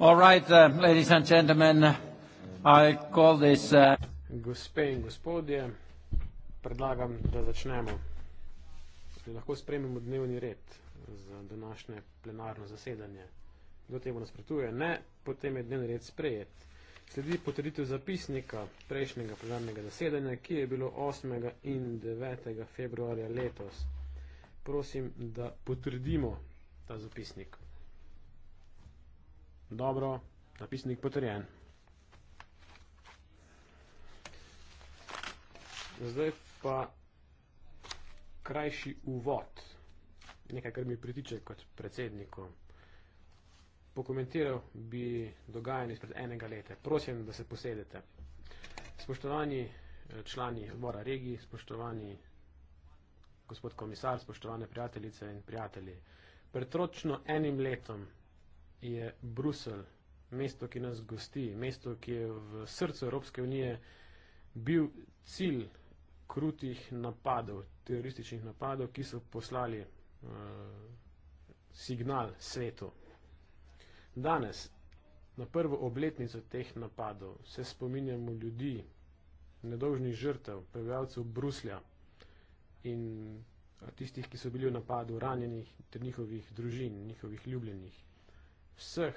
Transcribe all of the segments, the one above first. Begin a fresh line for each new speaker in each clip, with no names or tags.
All right, uh, ladies and gentlemen, I call this. Uh,
Gospe in gospodje, predlagam, da začnemo. Ali lahko sprejmemo dnevni red za današnje plenarno zasedanje? Kdo temu nasprotuje? Ne. Potem je dnevni red sprejet. Sledi potrditev zapisnika prejšnjega plenarnega zasedanja, ki je bilo osmega in devetega februarja letos. Prosim, da potrdimo ta zapisnik. Dobro, napisnik potrjen. Zdaj pa krajši uvod, nekaj, kar mi pritiče kot predsedniku. Pokomentiral bi dogajanje izpred enega leta. Prosim, da se posedete. Spoštovani eh, člani odbora regiji, spoštovani gospod komisar, spoštovane prijateljice in prijatelji, pretročno enim letom je Bruselj, mesto, ki nas gosti, mesto, ki je v srcu Evropske unije bil cilj krutih napadov, terorističnih napadov, ki so poslali uh, signal svetu. Danes, na prvo obletnico teh napadov, se spominjamo ljudi, nedolžnih žrtev, prebivalcev Bruslja in tistih, ki so bili v napadu ranjenih, ter njihovih družin, njihovih ljubljenih vseh,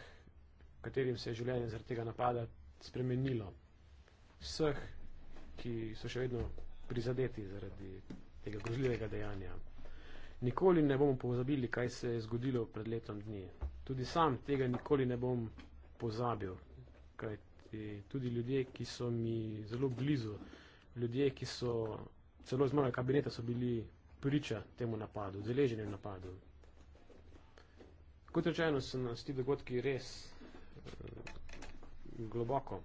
katerim se je življenje zaradi tega napada spremenilo, vseh, ki so še vedno prizadeti zaradi tega grozljivega dejanja. Nikoli ne bomo pozabili, kaj se je zgodilo pred letom dni. Tudi sam tega nikoli ne bom pozabil, kaj tudi ljudje, ki so mi zelo blizu, ljudje, ki so celo iz mojega kabineta so bili priča temu napadu, deleženju napadu. Kot rečeno, so nas ti dogodki res uh, globoko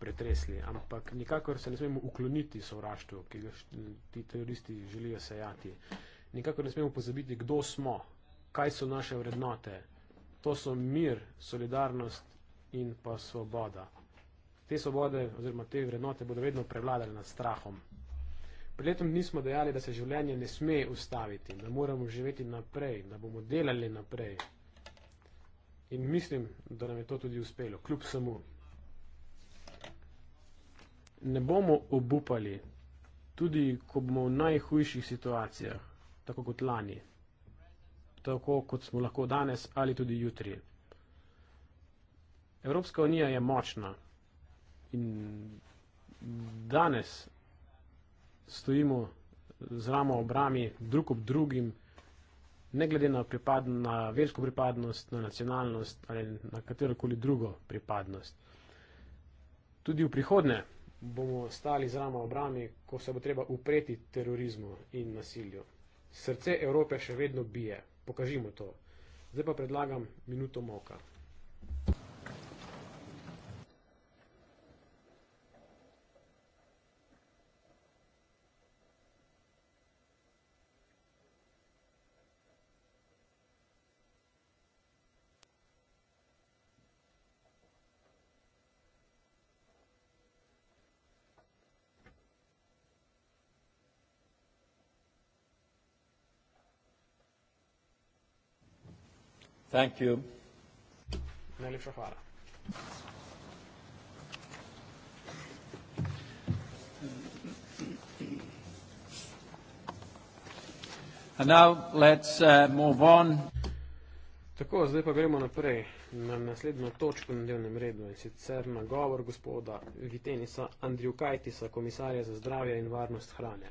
pretresli, ampak nikakor se ne smemo ukloniti sovraštvu, ki ga ti teroristi želijo sejati. Nikakor ne smemo pozabiti, kdo smo, kaj so naše vrednote. To so mir, solidarnost in pa svoboda. Te svobode oziroma te vrednote bodo vedno prevladali nad strahom. Pred letom nismo dejali, da se življenje ne sme ustaviti, da moramo živeti naprej, da bomo delali naprej, In mislim, da nam je to tudi uspelo, kljub samo. Ne bomo obupali, tudi ko bomo v najhujših situacijah, tako kot lani, tako kot smo lahko danes ali tudi jutri. Evropska unija je močna in danes stojimo z ramo obrami, drug ob drugim ne glede na, pripad, na versko pripadnost, na nacionalnost ali na katero koli drugo pripadnost. Tudi v prihodnje bomo stali z rama obrami, ko se bo treba upreti terorizmu in nasilju. Srce Evrope še vedno bije. Pokažimo to. Zdaj pa predlagam minuto moka. Thank you. Najlepša hvala. And now let's uh, move on. Tako, zdaj pa gremo naprej na naslednjo točko na delnem redu in sicer na govor gospoda Vitenisa Andriju Kajtisa, komisarja za zdravje in varnost hrane.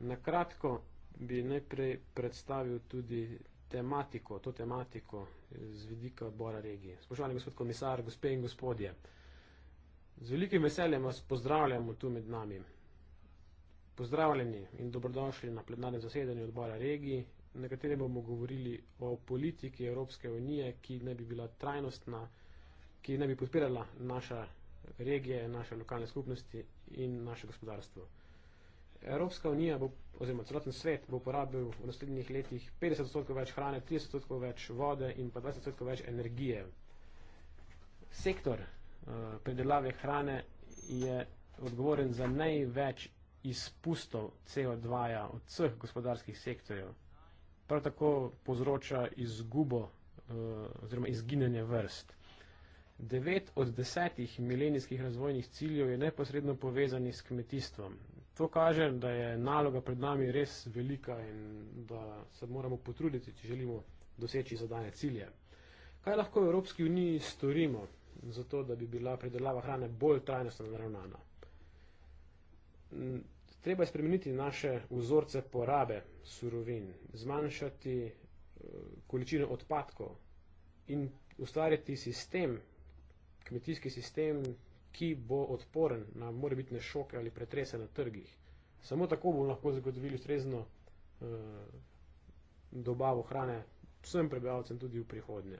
Na kratko bi najprej predstavil tudi tematiko, to tematiko z vidika odbora regije. Spoštovani gospod komisar, gospe in gospodje, z velikim veseljem vas pozdravljamo tu med nami. Pozdravljeni in dobrodošli na plenarnem zasedanju odbora regije, na katerem bomo govorili o politiki Evropske unije, ki ne bi bila trajnostna, ki ne bi podpirala naša regije, naše lokalne skupnosti in naše gospodarstvo. Evropska unija bo, oziroma celoten svet bo porabil v naslednjih letih 50% več hrane, 30% več vode in pa 20% več energije. Sektor uh, eh, predelave hrane je odgovoren za največ izpustov CO2 -ja od vseh gospodarskih sektorjev. Prav tako povzroča izgubo uh, oziroma izginjanje vrst. Devet od desetih milenijskih razvojnih ciljev je neposredno povezani s kmetijstvom. To kaže, da je naloga pred nami res velika in da se moramo potruditi, če želimo doseči zadane cilje. Kaj lahko v Evropski uniji storimo, zato da bi bila predelava hrane bolj trajnostno naravnana? Treba je spremeniti naše vzorce porabe surovin, zmanjšati eh, količino odpadkov in ustvarjati sistem, kmetijski sistem, ki bo odporen na morebitne šoke ali pretrese na trgih. Samo tako bomo lahko zagotovili ustrezno eh, dobavo hrane vsem prebivalcem tudi v prihodnje.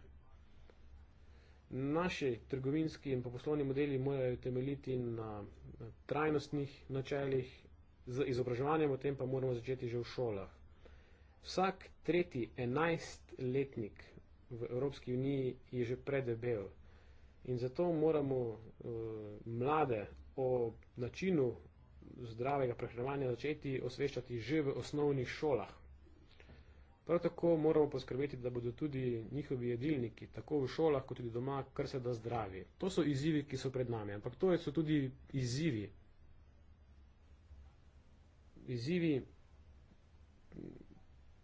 Naši trgovinski in poslovni modeli morajo temeljiti na trajnostnih načeljih, z izobraževanjem o tem pa moramo začeti že v šolah. Vsak tretji enajstletnik v Evropski uniji je že predebel. In zato moramo uh, mlade o načinu zdravega prehranevanja začeti osveščati že v osnovnih šolah. Prav tako moramo poskrbeti, da bodo tudi njihovi jedilniki, tako v šolah, kot tudi doma, kar se da zdravi. To so izzivi, ki so pred nami, ampak to so tudi izzivi. Izzivi,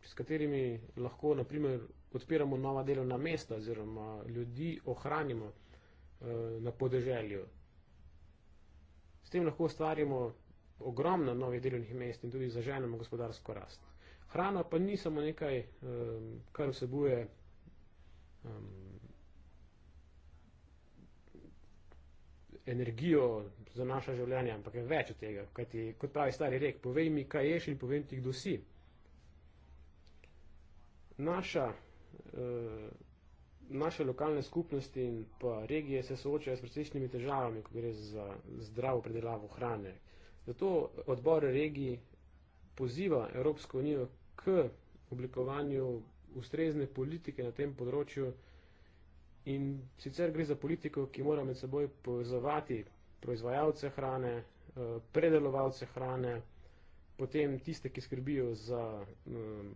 s katerimi lahko, naprimer, odpiramo nova delovna mesta oziroma ljudi ohranimo. Eh, na podeželju. S tem lahko ustvarjamo ogromno novih delovnih mest in tudi zaženemo gospodarsko rast. Hrana pa ni samo nekaj, kar vsebuje energijo za naša življenja, ampak je več od tega. Kajti, kot pravi stari rek, povej mi, kaj ješ in povem ti, kdo si. Naša eh, naše lokalne skupnosti in pa regije se soočajo s precejšnjimi težavami, ko gre za zdravo predelavo hrane. Zato odbor regij poziva Evropsko unijo k oblikovanju ustrezne politike na tem področju in sicer gre za politiko, ki mora med seboj povezovati proizvajalce hrane, eh, predelovalce hrane, potem tiste, ki skrbijo za eh,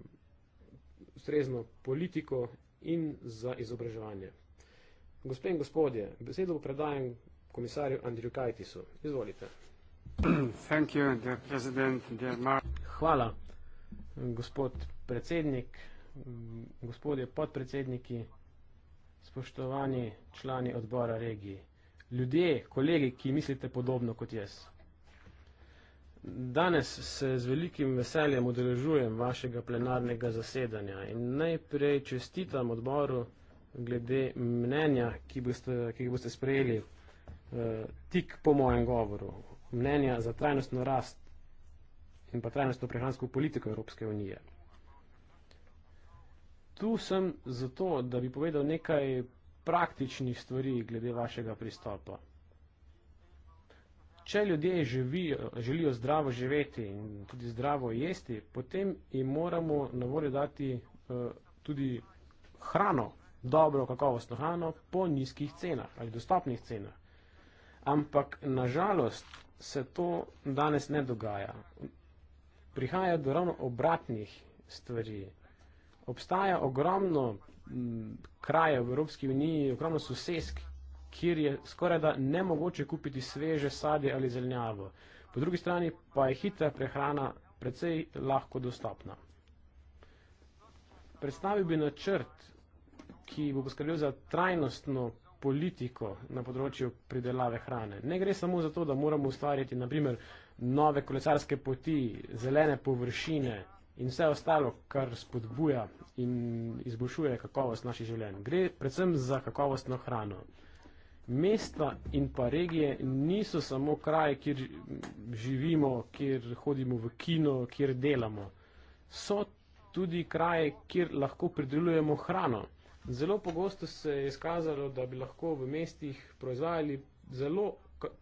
ustrezno politiko in za izobraževanje. Gospe in gospodje, besedo predajam komisarju Andriju Kajtisu. Izvolite. You, Hvala, gospod predsednik, gospodje podpredsedniki, spoštovani člani odbora regiji, ljudje, kolegi, ki mislite podobno kot jaz. Danes se z velikim veseljem udeležujem vašega plenarnega zasedanja in najprej čestitam odboru glede mnenja, ki, boste, ki jih boste sprejeli eh, tik po mojem govoru. Mnenja za trajnostno rast in pa trajnostno prehransko politiko Evropske unije. Tu sem zato, da bi povedal nekaj praktičnih stvari glede vašega pristopa. Če ljudje živijo, želijo zdravo živeti in tudi zdravo jesti, potem jim moramo na voljo dati uh, tudi hrano, dobro, kakovostno hrano, po nizkih cenah ali dostopnih cenah. Ampak nažalost se to danes ne dogaja. Prihaja do ravno obratnih stvari. Obstaja ogromno m, mm, krajev v Evropski uniji, ogromno sosedskih kjer je skoraj da nemogoče kupiti sveže sadje ali zelenjavo. Po drugi strani pa je hitra prehrana precej lahko dostopna. Predstavil bi načrt, ki bo poskrbel za trajnostno politiko na področju pridelave hrane. Ne gre samo za to, da moramo ustvarjati naprimer nove kolesarske poti, zelene površine in vse ostalo, kar spodbuja in izboljšuje kakovost naših življenj. Gre predvsem za kakovostno hrano mesta in pa regije niso samo kraje, kjer živimo, kjer hodimo v kino, kjer delamo. So tudi kraje, kjer lahko pridelujemo hrano. Zelo pogosto se je izkazalo, da bi lahko v mestih proizvajali zelo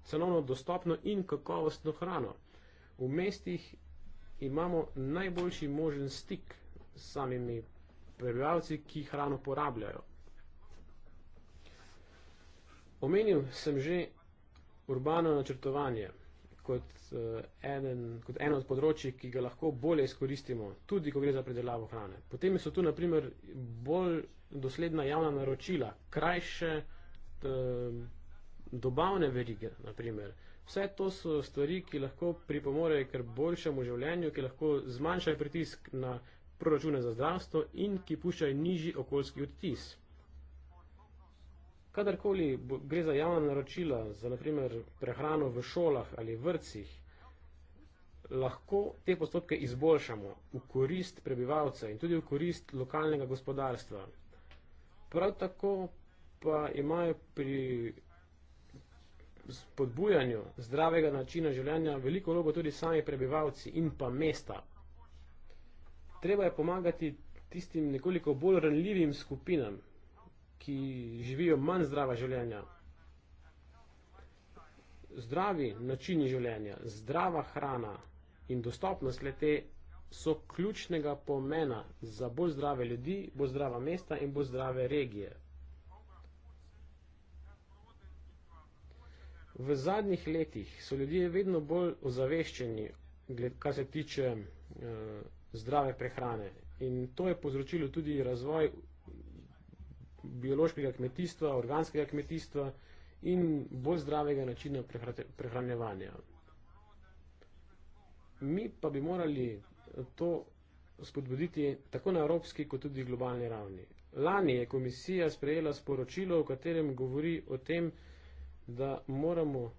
cenovno dostopno in kakovostno hrano. V mestih imamo najboljši možen stik s samimi prebivalci, ki hrano porabljajo. Omenil sem že urbano načrtovanje kot, eh, eden, kot eno od področji, ki ga lahko bolje izkoristimo, tudi ko gre za predelavo hrane. Potem so tu naprimer bolj dosledna javna naročila, krajše eh, dobavne verige, naprimer. Vse to so stvari, ki lahko pripomorejo k boljšemu življenju, ki lahko zmanjšajo pritisk na proračune za zdravstvo in ki puščajo nižji okoljski odtis. Kadarkoli gre za javna naročila, za naprimer prehrano v šolah ali vrtcih, lahko te postopke izboljšamo v korist prebivalca in tudi v korist lokalnega gospodarstva. Prav tako pa imajo pri spodbujanju zdravega načina življenja veliko vlogo tudi sami prebivalci in pa mesta. Treba je pomagati tistim nekoliko bolj ranljivim skupinam, ki živijo manj zdrava življenja. Zdravi načini življenja, zdrava hrana in dostopnost lete so ključnega pomena za bolj zdrave ljudi, bolj zdrava mesta in bolj zdrave regije. V zadnjih letih so ljudje vedno bolj ozaveščeni, kar se tiče eh, zdrave prehrane. In to je povzročilo tudi razvoj biološkega kmetijstva, organskega kmetijstva in bolj zdravega načina prehranjevanja. Mi pa bi morali to spodbuditi tako na evropski, kot tudi globalni ravni. Lani je komisija sprejela sporočilo, v katerem govori o tem, da moramo e,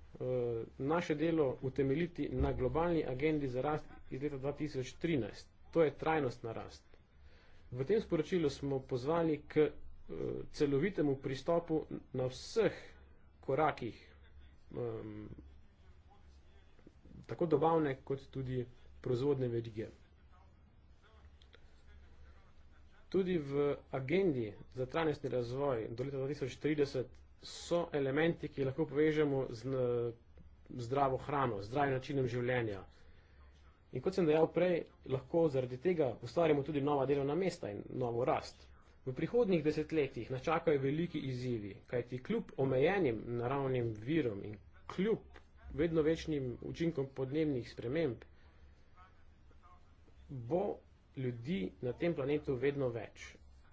naše delo utemeliti na globalni agendi za rast iz leta 2013. To je trajnostna rast. V tem sporočilu smo pozvali k Eh, celovitemu pristopu na vseh korakih, um, tako dobavne kot tudi proizvodne verige. Tudi v agendi za trajnostni razvoj do leta 2030 so elementi, ki lahko povežemo z eh, zdravo hrano, z zdravim načinom življenja. In kot sem dejal prej, lahko zaradi tega ustvarjamo tudi nova delovna mesta in novo rast. V prihodnih desetletjih nas čakajo veliki izzivi, kajti kljub omejenim naravnim virom in kljub vedno večnim učinkom podnebnih sprememb bo ljudi na tem planetu vedno več.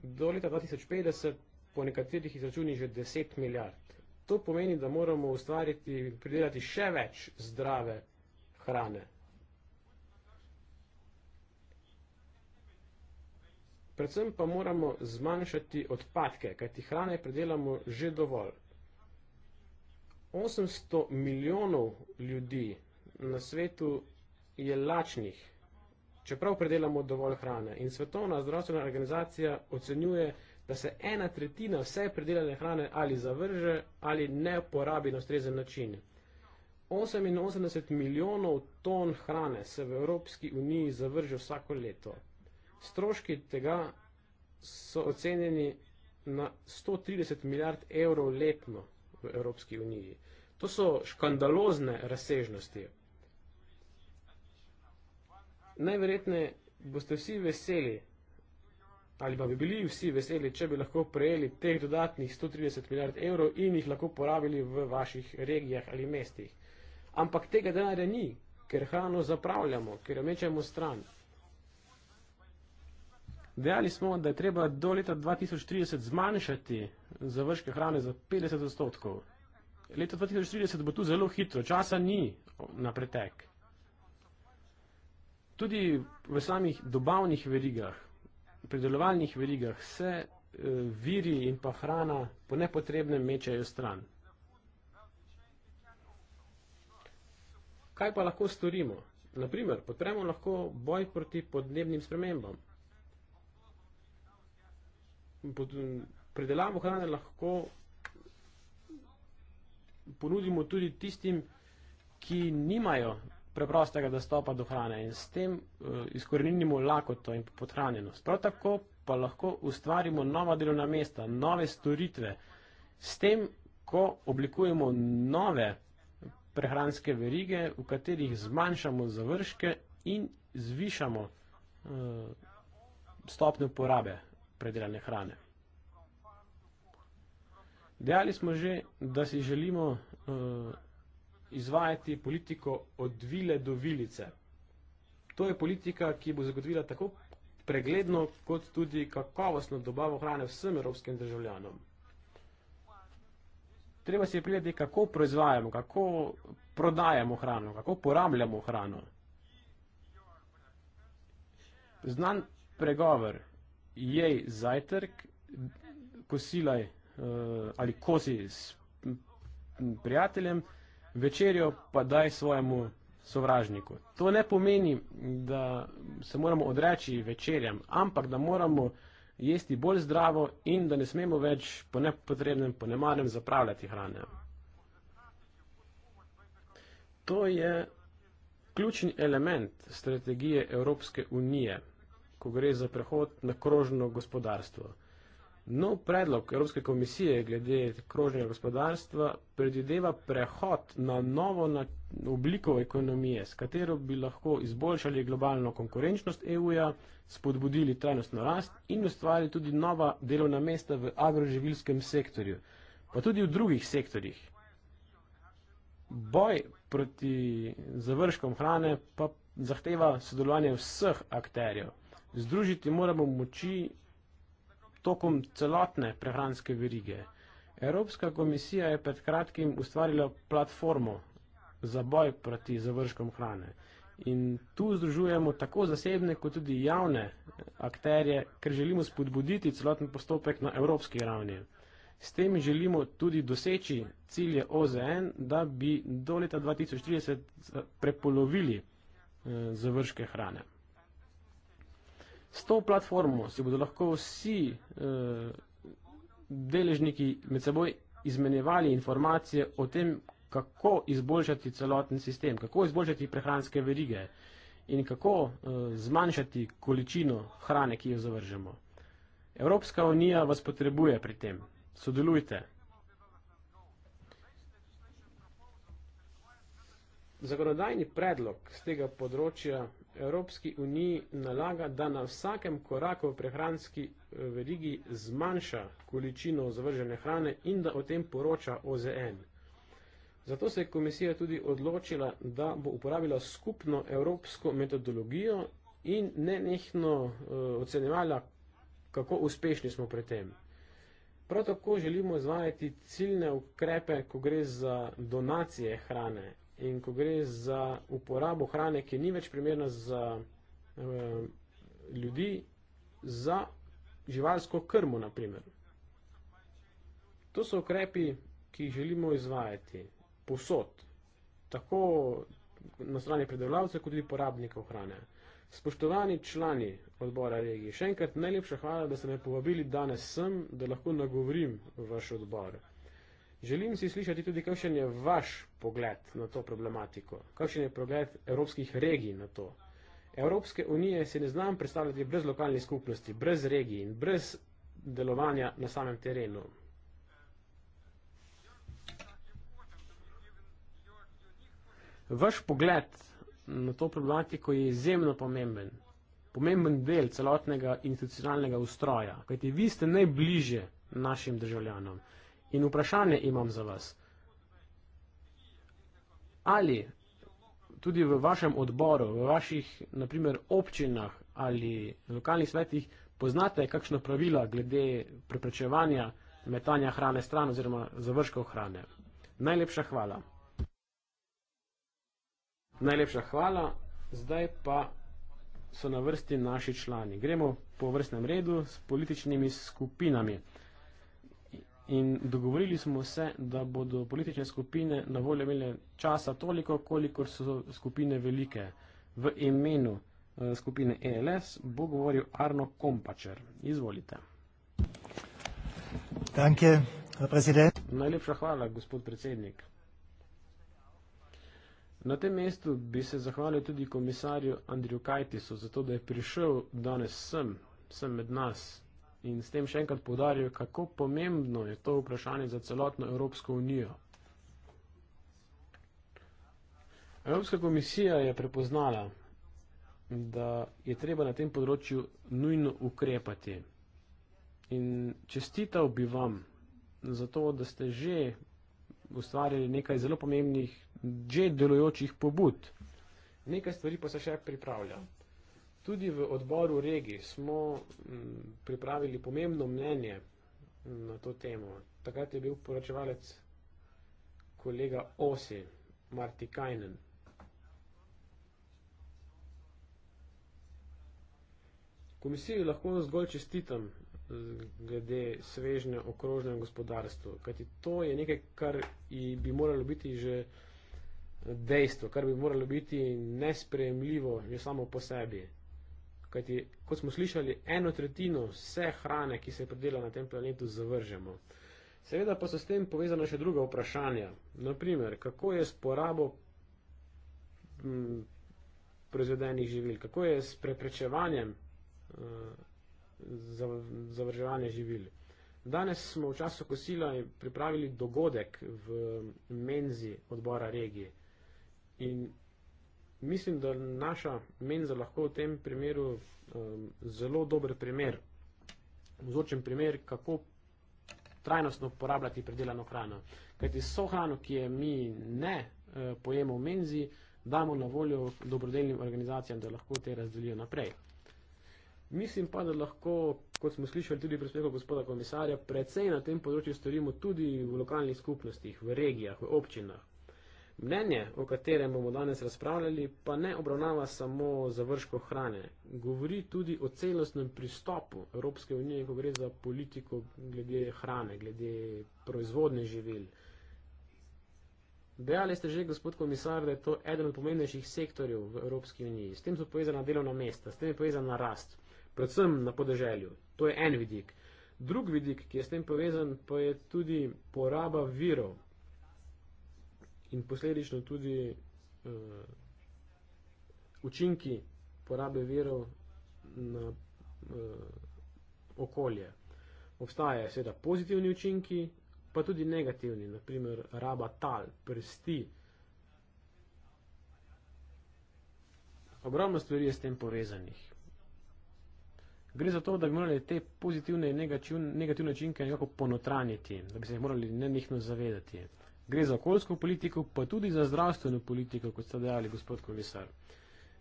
Do leta 2050 po nekaterih izračunih že 10 milijard. To pomeni, da moramo ustvariti, pridelati še več zdrave hrane, Predvsem pa moramo zmanjšati odpadke, kajti hrane predelamo že dovolj. 800 milijonov ljudi na svetu je lačnih, čeprav predelamo dovolj hrane. In Svetovna zdravstvena organizacija ocenjuje, da se ena tretjina vse predelane hrane ali zavrže ali ne porabi na ustrezen način. 88 milijonov ton hrane se v Evropski uniji zavrže vsako leto. Stroški tega so ocenjeni na 130 milijard evrov letno v Evropski uniji. To so škandalozne razsežnosti. Najverjetneje boste vsi veseli, ali pa bi bili vsi veseli, če bi lahko prejeli teh dodatnih 130 milijard evrov in jih lahko porabili v vaših regijah ali mestih. Ampak tega denarja ni, ker hrano zapravljamo, ker jo mečemo stran. Dejali smo, da je treba do leta 2030 zmanjšati završke hrane za 50 odstotkov. Leto 2030 bo tu zelo hitro, časa ni na pretek. Tudi v samih dobavnih verigah, predelovalnih verigah se eh, viri in pa hrana po nepotrebnem mečejo stran. Kaj pa lahko storimo? Naprimer, podpremo lahko boj proti podnebnim spremembam predelavo hrane lahko ponudimo tudi tistim, ki nimajo preprostega dostopa do hrane in s tem uh, izkoreninimo lakoto in podhranjenost. Prav tako pa lahko ustvarimo nova delovna mesta, nove storitve. S tem, ko oblikujemo nove prehranske verige, v katerih zmanjšamo završke in zvišamo uh, stopnjo porabe predelane hrane. Dejali smo že, da si želimo eh, izvajati politiko od vile do vilice. To je politika, ki bo zagotovila tako pregledno, kot tudi kakovostno dobavo hrane vsem evropskim državljanom. Treba si je pregledati, kako proizvajamo, kako prodajamo hrano, kako porabljamo hrano. Znan pregovor, jej zajtrk, kosilaj uh, ali kosi s prijateljem, večerjo pa daj svojemu sovražniku. To ne pomeni, da se moramo odreči večerjem, ampak da moramo jesti bolj zdravo in da ne smemo več po nepotrebnem, po nemarnem zapravljati hrane. To je ključni element strategije Evropske unije ko gre za prehod na krožno gospodarstvo. No, predlog Evropske komisije glede krožnega gospodarstva predvideva prehod na novo na obliko ekonomije, s katero bi lahko izboljšali globalno konkurenčnost EU-ja, spodbudili trajnostno rast in ustvarili tudi nova delovna mesta v agroživilskem sektorju, pa tudi v drugih sektorjih. Boj proti završkom hrane pa zahteva sodelovanje vseh akterjev. Združiti moramo moči tokom celotne prehranske verige. Evropska komisija je pred kratkim ustvarila platformo za boj proti završkom hrane. In tu združujemo tako zasebne kot tudi javne eh, akterje, ker želimo spodbuditi celoten postopek na evropski ravni. S tem želimo tudi doseči cilje OZN, da bi do leta 2030 eh, prepolovili eh, završke hrane. S to platformo si bodo lahko vsi eh, deležniki med seboj izmenjevali informacije o tem, kako izboljšati celoten sistem, kako izboljšati prehranske verige in kako eh, zmanjšati količino hrane, ki jo zavržemo. Evropska unija vas potrebuje pri tem. Sodelujte. Zakonodajni predlog z tega področja Evropski uniji nalaga, da na vsakem koraku v prehranski eh, verigi zmanjša količino zavržene hrane in da o tem poroča OZN. Zato se je komisija tudi odločila, da bo uporabila skupno evropsko metodologijo in nenehno eh, ocenjevala, kako uspešni smo pri tem. Prav tako želimo izvajati ciljne ukrepe, ko gre za donacije hrane in ko gre za uporabo hrane, ki ni več primerna za eh, ljudi, za živalsko krmo, naprimer. To so ukrepi, ki jih želimo izvajati posod, tako na strani predelavcev, kot tudi porabnikov hrane. Spoštovani člani odbora regije, še enkrat najlepša hvala, da ste me povabili danes sem, da lahko nagovorim vaš odbor. Želim si slišati tudi, kakšen je vaš pogled na to problematiko, kakšen je pogled evropskih regij na to. Evropske unije se ne znam predstavljati brez lokalnih skupnosti, brez regij in brez delovanja na samem terenu. Vaš pogled na to problematiko je izjemno pomemben, pomemben del celotnega institucionalnega ustroja, kajti vi ste najbliže našim državljanom. In vprašanje imam za vas. Ali tudi v vašem odboru, v vaših, naprimer, občinah ali lokalnih svetih poznate kakšna pravila glede preprečevanja metanja hrane stran oziroma završkov hrane? Najlepša hvala. Najlepša hvala. Zdaj pa so na vrsti naši člani. Gremo po vrstnem redu s političnimi skupinami. In dogovorili smo se, da bodo politične skupine na voljo imele časa toliko, kolikor so skupine velike. V imenu uh, skupine ELS bo govoril Arno Kompačer. Izvolite.
Danke, predsednik.
Najlepša hvala, gospod predsednik. Na tem mestu bi se zahvalil tudi komisarju Andriju Kajtisu za to, da je prišel danes sem, sem med nas in s tem še enkrat povdarjajo, kako pomembno je to vprašanje za celotno Evropsko unijo. Evropska komisija je prepoznala, da je treba na tem področju nujno ukrepati. In čestital bi vam za to, da ste že ustvarjali nekaj zelo pomembnih, že delujočih pobud. Nekaj stvari pa se še pripravlja. Tudi v odboru regi smo mm, pripravili pomembno mnenje mm, na to temo. Takrat je bil poročevalec kolega Osi, Marti Kajnen. Komisiji lahko zgolj čestitam glede svežne okrožne gospodarstvo, kajti to je nekaj, kar bi moralo biti že dejstvo, kar bi moralo biti nesprejemljivo že samo po sebi. Kajti, kot smo slišali, eno tretjino vse hrane, ki se predela na tem planetu, zavržemo. Seveda pa so s tem povezane še druga vprašanja. Naprimer, kako je s porabo m, proizvedenih živil, kako je s preprečevanjem uh, zavrževanja živil. Danes smo v času kosila pripravili dogodek v menzi odbora regije. In mislim, da naša menza lahko v tem primeru um, zelo dober primer, vzočen primer, kako trajnostno uporabljati predelano hrano. Kajti so hrano, ki je mi ne uh, pojemo v menzi, damo na voljo dobrodelnim organizacijam, da lahko te razdelijo naprej. Mislim pa, da lahko, kot smo slišali tudi pri spreku gospoda komisarja, precej na tem področju storimo tudi v lokalnih skupnostih, v regijah, v občinah, Mnenje, o katerem bomo danes razpravljali, pa ne obravnava samo završko hrane, govori tudi o celostnem pristopu Evropske unije, ko gre za politiko glede hrane, glede proizvodne živil. Dejali ste že, gospod komisar, da je to eden od pomembnejših sektorjev v Evropski uniji. S tem so povezana delovna mesta, s tem je povezana rast, predvsem na podeželju. To je en vidik. Drug vidik, ki je s tem povezan, pa je tudi poraba virov in posledično tudi uh, učinki porabe verov na uh, okolje. Obstajajo seveda pozitivni učinki, pa tudi negativni, naprimer raba tal, prsti. Ogromno stvari je s tem povezanih. Gre za to, da bi morali te pozitivne in negativne učinke nekako ponotraniti, da bi se jih morali nenihno zavedati gre za okoljsko politiko, pa tudi za zdravstveno politiko, kot ste dejali, gospod komisar.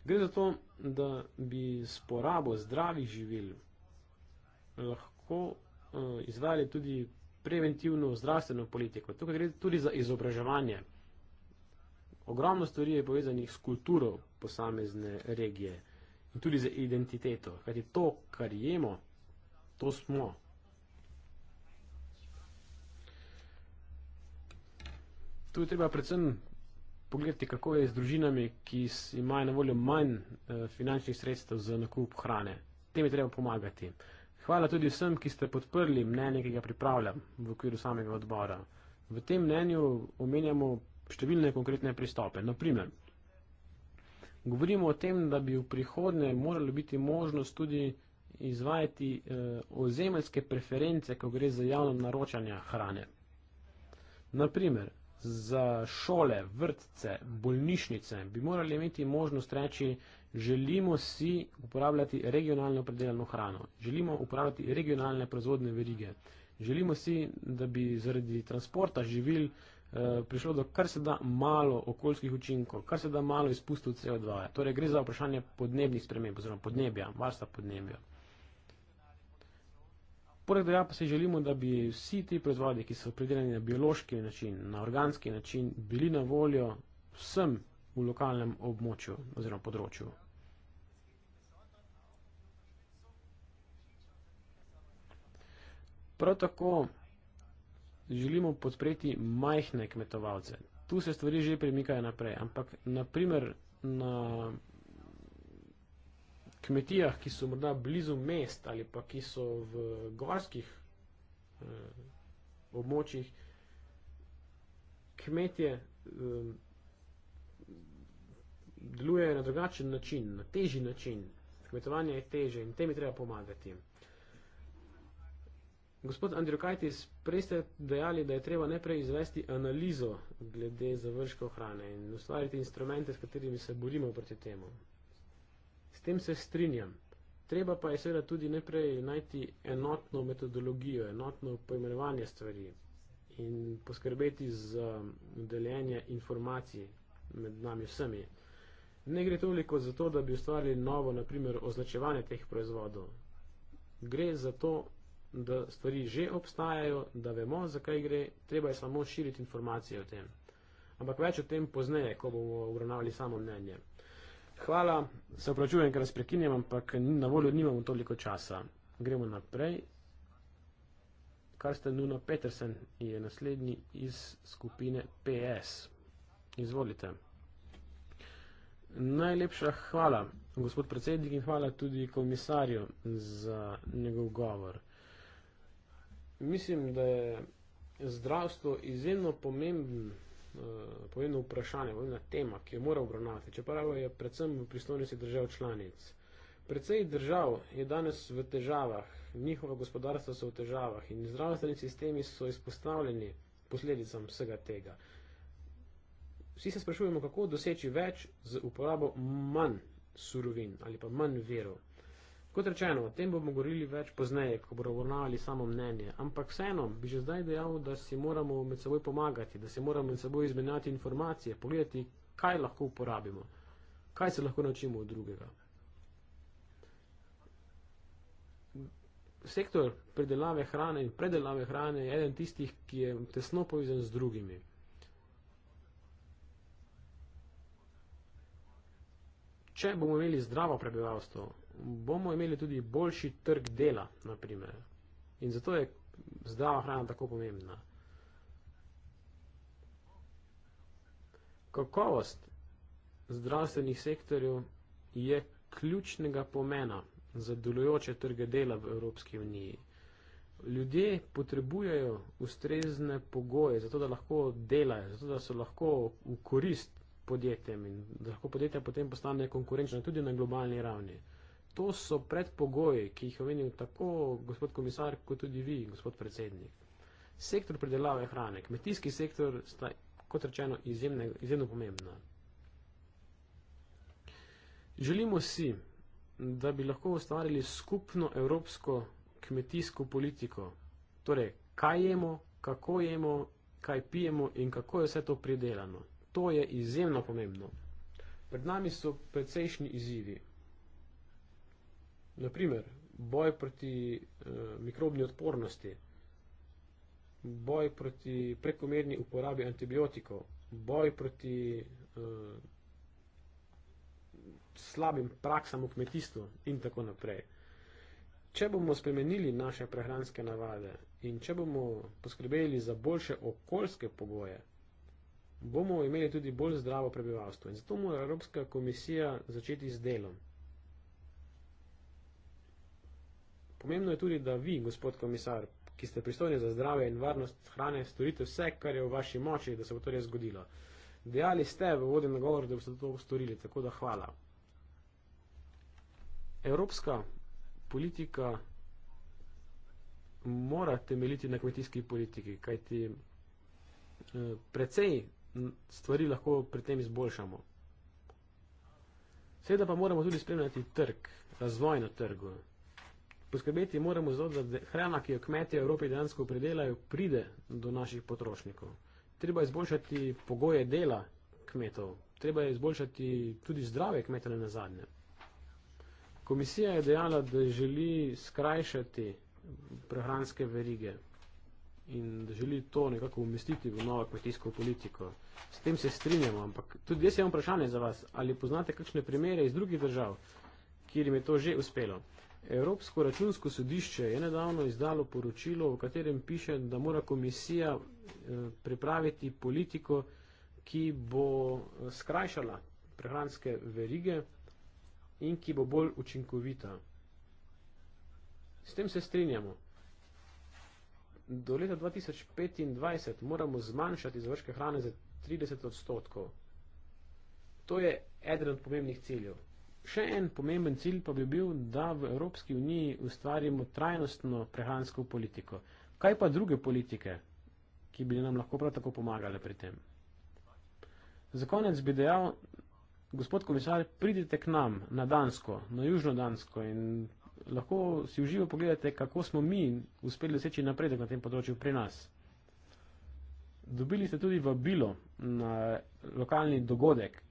Gre za to, da bi s porabo zdravih živil lahko uh, eh, izvali tudi preventivno zdravstveno politiko. Tukaj gre tudi za izobraževanje. Ogromno stvari je povezanih s kulturo posamezne regije in tudi za identiteto, kajti to, kar jemo, to smo. tu je treba predvsem pogledati, kako je z družinami, ki imajo na voljo manj eh, finančnih sredstev za nakup hrane. Tem je treba pomagati. Hvala tudi vsem, ki ste podprli mnenje, ki ga pripravljam v okviru samega odbora. V tem mnenju omenjamo številne konkretne pristope. Naprimer, govorimo o tem, da bi v prihodnje moralo biti možnost tudi izvajati eh, ozemeljske preference, ko gre za javno naročanje hrane. Naprimer, za šole, vrtce, bolnišnice bi morali imeti možnost reči, želimo si uporabljati regionalno predelano hrano, želimo uporabljati regionalne proizvodne verige, želimo si, da bi zaradi transporta živil eh, prišlo do kar se da malo okoljskih učinkov, kar se da malo izpustov CO2. Torej gre za vprašanje podnebnih sprememb oziroma podnebja, varstva podnebja. Poleg tega pa si želimo, da bi vsi ti proizvodi, ki so pridelani na biološki način, na organski način, bili na voljo vsem v lokalnem območju oziroma področju. Prav tako želimo podpreti majhne kmetovalce. Tu se stvari že premikajo naprej, ampak naprimer na kmetijah, ki so morda blizu mest ali pa ki so v gorskih eh, območjih, kmetje eh, delujejo na drugačen način, na teži način. Kmetovanje je teže in tem je treba pomagati. Gospod Andriukajtis, prej ste dejali, da je treba najprej izvesti analizo glede završkov hrane in ustvariti instrumente, s katerimi se borimo proti temu. S tem se strinjam. Treba pa je seveda tudi najprej najti enotno metodologijo, enotno poimenovanje stvari in poskrbeti za udeljenje informacij med nami vsemi. Ne gre toliko za to, da bi ustvarili novo, naprimer, označevanje teh proizvodov. Gre za to, da stvari že obstajajo, da vemo, zakaj gre, treba je samo širiti informacije o tem. Ampak več o tem pozneje, ko bomo obravnavali samo mnenje. Hvala, se opravičujem, ker vas prekinjam, ampak na voljo nimamo toliko časa. Gremo naprej. Karsten Nuno Petersen je naslednji iz skupine PS. Izvolite. Najlepša hvala, gospod predsednik, in hvala tudi komisarju za njegov govor. Mislim, da je zdravstvo izjemno pomembno Eh, pomembno vprašanje, pomembna tema, ki jo mora obravnavati, čeprav je predvsem v pristojnosti držav članic. Predvsej držav je danes v težavah, njihova gospodarstva so v težavah in zdravstveni sistemi so izpostavljeni posledicam vsega tega. Vsi se sprašujemo, kako doseči več z uporabo manj surovin ali pa manj verov. Kot rečeno, o tem bomo govorili več pozneje, ko bomo obravnavali samo mnenje, ampak vseeno bi že zdaj dejal, da si moramo med seboj pomagati, da si moramo med seboj izmenjati informacije, pogledati, kaj lahko uporabimo, kaj se lahko naučimo od drugega. Sektor predelave hrane in predelave hrane je eden tistih, ki je tesno povezan z drugimi. Če bomo imeli zdravo prebivalstvo, bomo imeli tudi boljši trg dela, naprimer. In zato je zdrava hrana tako pomembna. Kakovost zdravstvenih sektorjev je ključnega pomena za delujoče trge dela v Evropski uniji. Ljudje potrebujejo ustrezne pogoje, zato da lahko delajo, zato da so lahko v korist podjetjem in da lahko podjetja potem postanejo konkurenčna tudi na globalni ravni to so predpogoji, ki jih je omenil tako gospod komisar, kot tudi vi, gospod predsednik. Sektor predelave hrane, kmetijski sektor sta, kot rečeno, izjemne, izjemno pomembna. Želimo si, da bi lahko ustvarili skupno evropsko kmetijsko politiko. Torej, kaj jemo, kako jemo, kaj pijemo in kako je vse to pridelano. To je izjemno pomembno. Pred nami so precejšnji izzivi. Naprimer, boj proti e, mikrobni odpornosti, boj proti prekomerni uporabi antibiotikov, boj proti e, slabim praksam v kmetijstvu in tako naprej. Če bomo spremenili naše prehranske navade in če bomo poskrbeli za boljše okoljske pogoje, bomo imeli tudi bolj zdravo prebivalstvo. In zato mora Evropska komisija začeti z delom. Pomembno je tudi, da vi, gospod komisar, ki ste pristojni za zdravje in varnost hrane, storite vse, kar je v vaši moči, da se bo to res zgodilo. Dejali ste v vodi na govor, da boste to storili, tako da hvala. Evropska politika mora temeljiti na kmetijski politiki, kajti eh, precej stvari lahko pri tem izboljšamo. Seveda pa moramo tudi spremljati trg, razvoj na trgu poskrbeti moramo za to, da hrana, ki jo kmetje v Evropi dejansko pridelajo, pride do naših potrošnikov. Treba izboljšati pogoje dela kmetov, treba izboljšati tudi zdrave kmetov na zadnje. Komisija je dejala, da želi skrajšati prehranske verige in da želi to nekako umestiti v novo kmetijsko politiko. S tem se strinjamo, ampak tudi jaz imam vprašanje za vas, ali poznate kakšne primere iz drugih držav, kjer jim je to že uspelo? Evropsko računsko sodišče je nedavno izdalo poročilo, v katerem piše, da mora komisija eh, pripraviti politiko, ki bo eh, skrajšala prehranske verige in ki bo bolj učinkovita. S tem se strinjamo. Do leta 2025 moramo zmanjšati zvrške hrane za 30 odstotkov. To je eden od pomembnih ciljev. Še en pomemben cilj pa bi bil, da v Evropski uniji ustvarimo trajnostno prehransko politiko. Kaj pa druge politike, ki bi nam lahko prav tako pomagale pri tem? Za konec bi dejal, gospod komisar, pridite k nam na Dansko, na Južno Dansko in lahko si uživo pogledate, kako smo mi uspeli doseči napredek na tem področju pri nas. Dobili ste tudi vabilo na lokalni dogodek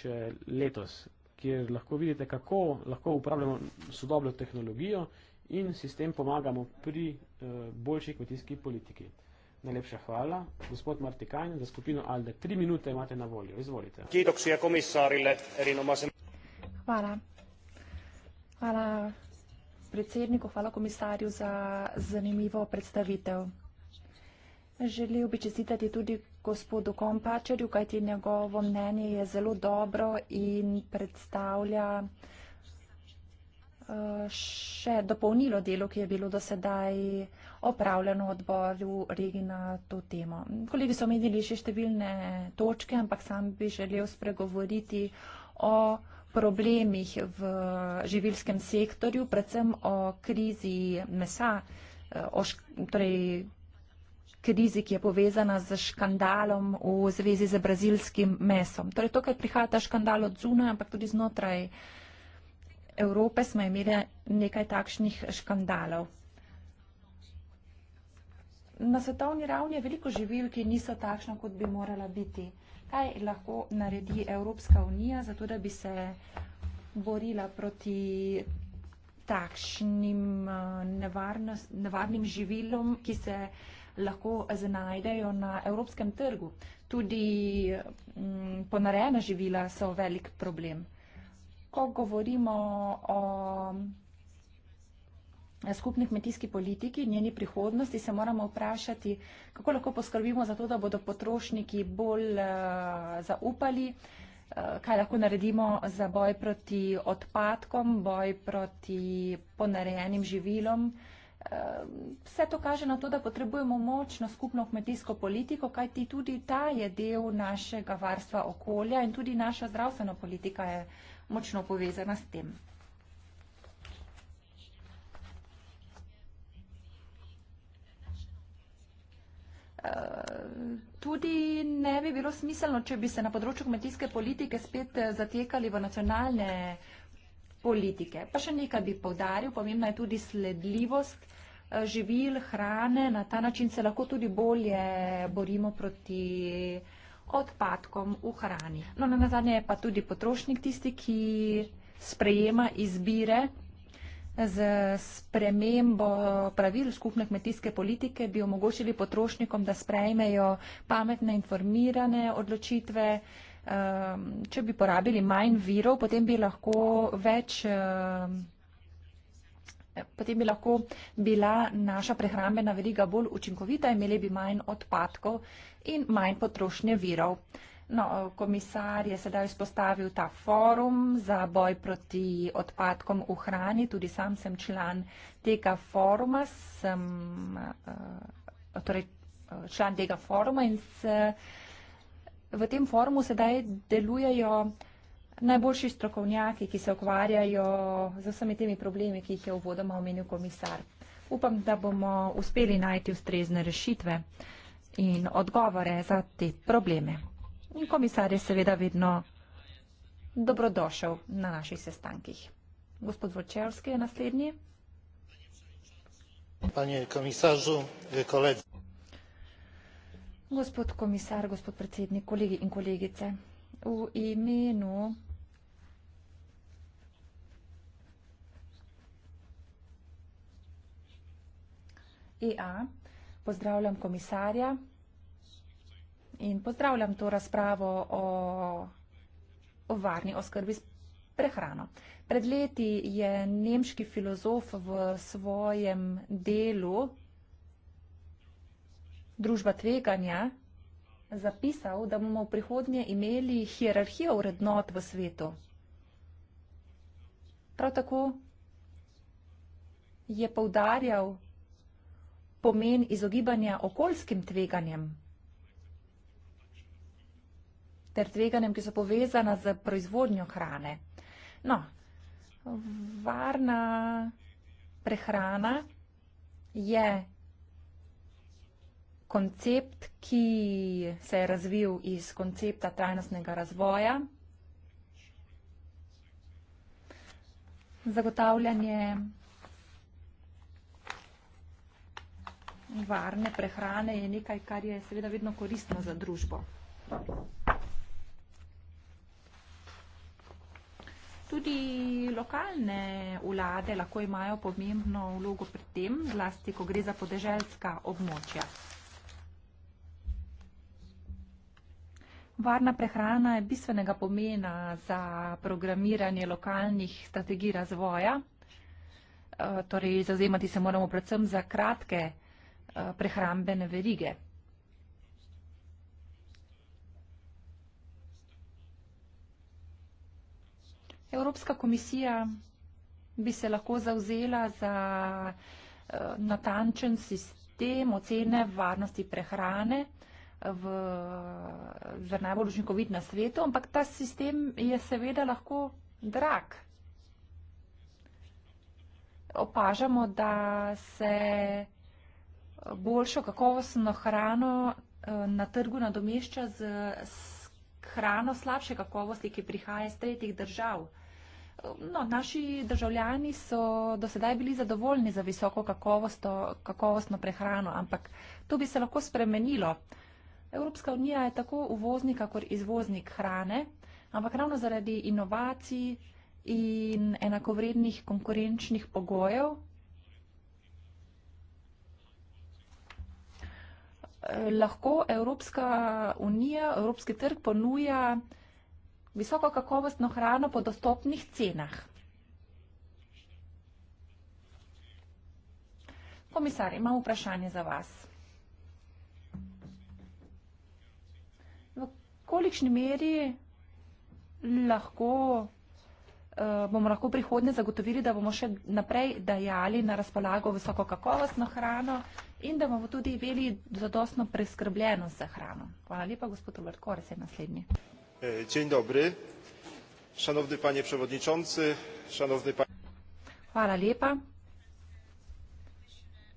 še letos, kjer lahko vidite, kako lahko upravljamo sodobno tehnologijo in sistem pomagamo pri eh, boljši kmetijski politiki. Najlepša hvala. Gospod Martikajn, za skupino Alde, tri minute imate na voljo. Izvolite.
Hvala. Hvala predsedniku, hvala komisarju za zanimivo predstavitev. Želel bi čestitati tudi gospodu Kompačerju, kajti njegovo mnenje je zelo dobro in predstavlja eh, še dopolnilo delo, ki je bilo dosedaj opravljeno v odboru regi na to temo. Kolegi so omenili še številne točke, ampak sam bi želel spregovoriti o problemih v živilskem sektorju, predvsem o krizi mesa, eh, o šk, torej krizi, ki je povezana z škandalom v zvezi z brazilskim mesom. Torej, tukaj prihaja ta škandal od zunaj, ampak tudi znotraj Evrope smo imeli nekaj takšnih škandalov. Na svetovni ravni je veliko živil, ki niso takšna, kot bi morala biti. Kaj lahko naredi Evropska unija, zato da bi se borila proti takšnim eh, nevarnim živilom, ki se lahko znajdejo na evropskem trgu. Tudi mm, ponarejena živila so velik problem. Ko govorimo o mm, skupni kmetijski politiki, njeni prihodnosti, se moramo vprašati, kako lahko poskrbimo za to, da bodo potrošniki bolj eh, zaupali, eh, kaj lahko naredimo za boj proti odpadkom, boj proti ponarejenim živilom, Ehm, vse to kaže na to, da potrebujemo močno skupno kmetijsko politiko, kajti tudi ta je del našega varstva okolja in tudi naša zdravstvena politika je močno povezana s tem. Ehm, tudi ne bi bilo smiselno, če bi se na področju kmetijske politike spet eh, zatekali v nacionalne politike, politike. Pa še nekaj bi povdaril, pomembna je tudi sledljivost eh, živil, hrane, na ta način se lahko tudi bolje borimo proti odpadkom v hrani. No, na nazadnje je pa tudi potrošnik tisti, ki sprejema izbire z spremembo pravil skupne kmetijske politike, bi omogočili potrošnikom, da sprejmejo pametne, informirane odločitve, um, če bi porabili manj virov, potem bi lahko več. Um, Potem bi lahko bila naša prehrambena veriga bolj učinkovita, imeli bi manj odpadkov in manj potrošnje virov. No, komisar je sedaj izpostavil ta forum za boj proti odpadkom v hrani. Tudi sam sem član tega foruma, sem, eh, torej, eh, član tega foruma in se v tem forumu sedaj delujejo najboljši strokovnjaki, ki se ukvarjajo z vsemi temi problemi, ki jih je uvodoma omenil komisar. Upam, da bomo uspeli najti ustrezne rešitve in odgovore za te probleme. In komisar je seveda vedno dobrodošel na naših sestankih. Gospod Vočevski je naslednji.
Panie komisarzu, koledzy.
Gospod komisar, gospod predsednik, kolegi in kolegice, v imenu EA pozdravljam komisarja in pozdravljam to razpravo o, o varni oskrbi s prehrano. Pred leti je nemški filozof v svojem delu družba tveganja, zapisal, da bomo v prihodnje imeli hierarhijo vrednot v svetu. Prav tako je povdarjal pomen izogibanja okoljskim tveganjem ter tveganjem, ki so povezana z proizvodnjo hrane. No, varna prehrana je koncept, ki se je razvil iz koncepta trajnostnega razvoja, zagotavljanje varne prehrane je nekaj, kar je seveda vedno koristno za družbo. Tudi lokalne vlade lahko imajo pomembno vlogo pri tem, zlasti ko gre za podeželska območja. Varna prehrana je bistvenega pomena za programiranje lokalnih strategij razvoja. Eh, torej, zauzemati se moramo predvsem za kratke eh, prehrambene verige. Evropska komisija bi se lahko zauzela za eh, natančen sistem ocene varnosti prehrane v, za najbolj učinkovit na svetu, ampak ta sistem je seveda lahko drag. Opažamo, da se boljšo kakovostno hrano eh, na trgu nadomešča z hrano slabše kakovosti, ki prihaja iz tretjih držav. No, naši državljani so do sedaj bili zadovoljni za visoko kakovostno prehrano, ampak to bi se lahko spremenilo. Evropska unija je tako uvoznik, kakor izvoznik hrane, ampak ravno zaradi inovacij in enakovrednih konkurenčnih pogojev eh, lahko Evropska unija, Evropski trg ponuja visoko kakovostno hrano po dostopnih cenah. Komisar, imam vprašanje za vas. kolikšni meri lahko, uh, bomo lahko prihodne zagotovili, da bomo še naprej dajali na razpolago visoko kakovostno hrano in da bomo tudi imeli zadostno preskrbljenost za hrano. Hvala lepa, gospod Robert Kores je naslednji.
E, dzień dobry, szanowny panie przewodniczący, szanowny panie.
Hvala lepa.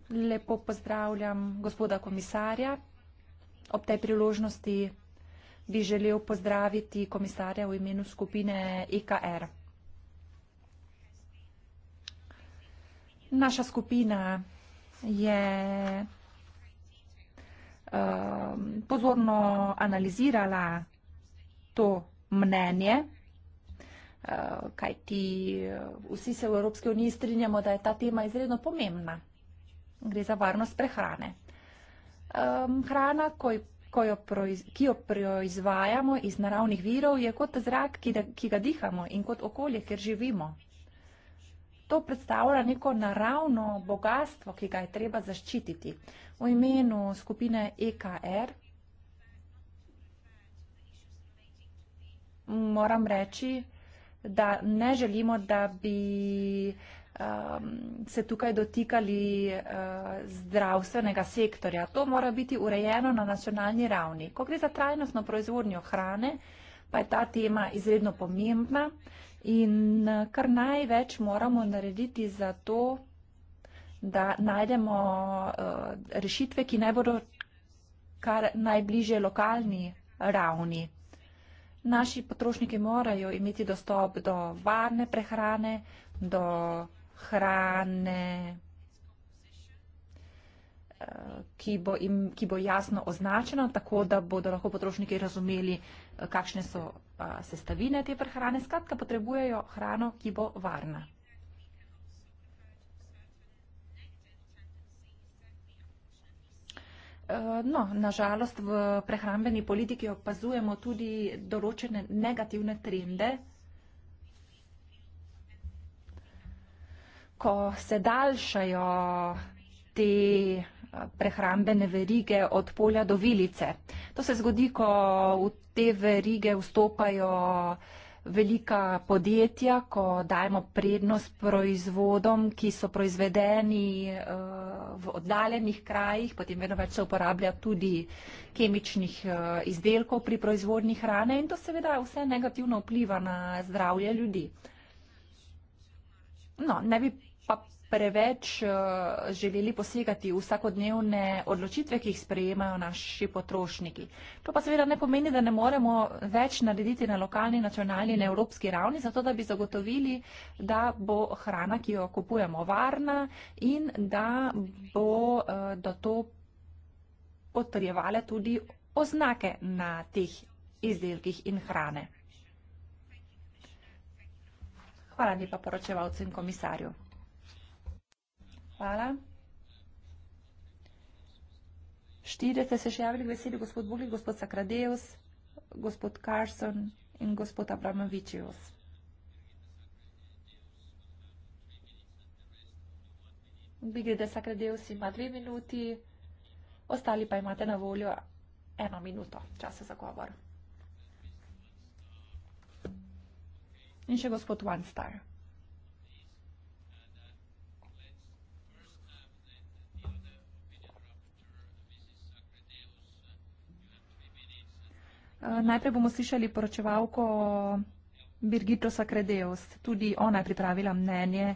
Lepo pozdravljam gospoda komisarja. Ob tej priložnosti bi želel pozdraviti komisarja v imenu skupine EKR. Naša skupina je um, pozorno analizirala to mnenje, uh, kajti uh, vsi se v Evropski uniji strinjamo, da je ta tema izredno pomembna. Gre za varnost prehrane. Um, hrana, ko je jo proiz, ki jo proizvajamo iz naravnih virov, je kot zrak, ki, da, ki ga dihamo in kot okolje, kjer živimo. To predstavlja neko naravno bogatstvo, ki ga je treba zaščititi. V imenu skupine EKR moram reči, da ne želimo, da bi um, se tukaj dotikali uh, zdravstvenega sektorja. To mora biti urejeno na nacionalni ravni. Ko gre za trajnostno proizvodnjo hrane, pa je ta tema izredno pomembna in uh, kar največ moramo narediti za to, da najdemo uh, rešitve, ki naj bodo kar najbliže lokalni ravni. Naši potrošniki morajo imeti dostop do varne prehrane, do hrane, eh, ki bo, im, ki bo jasno označena, tako da bodo lahko potrošniki razumeli, eh, kakšne so eh, sestavine te prehrane. Skratka, potrebujejo hrano, ki bo varna. No, nažalost, v prehrambeni politiki opazujemo tudi določene negativne trende. ko se daljšajo te eh, prehrambene verige od polja do vilice. To se zgodi, ko v te verige vstopajo velika podjetja, ko dajemo prednost proizvodom, ki so proizvedeni eh, v oddaljenih krajih, potem vedno več se uporablja tudi kemičnih eh, izdelkov pri proizvodnji hrane in to seveda vse negativno vpliva na zdravje ljudi. No, ne bi preveč uh, želeli posegati v vsakodnevne odločitve, ki jih sprejemajo naši potrošniki. To pa seveda ne pomeni, da ne moremo več narediti na lokalni, nacionalni in evropski ravni, zato da bi zagotovili, da bo hrana, ki jo kupujemo, varna in da bo uh, eh, da to potrjevale tudi oznake na teh izdelkih in hrane. Hvala lepa poročevalcem komisarju. Hvala. Štirje ste se še javili k besedi, gospod Bulik, gospod Sakradeus, gospod Carson in gospod Abramovičius. Bigrede Sakradeus ima dve minuti, ostali pa imate na voljo eno minuto časa za govor. In še gospod One Star. Najprej bomo slišali poročevalko Birgito Sakredeus. Tudi ona je pripravila mnenje, eh,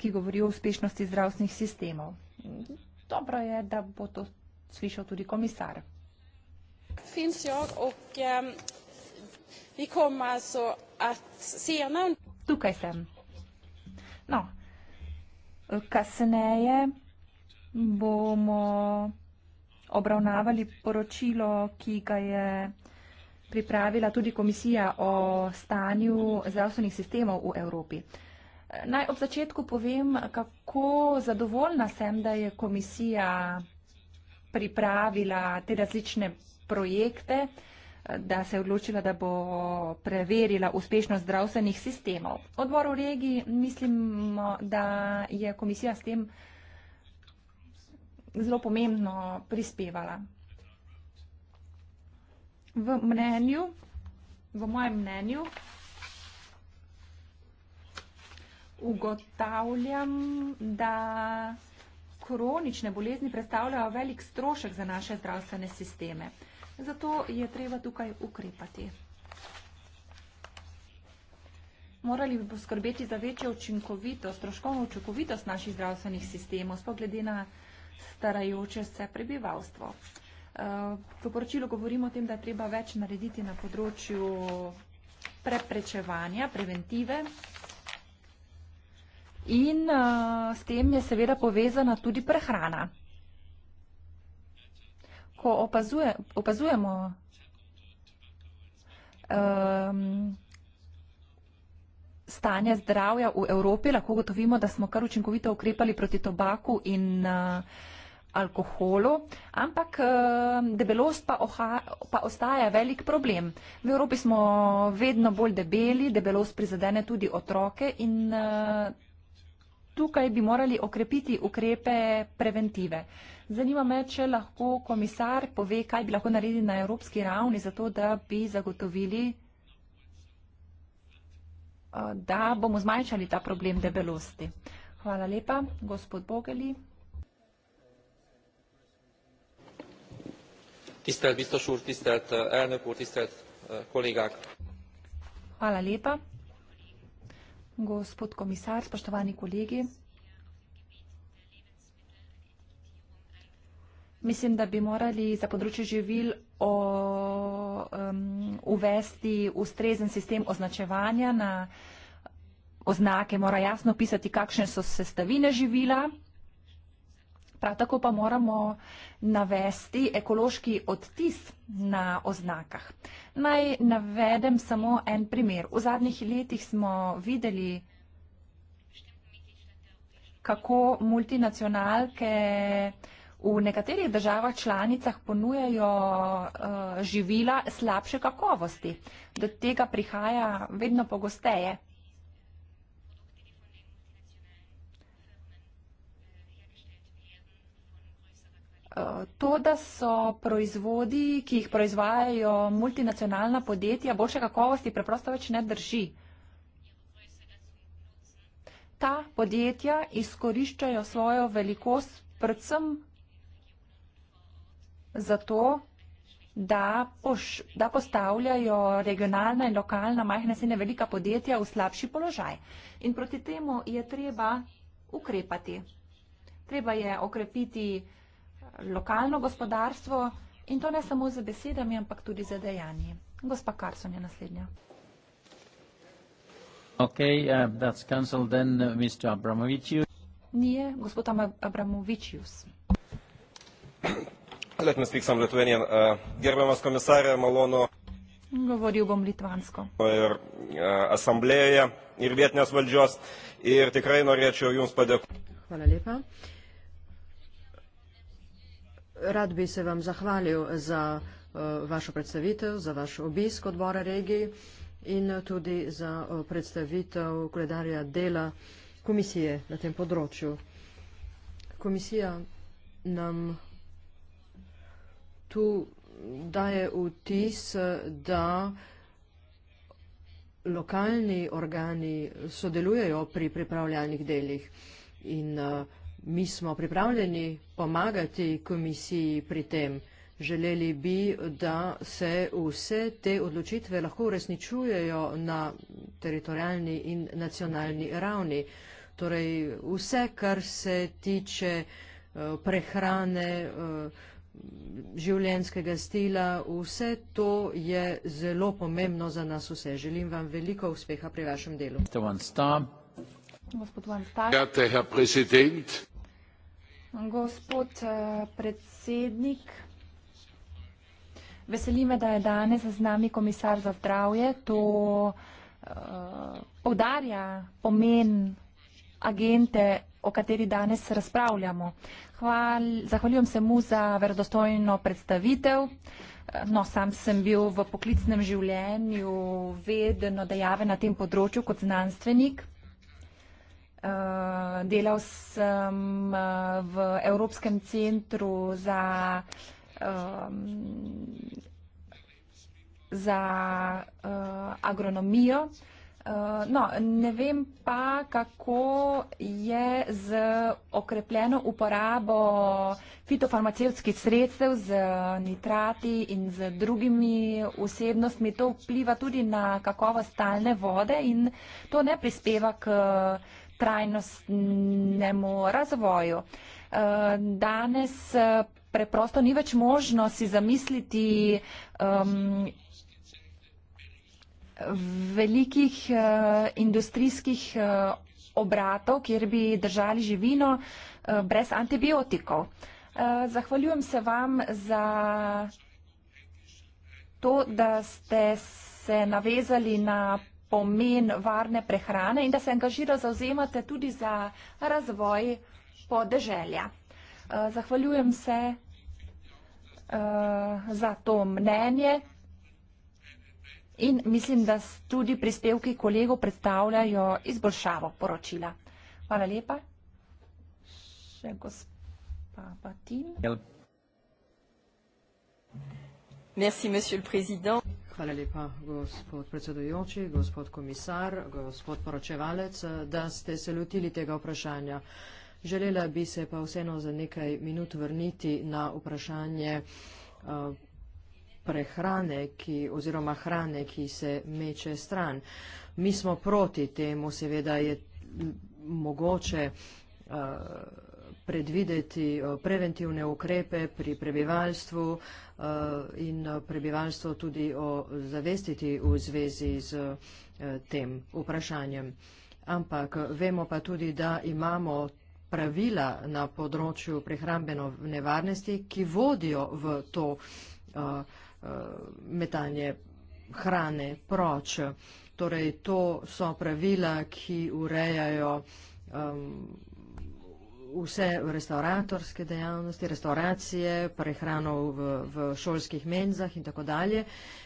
ki govori o uspešnosti zdravstvenih sistemov. Dobro je, da bo to slišal tudi komisar. Ehm, Tukaj sem. No, kasneje bomo obravnavali poročilo, ki ga je pripravila tudi komisija o stanju zdravstvenih sistemov v Evropi. Naj ob začetku povem, kako zadovoljna sem, da je komisija pripravila te različne projekte, da se je odločila, da bo preverila uspešnost zdravstvenih sistemov. Odbor v regiji mislim, da je komisija s tem zelo pomembno prispevala v mnenju, v mojem mnenju, ugotavljam, da kronične bolezni predstavljajo velik strošek za naše zdravstvene sisteme. Zato je treba tukaj ukrepati. Morali bi poskrbeti za večjo učinkovitost, stroškovno učinkovitost naših zdravstvenih sistemov, spogledi na starajoče se prebivalstvo. Eh, v poročilu govorimo o tem, da je treba več narediti na področju preprečevanja, preventive. In uh, s tem je seveda povezana tudi prehrana. Ko opazuje, opazujemo, um, stanje zdravja v Evropi, lahko gotovimo, da smo kar učinkovito ukrepali proti tobaku in uh, alkoholu, ampak eh, debelost pa, oha, pa ostaja velik problem. V Evropi smo vedno bolj debeli, debelost prizadene tudi otroke in eh, tukaj bi morali okrepiti ukrepe preventive. Zanima me, če lahko komisar pove, kaj bi lahko naredili na evropski ravni, zato da bi zagotovili, eh, da bomo zmanjšali ta problem debelosti. Hvala lepa, gospod Bogeli.
Tisztelt biztos úr, tisztelt eh, elnök úr, tisztelt eh, kollégák!
Hvala lepa. Gospod komisár, spoštovani kolegi, mislim, da bi morali za področje živil o, um, uvesti ustrezen sistem označevanja na oznake, mora jasno pisati, kakšne so sestavine živila. Prav tako pa moramo navesti ekološki odtis na oznakah. Naj navedem samo en primer. V zadnjih letih smo videli, kako multinacionalke v nekaterih državah članicah ponujajo eh, živila slabše kakovosti. Do tega prihaja vedno pogosteje. Eh, to, da so proizvodi, ki jih proizvajajo multinacionalna podjetja, boljše kakovosti preprosto več ne drži. Ta podjetja izkoriščajo svojo velikost predvsem zato, da, poš, da postavljajo regionalna in lokalna majhna sine velika podjetja v slabši položaj. In proti temu je treba ukrepati. Treba je okrepiti uh, lokalno gospodarstvo in to ne samo z besedami, ampak tudi z dejanji. Gospa Karson je naslednja.
Okay, uh, that's canceled then, uh, Mr. Abramovicius.
Nije, gospod Abramovicius.
Let me speak some Lithuanian. Uh, Gerbiamas komisarė, malonu.
Govoriu bom litvansko.
Ir uh, asamblėje,
ir vietinės valdžios, ir tikrai norėčiau Jums padėkoti.
Hvala lepa. Uh, Rad bi se vam zahvalil za eh, vašo predstavitev, za vaš obisk odbora regij in tudi za eh, predstavitev koledarja dela komisije na tem področju. Komisija nam tu daje vtis, da lokalni organi sodelujejo pri pripravljalnih delih in vsega, eh, Mi smo pripravljeni pomagati komisiji pri tem. Želeli bi, da se vse te odločitve lahko uresničujejo na teritorijalni in nacionalni ravni. Torej, vse, kar se tiče eh, prehrane, eh, življenskega stila, vse to je zelo pomembno za nas vse. Želim vam veliko uspeha pri vašem
delu. Gospod Van Stam.
Gospod Van Stam.
Gospod eh, predsednik, veseli me, da je danes z nami komisar za zdravje. To eh, povdarja pomen agente, o kateri danes razpravljamo. Zahvaljujem se mu za verodostojno predstavitev. No, sam sem bil v poklicnem življenju vedno dejave na tem področju kot znanstvenik. Eh, delal sem eh, v Evropskem centru za, um, za uh, agronomijo. Uh, no, ne vem pa, kako je z okrepljeno uporabo fitofarmacevskih sredstev z nitrati in z drugimi vsebnostmi. To vpliva tudi na kakovost stalne vode in to ne prispeva k uh, trajnostnemu razvoju. Eh, danes eh, preprosto ni več možno si zamisliti um, velikih uh, industrijskih uh, obratov, kjer bi držali živino uh, brez antibiotikov. Uh, zahvaljujem se vam za to, da ste se navezali na pomen varne prehrane in da se angažira zauzemate tudi za razvoj podeželja. Eh, zahvaljujem se eh, za to mnenje in mislim, da tudi prispevki kolegov predstavljajo izboljšavo poročila. Hvala lepa. Še gospa Batin.
Merci, monsieur le président. Hvala lepa, gospod predsedujoči, gospod komisar, gospod poročevalec, da ste se lotili tega vprašanja. Želela bi se pa vseeno za nekaj minut vrniti na vprašanje eh, prehrane ki, oziroma hrane, ki se meče stran. Mi smo proti temu, seveda je mogoče eh, predvideti eh, preventivne ukrepe pri prebivalstvu, Eh, in eh, prebivalstvo tudi ozavestiti v zvezi z eh, tem vprašanjem. Ampak vemo pa tudi, da imamo pravila na področju prehrambeno nevarnosti, ki vodijo v to metanje hrane proč. Torej, to so pravila, ki urejajo um, vse restauratorske dejavnosti, restauracije, prehrano v, v šolskih menzah in tako dalje.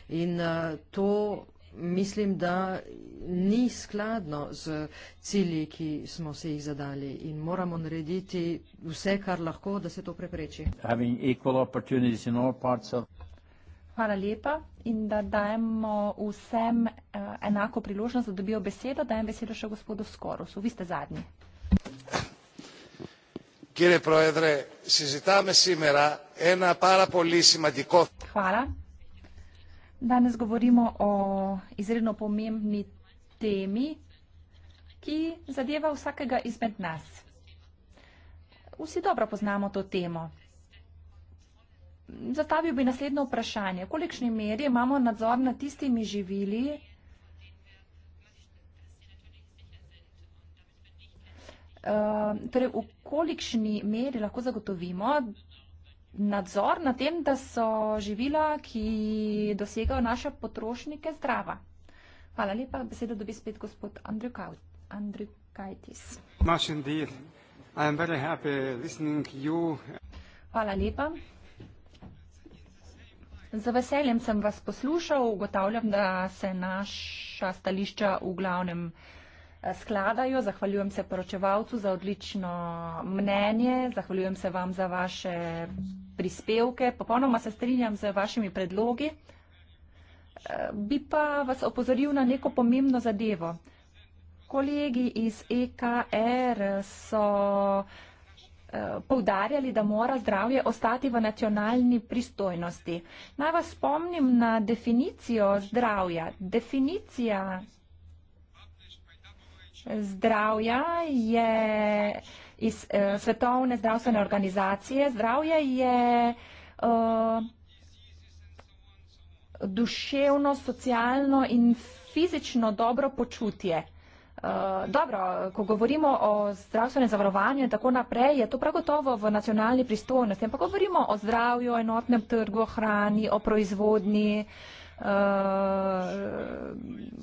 In uh, to mislim, da ni skladno z cilji, ki smo se jih zadali in moramo narediti vse, kar lahko, da se to prepreči. Hvala
lepa in da dajemo vsem uh, enako priložnost, da dobijo besedo. Dajem besedo še gospodu Skorusu. Vi ste zadnji.
Κύριε Πρόεδρε, συζητάμε σήμερα ένα πάρα πολύ σημαντικό...
Χάρα. Danes govorimo o izredno pomembni temi, ki zadeva vsakega izmed nas. Vsi dobro poznamo to temo. Zastavil bi naslednjo vprašanje. V kolikšni meri imamo nadzor nad tistimi živili, Ehm, torej, v kolikšni meri lahko zagotovimo nadzor na tem, da so živila, ki dosegajo naše potrošnike, zdrava. Hvala lepa, besedo dobi spet gospod Andrew, Kau Andrew Kajtis.
Much indeed. I am very happy listening to you.
Hvala lepa. Za veseljem sem vas poslušal, ugotavljam, da se naša stališča v glavnem skladajo. Zahvaljujem se poročevalcu za odlično mnenje, zahvaljujem se vam za vaše prispevke. Popolnoma se strinjam z vašimi predlogi. Eh, bi pa vas opozoril na neko pomembno zadevo. Kolegi iz EKR so eh, povdarjali, da mora zdravje ostati v nacionalni pristojnosti. Naj vas spomnim na definicijo zdravja. Definicija zdravja je iz uh, Svetovne zdravstvene organizacije. Zdravje je uh, duševno, socialno in fizično dobro počutje. Uh, dobro, ko govorimo o zdravstvenem zavarovanju in tako naprej, je to prav gotovo v nacionalni pristojnosti, ampak govorimo o zdravju, enotnem trgu, hrani, o proizvodnji. Uh, uh,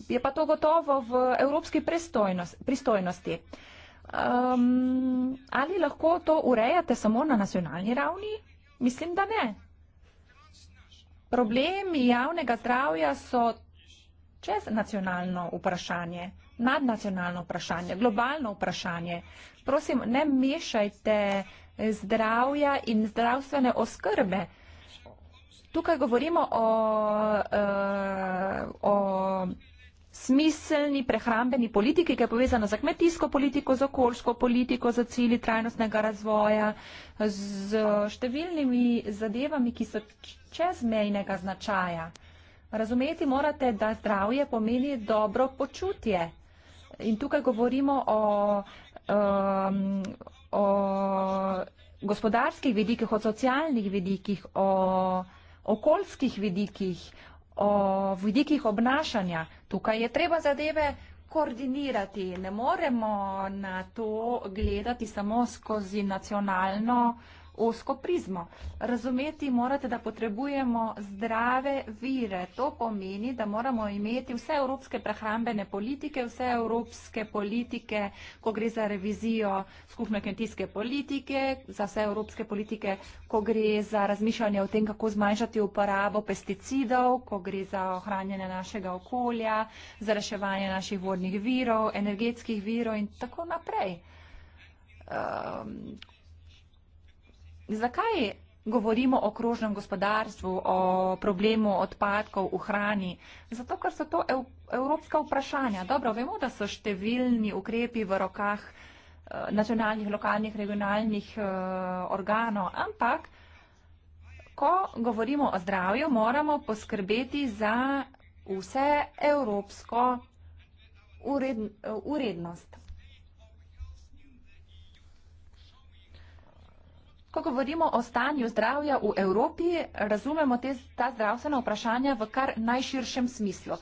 je pa to gotovo v evropski pristojnost, pristojnosti. Um, ali lahko to urejate samo na nacionalni ravni? Mislim, da ne. Problemi javnega zdravja so čez nacionalno vprašanje, nadnacionalno vprašanje, globalno vprašanje. Prosim, ne mešajte zdravja in zdravstvene oskrbe. Uh, Tukaj govorimo o, eh, o smiselni prehrambeni politiki, ki je povezana za kmetijsko politiko, za okoljsko politiko, za cilji trajnostnega razvoja, z številnimi zadevami, ki so čezmejnega značaja. Razumeti morate, da zdravje pomeni dobro počutje. In tukaj govorimo o, um, o gospodarskih vidikih, o socialnih vidikih, o okoljskih vidikih, o vidikih obnašanja. Tukaj je treba zadeve koordinirati. Ne moremo na to gledati samo skozi nacionalno uh, osko prizmo. Razumeti morate, da potrebujemo zdrave vire. To pomeni, da moramo imeti vse evropske prehrambene politike, vse evropske politike, ko gre za revizijo skupne kmetijske politike, za vse evropske politike, ko gre za razmišljanje o tem, kako zmanjšati uporabo pesticidov, ko gre za ohranjanje našega okolja, za reševanje naših vodnih virov, energetskih virov in tako naprej. Um, Zakaj govorimo o krožnem gospodarstvu, o problemu odpadkov v hrani? Zato, ker so to evropska vprašanja. Dobro, vemo, da so številni ukrepi v rokah eh, nacionalnih, lokalnih, regionalnih eh, organov, ampak ko govorimo o zdravju, moramo poskrbeti za vse evropsko urednost. ko govorimo o stanju zdravja v Evropi, razumemo te, ta zdravstvena vprašanja v kar najširšem smislu.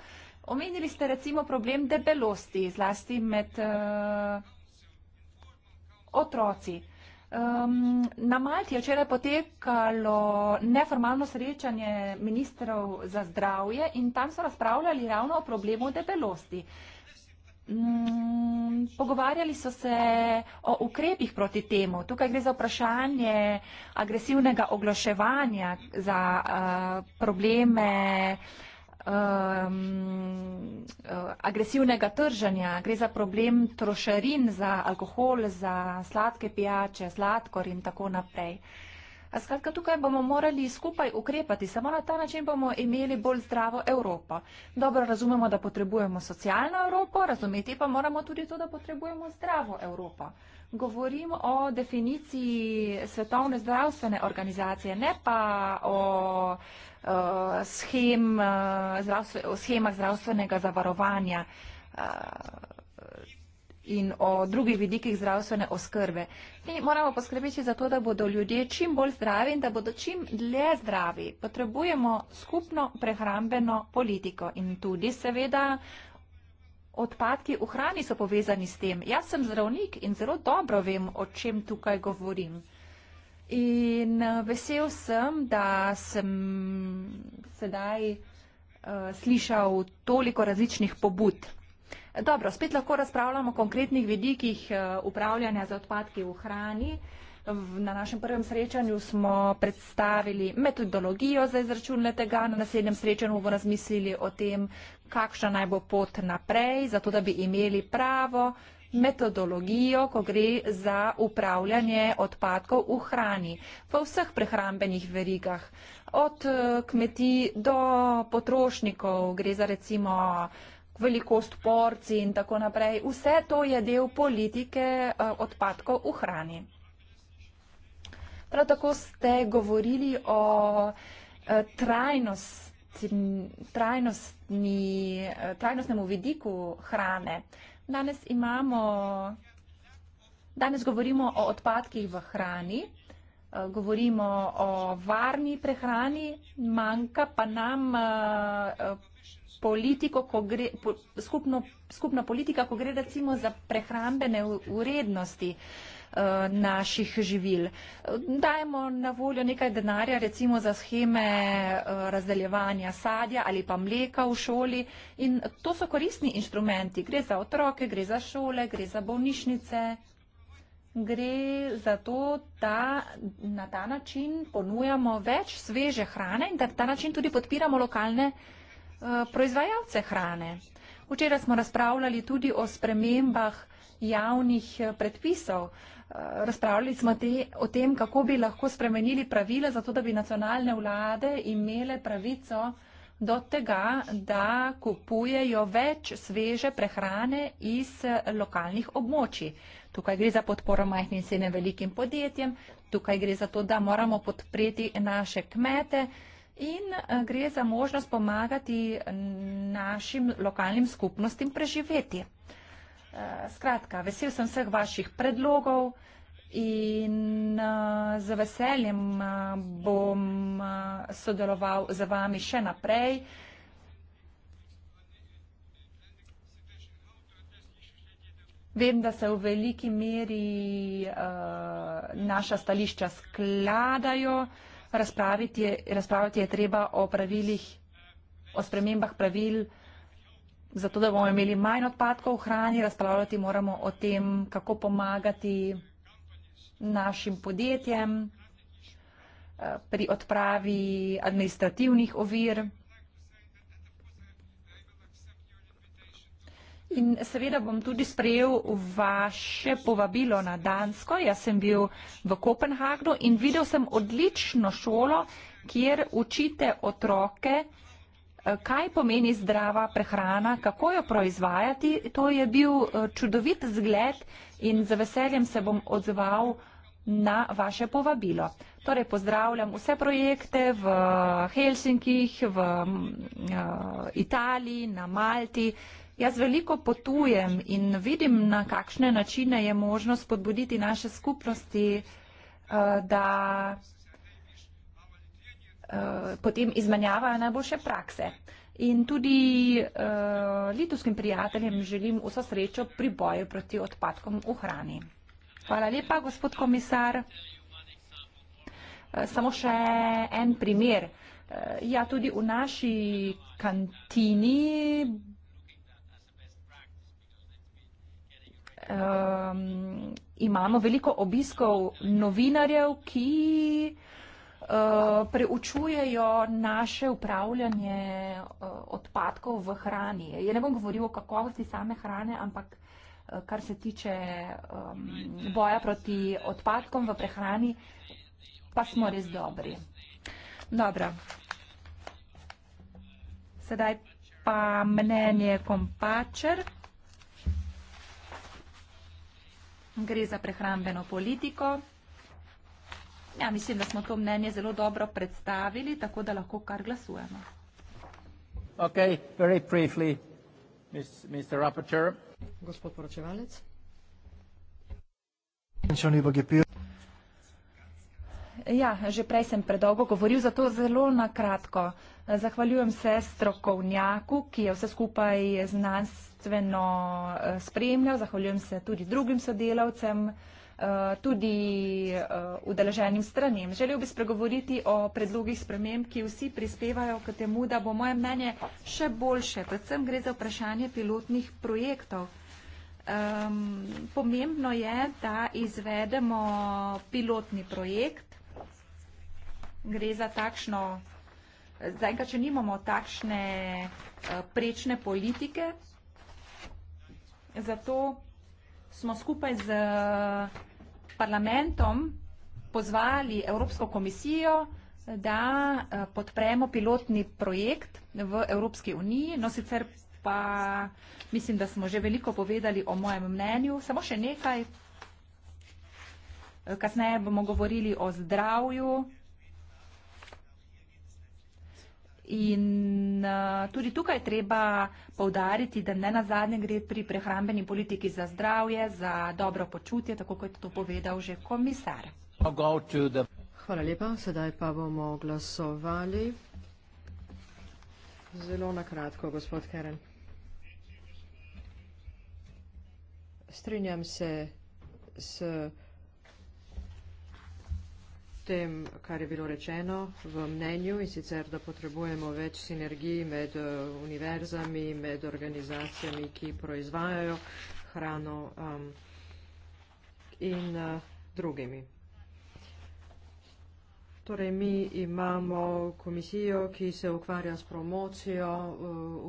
Omenili ste recimo problem debelosti, zlasti med uh, otroci. Um, na Malti je včeraj potekalo neformalno srečanje ministrov za zdravje in tam so razpravljali ravno o problemu debelosti. Uh, Mm, pogovarjali so se o ukrepih proti temu. Tukaj gre za vprašanje agresivnega oglaševanja za uh, probleme um, uh, agresivnega trženja, gre za problem trošarin za alkohol, za sladke pijače, sladkor in tako naprej. Uh, Skratka, tukaj bomo morali skupaj ukrepati, samo na ta način bomo imeli bolj zdravo Evropo. Dobro razumemo, da potrebujemo socialno Evropo, razumeti pa moramo tudi to, da potrebujemo zdravo Evropo. Govorim o definiciji Svetovne zdravstvene organizacije, ne pa o, o, schem, zdravstve, o schemah zdravstvenega zavarovanja. O, in o drugih vidikih zdravstvene oskrbe. Mi moramo poskrbeti za to, da bodo ljudje čim bolj zdravi in da bodo čim dlje zdravi. Potrebujemo skupno prehrambeno politiko in tudi seveda odpadki v hrani so povezani s tem. Jaz sem zdravnik in zelo dobro vem, o čem tukaj govorim. In eh, vesel sem, da sem sedaj uh, slišal toliko različnih pobud. Dobro, spet lahko razpravljamo o konkretnih vidikih eh, upravljanja z odpadki v hrani. Na našem prvem srečanju smo predstavili metodologijo za izračunle tega, na naslednjem srečanju bomo razmislili o tem, kakšna naj bo pot naprej, zato da bi imeli pravo metodologijo, ko gre za upravljanje odpadkov v hrani v vseh prehrambenih verigah. Od eh, kmetij do potrošnikov gre za recimo velikost porcij in tako naprej. Vse to je del politike eh, odpadkov v hrani. Prav tako ste govorili o eh, trajnost, trajnostni, eh, trajnostnemu vidiku hrane. Danes imamo, danes govorimo o odpadkih v hrani, govorimo o varni prehrani, manjka pa nam uh, politiko, ko gre, po, skupno, skupna politika, ko gre recimo za prehrambene urednosti eh, naših živil. Dajemo na voljo nekaj denarja, recimo za scheme eh, razdeljevanja sadja ali pa mleka v šoli in to so koristni inštrumenti. Gre za otroke, gre za šole, gre za bolnišnice. Gre za to, da na ta način ponujamo več sveže hrane in da na ta način tudi podpiramo lokalne uh, Eh, proizvajalce hrane. Včeraj smo razpravljali tudi o spremembah javnih eh, predpisov. Eh, razpravljali smo te, o tem, kako bi lahko spremenili pravila, zato da bi nacionalne vlade imele pravico do tega, da kupujejo več sveže prehrane iz lokalnih območij. Tukaj gre za podporo majhnim in srednjim velikim podjetjem, tukaj gre za to, da moramo podpreti naše kmete. In eh, gre za možnost pomagati našim lokalnim skupnostim preživeti. Eh, skratka, vesel sem vseh vaših predlogov in eh, z veseljem bom sodeloval z vami še naprej. Vem, da se v veliki meri naša stališča skladajo in razpraviti, razpraviti je treba o pravilih, o spremembah pravil, zato da bomo imeli manj odpadkov v hrani, razpravljati moramo o tem, kako pomagati našim podjetjem eh, pri odpravi administrativnih ovir. In seveda bom tudi sprejel vaše povabilo na Dansko. Jaz sem bil v Kopenhagnu in videl sem odlično šolo, kjer učite otroke, eh, kaj pomeni zdrava prehrana, kako jo proizvajati. To je bil eh, čudovit zgled in z veseljem se bom odzval na vaše povabilo. Torej, pozdravljam vse projekte v Helsinkih, v uh, Italiji, na Malti. Uh, Jaz veliko potujem in vidim, na kakšne načine je možno spodbuditi naše skupnosti, eh, da eh, potem izmenjavajo najboljše prakse. In tudi eh, litovskim prijateljem želim vso srečo pri boju proti odpadkom v hrani. Hvala lepa, gospod komisar. Samo še en primer. Ja, tudi v naši kantini bomo um, imamo veliko obiskov novinarjev, ki uh, preučujejo naše upravljanje uh, odpadkov v hrani. Jaz ne bom govoril o kakovosti same hrane, ampak uh, kar se tiče um, boja proti odpadkom v prehrani, pa smo res dobri. Dobro. Sedaj pa mnenje kompačerk. gre za prehrambeno politiko. Ja, mislim, da smo to mnenje zelo dobro predstavili, tako da lahko kar glasujemo.
Okay, very briefly, Mr. Gospod poročevalec.
Ja, že prej sem predolgo govoril, zato zelo na kratko. Zahvaljujem se strokovnjaku, ki je vse skupaj znanstveno eh, spremljal. Zahvaljujem se tudi drugim sodelavcem, eh, tudi eh, udeleženim stranem. Želel bi spregovoriti o predlogih sprememb, ki vsi prispevajo k temu, da bo moje mnenje še boljše. Predvsem gre za vprašanje pilotnih projektov. Um, pomembno je, da izvedemo pilotni projekt, gre za takšno, zaenkrat, če nimamo takšne eh, prečne politike, zato smo skupaj z eh, parlamentom pozvali Evropsko komisijo, da eh, podpremo pilotni projekt v Evropski uniji, no sicer pa mislim, da smo že veliko povedali o mojem mnenju, samo še nekaj, kasneje bomo govorili o zdravju, In uh, tudi tukaj treba povdariti, da ne na zadnje gre pri prehrambeni politiki za zdravje, za dobro počutje, tako kot je to povedal že komisar.
Hvala lepa. Sedaj pa bomo glasovali. Zelo na kratko, gospod Keren. Strinjam se s tem, kar je bilo rečeno v mnenju in sicer, da potrebujemo več sinergij med eh, univerzami, med organizacijami, ki proizvajajo hrano um, in uh, drugimi. Torej, mi imamo komisijo, ki se ukvarja s promocijo eh,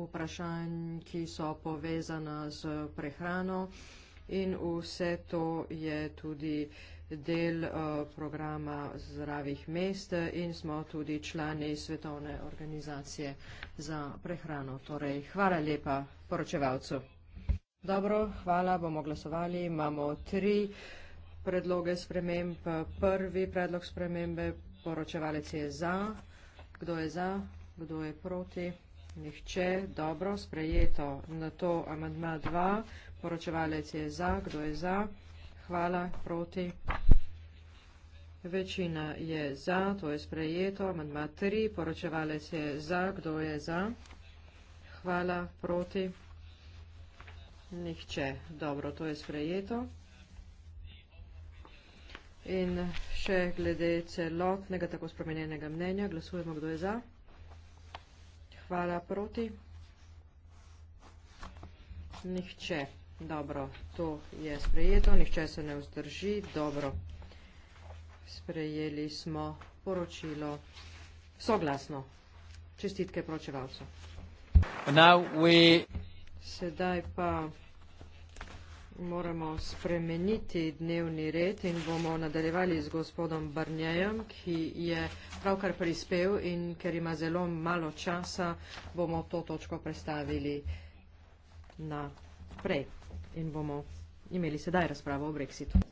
vprašanj, ki so povezana z prehrano in vse to je tudi uh, del eh, programa zdravih mest in smo tudi člani Svetovne organizacije za prehrano. Torej, hvala lepa poročevalcu. Dobro, hvala, bomo glasovali. Imamo tri predloge sprememb. Prvi predlog spremembe, poročevalec je za. Kdo je za? Kdo je proti? Nihče. Dobro, sprejeto. Na to amandma 2. Poročevalec je za. Kdo je za? Hvala. Proti. Večina je za, to je sprejeto. Amadma 3, poročevalec je za. Kdo je za? Hvala. Proti. Nihče. Dobro, to je sprejeto. In še glede celotnega tako spremenjenega mnenja, glasujemo, kdo je za. Hvala. Proti. Nihče. Dobro, to je sprejeto, nihče se ne vzdrži. Dobro, sprejeli smo poročilo soglasno. Čestitke pročevalcu. We... Sedaj pa moramo spremeniti dnevni red in bomo nadaljevali z gospodom Brnjejem, ki je pravkar prispel in ker ima zelo malo časa, bomo to točko predstavili naprej in bomo imeli sedaj razpravo o brexitu.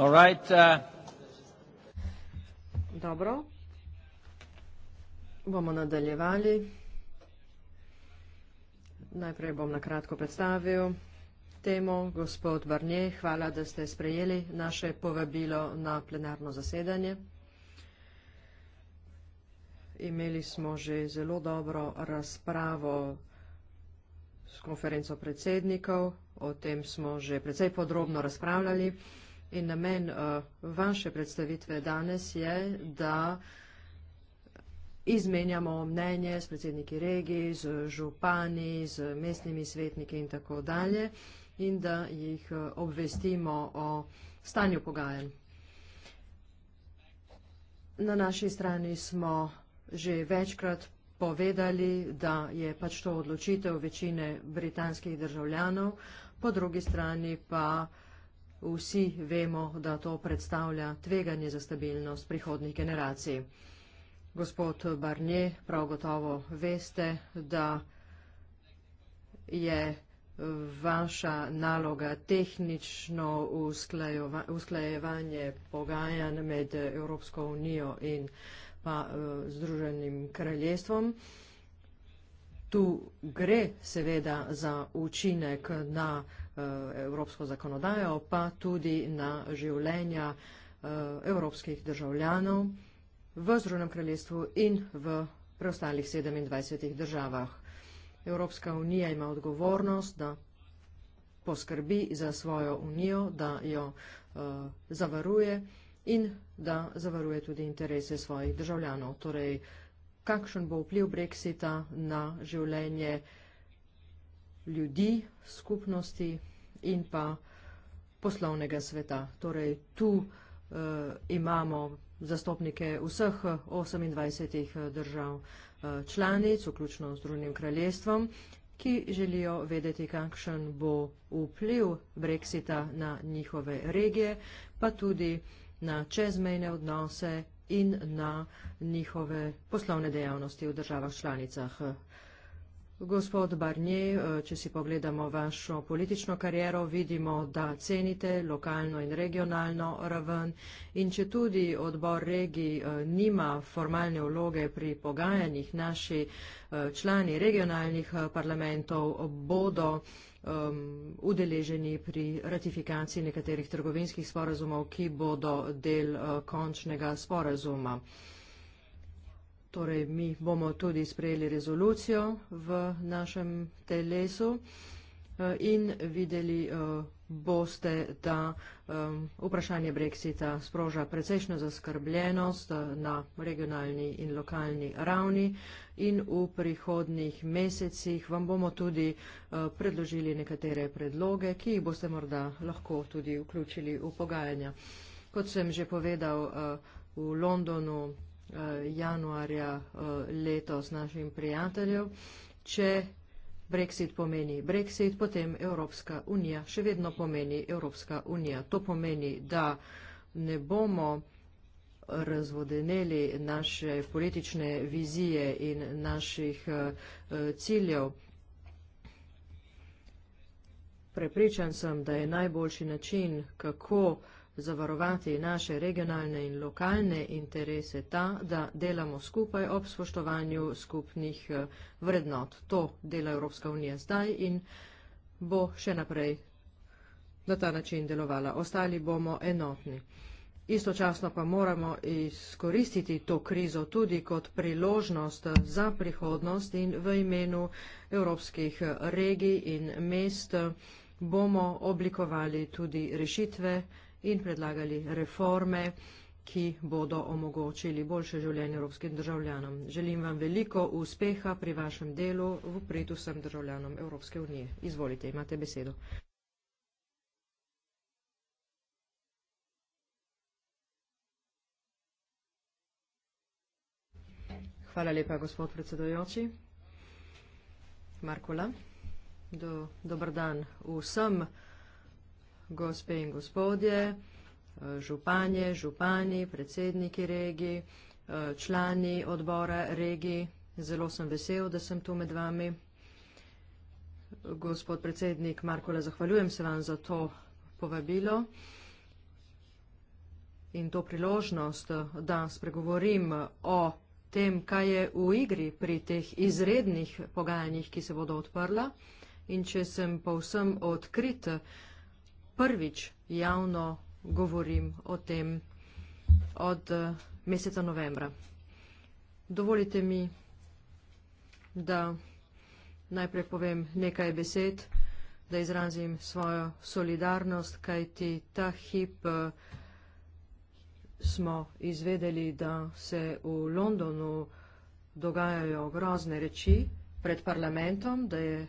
All right. Uh, dobro. Bomo nadaljevali. Najprej bom nakratko predstavil temo. Gospod Barnier, hvala, da ste sprejeli naše povabilo na plenarno zasedanje. Imeli smo že zelo dobro razpravo s konferenco predsednikov. O tem smo že precej podrobno razpravljali. In namen uh, vaše predstavitve danes je, da izmenjamo mnenje s predsedniki regij, z župani, z mestnimi svetniki in tako dalje in da jih eh, obvestimo o stanju pogajen. Na naši strani smo že večkrat povedali, da je pač to odločitev večine britanskih državljanov, po drugi strani pa uh, Vsi vemo, da to predstavlja tveganje za stabilnost prihodnih generacij. Gospod Barnier, prav gotovo veste, da je vaša naloga tehnično usklajevanje pogajanj med Evropsko unijo in pa eh, Združenim kraljestvom. Tu gre seveda za učinek na vsega, Eh, evropsko zakonodajo, pa tudi na življenja eh, evropskih državljanov v Združenem kraljestvu in v preostalih 27 državah. Evropska unija ima odgovornost, da poskrbi za svojo unijo, da jo eh, zavaruje in da zavaruje tudi interese svojih državljanov. Torej, kakšen bo vpliv Brexita na življenje ljudi, skupnosti, in pa poslovnega sveta. Torej, tu uh, imamo zastopnike vseh 28 eh, eh, držav uh, članic, vključno z drugim kraljestvom, ki želijo vedeti, kakšen bo vpliv Brexita na njihove regije, pa tudi na čezmejne odnose in na njihove poslovne dejavnosti v državah članicah. Uh, Gospod Barnier, eh, če si pogledamo vašo politično kariero, vidimo, da cenite lokalno in regionalno raven in če tudi odbor regij eh, nima formalne vloge pri pogajanjih, naši eh, člani regionalnih parlamentov bodo um, udeleženi pri ratifikaciji nekaterih trgovinskih sporazumov, ki bodo del končnega sporazuma. Torej, mi bomo tudi sprejeli rezolucijo v našem telesu eh, in videli eh, boste, da eh, vprašanje Brexita sproža precejšno zaskrbljenost na regionalni in lokalni ravni in v prihodnih mesecih vam bomo tudi predložili nekatere predloge, ki jih boste morda lahko tudi vključili v pogajanja. Kot sem že povedal, v Londonu uh, januarja uh, letos našim prijateljem. Če Brexit pomeni Brexit, potem Evropska unija še vedno pomeni Evropska unija. To pomeni, da ne bomo razvodeneli naše politične vizije in naših uh, ciljev. Prepričan sem, da je najboljši način, kako uh, zavarovati naše regionalne in lokalne interese ta, da delamo skupaj ob spoštovanju skupnih eh, vrednot. To dela Evropska unija zdaj in bo še naprej na ta način delovala. Ostali bomo enotni. Istočasno pa moramo izkoristiti to krizo tudi kot priložnost za prihodnost in v imenu evropskih eh, regij in mest eh, bomo oblikovali tudi rešitve, in predlagali reforme, ki bodo omogočili boljše življenje evropskim državljanom. Želim vam veliko uspeha pri vašem delu v pritu vsem državljanom Evropske unije. Izvolite, imate besedo. Hvala lepa, gospod predsedojoči. Markula, Do, dobar dan vsem državljanom gospe in gospodje, eh, županje, župani, predsedniki regij, eh, člani odbora regij. Zelo sem vesel, da sem tu med vami. Gospod predsednik Markole, zahvaljujem se vam za to povabilo in to priložnost, da spregovorim o tem, kaj je v igri pri teh izrednih pogajanjih, ki se bodo odprla. In če sem povsem odkrit, prvič javno govorim o tem od eh, meseca novembra. Dovolite mi, da najprej povem nekaj besed, da izrazim svojo solidarnost, kajti ta hip eh, smo izvedeli, da se v Londonu dogajajo grozne reči pred parlamentom, da je,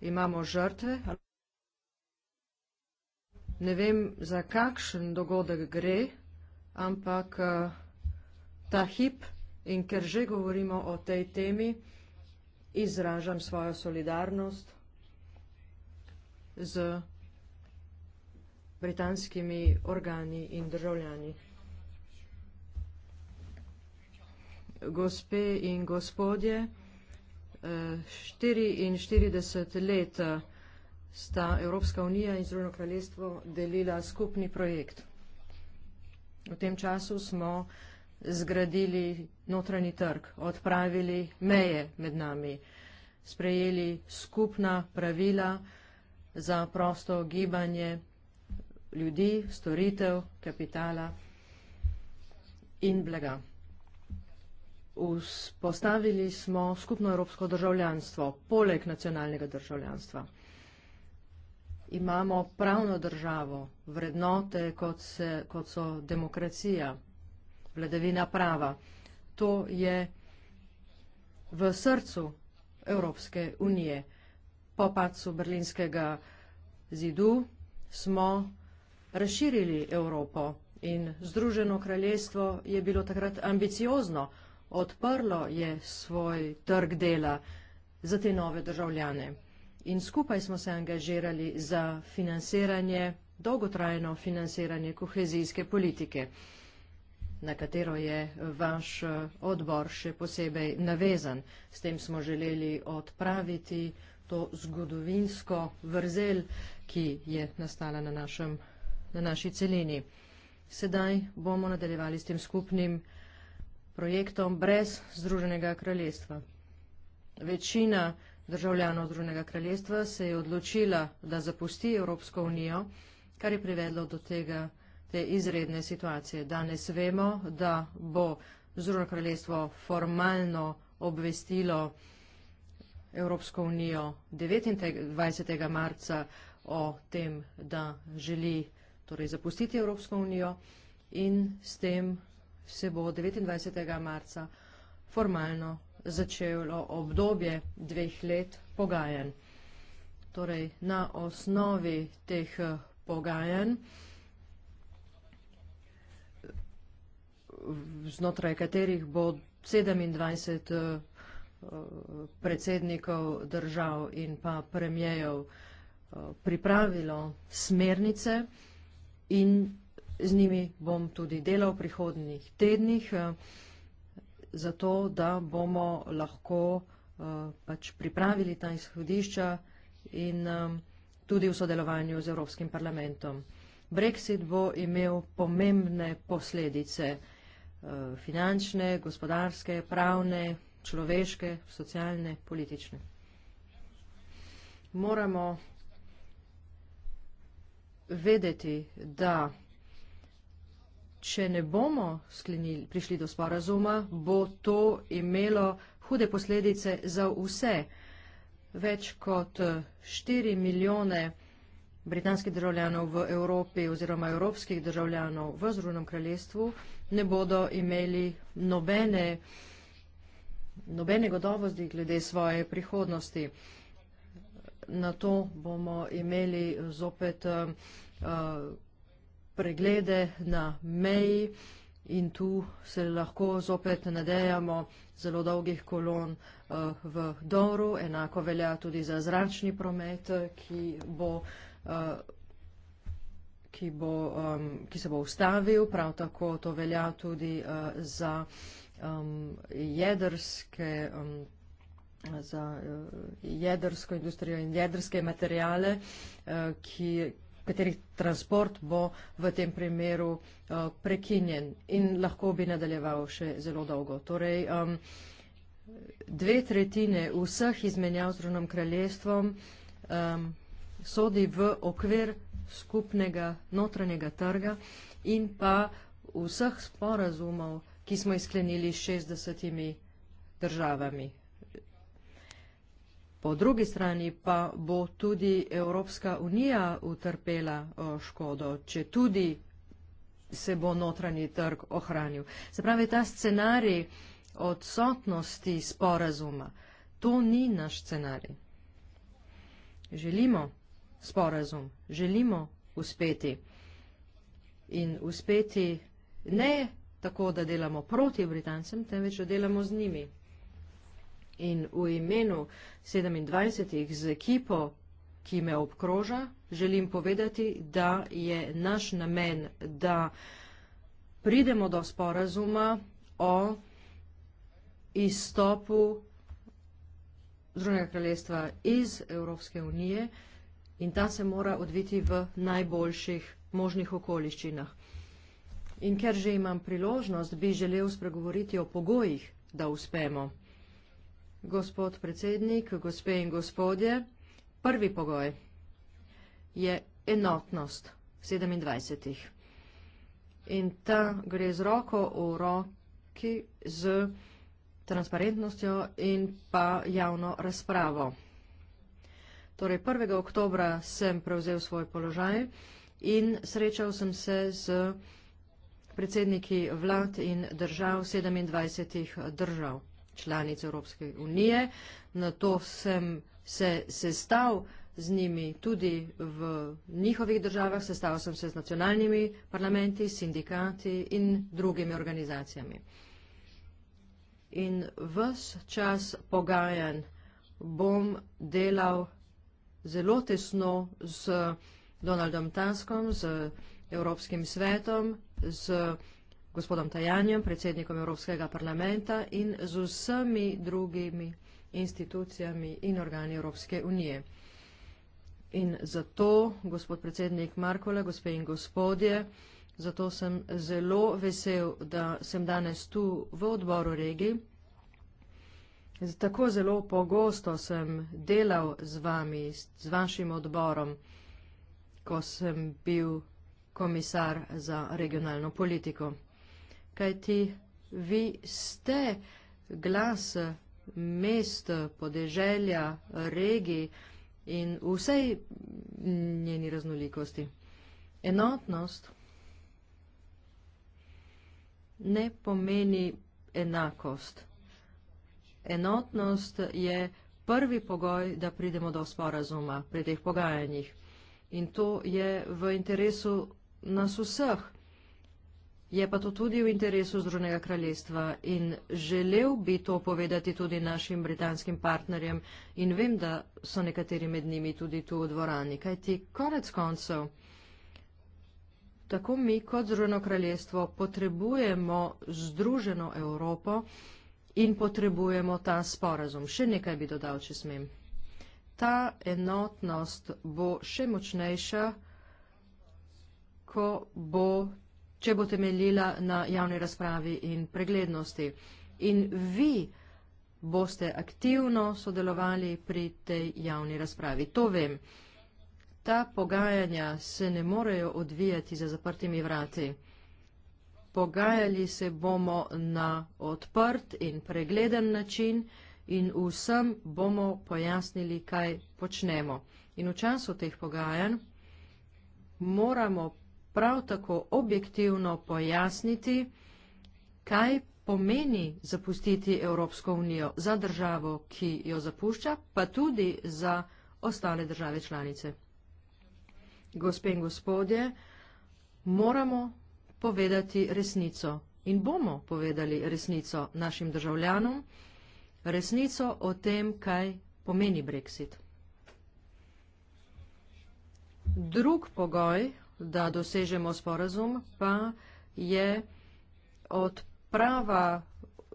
imamo žrtve ne vem, za kakšen dogodek gre, ampak eh, ta hip in ker že govorimo o tej temi, izražam svojo solidarnost z britanskimi organi in državljani. Gospe in gospodje, 44 eh, let vsega, eh, sta Evropska unija in Združeno kraljestvo delila skupni projekt. V tem času smo zgradili notranji trg, odpravili meje med nami, sprejeli skupna pravila za prosto gibanje ljudi, storitev, kapitala in blaga. Vzpostavili smo skupno evropsko državljanstvo, poleg nacionalnega državljanstva imamo pravno državo, vrednote, kot, se, kot so demokracija, vladavina prava. To je v srcu Evropske unije. Po padcu Berlinskega zidu smo razširili Evropo in Združeno kraljestvo je bilo takrat ambiciozno. Odprlo je svoj trg dela za te nove državljane in skupaj smo se angažirali za financiranje, dolgotrajno financiranje kohezijske politike, na katero je vaš eh, odbor še posebej navezan. S tem smo želeli odpraviti to zgodovinsko vrzel, ki je nastala na, našem, na naši celini. Sedaj bomo nadaljevali s tem skupnim projektom brez Združenega kraljestva. Večina državljanov Združenega kraljestva se je odločila, da zapusti Evropsko unijo, kar je privedlo do tega, te izredne situacije. Danes vemo, da bo Združeno kraljestvo formalno obvestilo Evropsko unijo 29. marca o tem, da želi torej, zapustiti Evropsko unijo in s tem se bo 29. marca formalno začelo obdobje dveh let pogajanj. Torej, na osnovi teh eh, pogajanj, znotraj katerih bo 27 eh, predsednikov držav in pa premijejev eh, pripravilo smernice in z njimi bom tudi delal v prihodnih tednih zato, da bomo lahko uh, pač pripravili ta izhodišča in um, tudi v sodelovanju z Evropskim parlamentom. Brexit bo imel pomembne posledice uh, finančne, gospodarske, pravne, človeške, socialne, politične. Moramo vedeti, da če ne bomo sklenili, prišli do sporazuma, bo to imelo hude posledice za vse. Več kot 4 eh, milijone britanskih državljanov v Evropi oziroma evropskih državljanov v Združenem kraljestvu ne bodo imeli nobene, nobene gotovosti glede svoje prihodnosti. Na to bomo imeli zopet uh, preglede na meji in tu se lahko zopet nadejamo zelo dolgih kolon eh, v Doru. Enako velja tudi za zračni promet, ki bo eh, Ki, bo, um, ki se bo ustavil, prav tako to velja tudi uh, za um, jedrske, um, za uh, jedrsko industrijo in jedrske materijale, uh, ki, katerih transport bo v tem primeru uh, prekinjen in lahko bi nadaljeval še zelo dolgo. Torej, um, dve tretjine vseh izmenjav z Runom kraljestvom um, sodi v okvir skupnega notranjega trga in pa vseh sporazumov, ki smo izklenili s 60 državami Po drugi strani pa bo tudi Evropska unija utrpela eh, škodo, če tudi se bo notranji trg ohranil. Se pravi, ta scenarij odsotnosti sporazuma, to ni naš scenarij. Želimo sporazum, želimo uspeti. In uspeti ne tako, da delamo proti Britancem, temveč da delamo z njimi in v imenu 27 z ekipo, ki me obkroža, želim povedati, da je naš namen, da pridemo do sporazuma o izstopu Združenega kraljestva iz Evropske unije in ta se mora odviti v najboljših možnih okoliščinah. In ker že imam priložnost, bi želel spregovoriti o pogojih, da uspemo. Gospod predsednik, gospe in gospodje, prvi pogoj je enotnost 27. In ta gre z roko v roki z transparentnostjo in pa javno razpravo. Torej, 1. oktobra sem prevzel svoj položaj in srečal sem se z predsedniki vlad in držav 27 držav članic Evropske unije. Na to sem se sestal z njimi tudi v njihovih državah, sestal sem se z nacionalnimi parlamenti, sindikati in drugimi organizacijami. In ves čas pogajan bom delal zelo tesno z Donaldom Taskom, z Evropskim svetom, z Evropskim svetom, gospodom Tajanjem, predsednikom Evropskega parlamenta in z vsemi drugimi institucijami in organi Evropske unije. In zato, gospod predsednik Markole, gospe in gospodje, zato sem zelo vesel, da sem danes tu v odboru regij. Tako zelo pogosto sem delal z vami, z vašim odborom, ko sem bil komisar za regionalno politiko kajti vi ste glas mest, podeželja, regij in vsej njeni raznolikosti. Enotnost ne pomeni enakost. Enotnost je prvi pogoj, da pridemo do sporazuma pri teh pogajanjih. In to je v interesu nas vseh je pa to tudi v interesu Združenega kraljestva in želel bi to povedati tudi našim britanskim partnerjem in vem, da so nekateri med njimi tudi tu v dvorani, kajti konec koncev tako mi kot Združeno kraljestvo potrebujemo Združeno Evropo in potrebujemo ta sporazum. Še nekaj bi dodal, če smem. Ta enotnost bo še močnejša, ko bo če bo temeljila na javni razpravi in preglednosti. In vi boste aktivno sodelovali pri tej javni razpravi. To vem. Ta pogajanja se ne morejo odvijati za zaprtimi vrati. Pogajali se bomo na odprt in pregleden način in vsem bomo pojasnili, kaj počnemo. In v času teh pogajanj moramo prav tako objektivno pojasniti, kaj pomeni zapustiti Evropsko unijo za državo, ki jo zapušča, pa tudi za ostale države članice. Gospe in gospodje, moramo povedati resnico in bomo povedali resnico našim državljanom, resnico o tem, kaj pomeni Brexit. Drug pogoj, da dosežemo sporazum, pa je odprava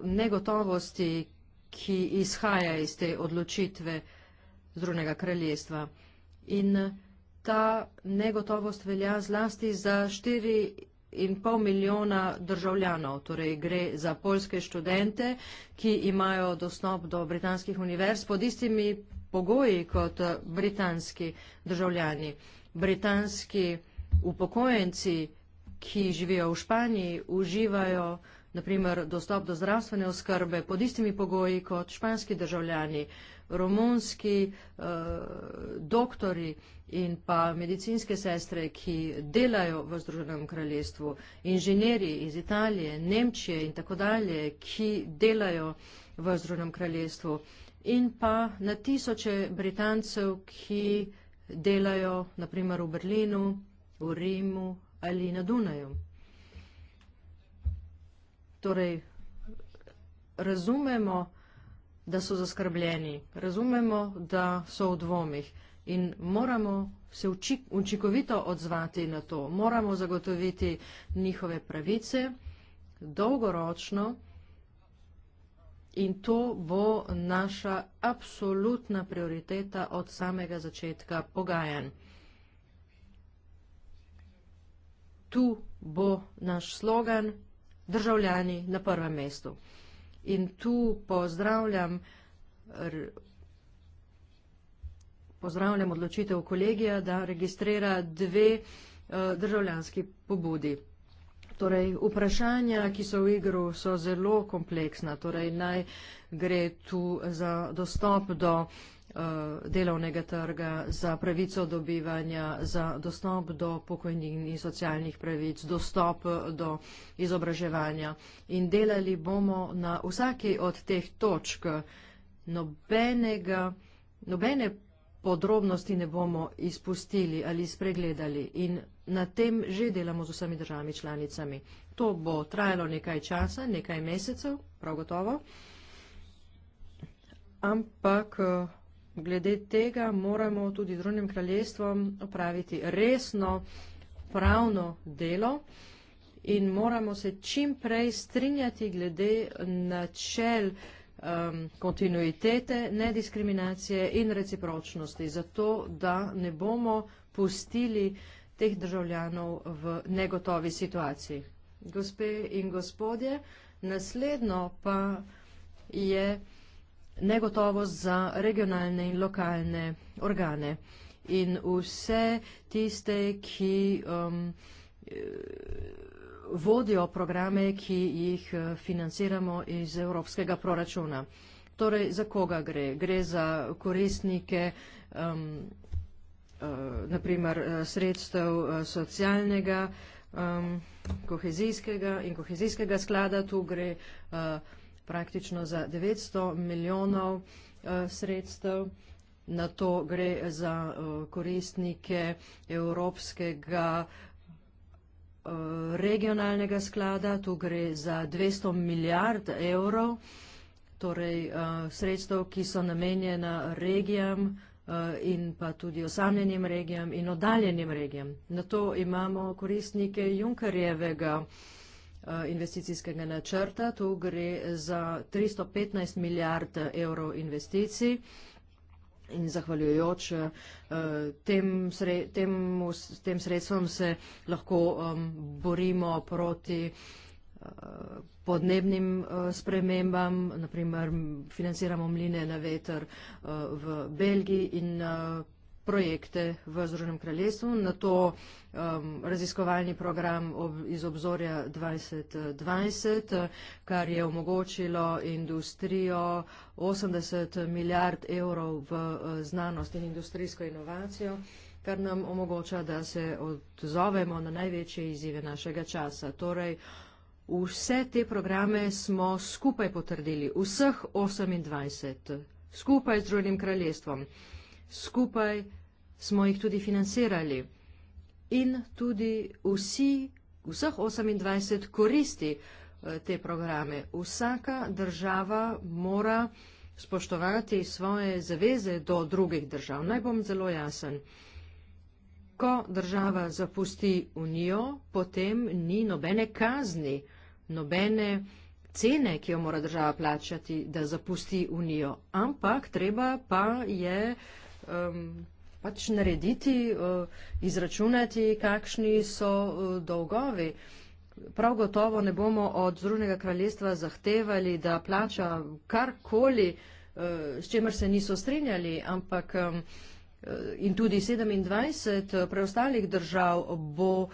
negotovosti, ki izhaja iz te odločitve Združenega kraljestva. In ta negotovost velja zlasti za 4,5 milijona državljanov, torej gre za polske študente, ki imajo dostop do britanskih univerz pod istimi pogoji kot britanski državljani. Britanski državljani upokojenci, ki živijo v Španiji, uživajo naprimer dostop do zdravstvene oskrbe pod istimi pogoji kot španski državljani, romunski eh, doktori in pa medicinske sestre, ki delajo v Združenem kraljestvu, inženjeri iz Italije, Nemčije in tako dalje, ki delajo v Združenem kraljestvu in pa na tisoče Britancev, ki delajo naprimer v Berlinu, v Rimu ali na Dunaju. Torej, razumemo, da so zaskrbljeni, razumemo, da so v dvomih in moramo se učinkovito odzvati na to, moramo zagotoviti njihove pravice dolgoročno in to bo naša absolutna prioriteta od samega začetka pogajanj. tu bo naš slogan državljani na prvem mestu. In tu pozdravljam, pozdravljam odločitev kolegija, da registrira dve eh, državljanski pobudi. Torej, vprašanja, ki so v igru, so zelo kompleksna. Torej, naj gre tu za dostop do državljanskih Eh, delovnega trga, za pravico dobivanja, za dostop do pokojnin in socialnih pravic, dostop eh, do izobraževanja. In delali bomo na vsaki od teh točk. Nobenega, nobene podrobnosti ne bomo izpustili ali spregledali in na tem že delamo z vsemi državami članicami. To bo trajalo nekaj časa, nekaj mesecev, prav gotovo. Ampak uh, glede tega moramo tudi z drugim kraljestvom opraviti resno pravno delo in moramo se čim prej strinjati glede načel um, kontinuitete, nediskriminacije in recipročnosti, zato da ne bomo pustili teh državljanov v negotovi situaciji. Gospe in gospodje, naslednjo pa je negotovost za regionalne in lokalne organe in vse tiste, ki um, eh, vodijo programe, ki jih eh, financiramo iz evropskega proračuna. Torej, za koga gre? Gre za koristnike, um, uh, eh, naprimer, sredstev socialnega, um, kohezijskega in kohezijskega sklada. Tu gre uh, praktično za 900 milijonov eh, sredstev. Na to gre za eh, koristnike Evropskega eh, regionalnega sklada, tu gre za 200 milijard evrov, torej sredstev, ki so namenjena regijam in pa tudi osamljenim regijam in oddaljenim regijam. Na to imamo koristnike Junkarjevega regionalnega sklada, Eh, investicijskega načrta. Tu gre za 315 milijard evrov investicij in zahvaljujoč eh, s tem sredstvom se lahko um, borimo proti eh, podnebnim spremembam, naprimer financiramo mline na veter v Belgiji in projekte v Združenem kraljestvu. Na to vsega um, raziskovalni program ob, iz obzorja 2020, kar je omogočilo industrijo 80 milijard evrov v eh, znanost in industrijsko inovacijo kar nam omogoča, da se odzovemo na največje izzive našega časa. Torej, vse te programe smo skupaj potrdili, vseh 28, skupaj z Združenim kraljestvom, skupaj smo jih tudi financirali in tudi vsi, vseh 28 koristi eh, te programe. Vsaka država mora spoštovati svoje zaveze do drugih držav. Naj bom zelo jasen. Ko država zapusti unijo, potem ni nobene kazni, nobene cene, ki jo mora država plačati, da zapusti unijo. Ampak treba pa je um, pač narediti, eh, izračunati, kakšni so eh, dolgovi. Prav gotovo ne bomo od Združenega kraljestva zahtevali, da plača karkoli, eh, s čemer se niso strinjali, ampak in tudi 27 preostalih držav bo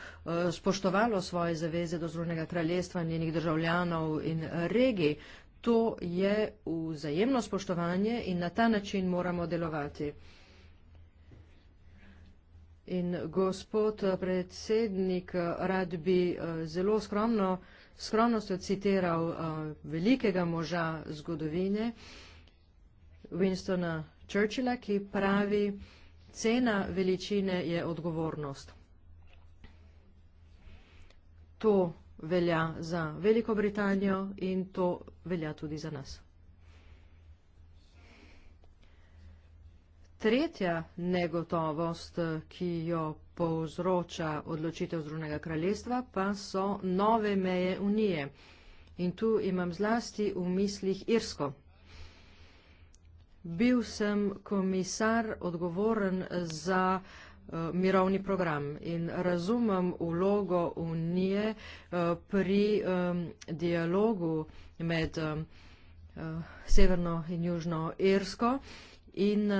spoštovalo svoje zaveze do Združenega kraljestva, njenih državljanov in regij. To je vzajemno spoštovanje in na ta način moramo delovati. In gospod eh, predsednik, eh, rad bi eh, zelo skromno, skromnost citiral velikega moža zgodovine, Winstona Churchilla, ki pravi, cena veličine je odgovornost. To velja za Veliko Britanijo in to velja tudi za nas. Tretja negotovost, ki jo povzroča odločitev Združenega kraljestva, pa so nove meje Unije. In tu imam zlasti v mislih Irsko. Bil sem komisar odgovoren za eh, mirovni program in razumem vlogo Unije eh, pri dialogu med eh, Severno in Južno Irsko in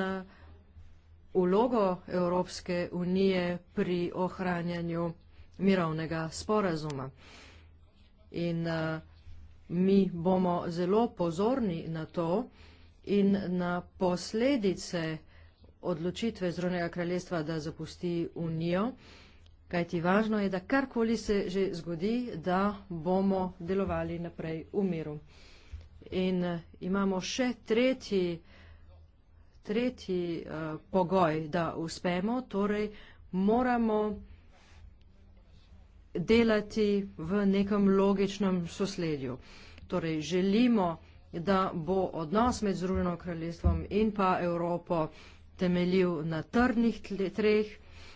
vlogo Evropske unije pri ohranjanju mirovnega sporazuma. In eh, mi bomo zelo pozorni na to in na posledice odločitve Zronega kraljestva, da zapusti Unijo, kajti važno je, da karkoli se že zgodi, da bomo delovali naprej v miru. In eh, imamo še tretji vsega, tretji uh, pogoj, da uspemo, torej moramo delati v nekem logičnem sosledju. Torej želimo, da bo odnos med Združeno kraljestvom in pa Evropo temeljil na trdnih treh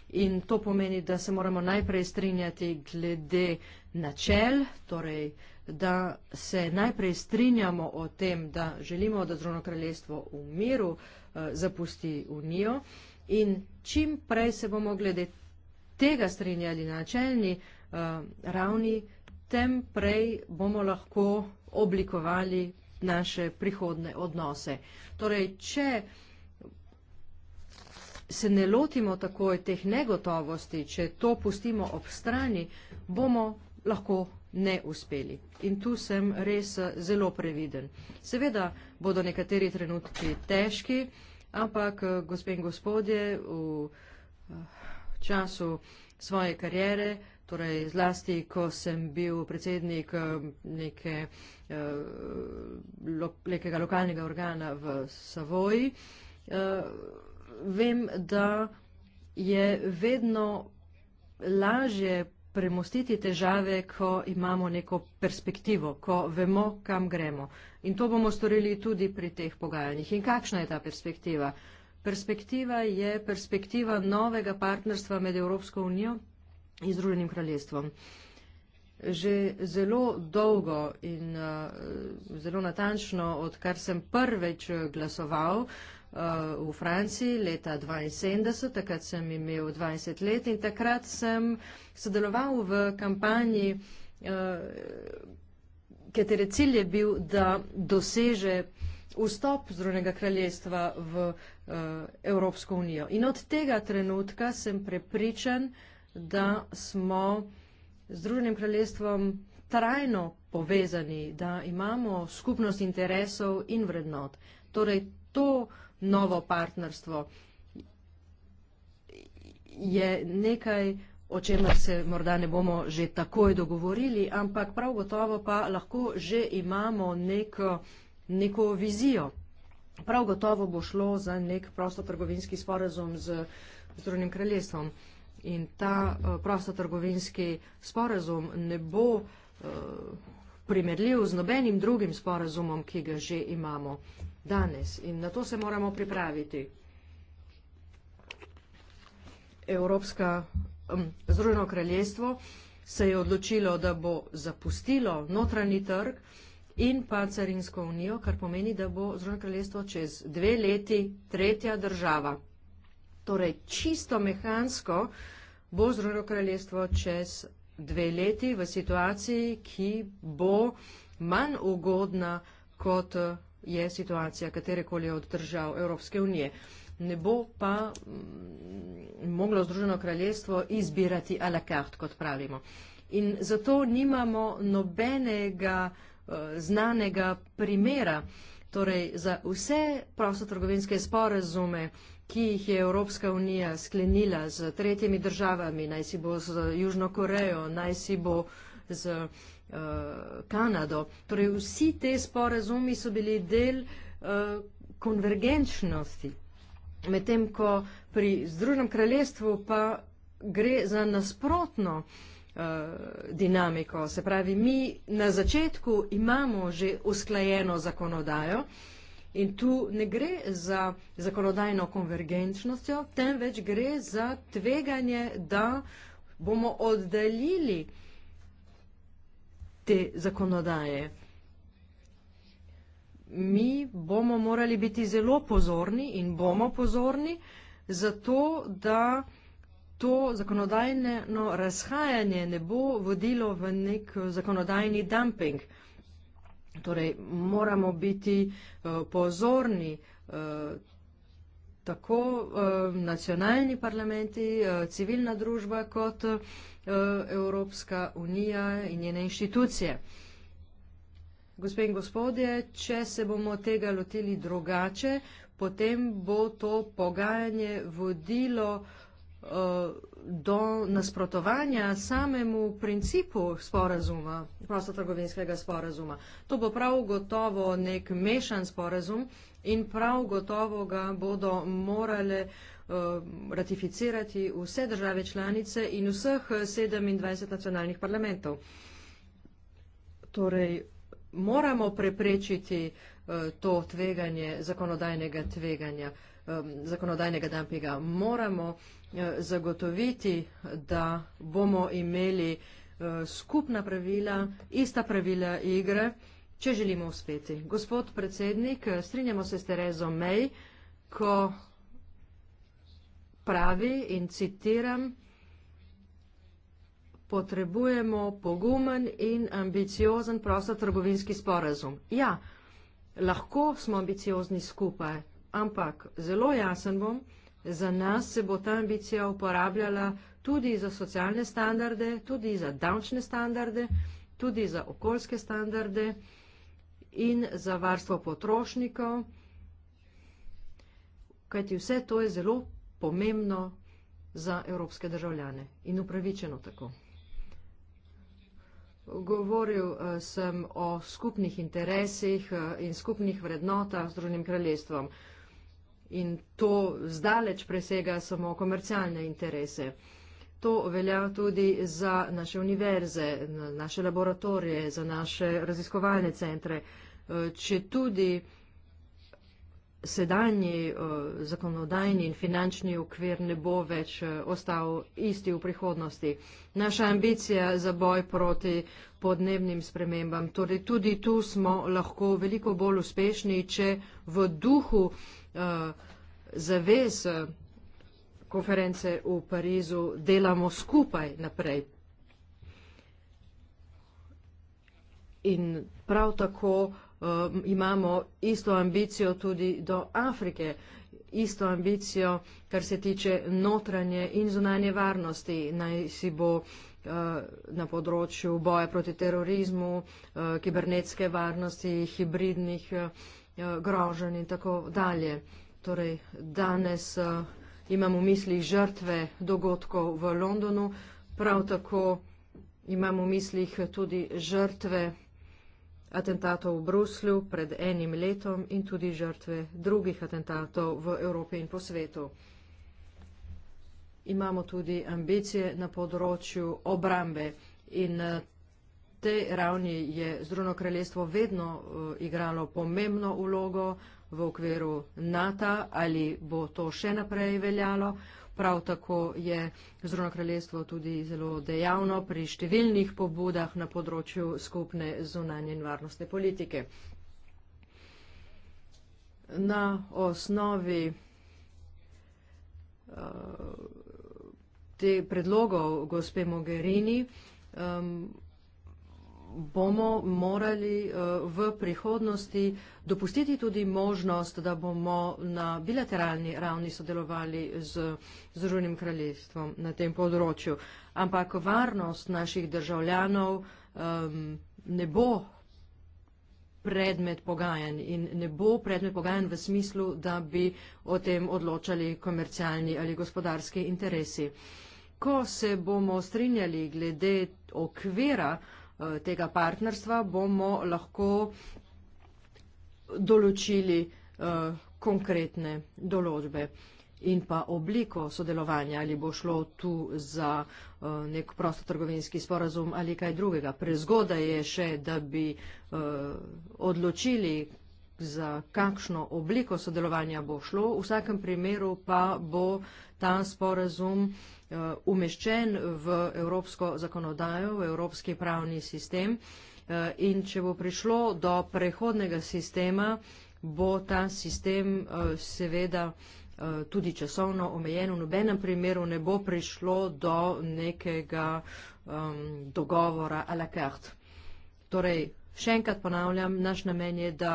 in to pomeni, da se moramo najprej strinjati glede načel, torej da se najprej strinjamo o tem, da želimo, da Združeno kraljestvo v miru uh, Eh, zapusti Unijo. In čim prej se bomo glede tega strinjali na načeljni eh, ravni, tem prej bomo lahko oblikovali naše prihodne odnose. Torej, če se ne lotimo takoj teh negotovosti, če to pustimo ob strani, bomo lahko ne uspeli. In tu sem res eh, zelo previden. Seveda bodo nekateri trenutki težki, ampak eh, gospe in gospodje, v eh, času svoje karijere, torej zlasti, ko sem bil predsednik neke, nekega lokalnega organa v Savoji, vem, da je vedno lažje premostiti težave, ko imamo neko perspektivo, ko vemo, kam gremo. In to bomo storili tudi pri teh pogajanjih. In kakšna je ta perspektiva? Perspektiva je perspektiva novega partnerstva med Evropsko unijo in Združenim kraljestvom. Že zelo dolgo in uh, zelo natančno, odkar sem prvič glasoval, uh, uh, v Franciji leta 1972, takrat sem imel 20 let in takrat sem sodeloval v kampanji, uh, katere cilj je bil, da doseže vstop Združenega kraljestva v uh, Evropsko unijo. In od tega trenutka sem prepričan, da smo Združenim kraljestvom trajno povezani, da imamo skupnost interesov in vrednot. Torej, to uh, novo partnerstvo je nekaj, o čemer se morda ne bomo že takoj dogovorili, ampak prav gotovo pa lahko že imamo neko, neko vizijo. Prav gotovo bo šlo za nek prostotrgovinski sporazum z Združenim kraljestvom. In ta eh, prostotrgovinski sporazum ne bo eh, primerljiv z nobenim drugim sporazumom, ki ga že imamo danes in na to se moramo pripraviti. Evropska um, združeno kraljestvo se je odločilo, da bo zapustilo notranji trg in pa carinsko unijo, kar pomeni, da bo združeno kraljestvo čez dve leti tretja država. Torej, čisto mehansko bo združeno kraljestvo čez dve leti v situaciji, ki bo manj ugodna kot je situacija katerekoli od držav Evropske unije. Ne bo pa m, mm, moglo Združeno kraljestvo izbirati a la carte, kot pravimo. In zato nimamo nobenega uh, znanega primera torej, za vse prostotrgovinske sporazume, ki jih je Evropska unija sklenila z tretjimi državami, naj si bo z Južno Korejo, naj si bo z uh, Eh, Kanado. Torej vsi te sporazumi so bili del uh, konvergenčnosti, medtem ko pri Združenem kraljestvu pa gre za nasprotno eh, dinamiko. Se pravi, mi na začetku imamo že usklajeno zakonodajo in tu ne gre za zakonodajno konvergenčnostjo, temveč gre za tveganje, da bomo oddaljili uh, te zakonodaje. Mi bomo morali biti zelo pozorni in bomo pozorni, zato da to zakonodajno razhajanje ne bo vodilo v nek eh, zakonodajni dumping. Torej, moramo biti uh, pozorni. Uh, tako eh, nacionalni parlamenti, eh, civilna družba kot eh, Evropska unija in njene inštitucije. Gospe in gospodje, če se bomo tega lotili drugače, potem bo to pogajanje vodilo eh, do nasprotovanja samemu principu sporazuma, prostotrgovinskega sporazuma. To bo prav gotovo nek mešan sporazum, eh, In prav gotovo ga bodo morale eh, ratificirati vse države članice in vseh 27 nacionalnih parlamentov. Torej, moramo preprečiti eh, to tveganje, zakonodajnega tveganja, eh, zakonodajnega dampiga. Moramo zagotoviti, da bomo imeli skupna pravila, ista pravila igre, če želimo uspeti. Gospod predsednik, strinjamo se s Terezo May, ko pravi in citiram, potrebujemo pogumen in ambiciozen prostotrgovinski sporazum. Ja, lahko smo ambiciozni skupaj, ampak zelo jasen bom, za nas se bo ta ambicija uporabljala tudi za socialne standarde, tudi za davčne standarde, tudi za okoljske standarde in za varstvo potrošnikov, kajti vse to je zelo pomembno za evropske državljane in upravičeno tako. Govoril eh, sem o skupnih interesih eh, in skupnih vrednotah z drugim kraljestvom in to zdaleč presega samo komercialne interese. To velja tudi za naše univerze, naše laboratorije, za naše raziskovalne centre. Eh, če tudi sedanji eh, zakonodajni in finančni okvir ne bo več eh, ostal isti v prihodnosti. Naša ambicija za boj proti podnebnim spremembam, torej tudi tu smo lahko veliko bolj uspešni, če v duhu zaves konference v Parizu delamo skupaj naprej. In prav tako um, imamo isto ambicijo tudi do Afrike, isto ambicijo, kar se tiče notranje in zunanje varnosti, naj si bo uh, na področju boja proti terorizmu, uh, kibernetske varnosti, hibridnih uh, groženj in tako dalje. Torej, danes imam v mislih žrtve dogodkov v Londonu, prav tako imam v mislih tudi žrtve atentatov v Bruslju pred enim letom in tudi žrtve drugih atentatov v Evropi in po svetu. Imamo tudi ambicije na področju obrambe in eh, tej ravni je Združeno kraljestvo vedno eh, igralo pomembno vlogo, v okviru NATO ali bo to še naprej veljalo. Prav tako je Združeno kraljestvo tudi zelo dejavno pri številnih pobudah na področju skupne zunanje in varnostne politike. Na osnovi uh, te predlogov gospe Mogherini um, bomo morali eh, v prihodnosti dopustiti tudi možnost, da bomo na bilateralni ravni sodelovali z Združenim kraljestvom na tem področju. Ampak varnost naših državljanov ne bo predmet pogajanj in ne bo predmet pogajanj v smislu, da bi o tem odločali komercialni ali gospodarski interesi. Ko se bomo strinjali glede okvira, Eh, tega partnerstva, bomo lahko določili eh, konkretne določbe in pa obliko sodelovanja, ali bo šlo tu za eh, nek prostotrgovinski sporazum ali kaj drugega. Prezgoda je še, da bi odločili, za kakšno obliko sodelovanja bo šlo, v vsakem primeru pa bo ta sporazum eh, umeščen v evropsko zakonodajo, v evropski pravni sistem eh, in če bo prišlo do prehodnega sistema, bo ta sistem eh, seveda tudi časovno omejeno. V nobenem primeru ne bo prišlo do nekega um, dogovora a la carte. Torej, Še enkrat ponavljam, naš namen je, da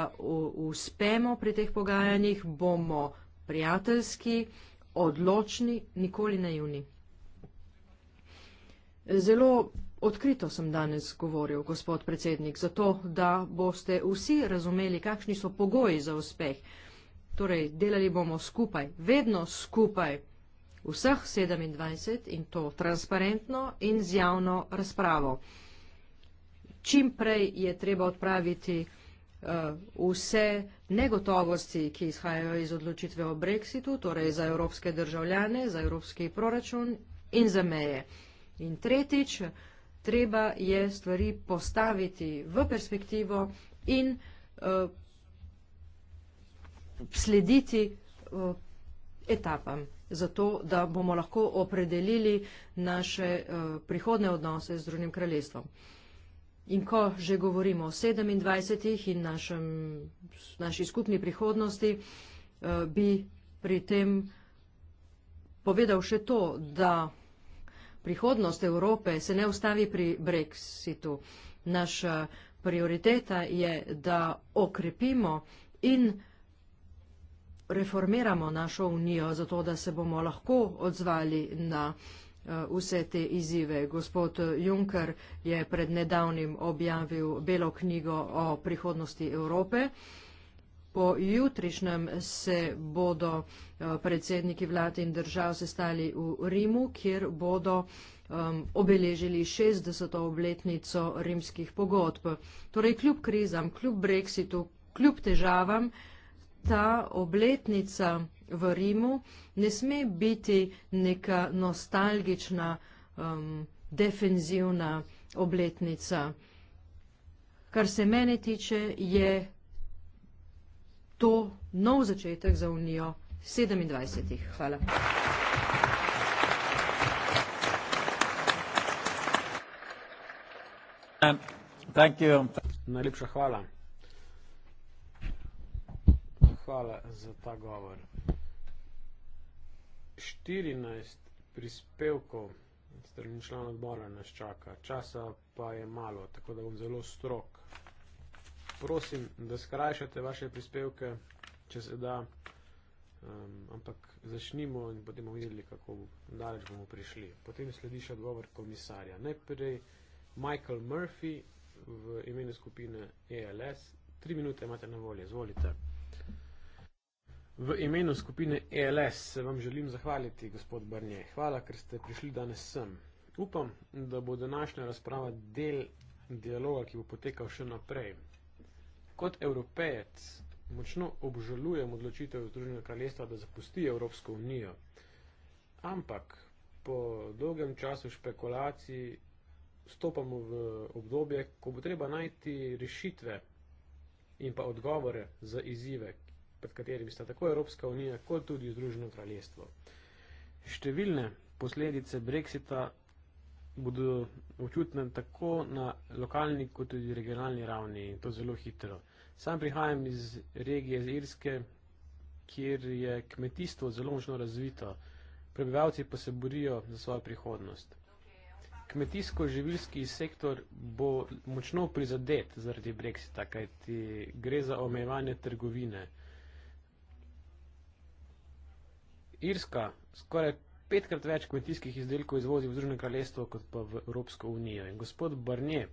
uspemo pri teh pogajanjih, bomo prijateljski, odločni, nikoli naivni. Zelo odkrito sem danes govoril, gospod predsednik, zato da boste vsi razumeli, kakšni so pogoji za uspeh. Torej, delali bomo skupaj, vedno skupaj, vseh 27 in to transparentno in z javno razpravo čim prej je treba odpraviti eh, vse negotovosti, ki izhajajo iz odločitve o Brexitu, torej za evropske državljane, za evropski proračun in za meje. In tretjič, treba je stvari postaviti v perspektivo in uh, slediti uh, etapam, zato da bomo lahko opredelili naše uh, prihodne odnose z drugim kraljestvom. In ko že govorimo o 27 in našem, naši skupni prihodnosti, eh, bi pri tem povedal še to, da prihodnost Evrope se ne ustavi pri Brexitu. Naša prioriteta je, da okrepimo in reformiramo našo unijo, zato da se bomo lahko odzvali na Brexit Eh, vse te izzive. Gospod Juncker je pred nedavnim objavil Belo knjigo o prihodnosti Evrope. Po jutrišnjem se bodo eh, predsedniki vlad in držav sestali v Rimu, kjer bodo um, obeležili 60. obletnico rimskih pogodb. Torej, kljub krizam, kljub brexitu, kljub težavam, ta obletnica v Rimu, ne sme biti neka nostalgična, um, defenzivna obletnica. Kar se mene tiče, je to nov začetek za Unijo 27. Hvala.
Um, thank you. Najlepša hvala. Hvala za ta govor. 14 prispevkov strani člana odbora nas čaka, časa pa je malo, tako da bom zelo strok. Prosim, da skrajšate vaše prispevke, če se da, um, ampak začnimo in potem bomo videli, kako daleč bomo prišli. Potem sledi še odgovor komisarja. Najprej Michael Murphy v imenu skupine ELS. Tri minute imate na voljo, izvolite. V imenu skupine ELS se vam želim zahvaliti, gospod Brnje. Hvala, ker ste prišli danes sem. Upam, da bo današnja razprava del dialoga, ki bo potekal še naprej. Kot evropejec močno obžalujem odločitev Združenega kraljestva, da zapusti Evropsko unijo. Ampak po dolgem času špekulacij stopamo v obdobje, ko bo treba najti rešitve in pa odgovore za izive, pred katerimi sta tako Evropska unija, kot tudi Združeno kraljestvo. Številne posledice Brexita bodo občutne tako na lokalni kot tudi regionalni ravni in to zelo hitro. Sam prihajam iz regije z Irske, kjer je kmetijstvo zelo močno razvito, prebivalci pa se borijo za svojo prihodnost. Kmetijsko-živilski sektor bo močno prizadet zaradi brexita, kajti gre za omejevanje trgovine. Irska skoraj petkrat več kmetijskih izdelkov izvozi v Združeno kraljestvo kot pa v Evropsko unijo. In gospod Barnier,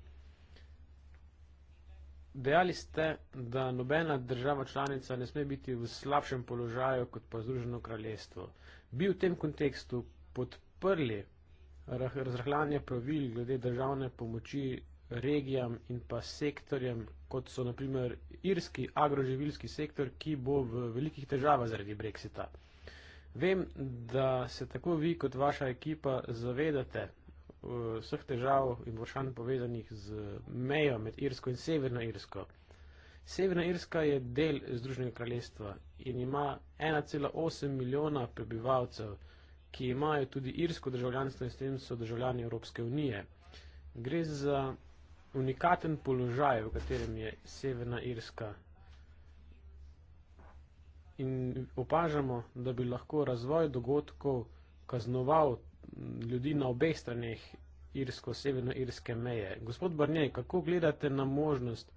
dejali ste, da nobena država članica ne sme biti v slabšem položaju kot pa Združeno kraljestvo. Bi v tem kontekstu podprli razrahljanje pravil glede državne pomoči regijam in pa sektorjem, kot so naprimer irski agroživilski sektor, ki bo v velikih težavah zaradi brexita. Vem, da se tako vi kot vaša ekipa zavedate uh, vseh težav in vprašanj povezanih z mejo med Irsko in Severno Irsko. Severna Irska je del Združenega kraljestva in ima 1,8 milijona prebivalcev, ki imajo tudi irsko državljanstvo in s tem so državljani Evropske unije. Gre za unikaten položaj, v katerem je Severna Irska in opažamo, da bi lahko razvoj dogodkov kaznoval ljudi na obeh straneh irsko-severno-irske meje. Gospod Barnej, kako gledate na možnost,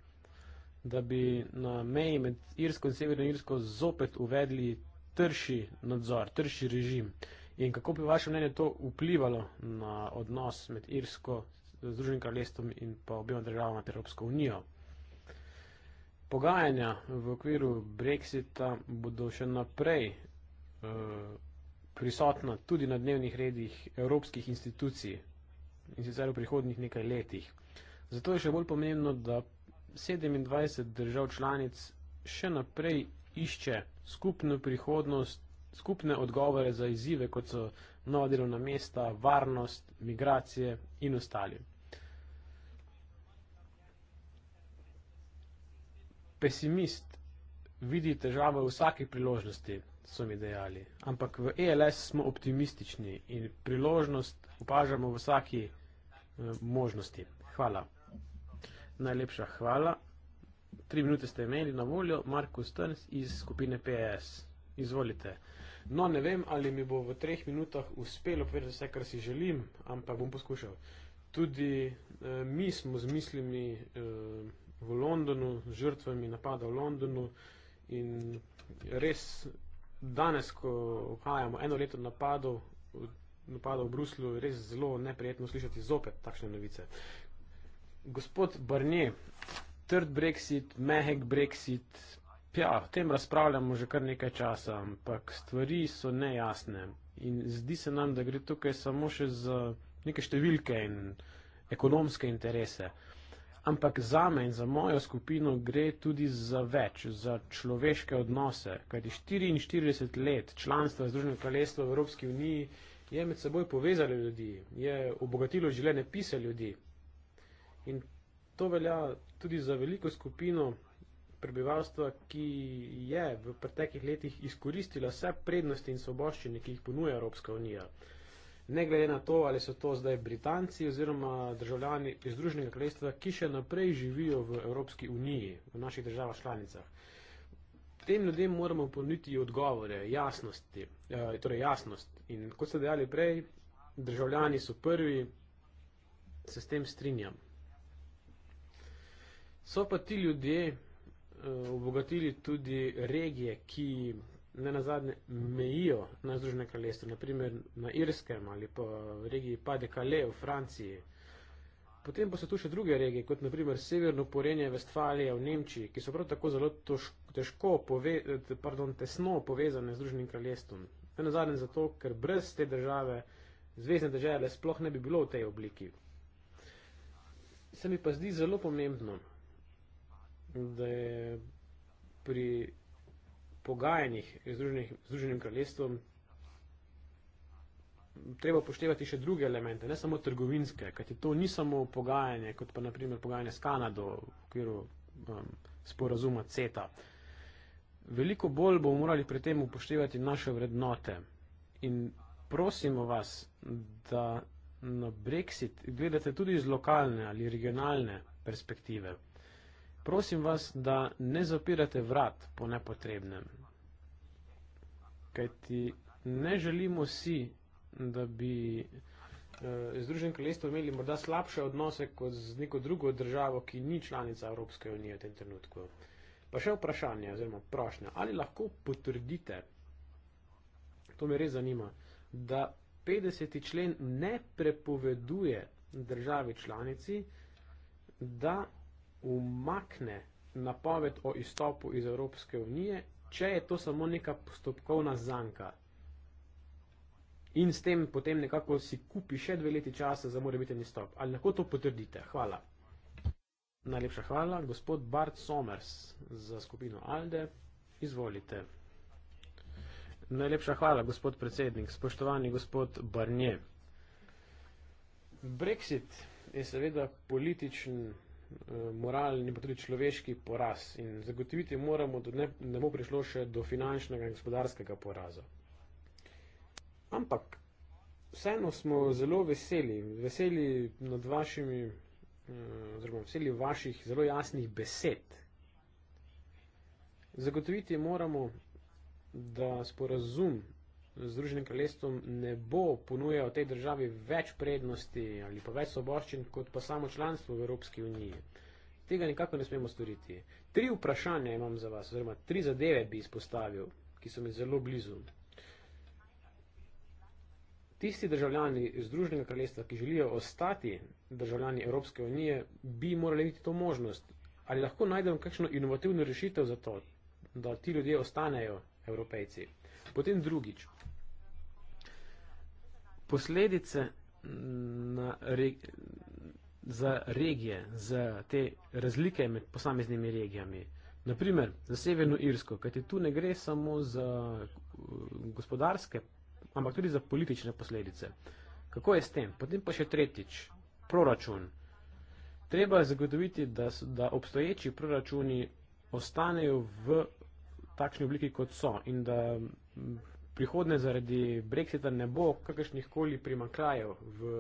da bi na meji med Irsko in Severno-Irsko zopet uvedli trši nadzor, trši režim? In kako bi vaše mnenje to vplivalo na odnos med Irsko, Združenim kraljestvom in pa objema državama ter Evropsko unijo? Pogajanja v okviru Brexita bodo še naprej eh, prisotna tudi na dnevnih redih evropskih institucij in sicer v prihodnih nekaj letih. Zato je še bolj pomembno, da 27 držav članic še naprej išče skupno prihodnost, skupne odgovore za izzive, kot so nova delovna mesta, varnost, migracije in ostalim. pesimist, vidi težave v vsaki priložnosti, so mi dejali. Ampak v ELS smo optimistični in priložnost opažamo v vsaki eh, možnosti. Hvala. Najlepša hvala. Tri minute ste imeli na voljo, Marko Strns iz skupine PS. E Izvolite. No, ne vem, ali mi bo v treh minutah uspelo povedati vse, kar si želim, ampak bom poskušal. Tudi eh, mi smo z mislimi. Eh, v Londonu, z žrtvami napada v Londonu in res danes, ko ohajamo eno leto napadov, napadov v Bruslju, je res zelo neprijetno slišati zopet takšne novice. Gospod Barnier, trd Brexit, mehek Brexit, ja, o tem razpravljamo že kar nekaj časa, ampak stvari so nejasne in zdi se nam, da gre tukaj samo še za neke številke in ekonomske interese ampak za me in za mojo skupino gre tudi za več, za človeške odnose. Kajti 44 let članstva Združenega kraljestva v Evropski uniji je med seboj povezalo ljudi, je obogatilo življenje pisa ljudi. In to velja tudi za veliko skupino prebivalstva, ki je v preteklih letih izkoristila vse prednosti in svoboščine, ki jih ponuja Evropska unija ne glede na to, ali so to zdaj Britanci oziroma državljani iz Združenega kraljestva, ki še naprej živijo v Evropski uniji, v naših državah članicah. Tem ljudem moramo ponuditi odgovore, jasnosti, eh, torej jasnost. In kot ste dejali prej, državljani so prvi, se s tem strinjam. So pa ti ljudje eh, obogatili tudi regije, ki ne nazadnje mejijo na Združene kraljestvo, naprimer na Irskem ali po regiji Pade-Kale v Franciji. Potem pa so tu še druge regije, kot naprimer severno porenje Vestfalije v Nemčiji, ki so prav tako zelo težko, pove, pardon, tesno povezane z Združenim kraljestvom. Ne nazadnje zato, ker brez te države, zvezdne države, sploh ne bi bilo v tej obliki. Se mi pa zdi zelo pomembno, da je pri pogajanjih z Združenim kraljestvom treba upoštevati še druge elemente, ne samo trgovinske, kajti to ni samo pogajanje, kot pa naprimer pogajanje s Kanado v okviru um, sporazuma CETA. Veliko bolj bomo morali pri tem upoštevati naše vrednote in prosimo vas, da na Brexit gledate tudi iz lokalne ali regionalne perspektive prosim vas, da ne zapirate vrat po nepotrebnem. Kajti ne želimo si, da bi eh, Združen kraljestvo imeli morda slabše odnose kot z neko drugo državo, ki ni članica Evropske unije v tem trenutku. Pa še vprašanje, oziroma prošnja, ali lahko potrdite, to me res zanima, da 50. člen ne prepoveduje državi članici, da umakne napoved o izstopu iz Evropske unije, če je to samo neka postopkovna zanka. In s tem potem nekako si kupi še dve leti časa za morebiten izstop. Ali lahko to potrdite? Hvala. Najlepša hvala, gospod Bart Somers za skupino Alde. Izvolite. Najlepša hvala, gospod predsednik, spoštovani gospod Barnier. Brexit je seveda političen Eh, moralni, pa tudi človeški poraz in zagotoviti moramo, da ne, ne bo prišlo še do finančnega in gospodarskega poraza. Ampak vseeno smo zelo veseli, veseli nad vašimi, eh, oziroma veseli vaših zelo jasnih besed. Zagotoviti moramo, da sporazum z Združenim kraljestvom ne bo ponujal tej državi več prednosti ali pa več soboščin, kot pa samo članstvo v Evropski uniji. Tega nikako ne smemo storiti. Tri vprašanja imam za vas, oziroma tri zadeve bi izpostavil, ki so mi zelo blizu. Tisti državljani Združenega kraljestva, ki želijo ostati državljani Evropske unije, bi morali imeti to možnost. Ali lahko najdemo kakšno inovativno rešitev za to, da ti ljudje ostanejo evropejci? Potem drugič posledice na re, za regije, za te razlike med posameznimi regijami. Naprimer, za Severno Irsko, kajti tu ne gre samo za eh, gospodarske, ampak tudi za politične posledice. Kako je s tem? Potem pa še tretjič, proračun. Treba zagotoviti, da, da obstoječi proračuni ostanejo v takšni obliki, kot so in da prihodne zaradi brexita ne bo kakršnih koli primakljajev v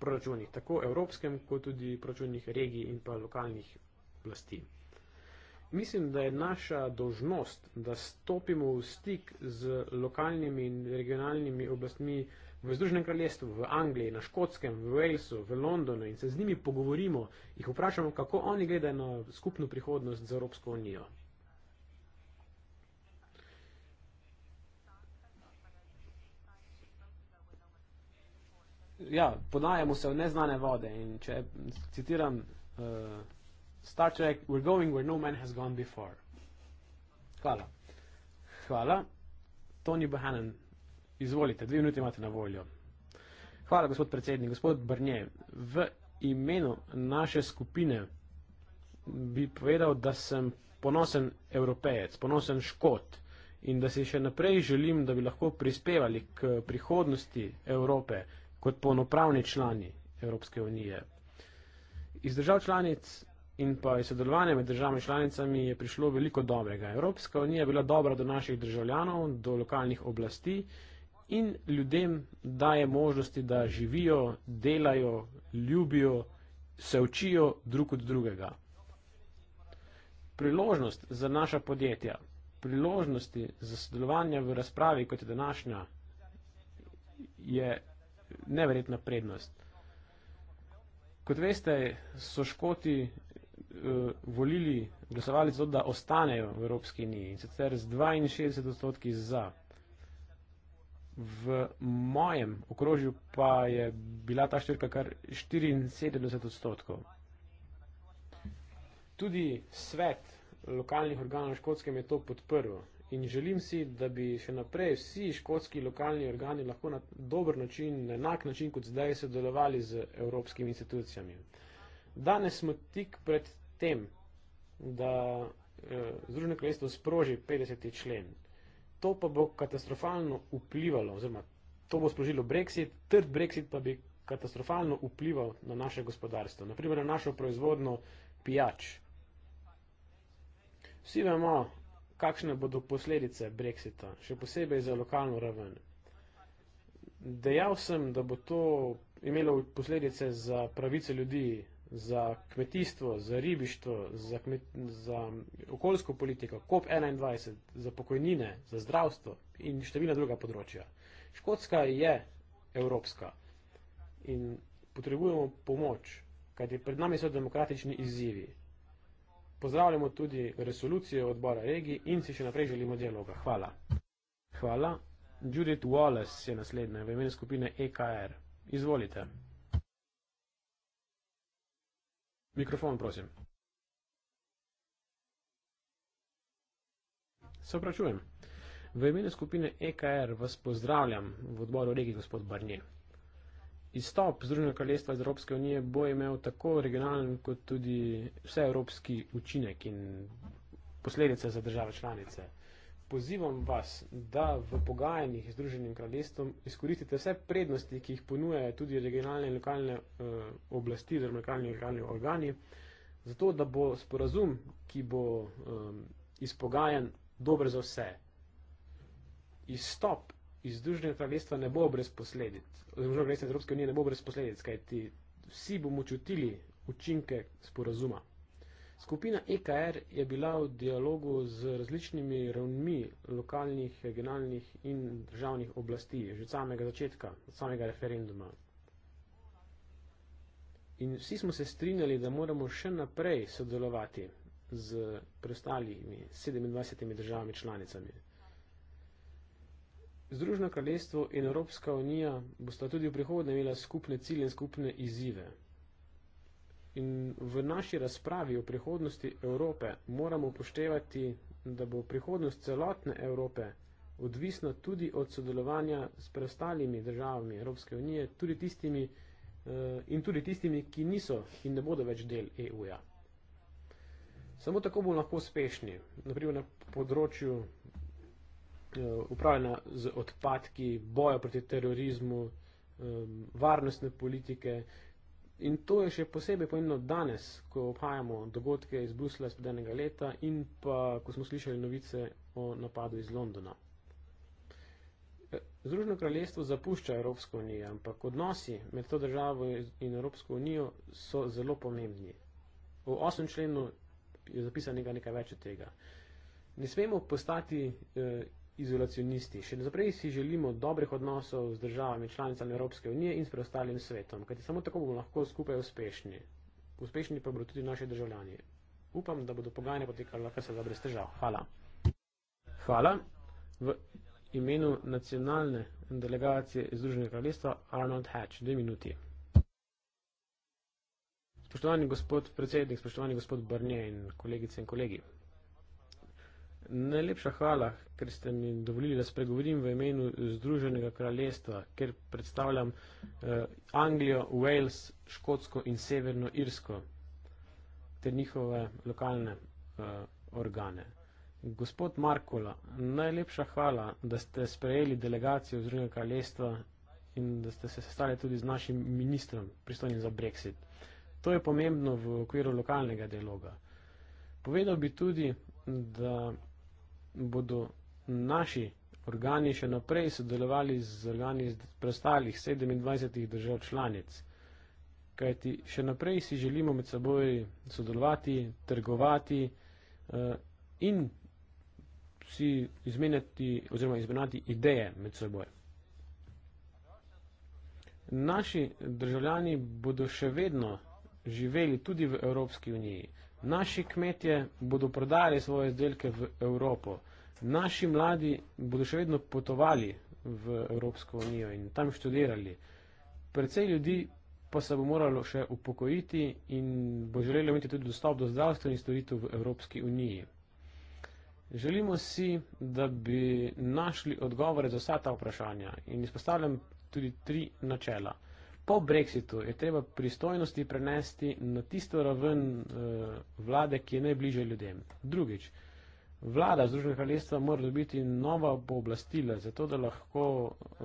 proračunih, tako evropskem, kot tudi proračunih regij in pa lokalnih vlasti. Mislim, da je naša dožnost, da stopimo v stik z lokalnimi in regionalnimi oblastmi v Združenem kraljestvu, v Angliji, na Škotskem, v Walesu, v Londonu in se z njimi pogovorimo, jih vprašamo, kako oni gledajo na skupno prihodnost z Evropsko unijo. ja, ponajamo se v neznane vode. Če citiram uh, Star Trek, we're going where no man has gone before. Hvala. Hvala. Tony Bohanen, izvolite, dve minuti imate na voljo. Hvala, gospod predsednik, gospod Brnje. V imenu naše skupine bi povedal, da sem ponosen evropejec, ponosen škot in da si še naprej želim, da bi lahko prispevali k prihodnosti Evrope kot polnopravni člani Evropske unije. Iz držav članic in pa iz sodelovanja med državami članicami je prišlo veliko dobrega. Evropska unija je bila dobra do naših državljanov, do lokalnih oblasti in ljudem daje možnosti, da živijo, delajo, ljubijo, se učijo drug od drugega. Priložnost za naša podjetja, priložnosti za sodelovanje v razpravi kot je današnja, je neverjetna prednost. Kot veste, so Škoti uh, volili, glasovali zato, da ostanejo v Evropski uniji in sicer z 62 odstotki za. V mojem okrožju pa je bila ta številka kar 74 odstotkov. Tudi svet lokalnih organov Škotske je to podprl In želim si, da bi še naprej vsi škotski lokalni organi lahko na dober način, na enak način kot zdaj, sodelovali z evropskimi institucijami. Danes smo tik pred tem, da eh, Združeno kraljestvo sproži 50. člen. To pa bo katastrofalno vplivalo, oziroma to bo sprožilo Brexit, trd Brexit pa bi katastrofalno vplival na naše gospodarstvo, naprimer na našo proizvodno pijač. Vsi vemo, kakšne bodo posledice brexita, še posebej za lokalno raven. Dejal sem, da bo to imelo posledice za pravice ljudi, za kmetijstvo, za ribištvo, za, kmet, za okoljsko politiko, COP21, za pokojnine, za zdravstvo in številna druga področja. Škotska je evropska in potrebujemo pomoč, kajti pred nami so demokratični izzivi. Pozdravljamo tudi resolucije odbora regij in si še naprej želimo dialoga. Hvala. Hvala. Judith Wallace je naslednja v imenu skupine EKR. Izvolite. Mikrofon, prosim. Se opravičujem. V imenu skupine EKR vas pozdravljam v odboru regij gospod Barnier izstop Združenega kraljestva iz Evropske unije bo imel tako regionalen kot tudi vseevropski učinek in posledice za države članice. Pozivam vas, da v pogajanjih z Združenim kraljestvom izkoristite vse prednosti, ki jih ponujejo tudi regionalne in lokalne uh, oblasti oziroma lokalni in lokalni organi, zato da bo sporazum, ki bo um, izpogajan, dober za vse. Izstop iz Združenega kraljestva ne bo brez posledic, oziroma Združenega kraljestva Evropske unije ne bo brez posledic, kajti vsi bomo čutili učinke sporazuma. Skupina EKR je bila v dialogu z različnimi ravnmi lokalnih, regionalnih in državnih oblasti že od samega začetka, od samega referenduma. In vsi smo se strinjali, da moramo še naprej sodelovati z preostalimi 27 državami članicami. Združeno kraljestvo in Evropska unija bosta tudi v prihodnje imela skupne cilje in skupne izzive. In v naši razpravi o prihodnosti Evrope moramo upoštevati, da bo prihodnost celotne Evrope odvisna tudi od sodelovanja s preostalimi državami Evropske unije tudi tistimi, eh, in tudi tistimi, ki niso in ne bodo več del EU-ja. Samo tako bomo lahko uspešni, naprimer na področju Eh, upravljanja z odpadki, boja proti terorizmu, varnostne politike. In to je še posebej pomembno danes, ko obhajamo dogodke iz Brusla iz predenega leta in pa, ko smo slišali novice o napadu iz Londona. Eh, Združeno kraljestvo zapušča Evropsko unijo, ampak odnosi med to državo in Evropsko unijo so zelo pomembni. V osmem členu je zapisanega nekaj več od tega. Ne smemo postati eh, izolacionisti. Še naprej si želimo dobrih odnosov z državami članicami Evropske unije in s preostalim svetom, kajti samo tako bomo lahko skupaj uspešni. Uspešni pa bodo tudi naši državljani. Upam, da bodo pogajanja potekala kar se da brez težav. Hvala. Hvala. V imenu nacionalne delegacije Združenega kraljestva Arnold Hatch. Dve minuti. Spoštovani gospod predsednik, spoštovani gospod Brnje in kolegice in kolegi. Najlepša hvala, ker ste mi dovolili, da spregovorim v imenu Združenega kraljestva, ker predstavljam eh, Anglijo, Wales, Škotsko in Severno Irsko ter njihove lokalne eh, organe. Gospod Markola, najlepša hvala, da ste sprejeli delegacijo Združenega kraljestva in da ste se sestali tudi z našim ministrom, pristojnim za Brexit. To je pomembno v okviru lokalnega dialoga. Povedal bi tudi, da bodo naši organi še naprej sodelovali z organi iz prestalih 27 držav članic. Kajti še naprej si želimo med seboj sodelovati, trgovati uh, in si izmenjati oziroma izmenjati ideje med seboj. Naši državljani bodo še vedno živeli tudi v Evropski uniji. Naši kmetje bodo prodajali svoje izdelke v Evropo, naši mladi bodo še vedno potovali v Evropsko unijo in tam študirali. Predvsej ljudi pa se bo moralo še upokojiti in bo želelo imeti tudi dostop do zdravstvenih storitev v Evropski uniji. Želimo si, da bi našli odgovore za vsa ta vprašanja in izpostavljam tudi tri načela po brexitu je treba pristojnosti prenesti na tisto raven eh, vlade, ki je najbliže ljudem. Drugič, vlada Združenega kraljestva mora dobiti nova pooblastila, zato da lahko eh,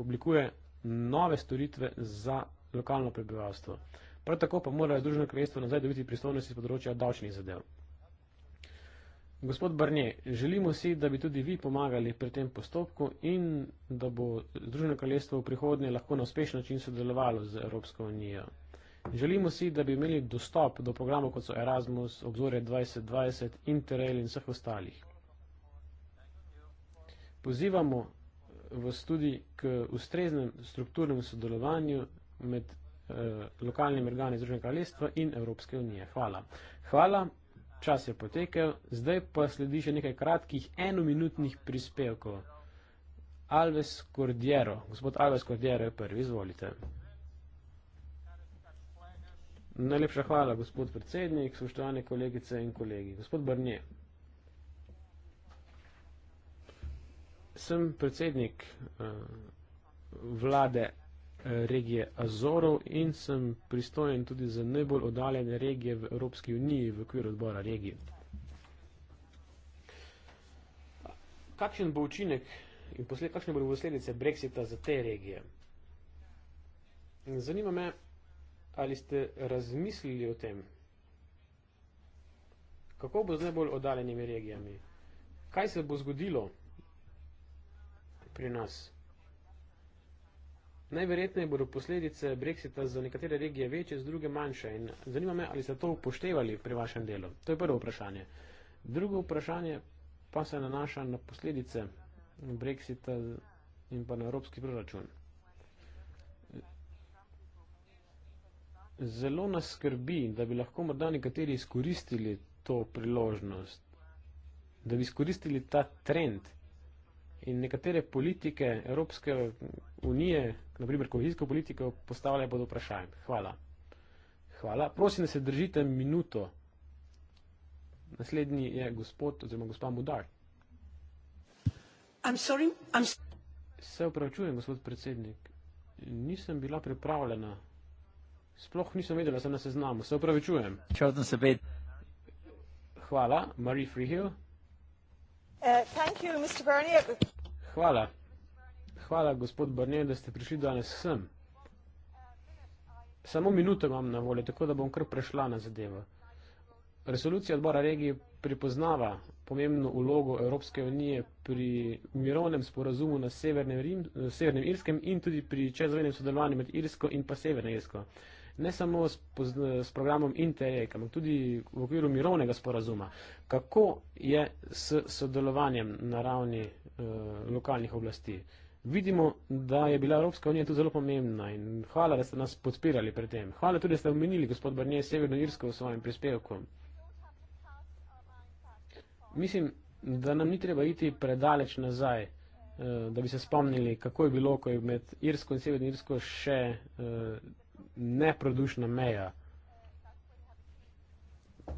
oblikuje nove storitve za lokalno prebivalstvo. Prav tako pa mora Združeno kraljestvo nazaj dobiti pristojnosti z področja davčnih zadev. Gospod Barnje, želimo si, da bi tudi vi pomagali pri tem postopku in da bo Združeno kraljestvo v prihodnje lahko na uspešen način sodelovalo z Evropsko unijo. Želimo si, da bi imeli dostop do programov, kot so Erasmus, obzorje 2020, Interrail in vseh ostalih. Pozivamo vas tudi k ustreznem strukturnem sodelovanju med eh, lokalnimi organi Združenega kraljestva in Evropske unije. Hvala. Hvala. Čas je potekel, zdaj pa sledi še nekaj kratkih enominutnih prispevkov. Alves Cordiero, gospod Alves Cordiero je prvi, izvolite. Najlepša hvala, gospod predsednik, spoštovane kolegice in kolegi. Gospod Brnje, sem predsednik eh, vlade Eh, regije Azorov in sem pristojen tudi za najbolj oddaljene regije v Evropski uniji v okviru odbora regije. Kakšen bo učinek in posled, kakšne bodo posledice Brexita za te regije? Zanima me, ali ste razmislili o tem, kako bo z najbolj oddaljenimi regijami, kaj se bo zgodilo pri nas. Najverjetneje bodo posledice brexita za nekatere regije večje, za druge manjše. In zanima me, ali ste to upoštevali pri vašem delu. To je prvo vprašanje. Drugo vprašanje pa se nanaša na posledice brexita in pa na evropski proračun. Zelo nas skrbi, da bi lahko morda nekateri izkoristili to priložnost, da bi izkoristili ta trend in nekatere politike Evropske unije naprimer kohezijsko politiko, postavlja pod vprašanje. Hvala. Hvala. Prosim, da se držite minuto. Naslednji je gospod oziroma gospa Mudar. I'm sorry, I'm so se upravičujem, gospod predsednik. Nisem bila pripravljena. Sploh nisem vedela, da se na seznamu. Se upravičujem. Čutim se bed. Hvala, Marie Freehill. Uh,
thank you, Mr. Bernier.
Hvala hvala, gospod Brnjen, da ste prišli danes sem. Samo minuto imam na voljo, tako da bom kar prešla na zadevo. Resolucija odbora regije pripoznava pomembno ulogo Evropske unije pri mirovnem sporazumu na Severnem, Rim, Severnem Irskem in tudi pri čezvenem sodelovanju med Irsko in pa Severno Irsko. Ne samo s, s programom Interreg, ampak tudi v okviru mirovnega sporazuma. Kako je s sodelovanjem na ravni eh, lokalnih oblasti? Eh, vidimo, da je bila Evropska unija tu zelo pomembna in hvala, da ste nas podpirali pri tem. Hvala tudi, da ste omenili gospod Barnier Severno Irsko v svojem prispevku. Mislim, da nam ni treba iti predaleč nazaj, eh, da bi se spomnili, kako je bilo, ko je med Irsko in Severno Irsko še eh, neprodušna meja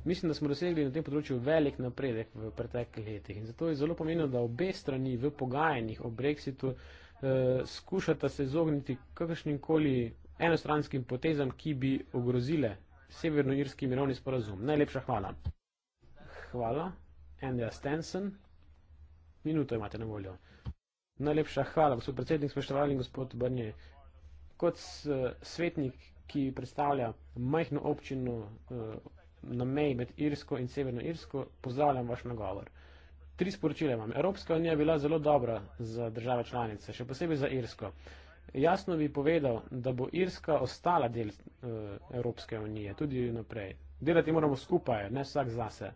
mislim, da smo dosegli na tem področju velik napredek v preteklih letih. In zato je zelo pomembno, da obe strani v pogajanjih o brexitu eh, skušata se izogniti kakršnim koli enostranskim potezam, ki bi ogrozile severnoirski mirovni sporazum. Najlepša hvala. Hvala. Andrea Stenson. Minuto imate na voljo. Najlepša hvala, gospod predsednik, spoštovali gospod Brnje. Kot eh, svetnik, ki predstavlja majhno občino. Eh, na meji med Irsko in Severno Irsko, pozdravljam vaš nagovor. Tri sporočile vam. Evropska unija je bila zelo dobra za države članice, še posebej za Irsko. Jasno bi povedal, da bo Irska ostala del uh, Evropske unije, tudi naprej. Delati moramo skupaj, ne vsak zase.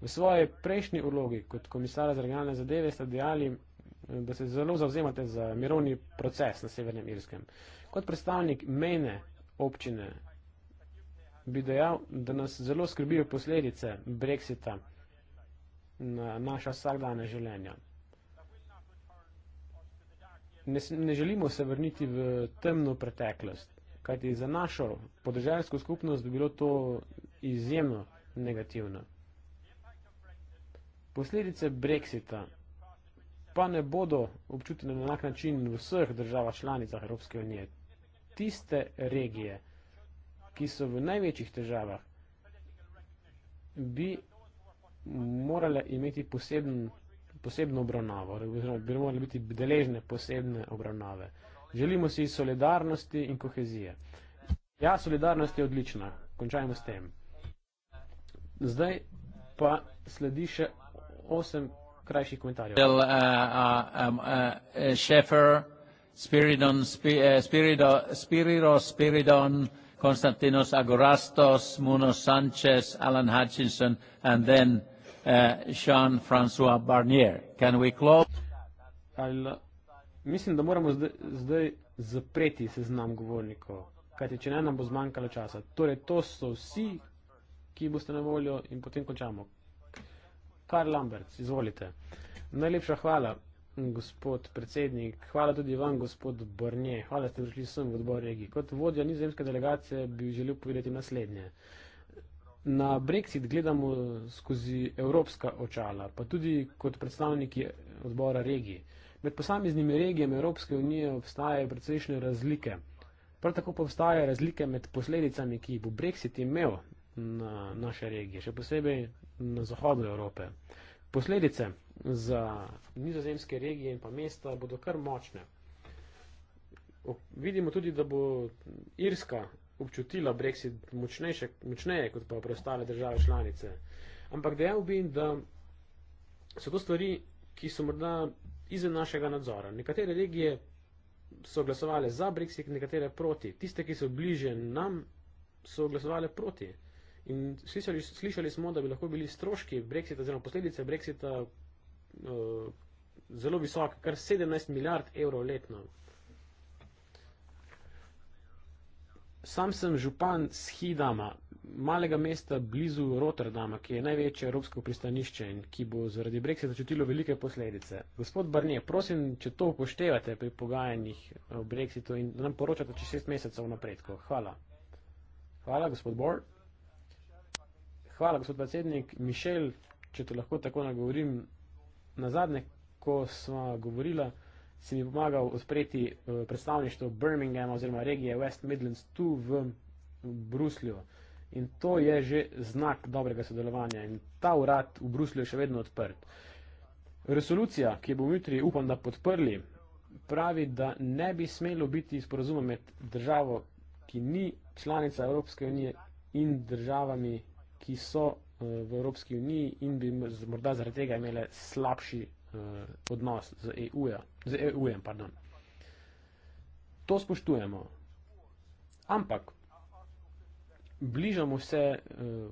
V svoji prejšnji ulogi kot komisar za regionalne zadeve ste dejali, eh, da se zelo zavzemate za mirovni proces na Severnem Irskem. Kot predstavnik mejne občine bi dejal, da nas zelo skrbijo posledice Brexita na naša vsakdane življenja. Ne, ne želimo se vrniti v temno preteklost, kajti za našo podržavsko skupnost bi bilo to izjemno negativno. Posledice Brexita pa ne bodo občutene na enak način v vseh državah članicah Evropske unije. Tiste regije, ki so v največjih težavah, bi morale imeti poseben, posebno obravnavo, bi morale biti deležne posebne obravnave. Želimo si solidarnosti in kohezije. Ja, solidarnost je odlična, končajmo s tem. Zdaj pa sledi še osem krajših
komentarjev. Uh, uh, um, uh, Šefer, uh, Spiridon, uh, Spiridon, Spiridon, Spiridon, Spiridon, Konstantinos Agorastos, Muno Sanchez, Alan Hutchinson, and then uh, Jean-François Barnier. Can we close?
Al, mislim, da moramo zdaj, zdaj zapreti seznam govornikov, kajti če ne, nam bo zmanjkalo časa. Torej, to so vsi, ki boste na voljo in potem končamo. Karl Lamberts, izvolite. Najlepša hvala gospod predsednik, hvala tudi vam, gospod Brnje. Hvala, da ste prišli sem v odbor regije. Kot vodja nizozemske delegacije bi želel povedati naslednje. Na Brexit gledamo skozi evropska očala, pa tudi kot predstavniki odbora regije. Med posameznimi regijami Evropske unije obstajajo precejšnje razlike. Prav tako pa obstajajo razlike med posledicami, ki bo Brexit imel na naše regije, še posebej na zahodu Evrope. Posledice za nizozemske regije in pa mesta bodo kar močne. O, vidimo tudi, da bo Irska občutila Brexit močnejše, močneje kot pa preostale države članice. Ampak dejal bi, da so to stvari, ki so morda izven našega nadzora. Nekatere regije so glasovali za Brexit, nekatere proti. Tiste, ki so bliže nam, so glasovali proti. In slišali, slišali smo, da bi lahko bili stroški Brexita, oziroma posledice Brexita uh, zelo visoka, kar 17 milijard evrov letno. Sam sem župan Schiedama, malega mesta blizu Rotterdama, ki je največje evropsko pristanišče in ki bo zaradi Brexita začutilo velike posledice. Gospod Barnier, prosim, če to upoštevate pri pogajanjih o Brexitu in da nam poročate čez 6 mesecev v napredku. Hvala. Hvala, gospod Bor. Hvala, gospod predsednik. Mišel, če te lahko tako nagovorim, na zadnje, ko smo govorili, si mi pomagal odpreti eh, predstavništvo Birminghama oziroma regije West Midlands tu v Bruslju. In to je že znak dobrega sodelovanja in ta urad v Bruslju je še vedno odprt. Resolucija, ki jo bomo jutri upam, da podprli, pravi, da ne bi smelo biti sporozuma med državo, ki ni članica Evropske unije in državami, ki so v Evropski uniji in bi morda zaradi tega imele slabši uh, odnos z EU-jem. Z EU-jem, pardon. To spoštujemo. Ampak bližamo se uh,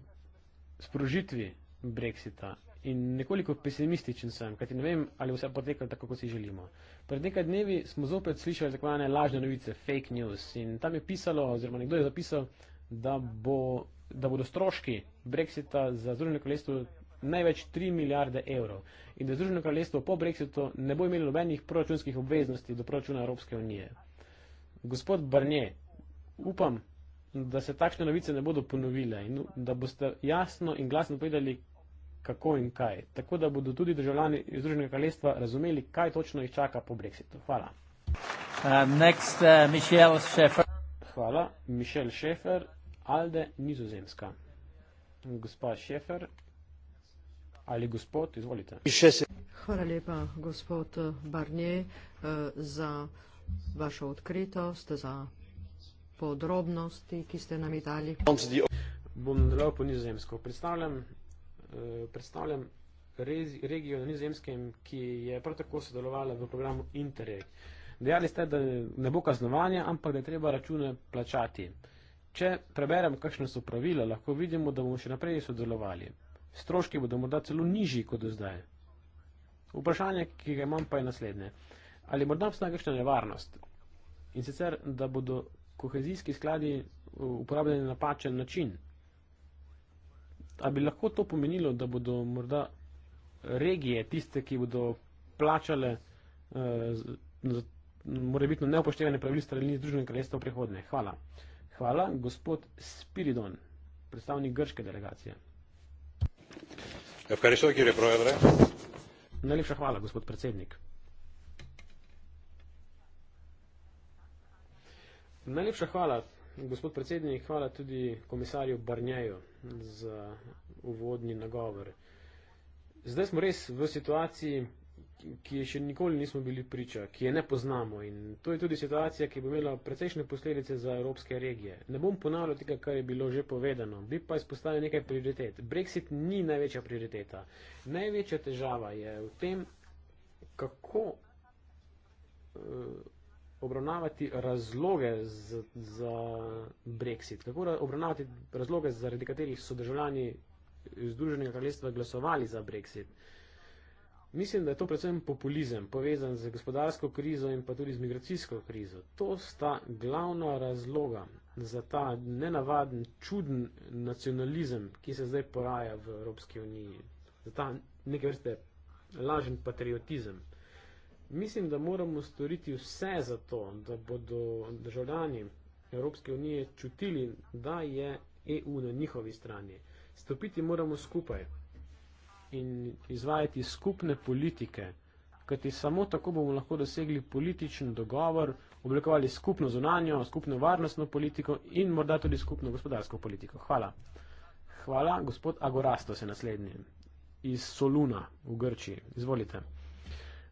sprožitvi Brexita in nekoliko pesimističen sem, kajti ne vem, ali vse potekalo tako, kot si želimo. Pred nekaj dnevi smo zopet slišali tako lažne novice, fake news in tam je pisalo, oziroma nekdo je zapisal, da bo da bodo stroški Brexita za Združeno kraljestvo največ 3 milijarde evrov in da Združeno kraljestvo po Brexitu ne bo imelo nobenih proračunskih obveznosti do proračuna Evropske unije. Gospod Barnier, upam, da se takšne novice ne bodo ponovile in da boste jasno in glasno povedali, kako in kaj, tako da bodo tudi državljani iz Združenega kraljestva razumeli, kaj točno jih čaka po Brexitu. Hvala. Um, next, uh, Hvala, Mišel Šefer. Alde, Nizozemska. Gospa Šefer ali gospod, izvolite. Hvala lepa,
gospod Barnier, eh, za vašo odkritost, za podrobnosti, ki ste nam jih dali.
Bom nadaljeval po Nizozemsko. Predstavljam, eh, predstavljam regijo na Nizozemskem, ki je prav tako sodelovala v programu Interreg. Dejali ste, da ne bo kaznovanja, ampak da je treba račune plačati. Če preberemo, kakšne so pravila, lahko vidimo, da bomo še naprej sodelovali. Stroški bodo morda celo nižji kot do zdaj. Vprašanje, ki ga imam, pa je naslednje. Ali morda obstaja kakšna nevarnost? In sicer, da bodo kohezijski skladi uh, uporabljeni na napačen način. Ali bi lahko to pomenilo, da bodo morda regije tiste, ki bodo plačale eh, morebitno neupoštevanje pravil strani Združenega kraljestva v prihodnje? Hvala. Hvala, gospod Spiridon, predstavnik grške delegacije.
Evkaristo, kjer je provedre?
Najlepša hvala, gospod predsednik. Najlepša hvala, gospod predsednik, hvala tudi komisarju Barnjeju za uvodni nagovor. Zdaj smo res v situaciji, ki je še nikoli nismo bili priča, ki je ne poznamo in to je tudi situacija, ki bo imela precejšne posledice za evropske regije. Ne bom ponavljal tega, kar je bilo že povedano, bi pa izpostavil nekaj prioritet. Brexit ni največja prioriteta. Največja težava je v tem, kako uh, obravnavati razloge za, za Brexit, kako obravnavati razloge, zaradi katerih so državljani Združenega kraljestva glasovali za Brexit. Uh, Mislim, da je to predvsem populizem, povezan z gospodarsko krizo in pa tudi z migracijsko krizo. To sta glavna razloga za ta nenavaden, čuden nacionalizem, ki se zdaj poraja v Evropski uniji, za ta neke vrste lažen patriotizem. Mislim, da moramo storiti vse za to, da bodo državljani Evropske unije čutili, da je EU na njihovi strani. Stopiti moramo skupaj in izvajati skupne politike, kajti samo tako bomo lahko dosegli političen dogovor, oblikovali skupno zunanjo, skupno varnostno politiko in morda tudi skupno gospodarsko politiko. Hvala. Hvala, gospod Agorasto se naslednji iz Soluna v Grčiji. Izvolite.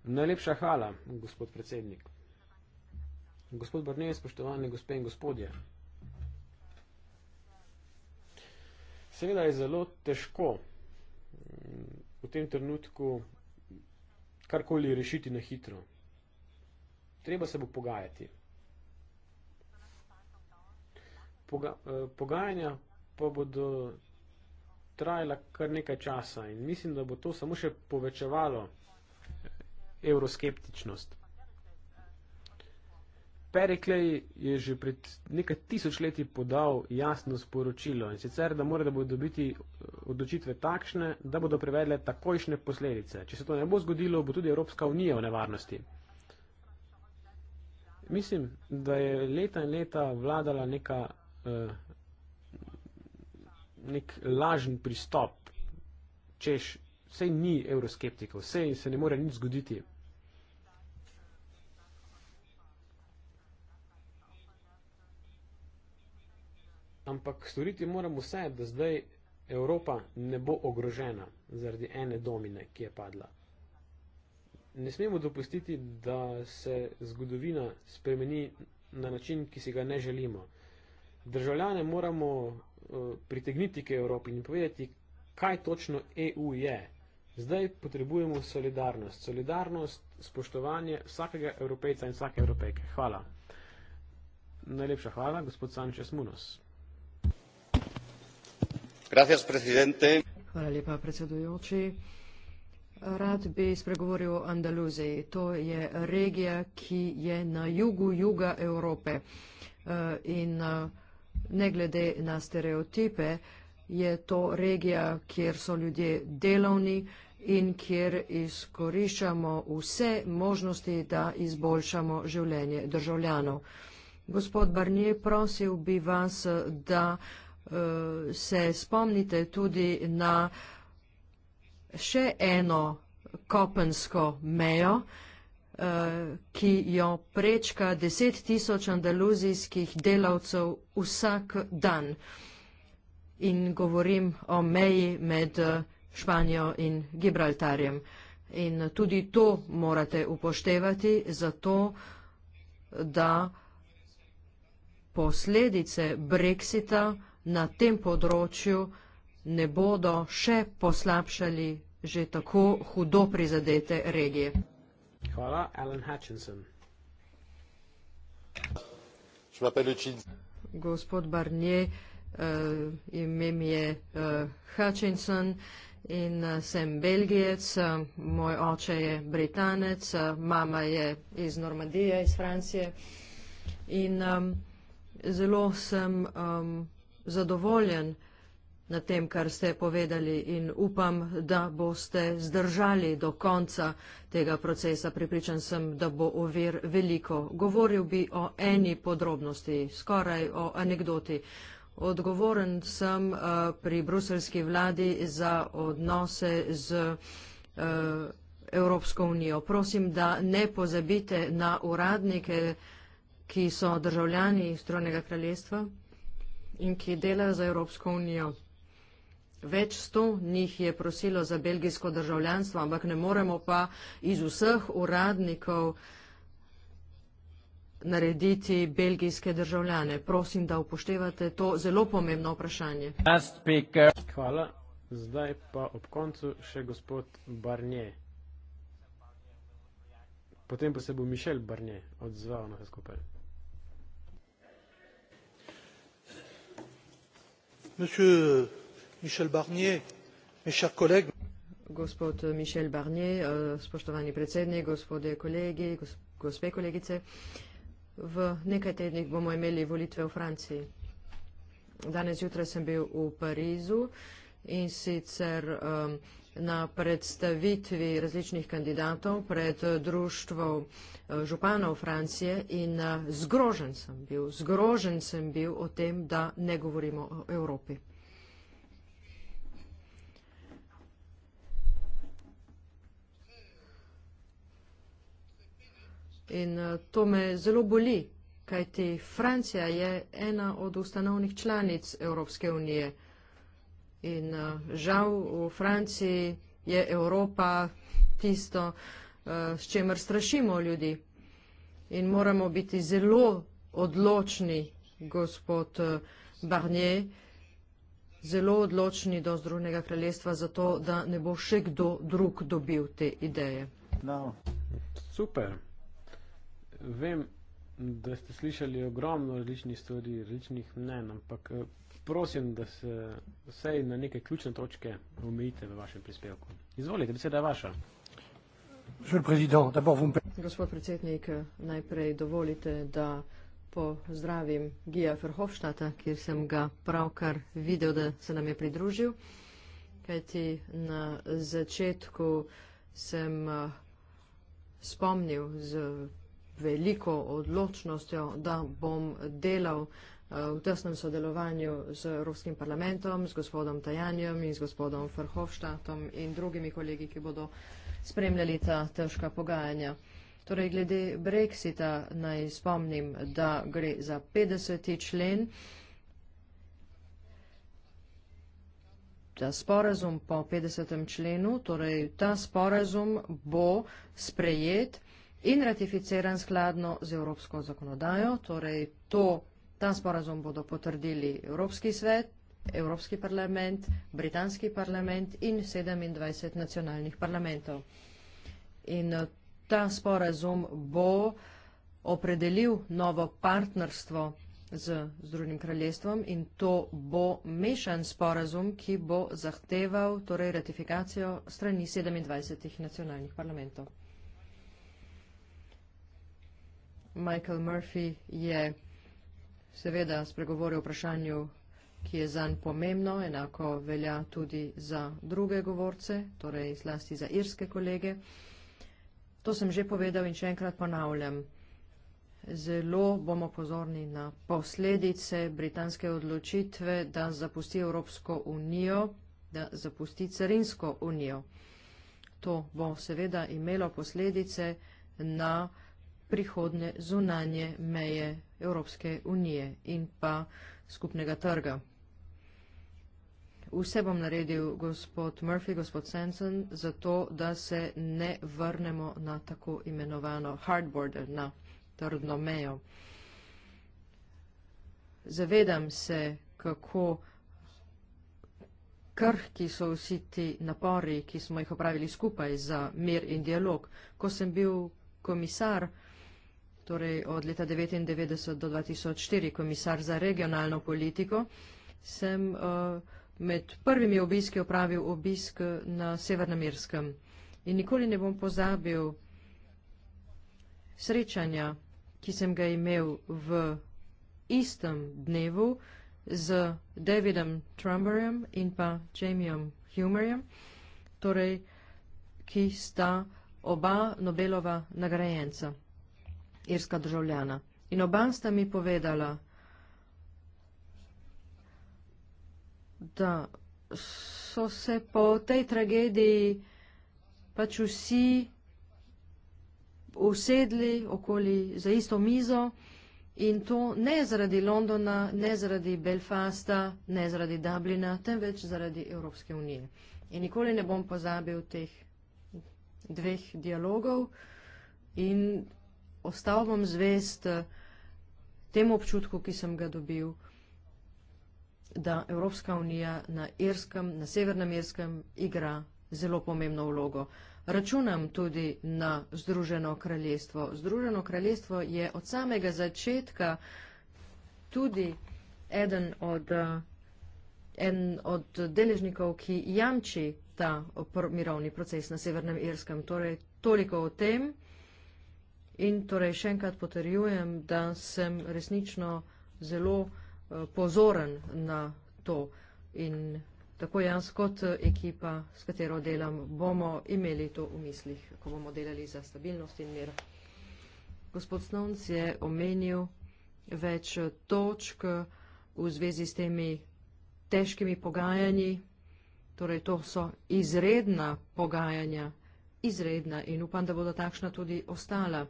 Najlepša hvala, gospod predsednik. Gospod Brnej, spoštovane gospe in gospodje. Seveda je zelo težko v tem trenutku karkoli rešiti na hitro. Treba se bo pogajati. Poga, eh, pogajanja pa bodo trajala kar nekaj časa in mislim, da bo to samo še povečevalo eh, evroskeptičnost. Periklej je že pred nekaj tisočletji podal jasno sporočilo in sicer, da mora da bodo dobiti eh, odločitve takšne, da bodo prevedle takojšne posledice. Če se to ne bo zgodilo, bo tudi Evropska unija v nevarnosti. Mislim, da je leta in leta vladala neka, eh, nek lažen pristop, češ, sej ni evroskeptikov, sej se ne more nič zgoditi. ampak storiti moramo vse, da zdaj Evropa ne bo ogrožena zaradi ene domine, ki je padla. Ne smemo dopustiti, da se zgodovina spremeni na način, ki si ga ne želimo. Državljane moramo eh, pritegniti k Evropi in povedati, kaj točno EU je. Zdaj potrebujemo solidarnost. Solidarnost, spoštovanje vsakega evropejca in vsake evropejke. Hvala. Najlepša hvala, gospod Sanče Smunos.
Hvala lepa, predsedujoči. Rad bi spregovoril o Andaluziji. To je regija, ki je na jugu juga Evrope. Eh, in eh, ne glede na stereotipe, je to regija, kjer so ljudje delovni in kjer izkoriščamo vse možnosti, da izboljšamo življenje državljanov. Gospod Barnier, prosil bi vas, da se spomnite tudi na še eno kopensko mejo, eh, ki jo prečka deset tisoč andaluzijskih delavcev vsak dan. In govorim o meji med eh, Španijo in Gibraltarjem. In tudi to morate upoštevati, zato da posledice Brexita na tem področju ne bodo še poslabšali že tako hudo prizadete regije.
Hvala, Alan Hutchinson.
Gospod Barnier, uh, ime mi je uh, Hutchinson in uh, sem belgijec, uh, moj oče je britanec, uh, mama je iz Normandije, iz Francije in um, zelo sem um, zadovoljen na tem, kar ste povedali in upam, da boste zdržali do konca tega procesa. Pripričan sem, da bo ovir veliko. Govoril bi o eni podrobnosti, skoraj o anegdoti. Odgovoren sem uh, pri bruselski vladi za odnose z uh, Evropsko unijo. Prosim, da ne pozabite na uradnike, ki so državljani Stronega kraljestva in ki delajo za Evropsko unijo. Več sto njih je prosilo za belgijsko državljanstvo, ampak ne moremo pa iz vseh uradnikov narediti belgijske državljane. Prosim, da upoštevate to zelo pomembno vprašanje.
Hvala. Zdaj pa ob koncu še gospod Barnier. Potem pa se bo Mišel Barnier odzval na vse skupaj. monsieur michel
barnier mes chers collègues gospod Michel Barnier, eh, spoštovani predsednik, gospode kolegi, gospe kolegice. V nekaj tednih bomo imeli volitve v Franciji. Danes jutra sem bil v Parizu in sicer um, na predstavitvi različnih kandidatov pred društvom eh, županov Francije in eh, zgrožen sem bil, zgrožen sem bil o tem, da ne govorimo o Evropi. In eh, to me zelo boli, kajti Francija je ena od ustanovnih članic Evropske unije. In eh, žal v Franciji je Evropa tisto, eh, s čemer strašimo ljudi. In moramo biti zelo odločni, gospod eh, Barnier, zelo odločni do Združenega kraljestva za to, da ne bo še kdo drug dobil te ideje.
No. Super. Vem, da ste slišali ogromno različnih stvari, različnih mnen, ampak prosim, da se vsej na neke ključne točke omejite v vašem prispevku. Izvolite, beseda je vaša.
Gospod predsednik, najprej dovolite, da pozdravim Gija Ferhofštata, kjer sem ga pravkar videl, da se nam je pridružil, kajti na začetku sem eh, spomnil z veliko odločnostjo, da bom delal vsega, Eh, v tesnem sodelovanju z Evropskim parlamentom, z gospodom Tajanjem in z gospodom Ferhofštatom in drugimi kolegi, ki bodo spremljali ta težka pogajanja. Torej, glede Brexita naj spomnim, da gre za 50. člen, ta sporazum po 50. členu, torej ta sporazum bo sprejet in ratificiran skladno z evropsko zakonodajo, torej to Ta sporazum bodo potrdili Evropski svet, Evropski parlament, Britanski parlament in 27 nacionalnih parlamentov. In eh, ta sporazum bo opredelil novo partnerstvo z Združenim kraljestvom in to bo mešan sporazum, ki bo zahteval torej, ratifikacijo strani 27 nacionalnih parlamentov. Michael Murphy je seveda spregovori o vprašanju, ki je zanj pomembno, enako velja tudi za druge govorce, torej zlasti za irske kolege. To sem že povedal in še enkrat ponavljam. Zelo bomo pozorni na posledice britanske odločitve, da zapusti Evropsko unijo, da zapusti Cerinsko unijo. To bo seveda imelo posledice na vsega, prihodne zunanje meje Evropske unije in pa skupnega trga. Vse bom naredil gospod Murphy, gospod Sanson, zato, da se ne vrnemo na tako imenovano hard border, na trdno mejo. Zavedam se, kako krhki so vsi ti napori, ki smo jih opravili skupaj za mir in dialog. Ko sem bil komisar, torej od leta 1999 do 2004 komisar za regionalno politiko, sem eh, med prvimi obiski opravil obisk na Severnamirskem. In nikoli ne bom pozabil srečanja, ki sem ga imel v istem dnevu z Davidom Trumberjem in pa Jamiem Humerjem, torej, ki sta oba Nobelova nagrajenca irska državljana. In oban sta mi povedala, da so se po tej tragediji pač vsi usedli okoli za isto mizo in to ne zaradi Londona, ne zaradi Belfasta, ne zaradi Dublina, temveč zaradi Evropske unije. In nikoli ne bom pozabil teh dveh dialogov in ostal bom zvest eh, temu občutku, ki sem ga dobil, da Evropska unija na Irskem, na Severnem Irskem igra zelo pomembno vlogo. Računam tudi na Združeno kraljestvo. Združeno kraljestvo je od samega začetka tudi eden od, eh, en od deležnikov, ki jamči ta mirovni proces na Severnem Irskem. Torej, toliko o tem. In torej še enkrat potrjujem, da sem resnično zelo eh, pozoren na to. In tako jaz kot eh, ekipa, s katero delam, bomo imeli to v mislih, ko bomo delali za stabilnost in mir. Gospod Snovc je omenil več eh, točk v zvezi s temi težkimi pogajanji. Torej, to so izredna pogajanja, izredna in upam, da bodo takšna tudi ostala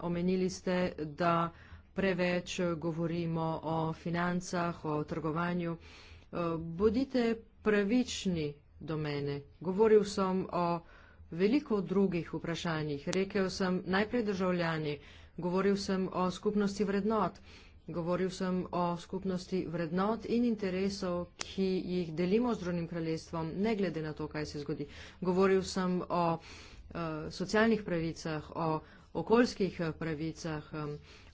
omenili ste, da preveč govorimo o financah, o trgovanju. Eh, bodite pravični do mene. Govoril sem o veliko drugih vprašanjih. Rekel sem najprej državljani, govoril sem o skupnosti vrednot, govoril sem o skupnosti vrednot in interesov, ki jih delimo z drugim kraljestvom, ne glede na to, kaj se zgodi. Govoril sem o eh, socialnih pravicah, o okoljskih eh, pravicah,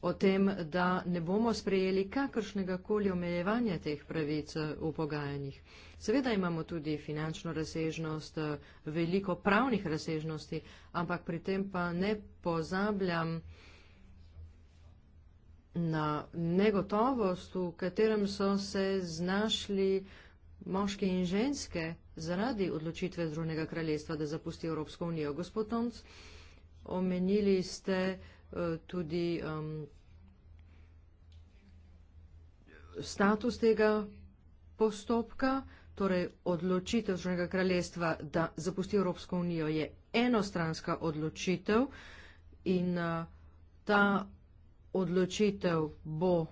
o tem, da ne bomo sprejeli kakršnega koli omejevanja teh pravic eh, v pogajanjih. Seveda imamo tudi finančno razsežnost, eh, veliko pravnih razsežnosti, ampak pri tem pa ne pozabljam na negotovost, v katerem so se znašli moške in ženske zaradi odločitve Združenega kraljestva, da zapusti Evropsko unijo. Gospod Tonc, omenili ste uh, tudi um, status tega postopka, torej odločitev Združenega kraljestva, da zapusti Evropsko unijo, je enostranska odločitev in uh, ta odločitev bo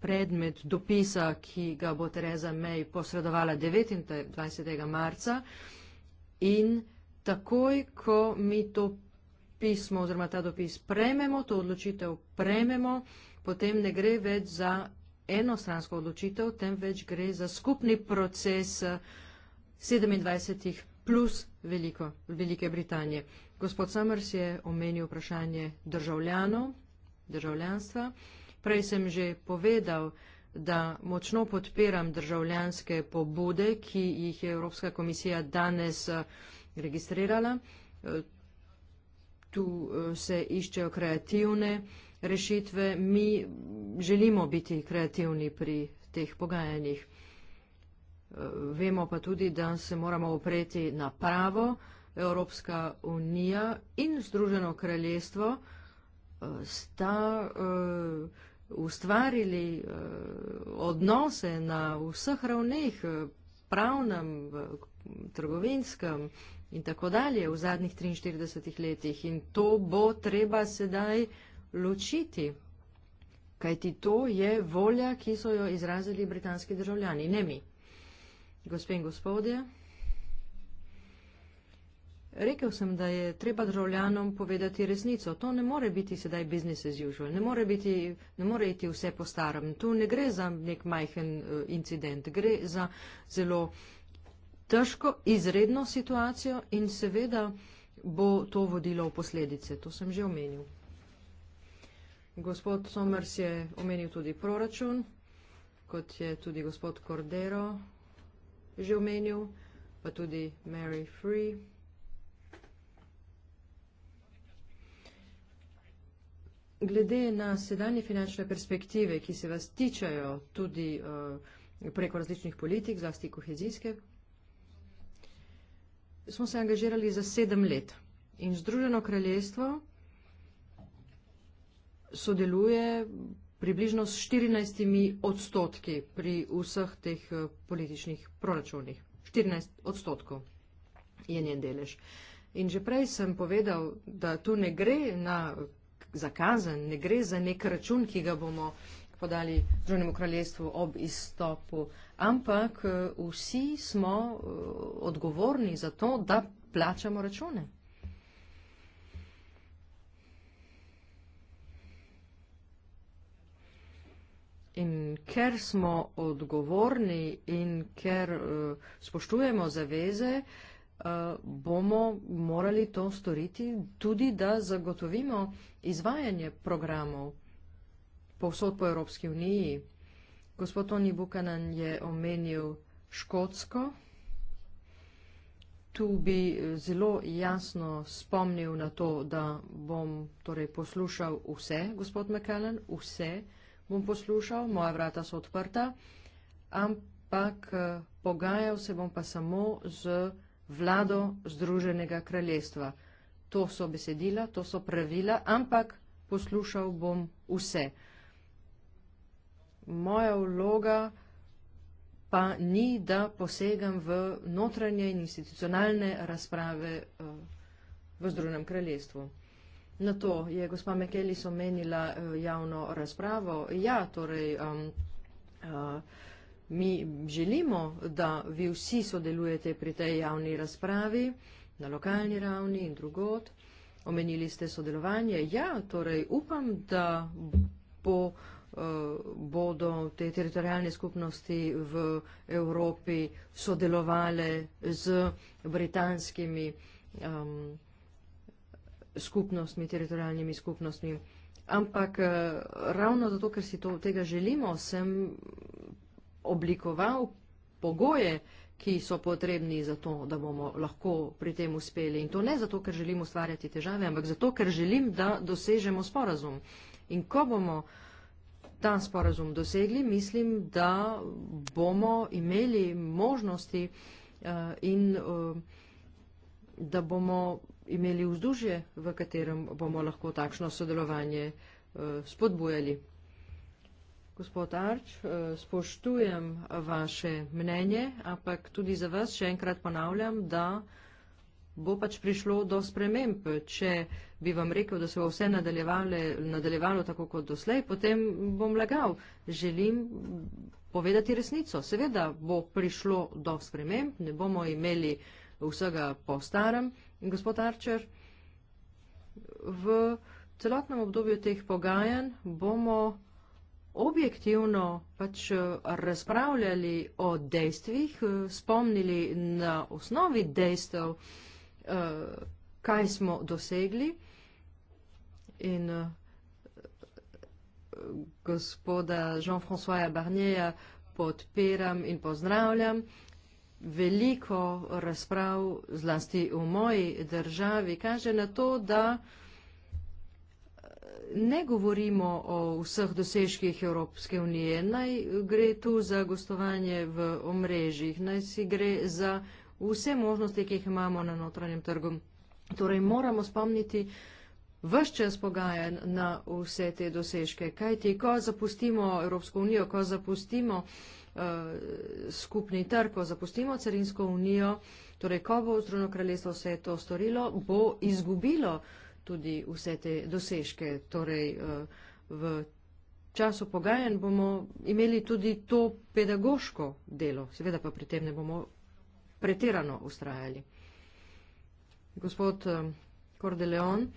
predmet dopisa, ki ga bo Tereza May posredovala 29. marca in takoj, ko mi to pismo oziroma ta dopis prejmemo, to odločitev prejmemo, potem ne gre več za enostransko odločitev, temveč gre za skupni proces 27 eh, plus veliko, Velike Britanije. Gospod Summers je omenil vprašanje državljanov, državljanstva. Prej sem že povedal, da močno podpiram državljanske pobude, ki jih je Evropska komisija danes eh, registrirala. Eh, tu eh, se iščejo kreativne rešitve, mi želimo biti kreativni pri teh pogajanjih. Eh, vemo pa tudi, da se moramo opreti na pravo. Evropska unija in Združeno kraljestvo eh, sta ustvarili odnose na vseh ravneh, pravnem, trgovinskem, in tako dalje v zadnjih 43 letih in to bo treba sedaj ločiti. Kaj ti to je volja, ki so jo izrazili britanski državljani, ne mi. Gospe in gospodje, rekel sem, da je treba državljanom povedati resnico. To ne more biti sedaj business as usual, ne more, biti, ne more iti vse po starem. Tu ne gre za nek majhen eh, incident, gre za zelo težko, izredno situacijo in seveda bo to vodilo v posledice. To sem že omenil. Gospod Somers je omenil tudi proračun, kot je tudi gospod Cordero že omenil, pa tudi Mary Free. Glede na sedanje finančne perspektive, ki se vas tičajo tudi uh, preko različnih politik, zlasti kohezijske smo se angažirali za sedem let in Združeno kraljestvo sodeluje približno s 14 odstotki pri vseh teh eh, političnih proračunih. 14 odstotkov je njen delež. In že prej sem povedal, da tu ne gre na zakazen, ne gre za nek račun, ki ga bomo podali Združenemu kraljestvu ob izstopu, ampak eh, vsi smo eh, odgovorni za to, da plačamo račune. In ker smo odgovorni in ker uh, spoštujemo zaveze, uh, bomo morali to storiti tudi, da zagotovimo izvajanje programov povsod po Evropski uniji. Gospod Toni Bukanan je omenil Škotsko. Tu bi eh, zelo jasno spomnil na to, da bom torej, poslušal vse, gospod McKellen, vse bom poslušal, moja vrata so odprta, ampak eh, pogajal se bom pa samo z vlado Združenega kraljestva. To so besedila, to so pravila, ampak poslušal bom vse moja vloga pa ni, da posegam v notranje in institucionalne razprave eh, v Združenem kraljestvu. Na to je gospa Mekelis omenila eh, javno razpravo. Ja, torej, um, uh, mi želimo, da vi vsi sodelujete pri tej javni razpravi na lokalni ravni in drugod. Omenili ste sodelovanje. Ja, torej, upam, da bo. Eh, bodo te teritorijalne skupnosti v Evropi sodelovale z britanskimi um, skupnostmi, teritorijalnimi skupnostmi. Ampak eh, ravno zato, ker si to, tega želimo, sem oblikoval pogoje, ki so potrebni za to, da bomo lahko pri tem uspeli. In to ne zato, ker želim ustvarjati težave, ampak zato, ker želim, da dosežemo sporazum. In ko bomo uh, ta sporazum dosegli, mislim, da bomo imeli možnosti eh, in eh, da bomo imeli vzdužje, v katerem bomo lahko takšno sodelovanje eh, spodbujali. Gospod Arč, spoštujem vaše mnenje, ampak tudi za vas še enkrat ponavljam, da bo pač prišlo do sprememb. Če bi vam rekel, da se bo vse nadaljevalo tako kot doslej, potem bom lagal. Želim povedati resnico. Seveda bo prišlo do sprememb, ne bomo imeli vsega po starem, gospod Arčer. V celotnem obdobju teh pogajanj bomo objektivno pač eh, razpravljali o dejstvih, eh, spomnili na osnovi dejstev, uh, kaj smo dosegli in uh, gospoda Jean-François Barnier podpiram in pozdravljam. Veliko razprav, zlasti v moji državi, kaže na to, da eh, ne govorimo o vseh dosežkih Evropske unije. Naj gre tu za gostovanje v omrežjih, naj si gre za vse možnosti, ki jih imamo na notranjem trgu. Torej moramo spomniti vse čas pogajanj na vse te dosežke, kajti ko zapustimo Evropsko unijo, ko zapustimo uh, skupni trg, ko zapustimo carinsko unijo, torej ko bo Združeno kraljestvo vse to storilo, bo izgubilo tudi vse te dosežke. Torej, uh, v času pogajanj bomo imeli tudi to pedagoško delo, seveda pa pri tem ne bomo pretirano ustrajali. Gospod Kordeleon, eh,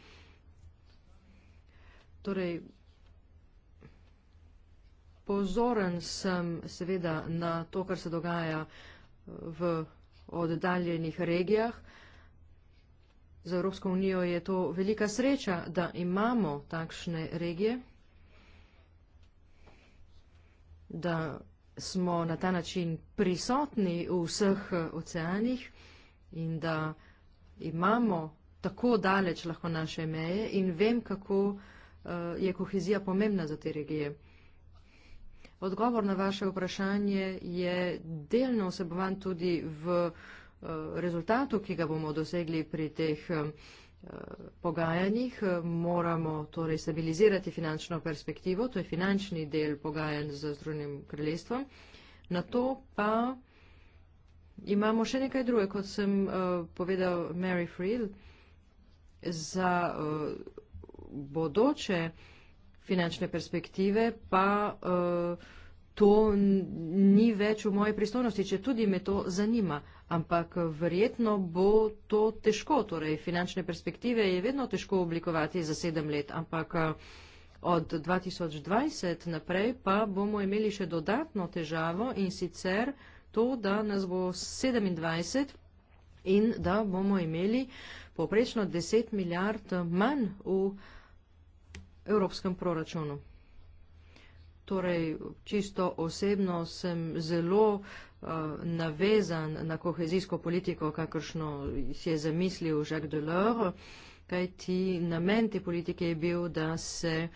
torej pozoren sem seveda na to, kar se dogaja eh, v oddaljenih regijah. Za Evropsko unijo je to velika sreča, da imamo takšne regije, da smo na ta način prisotni v vseh eh, oceanih in da imamo tako daleč lahko naše meje in vem, kako eh, je kohezija pomembna za te regije. Odgovor na vaše vprašanje je delno osebovan tudi v eh, rezultatu, ki ga bomo dosegli pri teh regijah Eh, pogajanjih, moramo torej stabilizirati finančno perspektivo, to je finančni del pogajanj z Združenim kraljestvom. Na to pa imamo še nekaj druge, kot sem uh, povedal Mary Friel, za uh, bodoče finančne perspektive pa uh, to ni več v moji pristojnosti, če tudi me to zanima, ampak verjetno bo to težko. Torej, finančne perspektive je vedno težko oblikovati za sedem let, ampak eh, od 2020 naprej pa bomo imeli še dodatno težavo in sicer to, da nas bo 27 in da bomo imeli poprečno 10 milijard manj v evropskem proračunu. Torej, čisto osebno sem zelo uh, Eh, navezan na kohezijsko politiko, kakršno si je zamislil Jacques Delors, kaj ti namen te politike je bil, da se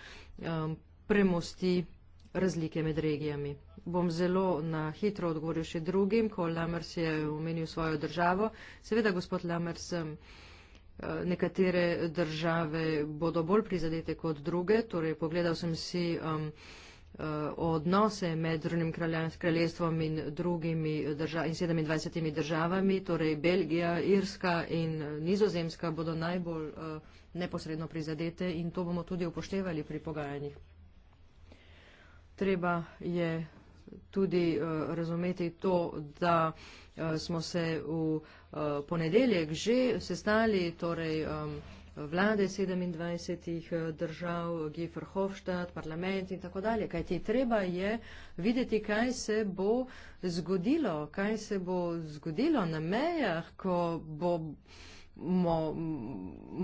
um, premosti razlike med regijami. Bom zelo na hitro odgovoril še drugim, ko Lamers je omenil svojo državo. Seveda, gospod Lamers, eh, nekatere države bodo bolj prizadete kot druge, torej pogledal sem si um, Eh, odnose med drugim kraljestvom in drugimi držav, in 27 državami, torej Belgija, Irska in eh, Nizozemska bodo najbolj uh, neposredno prizadete in to bomo tudi upoštevali pri pogajanjih. Treba je tudi uh, razumeti to, da uh, smo se v uh, ponedeljek že sestali, torej um, vlade 27 eh, držav, Giferhofstadt, parlament in tako dalje. Kaj ti treba je videti, kaj se bo zgodilo, kaj se bo zgodilo na mejah, ko bo mo,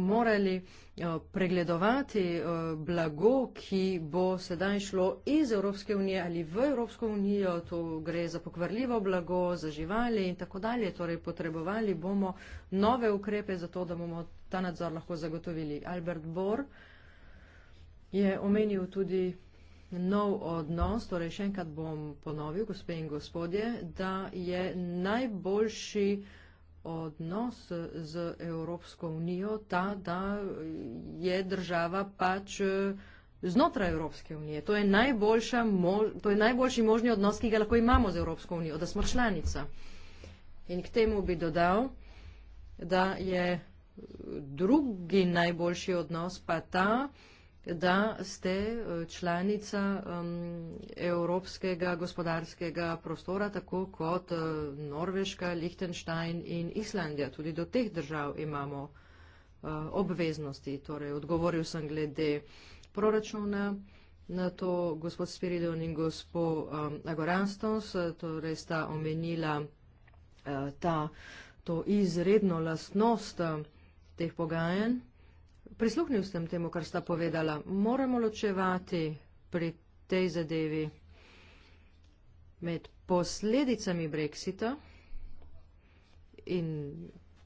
morali eh, pregledovati eh, blago, ki bo sedaj šlo iz Evropske unije ali v Evropsko unijo, to gre za pokvarljivo blago, za živali in tako dalje. Torej, potrebovali bomo nove ukrepe za to, da bomo ta nadzor lahko zagotovili. Albert Bohr je omenil tudi nov odnos, torej še enkrat bom ponovil, gospe in gospodje, da je najboljši odnos z Evropsko unijo ta, da je država pač eh, znotraj Evropske unije. To je, najboljša, to je najboljši možni odnos, ki ga lahko imamo z Evropsko unijo, da smo članica. In k temu bi dodal, da je drugi najboljši odnos pa ta, da ste e, članica um, evropskega gospodarskega prostora, tako kot uh, Norveška, Liechtenstein in Islandija. Tudi do teh držav imamo uh, obveznosti. Torej, odgovoril sem glede proračuna, na to gospod Spiridon in gospod um, Agorastos, torej sta omenila uh, ta, to izredno lastnost. Uh, teh pogajanj. Prisluhnil sem temu, kar sta povedala. Moramo ločevati pri tej zadevi med posledicami Brexita in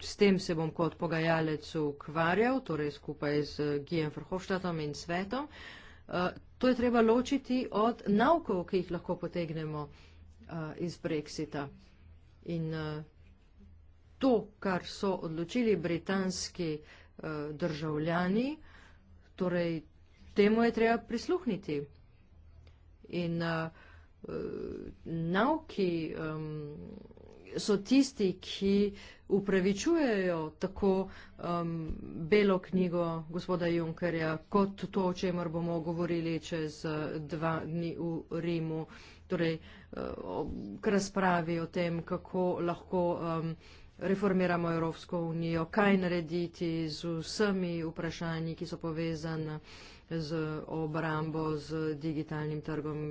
s tem se bom kot pogajalec ukvarjal, torej skupaj z Gijem Frhofštatom in svetom. Eh, to je treba ločiti od navkov, ki jih lahko potegnemo eh, iz Brexita. In eh, to, kar so odločili britanski eh, državljani, torej temu je treba prisluhniti. In eh, eh nauki eh, so tisti, ki upravičujejo tako eh, belo knjigo gospoda Junkerja, kot to, o čemer bomo govorili čez eh, dva dni v Rimu, torej eh, k razpravi o tem, kako lahko eh, reformiramo Evropsko unijo, kaj narediti z vsemi vprašanji, ki so povezane z obrambo, z digitalnim trgom,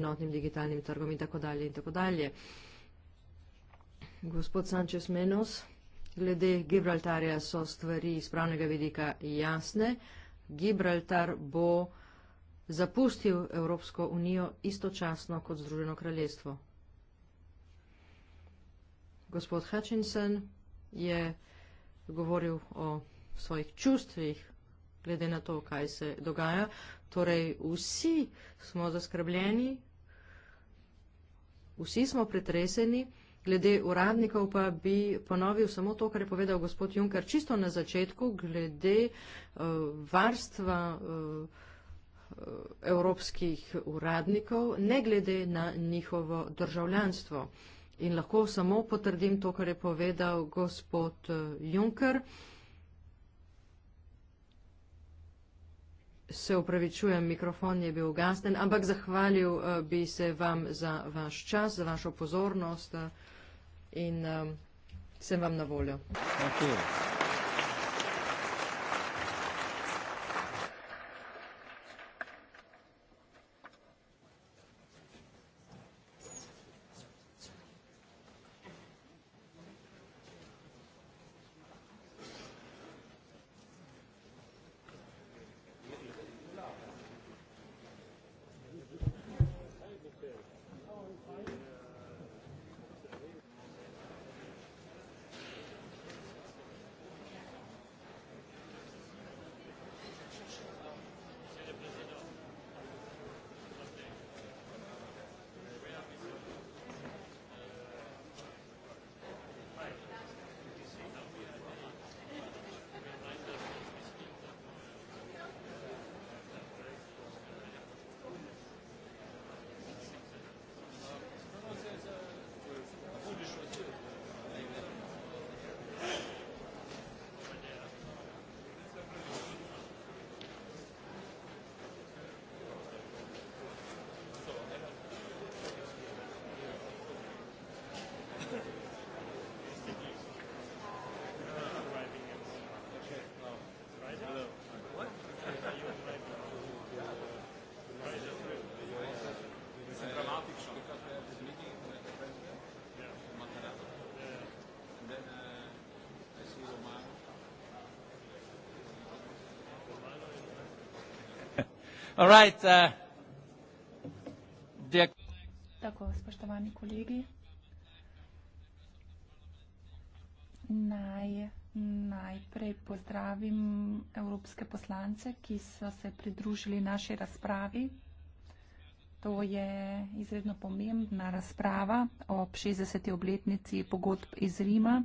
enotnim digitalnim trgom in tako dalje in tako dalje. Gospod Sanchez Menos, glede Gibraltarja so stvari iz pravnega vidika jasne. Gibraltar bo zapustil Evropsko unijo istočasno kot Združeno kraljestvo gospod Hutchinson je govoril o svojih čustvih glede na to, kaj se dogaja. Torej, vsi smo zaskrbljeni, vsi smo pretreseni, glede uradnikov pa bi ponovil samo to, kar je povedal gospod Juncker čisto na začetku, glede uh, varstva uh, evropskih uradnikov, ne glede na njihovo državljanstvo. Uh, in lahko samo potrdim to, kar je povedal gospod eh, Juncker. Se upravičujem, mikrofon je bil ugasnen, ampak zahvalil eh, bi se vam za vaš čas, za vašo pozornost eh, in sem vam na voljo.
Okay. All right, uh,
Tako, spoštovani kolegi, naj najprej pozdravim evropske poslance, ki so se pridružili naši razpravi. To je izredno pomembna razprava ob 60. obletnici pogodb iz Rima.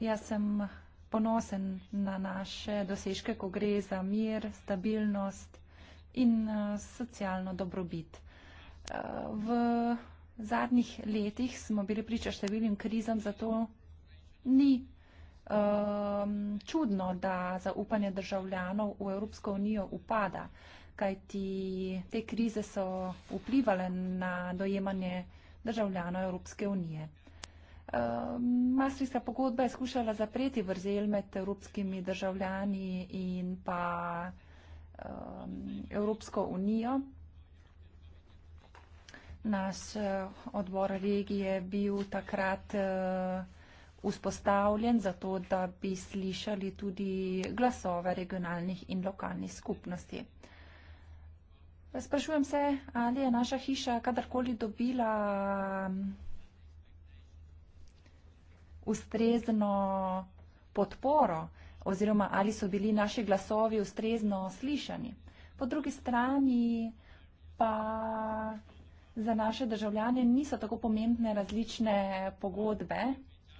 Jaz sem ponosen na naše dosežke, ko gre za mir, stabilnost in eh, socialno dobrobit. Eh, v zadnjih letih smo bili priča številnim krizam, zato ni um, čudno, da zaupanje državljanov v Evropsko unijo upada, kajti te krize so vplivale na dojemanje državljanov Evropske unije. Ehm, Maastrichtska pogodba je skušala zapreti vrzel med evropskimi državljani in pa ehm, Evropsko unijo. Naš eh, odbor regije je bil takrat eh, vzpostavljen zato, da bi slišali tudi glasove regionalnih in lokalnih skupnosti. Sprašujem se, ali je naša hiša kadarkoli dobila ustrezno podporo oziroma ali so bili naši glasovi ustrezno slišani. Po drugi strani pa za naše državljane niso tako pomembne različne pogodbe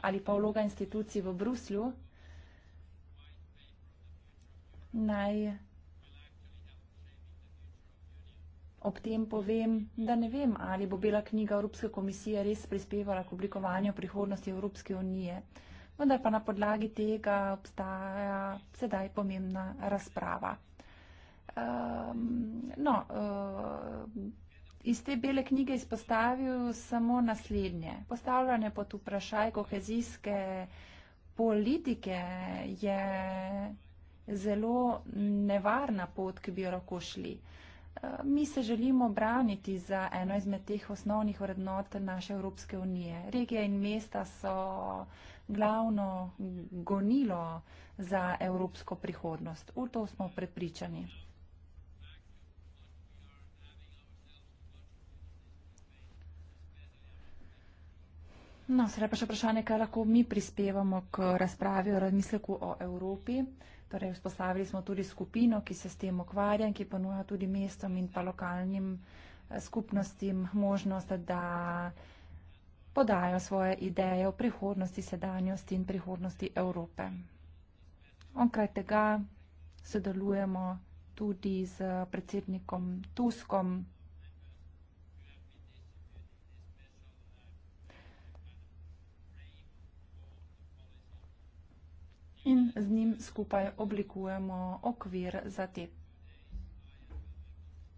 ali pa vloga institucij v Bruslju. Naj Ob tem povem, da ne vem, ali bo bela knjiga Evropske komisije res prispevala k oblikovanju prihodnosti Evropske unije. Vendar pa na podlagi tega obstaja sedaj pomembna razprava. Um, no, uh, iz te bele knjige izpostavil samo naslednje. Postavljanje pod vprašaj kohezijske politike je zelo nevarna pot, ki bi jo lahko šli. Uh, Mi se želimo braniti za eno izmed teh osnovnih vrednot naše Evropske unije. Regije in mesta so glavno gonilo za evropsko prihodnost. V to smo prepričani. No, sedaj pa še vprašanje, kaj lahko mi prispevamo k razpravi o razmisleku o Evropi. Torej, vzpostavili smo tudi skupino, ki se s tem ukvarja in ki ponuja tudi mestom in pa lokalnim eh, skupnostim možnost, da podajo svoje ideje o prihodnosti, sedanjosti in prihodnosti Evrope. Onkraj tega sodelujemo tudi z predsednikom Tuskom. in z njim skupaj oblikujemo okvir za te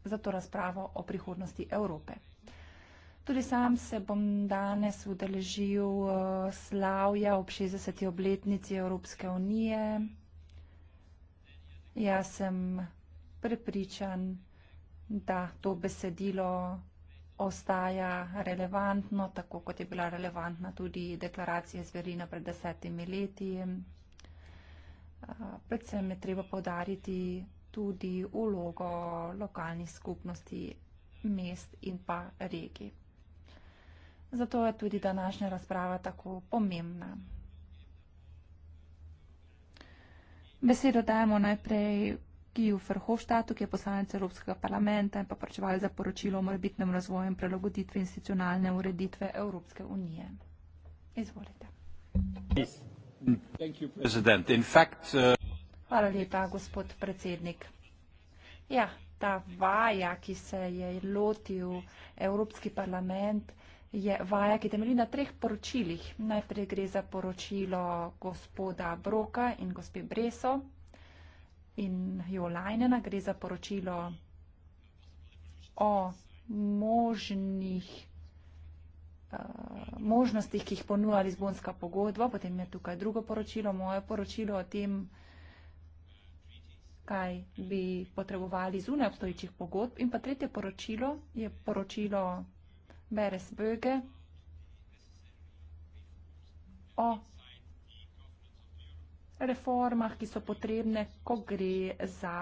za to razpravo o prihodnosti Evrope. Tudi sam se bom danes udeležil eh, slavja ob 60. obletnici Evropske unije. Jaz sem prepričan, da to besedilo ostaja relevantno, tako kot je bila relevantna tudi deklaracija zverina pred desetimi leti. Predvsem je treba povdariti tudi ulogo lokalnih skupnosti, mest in pa regij. Zato je tudi današnja razprava tako pomembna. Besedo dajemo najprej Giju Ferhofštatu, ki je poslanec Evropskega parlamenta in pa pročeval za poročilo o morbitnem razvoju in prelagoditvi institucionalne ureditve Evropske unije. Izvolite.
Peace. Uh,
Hvala lepa, gospod predsednik. Ja, ta vaja, ki se je lotil Evropski parlament, je vaja, ki temelji na treh poročilih. Najprej gre za poročilo gospoda Broka in gospe Breso in Jolajnena. Gre za poročilo o možnih Eh, možnostih, ki jih ponuja Lizbonska pogodba, potem je tukaj drugo poročilo, moje poročilo o tem, kaj bi potrebovali zunaj obstoječih pogodb in pa tretje poročilo je poročilo Beres Böge o reformah, ki so potrebne, ko gre za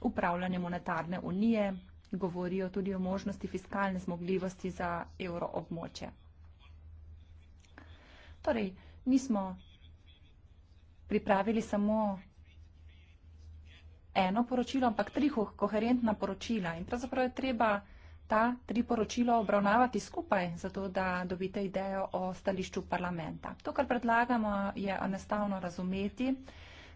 upravljanje monetarne unije, govorijo tudi o možnosti fiskalne zmogljivosti za evroobmoče. Torej, nismo pripravili samo eno poročilo, ampak tri koherentna poročila in pravzaprav je treba ta tri poročila obravnavati skupaj, zato da dobite idejo o stališču parlamenta. To, kar predlagamo, je enostavno razumeti.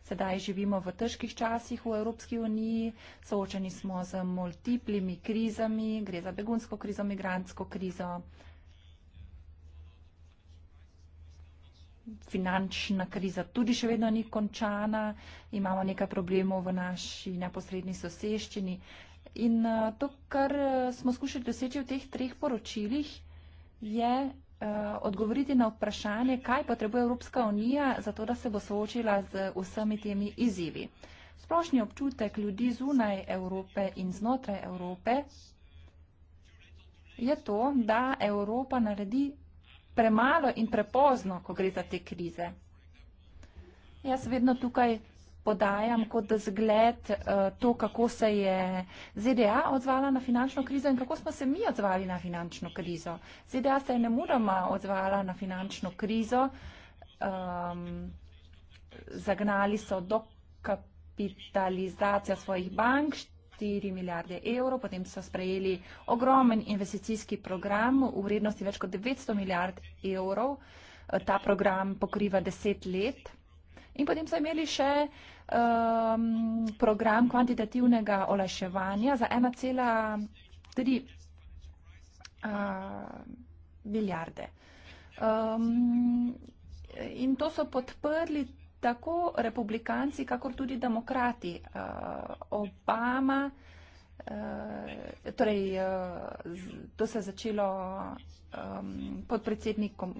Sedaj živimo v težkih časih v Evropski uniji, soočeni smo z multiplimi krizami, gre za begunsko krizo, migransko krizo, finančna kriza tudi še vedno ni končana, imamo nekaj problemov v naši neposredni soseščini. In eh, to, kar eh, smo skušali doseči v teh treh poročilih, je Eh, odgovoriti na vprašanje, kaj potrebuje Evropska unija, zato da se bo soočila z vsemi temi izzivi. Splošni občutek ljudi zunaj Evrope in znotraj Evrope je to, da Evropa naredi premalo in prepozno, ko gre za te krize. Jaz vedno tukaj podajam kot zgled eh, to, kako se je ZDA odzvala na finančno krizo in kako smo se mi odzvali na finančno krizo. ZDA se je ne mudoma odzvala na finančno krizo, um, zagnali so dokapitalizacijo svojih bank, 4 milijarde evrov, potem so sprejeli ogromen investicijski program v vrednosti več kot 900 milijard evrov. Eh, ta program pokriva 10 let. In potem so imeli še um, program kvantitativnega olaševanja za 1,3 uh, milijarde. Uh, um, in to so podprli tako republikanci, kakor tudi demokrati. Uh, Obama, uh, torej, uh, z, to se je začelo um, pod predsednikom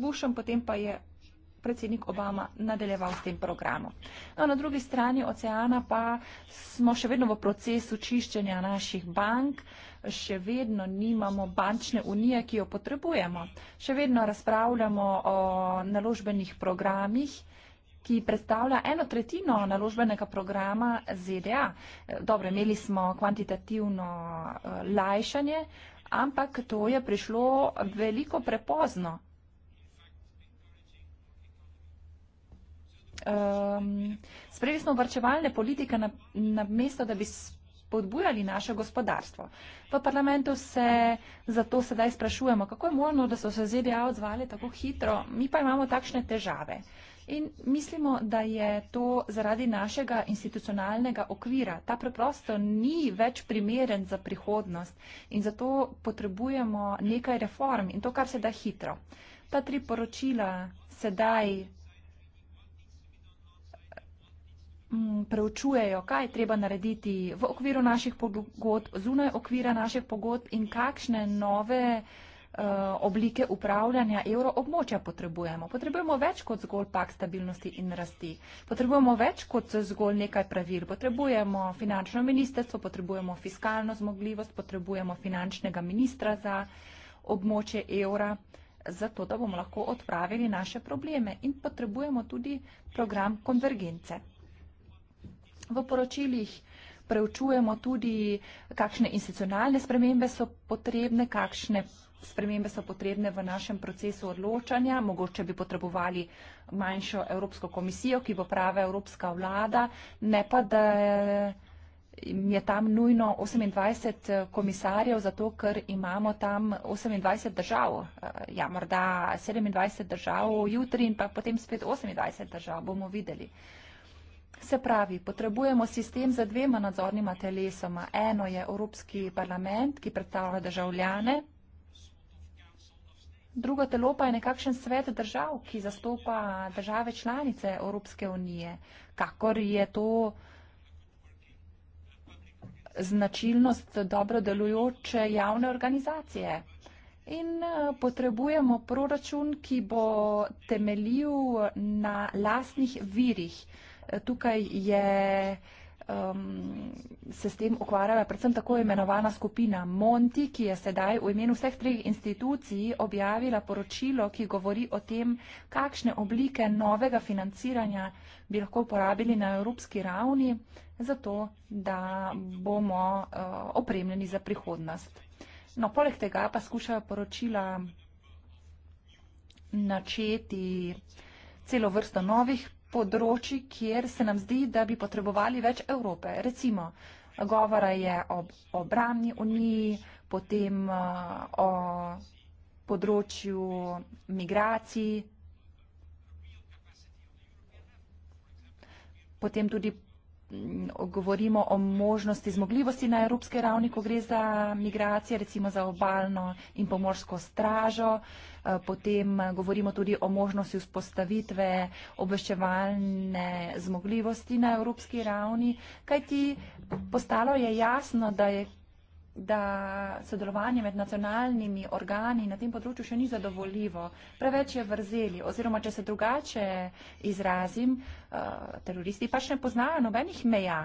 Bushom, potem pa je predsednik Obama nadaljeval s tem programom. No, na drugi strani oceana pa smo še vedno v procesu čiščenja naših bank, še vedno nimamo bančne unije, ki jo potrebujemo. Še vedno razpravljamo o naložbenih programih ki predstavlja eno tretjino naložbenega programa ZDA. Dobro, imeli smo kvantitativno eh, lajšanje, ampak to je prišlo veliko prepozno. um, sprejeli smo obrčevalne politike na, na mesto, da bi spodbujali naše gospodarstvo. V parlamentu se zato sedaj sprašujemo, kako je možno, da so se ZDA odzvali tako hitro, mi pa imamo takšne težave. In mislimo, da je to zaradi našega institucionalnega okvira. Ta preprosto ni več primeren za prihodnost in zato potrebujemo nekaj reform in to kar se da hitro. Ta tri poročila sedaj Mm, preučujejo, kaj je treba narediti v okviru naših pogodb, zunaj okvira naših pogodb in kakšne nove eh, oblike upravljanja evroobmočja potrebujemo. Potrebujemo več kot zgolj pak stabilnosti in rasti. Potrebujemo več kot zgolj nekaj pravil. Potrebujemo finančno ministrstvo, potrebujemo fiskalno zmogljivost, potrebujemo finančnega ministra za območje evra, zato da bomo lahko odpravili naše probleme in potrebujemo tudi program konvergence. V poročilih preučujemo tudi, kakšne institucionalne spremembe so potrebne, kakšne spremembe so potrebne v našem procesu odločanja. Mogoče bi potrebovali manjšo Evropsko komisijo, ki bo prava Evropska vlada, ne pa, da je tam nujno 28 eh, komisarjev, zato ker imamo tam 28 držav. Eh, ja, morda 27 držav jutri in pa potem spet 28 držav, bomo videli. Se pravi, potrebujemo sistem za dvema nadzornima telesoma. Eno je Evropski parlament, ki predstavlja državljane, drugo telo pa je nekakšen svet držav, ki zastopa države članice Evropske unije, kakor je to značilnost dobro delujoče javne organizacije. In eh, potrebujemo proračun, ki bo temeljil na lastnih virih tukaj je um, se s tem ukvarjala predvsem tako imenovana skupina Monti, ki je sedaj v imenu vseh treh institucij objavila poročilo, ki govori o tem, kakšne oblike novega financiranja bi lahko uporabili na evropski ravni, zato da bomo uh, opremljeni za prihodnost. No, poleg tega pa skušajo poročila načeti celo vrsto novih področji, kjer se nam zdi, da bi potrebovali več Evrope. Recimo, govora je o obramni uniji, potem eh, o področju migracij, potem tudi govorimo o možnosti zmogljivosti na evropske ravni, ko gre za migracije, recimo za obalno in pomorsko stražo. Eh, potem govorimo tudi o možnosti vzpostavitve obveščevalne zmogljivosti na evropski ravni. Kaj ti postalo je jasno, da je da sodelovanje med nacionalnimi organi na tem področju še ni zadovoljivo. Preveč je vrzeli, oziroma če se drugače izrazim, eh, teroristi pač ne poznajo nobenih meja.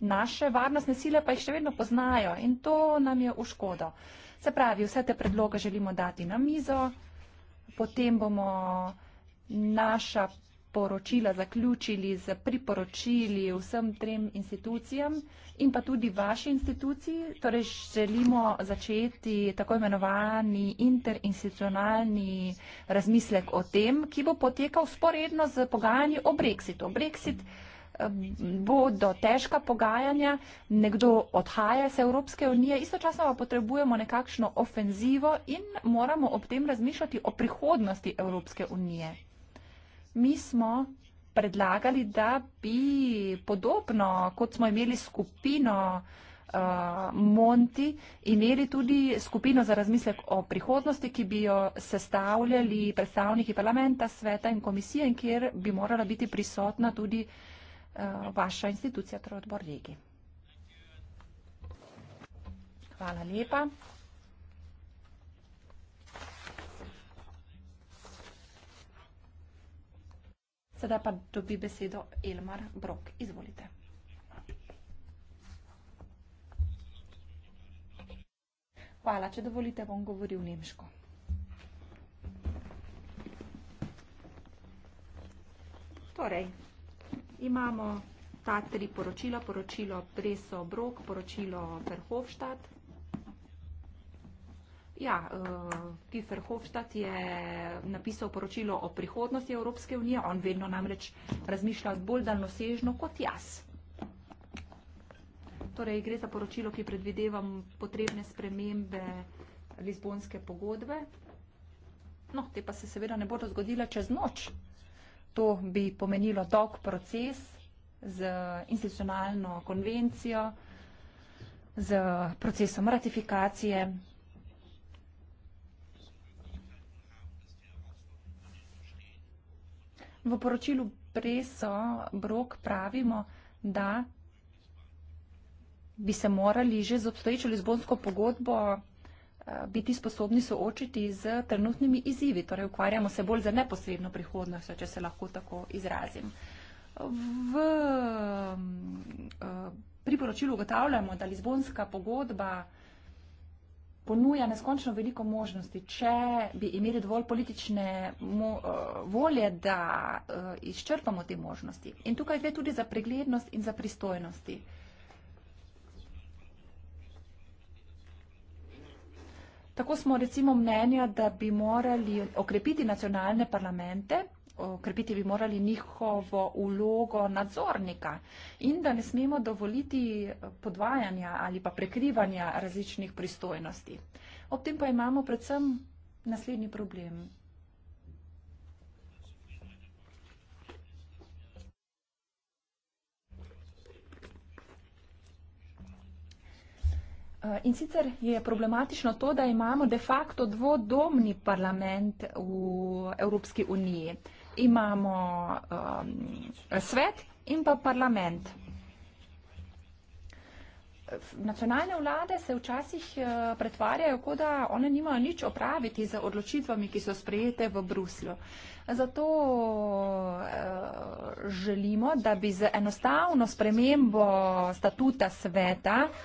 Naše varnostne sile pa jih še vedno poznajo in to nam je v škodo. Se pravi, vse te predloge želimo dati na mizo, potem bomo naša poročila zaključili z priporočili vsem trem institucijam in pa tudi vaši instituciji. Torej želimo začeti tako imenovani interinstitucionalni razmislek o tem, ki bo potekal sporedno z pogajanji o Brexitu. Brexit eh, bodo težka pogajanja, nekdo odhaja iz Evropske unije, istočasno pa potrebujemo nekakšno ofenzivo in moramo ob tem razmišljati o prihodnosti Evropske unije mi smo predlagali, da bi podobno, kot smo imeli skupino uh, Monti, imeli tudi skupino za razmislek o prihodnosti, ki bi jo sestavljali predstavniki parlamenta, sveta in komisije, in kjer bi morala biti prisotna tudi uh, vaša institucija, torej odbor regi. Hvala lepa. Sedaj pa dobi besedo Elmar Brok. Izvolite. Hvala, če dovolite, bom govoril nemško. Torej, imamo ta tri poročila, poročilo Breso Brok, poročilo Verhofstadt, Ja, uh, eh, Kifer Hofstad je napisal poročilo o prihodnosti Evropske unije, on vedno namreč razmišlja bolj daljnosežno kot jaz. Torej, gre za poročilo, ki predvidevam potrebne spremembe Lizbonske pogodbe. No, te pa se seveda ne bodo zgodile čez noč. To bi pomenilo dolg proces z institucionalno konvencijo, z procesom ratifikacije. V poročilu preso Brok pravimo, da bi se morali že z obstoječo Lizbonsko pogodbo eh, biti sposobni soočiti z trenutnimi izzivi, torej ukvarjamo se bolj za neposredno prihodnost, če se lahko tako izrazim. V eh, priporočilu ugotavljamo, da Lizbonska pogodba ponuja neskončno veliko možnosti, če bi imeli dovolj politične mo, uh, volje, da uh, izčrpamo te možnosti. In tukaj gre tudi za preglednost in za pristojnosti. Tako smo recimo mnenja, da bi morali okrepiti nacionalne parlamente okrepiti bi morali njihovo ulogo nadzornika in da ne smemo dovoliti podvajanja ali pa prekrivanja različnih pristojnosti. Ob tem pa imamo predvsem naslednji problem. Eh, in sicer je problematično to, da imamo de facto dvodomni parlament v Evropski uniji imamo um, svet in pa parlament. Nacionalne vlade se včasih uh, pretvarjajo, kot da one nimajo nič opraviti z odločitvami, ki so sprejete v Bruslju. Zato uh, želimo, da bi z enostavno spremembo statuta sveta uh,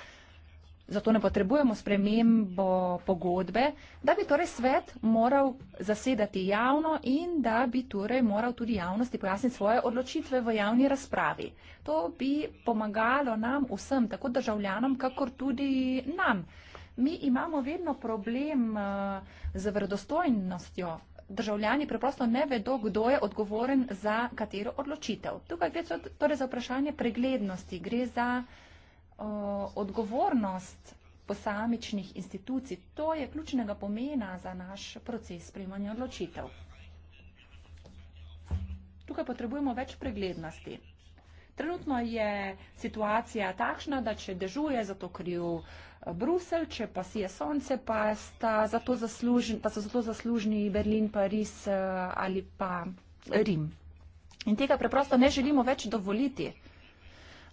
Zato ne potrebujemo spremembo pogodbe, da bi torej svet moral zasedati javno in da bi torej moral tudi javnosti pojasniti svoje odločitve v javni razpravi. To bi pomagalo nam vsem, tako državljanom, kakor tudi nam. Mi imamo vedno problem eh, z vredostojnostjo. Državljani preprosto ne vedo, kdo je odgovoren za katero odločitev. Tukaj gre torej za vprašanje preglednosti. Gre za uh, odgovornost posamičnih institucij. To je ključnega pomena za naš proces sprejemanja odločitev. Tukaj potrebujemo več preglednosti. Trenutno je situacija takšna, da če dežuje, zato kriv eh, Brusel, če pa sije sonce, pa, sta zato zaslužen, pa so zato zaslužni Berlin, Pariz eh, ali pa Rim. In tega preprosto ne želimo več dovoliti.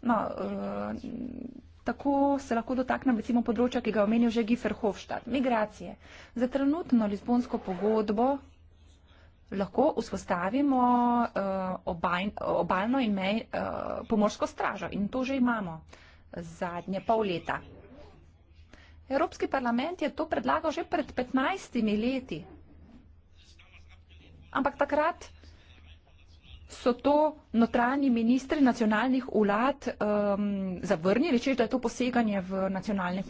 No, uh, tako se lahko dotaknem recimo področja, ki ga je omenil že Giffer Hofstadt. Migracije. Za trenutno Lizbonsko pogodbo lahko vzpostavimo uh, obaj, obaljno in mej, uh, pomorsko stražo in to že imamo zadnje pol leta. Evropski parlament je to predlagal že pred 15 leti. Ampak takrat so to notranji ministri nacionalnih vlad um, zavrnili, reči, da je to poseganje v nacionalne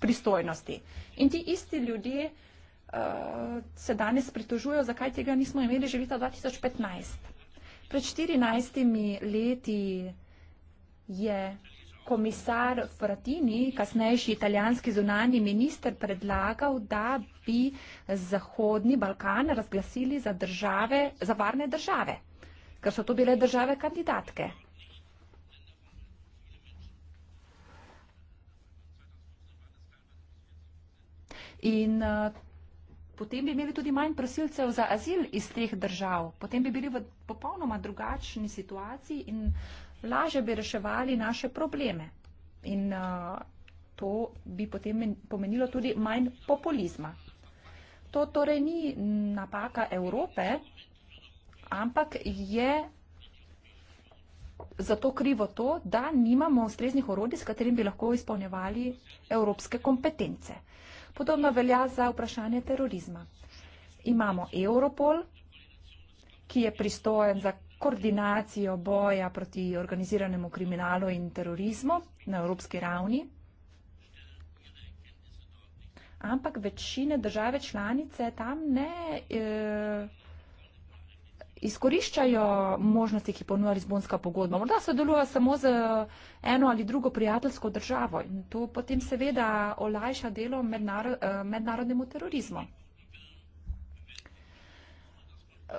pristojnosti. In ti isti ljudje uh, se danes pritožujo, zakaj tega nismo imeli že leta 2015. Pred 14 leti je komisar Fratini, kasnejši italijanski zunani minister, predlagal, da bi Zahodni Balkan razglasili za, države, za varne države ker so to bile države kandidatke. In eh, potem bi imeli tudi manj prosilcev za azil iz teh držav, potem bi bili v popolnoma drugačni situaciji in laže bi reševali naše probleme. In eh, to bi potem pomenilo tudi manj populizma. To torej ni napaka Evrope, ampak je zato krivo to, da nimamo ustreznih orodij, s katerim bi lahko izpolnjevali evropske kompetence. Podobno velja za vprašanje terorizma. Imamo Europol, ki je pristojen za koordinacijo boja proti organiziranemu kriminalu in terorizmu na evropski ravni. Ampak večine države članice tam ne. Eh, izkoriščajo možnosti, ki ponuja Lizbonska pogodba. Morda sodelujejo samo z eno ali drugo prijateljsko državo in to potem seveda olajša delo mednaro, eh, mednarodnemu terorizmu. Eh,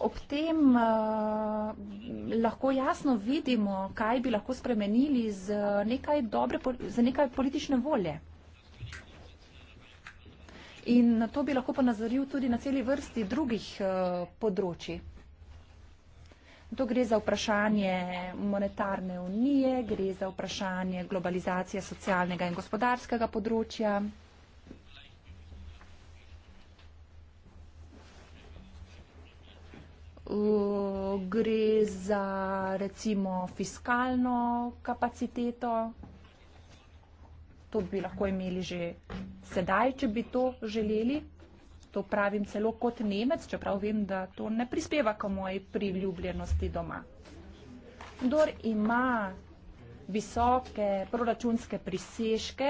ob tem uh, lahko jasno vidimo, kaj bi lahko spremenili z nekaj, dobre, z nekaj politične volje. In to bi lahko ponazoril tudi na celi vrsti drugih uh, področji. To gre za vprašanje monetarne unije, gre za vprašanje globalizacije socialnega in gospodarskega področja. Gre za recimo fiskalno kapaciteto. To bi lahko imeli že sedaj, če bi to želeli to pravim celo kot Nemec, čeprav vem, da to ne prispeva k moji priljubljenosti doma. Kdor ima visoke proračunske priseške,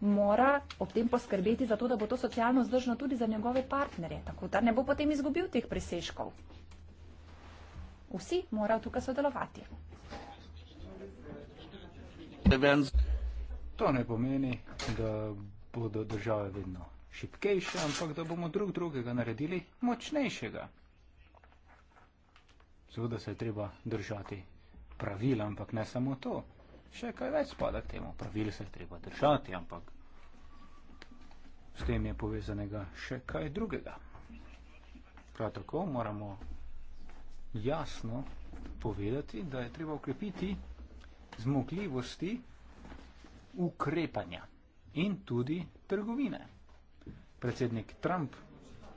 mora ob tem poskrbeti za to, da bo to socialno zdržno tudi za njegove partnerje, tako da ne bo potem izgubil teh priseškov. Vsi morajo tukaj sodelovati.
To ne pomeni, da bodo države vedno šipkejše, ampak da bomo drug drugega naredili močnejšega. Seveda se je treba držati pravil, ampak ne samo to. Še kaj več spada k temu. Pravil se je treba držati, ampak s tem je povezanega še kaj drugega. Prav tako moramo jasno povedati, da je treba ukrepiti zmogljivosti ukrepanja in tudi trgovine predsednik Trump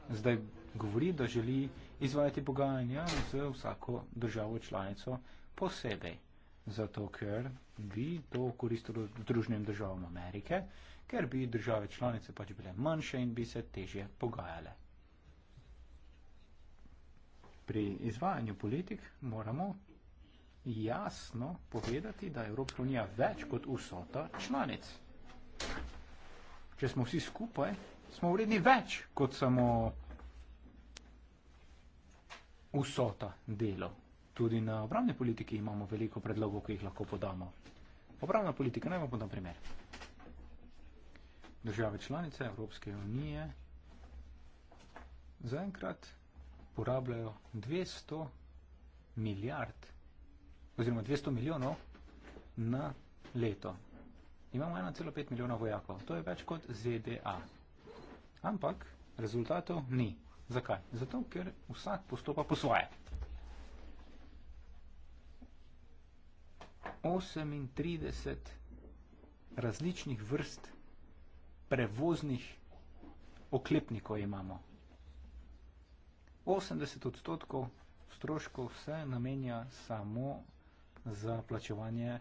zdaj govori, da želi izvajati pogajanja z vsako državo članico posebej. Zato, ker bi to koristilo Združenim državam Amerike, ker bi države članice pač bile manjše in bi se teže pogajale. Pri izvajanju politik moramo jasno povedati, da je Evropska unija več kot vsota članic. Če smo vsi skupaj, smo vredni več kot samo vsota delov. Tudi na obravni politiki imamo veliko predlogov, ki jih lahko podamo. Obravna politika, naj vam podam primer. Države članice Evropske unije zaenkrat porabljajo 200 milijard oziroma 200 milijonov na leto. Imamo 1,5 milijona vojakov. To je več kot ZDA. Ampak rezultatov ni. Zakaj? Zato, ker vsak postopa po svoje. 38 različnih vrst prevoznih oklepnikov imamo. 80 odstotkov stroškov se namenja samo za plačevanje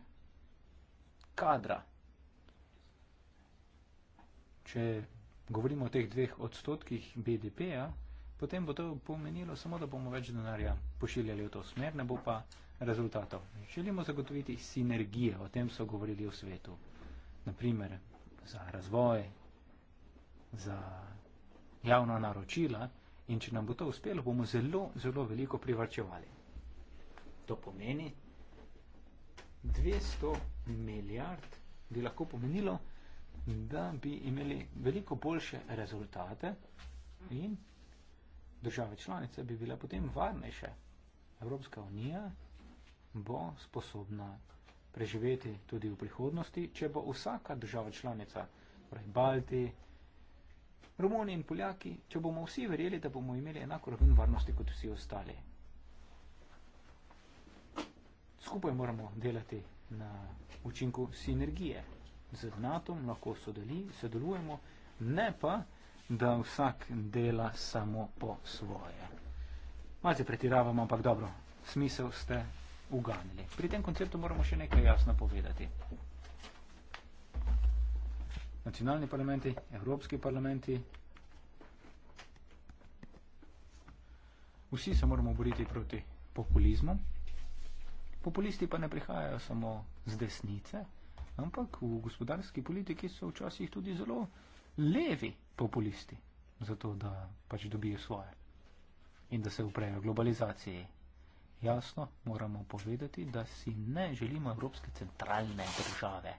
kadra. Če govorimo o teh dveh odstotkih BDP-ja, potem bo to pomenilo samo, da bomo več denarja pošiljali v to smer, ne bo pa rezultatov. Želimo zagotoviti sinergije, o tem so govorili v svetu. Naprimer, za razvoj, za javna naročila in če nam bo to uspelo, bomo zelo, zelo veliko privarčevali. To pomeni, 200 milijard bi lahko pomenilo da bi imeli veliko boljše rezultate in države članice bi bile potem varnejše. Evropska unija bo sposobna preživeti tudi v prihodnosti, če bo vsaka država članica, torej Balti, Romuni in Poljaki, če bomo vsi verjeli, da bomo imeli enako raven varnosti kot vsi ostali. Skupaj moramo delati na učinku sinergije z NATO-om lahko sodeli, sodelujemo, ne pa, da vsak dela samo po svoje. Malce pretiravamo, ampak dobro, smisel ste uganili. Pri tem konceptu moramo še nekaj jasno povedati. Nacionalni parlamenti, evropski parlamenti, vsi se moramo boriti proti populizmu. Populisti pa ne prihajajo samo z desnice, ampak v gospodarski politiki so včasih tudi zelo levi populisti, zato da pač dobijo svoje in da se uprejo globalizaciji. Jasno, moramo povedati, da si ne želimo Evropske centralne države.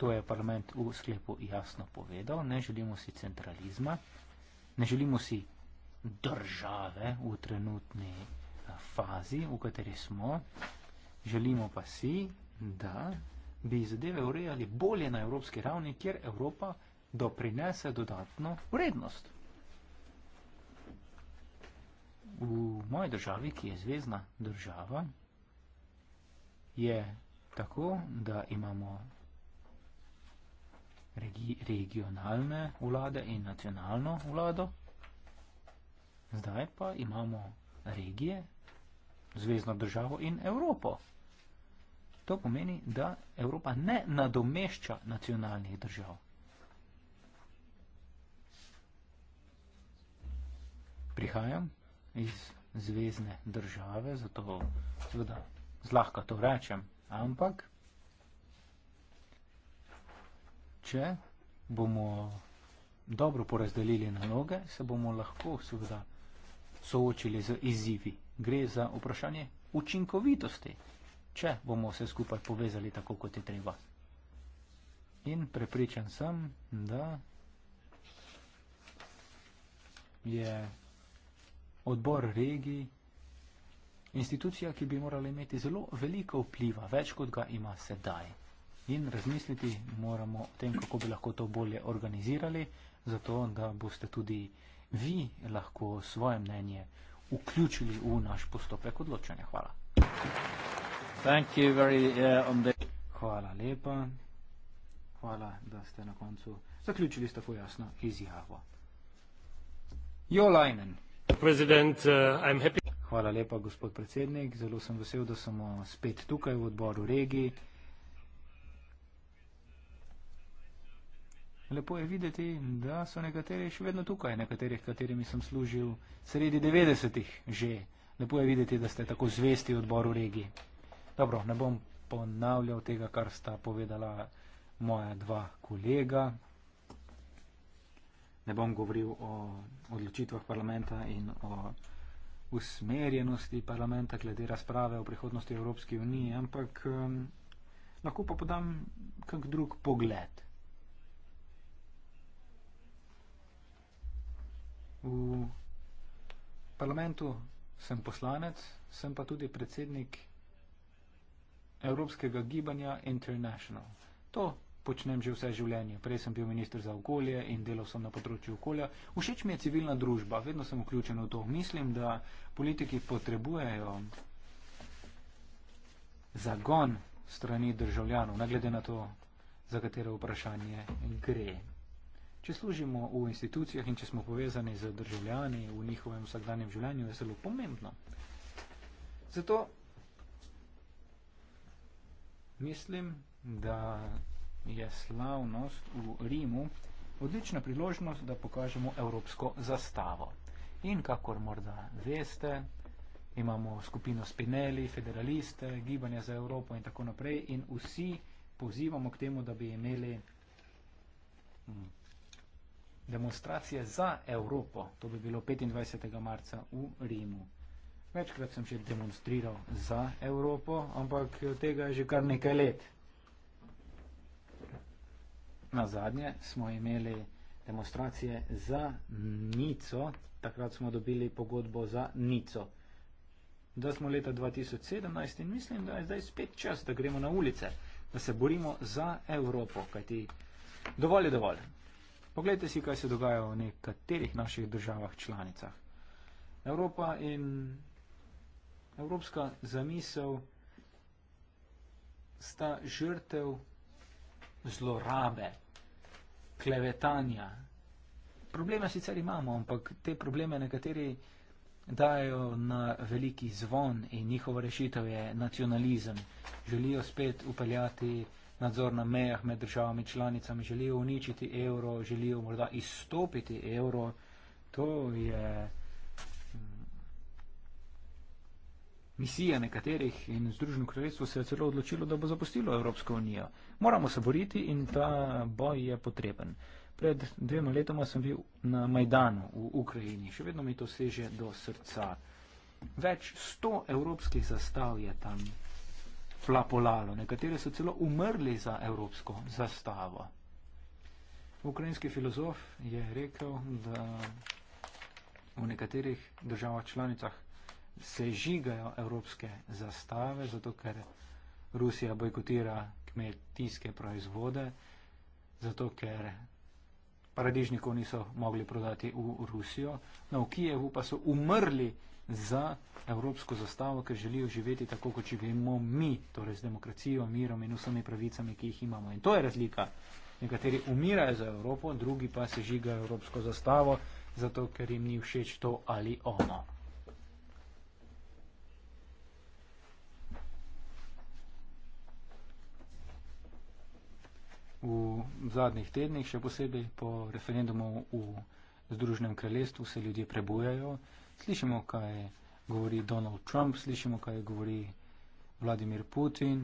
To je parlament v sklepu jasno povedal, ne želimo si centralizma, ne želimo si države v trenutni eh, fazi, v kateri smo, želimo pa si, da bi zadeve urejali bolje na evropski ravni, kjer Evropa doprinese dodatno vrednost. V moji državi, ki je zvezdna država, je tako, da imamo regi regionalne vlade in nacionalno vlado, zdaj pa imamo regije, zvezdno državo in Evropo. To pomeni, da Evropa ne nadomešča nacionalnih držav. Prihajam iz zvezne države, zato seveda zlahka to rečem, ampak če bomo dobro porazdelili naloge, se bomo lahko seveda soočili z izzivi. Gre za vprašanje učinkovitosti če bomo vse skupaj povezali tako, kot je treba. In prepričan sem, da je odbor regij institucija, ki bi morala imeti zelo veliko vpliva, več kot ga ima sedaj. In razmisliti moramo o tem, kako bi lahko to bolje organizirali, zato da boste tudi vi lahko svoje mnenje vključili v naš postopek odločanja. Hvala. Thank you. Thank you very, uh, on the... Hvala lepa. Hvala, da ste na koncu zaključili s tako jasno izjavo. Jo Leinen. President, uh, I'm happy... Hvala lepa, gospod predsednik. Zelo sem vesel, da smo spet tukaj v odboru regiji. Lepo je videti, da so nekateri še vedno tukaj, nekaterih, katerimi sem služil sredi 90-ih že. Lepo je videti, da ste tako zvesti odboru regiji. Dobro, ne bom ponavljal tega, kar sta povedala moja dva kolega. Ne bom govoril o odločitvah parlamenta in o usmerjenosti parlamenta glede razprave o prihodnosti Evropske unije, ampak um, lahko pa podam kak drug pogled. V parlamentu sem poslanec, sem pa tudi predsednik Evropskega gibanja International. To počnem že vse življenje. Prej sem bil minister za okolje in delal sem na področju okolja. Všeč mi je civilna družba, vedno sem vključen v to. Mislim, da politiki potrebujejo zagon strani državljanov, ne glede na to, za katero vprašanje gre. Če služimo v institucijah in če smo povezani z državljani v njihovem vsakdanjem življenju, je zelo pomembno. Zato mislim, da je slavnost v Rimu odlična priložnost, da pokažemo evropsko zastavo. In kakor morda veste, imamo skupino Spinelli, federaliste, gibanje za Evropo in tako naprej in vsi pozivamo k temu, da bi imeli hm, demonstracije za Evropo. To bi bilo 25. marca v Rimu. Večkrat sem že demonstriral za Evropo, ampak tega je že kar nekaj let. Na zadnje smo imeli demonstracije za Nico, takrat smo dobili pogodbo za Nico. Da smo leta 2017 in mislim, da je zdaj spet čas, da gremo na ulice, da se borimo za Evropo, kajti dovolj je dovolj. Poglejte si, kaj se dogaja v nekaterih naših državah članicah. Evropa in Evropska zamisel sta žrtev zlorabe, klevetanja. Probleme sicer imamo, ampak te probleme nekateri dajo na veliki zvon in njihova rešitev je nacionalizem. Želijo spet upeljati nadzor na mejah med državami članicami, želijo uničiti evro, želijo morda izstopiti evro. To je... misija nekaterih in Združeno kraljestvo se je celo odločilo, da bo zapustilo Evropsko unijo. Moramo se boriti in ta boj je potreben. Pred dvema letoma sem bil na Majdanu v Ukrajini, še vedno mi to seže do srca. Več sto evropskih zastav je tam flapolalo, nekateri so celo umrli za evropsko zastavo. Ukrajinski filozof je rekel, da v nekaterih državah članicah se žigajo evropske zastave, zato ker Rusija bojkotira kmetijske proizvode, zato ker paradižnikov niso mogli prodati v Rusijo. No, v Kijevu pa so umrli za evropsko zastavo, ker želijo živeti tako, kot živimo mi, torej z demokracijo, mirom in vsemi pravicami, ki jih imamo. In to je razlika. Nekateri umirajo za Evropo, drugi pa se žigajo evropsko zastavo, zato ker jim ni všeč to ali ono. v zadnjih tednih, še posebej po referendumu v Združenem kraljestvu, se ljudje prebujajo. Slišimo, kaj govori Donald Trump, slišimo, kaj govori Vladimir Putin.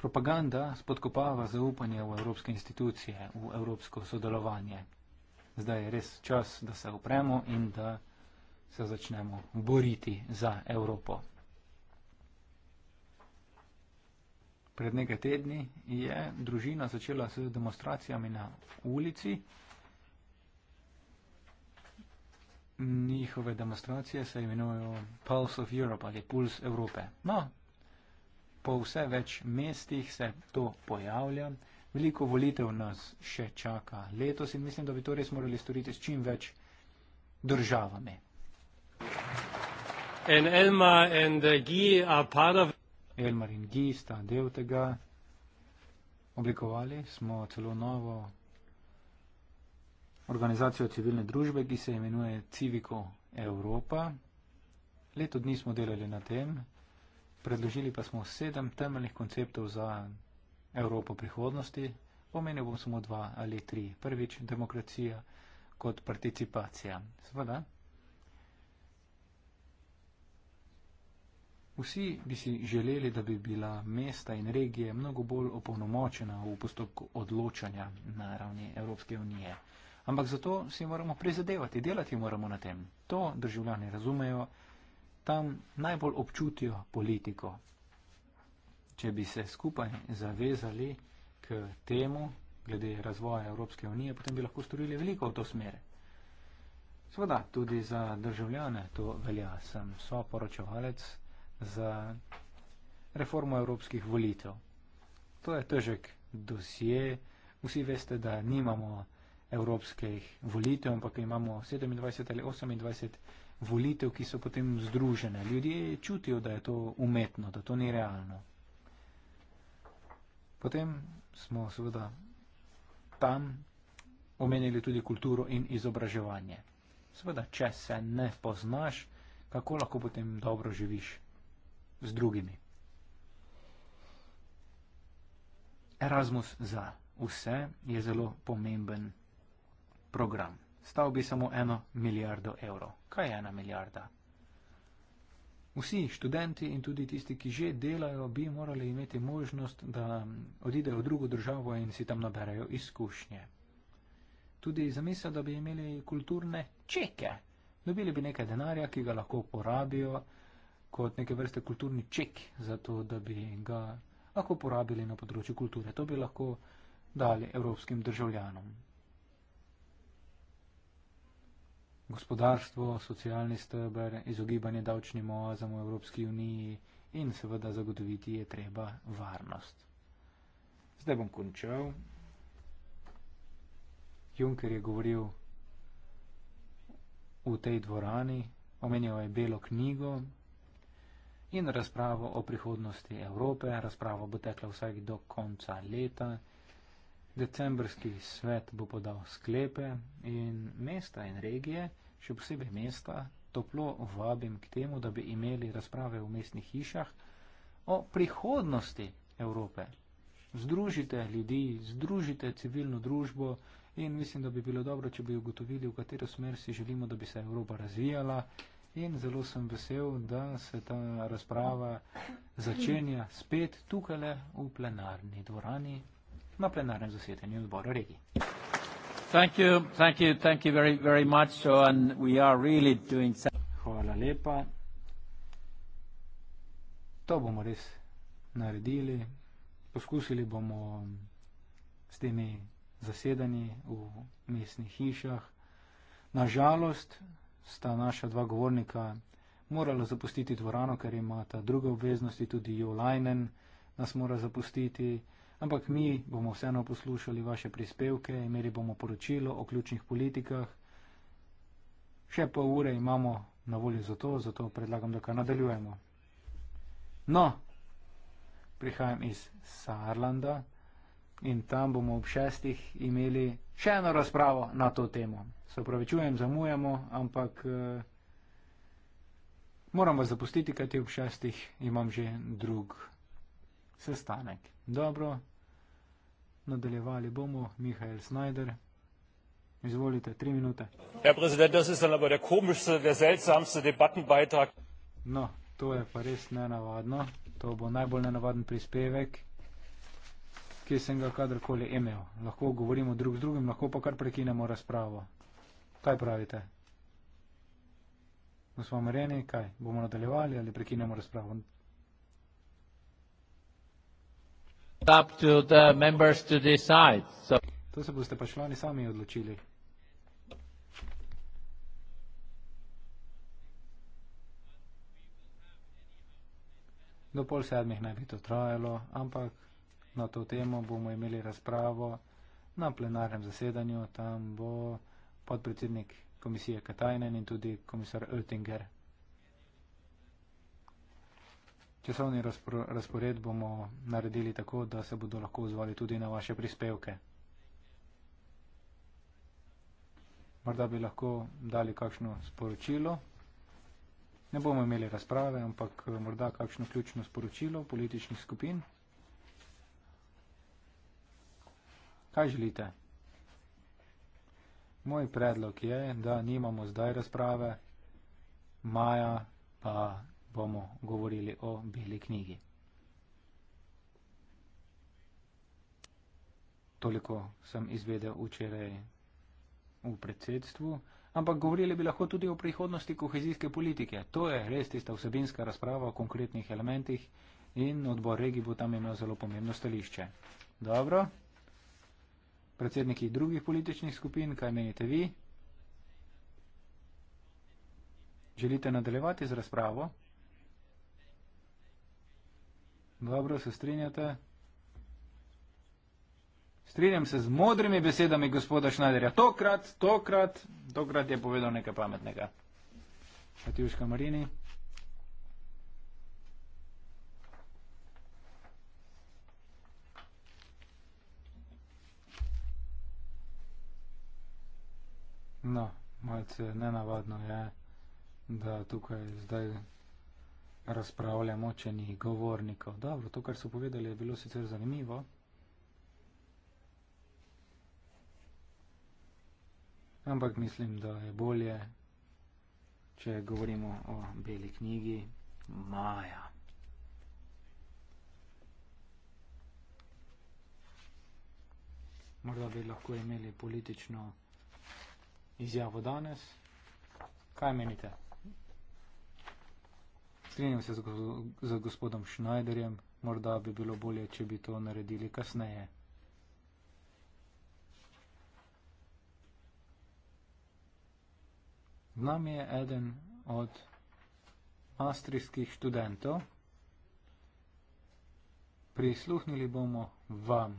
Propaganda spodkopava zaupanje v evropske institucije, v evropsko sodelovanje. Zdaj je res čas, da se opremo in da se začnemo boriti za Evropo. pred nekaj tedni je družina začela s demonstracijami na ulici. Njihove demonstracije se imenujejo Pulse of Europe ali Puls Evrope. No, po vse več mestih se to pojavlja. Veliko volitev nas še čaka letos in mislim, da bi to res morali storiti s čim več državami. And Elma and Guy are part of Elmar in Gij sta del tega oblikovali, smo celo novo organizacijo civilne družbe, ki se imenuje Civico Evropa. Leto dni smo delali na tem, predložili pa smo sedem temeljnih konceptov za Evropo prihodnosti, omenil bom samo dva ali tri. Prvič, demokracija kot participacija. Seveda, Vsi bi si želeli, da bi bila mesta in regije mnogo bolj opolnomočena v postopku odločanja na ravni Evropske unije. Ampak zato si moramo prizadevati, delati moramo na tem. To državljani razumejo, tam najbolj občutijo politiko. Če bi se skupaj zavezali k temu, glede razvoja Evropske unije, potem bi lahko storili veliko v to smer. Sveda, tudi za državljane to velja. Sem soporočevalec za reformo evropskih volitev. To je težek dosje. Vsi veste, da nimamo evropskih volitev, ampak imamo 27 ali 28 volitev, ki so potem združene. Ljudje čutijo, da je to umetno, da to ni realno. Potem smo seveda tam omenili tudi kulturo in izobraževanje. Seveda, če se ne poznaš, kako lahko potem dobro živiš z drugimi. Erasmus za vse je zelo pomemben program. Stal bi samo eno milijardo evrov. Kaj je ena milijarda? Vsi študenti in tudi tisti, ki že delajo, bi morali imeti možnost, da odidejo v drugo državo in si tam naberajo izkušnje. Tudi zamisel, da bi imeli kulturne čeke, dobili bi nekaj denarja, ki ga lahko porabijo kot neke vrste kulturni ček, zato da bi ga lahko uporabili na področju kulture. To bi lahko dali evropskim državljanom. Gospodarstvo, socialni steber, izogibanje davčnim oazam v Evropski uniji in seveda zagotoviti je treba varnost. Zdaj bom končal. Juncker je govoril v tej dvorani, omenjal je belo knjigo, in razpravo o prihodnosti Evrope. Razprava bo tekla vsaj do konca leta. Decembrski svet bo podal sklepe in mesta in regije, še posebej mesta, toplo vabim k temu, da bi imeli razprave v mestnih hišah o prihodnosti Evrope. Združite ljudi, združite civilno družbo in mislim, da bi bilo dobro, če bi ugotovili, v katero smer si želimo, da bi se Evropa razvijala in zelo sem vesel, da se ta razprava začenja spet tukaj le v plenarni dvorani na plenarnem zasedanju odbora regi.
Thank you, thank you, thank you very, very much.
So, and we are really doing Hvala lepa. To bomo res naredili. Poskusili bomo s temi zasedanji v mestnih hišah. Nažalost, sta naša dva govornika morala zapustiti dvorano, ker imata druge obveznosti, tudi Jo Lajnen nas mora zapustiti. Ampak mi bomo vseeno poslušali vaše prispevke, imeli bomo poročilo o ključnih politikah. Še pol ure imamo na voljo za to, zato predlagam, da kar nadaljujemo. No, prihajam iz Saarlanda in tam bomo ob šestih imeli še eno razpravo na to temo. Se upravičujem, zamujamo, ampak uh, moram vas zapustiti, kajti ob šestih imam že drug sestanek. Dobro, nadaljevali bomo, Mihajl Snajder. Izvolite, tri minute. Herr Präsident, das ist dann aber der komischste, der seltsamste Debattenbeitrag. No, to je pa res nenavadno. To bo najbolj nenavaden prispevek ki sem ga kadarkoli imel. Lahko govorimo drug z drugim, lahko pa kar prekinemo razpravo. Kaj pravite? Gospod Mareni, kaj? Bomo nadaljevali ali prekinemo razpravo? To se boste pa člani sami odločili. Do pol sedmih naj bi to trajalo, ampak Na to temo bomo imeli razpravo na plenarnem zasedanju. Tam bo podpredsednik komisije Katajnen in tudi komisar Oettinger. Časovni razpored bomo naredili tako, da se bodo lahko ozvali tudi na vaše prispevke. Morda bi lahko dali kakšno sporočilo. Ne bomo imeli razprave, ampak morda kakšno ključno sporočilo političnih skupin. Kaj želite? Moj predlog je, da nimamo zdaj razprave, maja pa bomo govorili o beli knjigi. Toliko sem izvedel včeraj v predsedstvu, ampak govorili bi lahko tudi o prihodnosti kohezijske politike. To je res tista vsebinska razprava o konkretnih elementih in odbor regi bo tam imel zelo pomembno stališče. Dobro predsedniki drugih političnih skupin, kaj menite vi? Želite nadaljevati z razpravo? Dobro, se strinjate? Strinjam se z modrimi besedami gospoda Šnajderja. Tokrat, tokrat, tokrat je povedal nekaj pametnega. Matjuška Marini. No, malce nenavadno je, da tukaj zdaj razpravljamo, če ni govornikov. Dobro, to, kar so povedali, je bilo sicer zanimivo. Ampak mislim, da je bolje, če govorimo o beli knjigi Maja. Morda bi lahko imeli politično izjavo danes. Kaj menite? Strinjam se z, go z gospodom Schneiderjem, morda bi bilo bolje, če bi to naredili kasneje. Z nami je eden od astrijskih študentov. Prisluhnili bomo vam.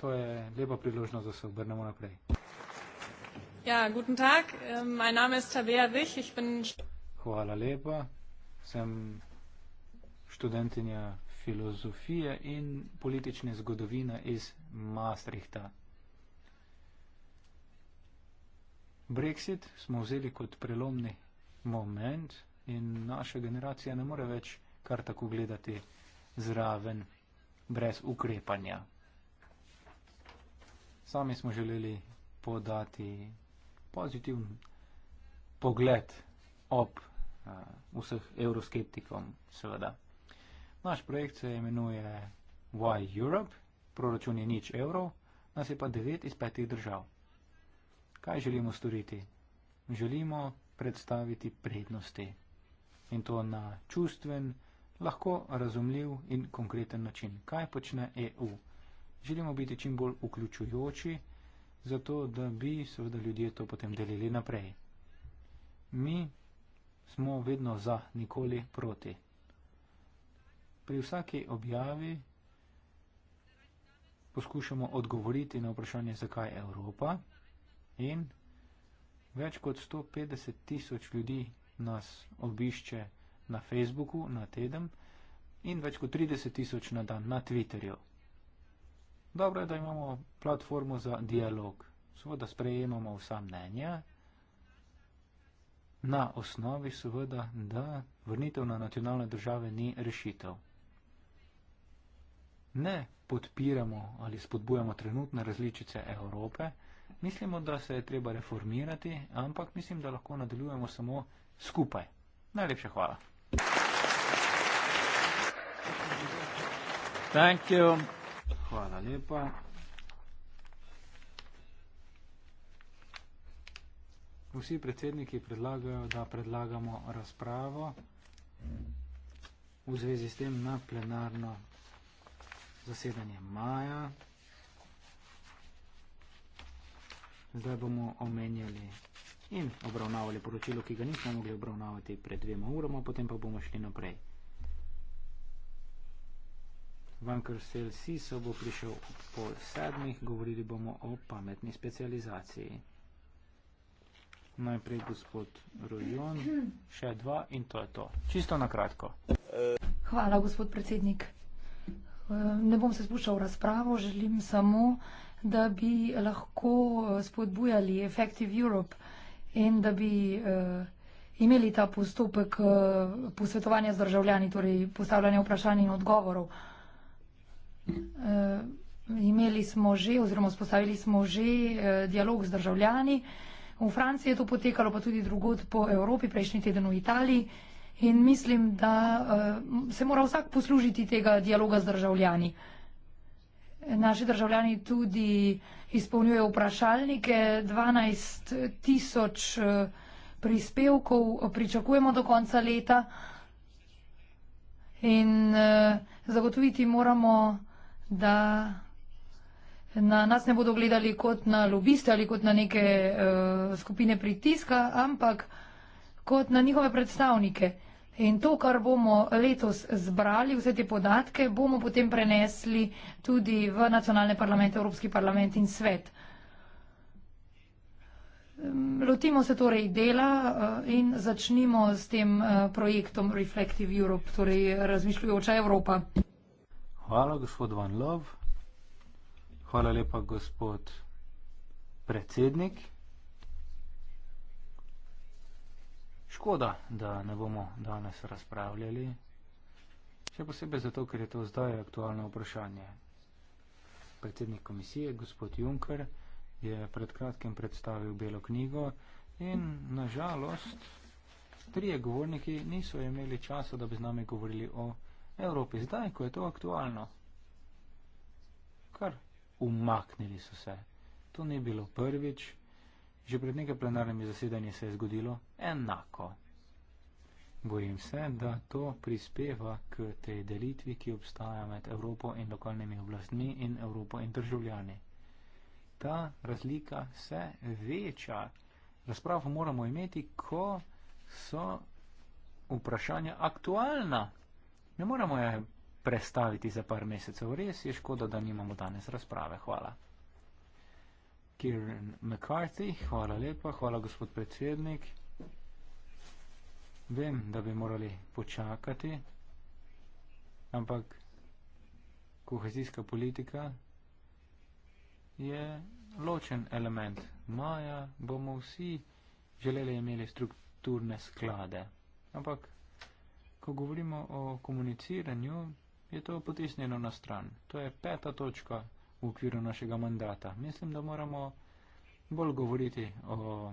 To je lepa priložnost, da se obrnemo naprej.
Ja, guten
Tag. Ähm, mein Name ist Tabea Wich. Ich bin.
Hvala lepa. Sem študentinja filozofije in politične zgodovine iz Maastrichta. Brexit smo vzeli kot prelomni moment in naša generacija ne more več kar tako gledati zraven brez ukrepanja. Sami smo želeli podati pozitiven pogled ob uh, vseh evroskeptikom, seveda. Naš projekt se imenuje Why Europe, proračun je nič evrov, nas je pa devet iz petih držav. Kaj želimo storiti? Želimo predstaviti prednosti in to na čustven, lahko razumljiv in konkreten način. Kaj počne EU? Želimo biti čim bolj vključujoči zato da bi seveda ljudje to potem delili naprej. Mi smo vedno za, nikoli proti. Pri vsaki objavi poskušamo odgovoriti na vprašanje, zakaj Evropa in več kot 150 tisoč ljudi nas obišče na Facebooku na teden in več kot 30 tisoč na dan na Twitterju. Dobro je, da imamo platformo za dialog. Seveda sprejemamo vsa mnenja na osnovi, seveda, da vrnitev na nacionalne države ni rešitev. Ne podpiramo ali spodbujamo trenutne različice Evrope, mislimo, da se je treba reformirati, ampak mislim, da lahko nadaljujemo samo skupaj. Najlepša hvala. Thank you. Hvala lepa. Vsi predsedniki predlagajo, da predlagamo razpravo v zvezi s tem na plenarno zasedanje maja. Zdaj bomo omenjali in obravnavali poročilo, ki ga nismo mogli obravnavati pred dvema uroma, potem pa bomo šli naprej. Vankar Sel Siso bo prišel ob pol sedmih, govorili bomo o pametni specializaciji. Najprej gospod Rojon, še dva in to je to. Čisto na kratko.
Hvala, gospod predsednik. Ne bom se spuščal v razpravo, želim samo, da bi lahko eh, spodbujali Effective Europe in da bi eh, imeli ta postopek eh, posvetovanja z državljani, torej postavljanja vprašanj in odgovorov. Eh, imeli smo že oziroma spostavili smo že eh, dialog z državljani. V Franciji je to potekalo, pa tudi drugod po Evropi, prejšnji teden v Italiji. In mislim, da eh, se mora vsak poslužiti tega dialoga z državljani. Naši državljani tudi izpolnjujejo vprašalnike, 12 tisoč prispevkov pričakujemo do konca leta in zagotoviti moramo da na nas ne bodo gledali kot na lobiste ali kot na neke uh, skupine pritiska, ampak kot na njihove predstavnike. In to, kar bomo letos zbrali, vse te podatke, bomo potem prenesli tudi v nacionalne parlamente, Evropski parlament in svet. Lotimo se torej dela eh, in začnimo s tem eh, projektom Reflective Europe, torej razmišljujoča Evropa.
Hvala, gospod Van Lov. Hvala lepa, gospod predsednik. Škoda, da ne bomo danes razpravljali, še posebej zato, ker je to zdaj aktualno vprašanje. Predsednik komisije, gospod Juncker, je pred kratkim predstavil Belo knjigo in nažalost trije govorniki niso imeli časa, da bi z nami govorili o Evropi zdaj, ko je to aktualno. Kar umaknili so se. To ni bilo prvič. Že pred nekaj plenarnimi zasedanji se je zgodilo enako. Bojim se, da to prispeva k tej delitvi, ki obstaja med Evropo in lokalnimi oblastmi in Evropo in državljani. Ta razlika se veča. Razpravo moramo imeti, ko so vprašanja aktualna, Ne moremo je prestaviti za par mesecev. Res je škoda, da nimamo danes razprave. Hvala. Kieran McCarthy, hvala lepa, hvala gospod predsednik. Vem, da bi morali počakati, ampak kohezijska politika je ločen element. Maja bomo vsi želeli imeli strukturne sklade, ampak ko govorimo o komuniciranju, je to potisnjeno na stran. To je peta točka v okviru našega mandata. Mislim, da moramo bolj govoriti o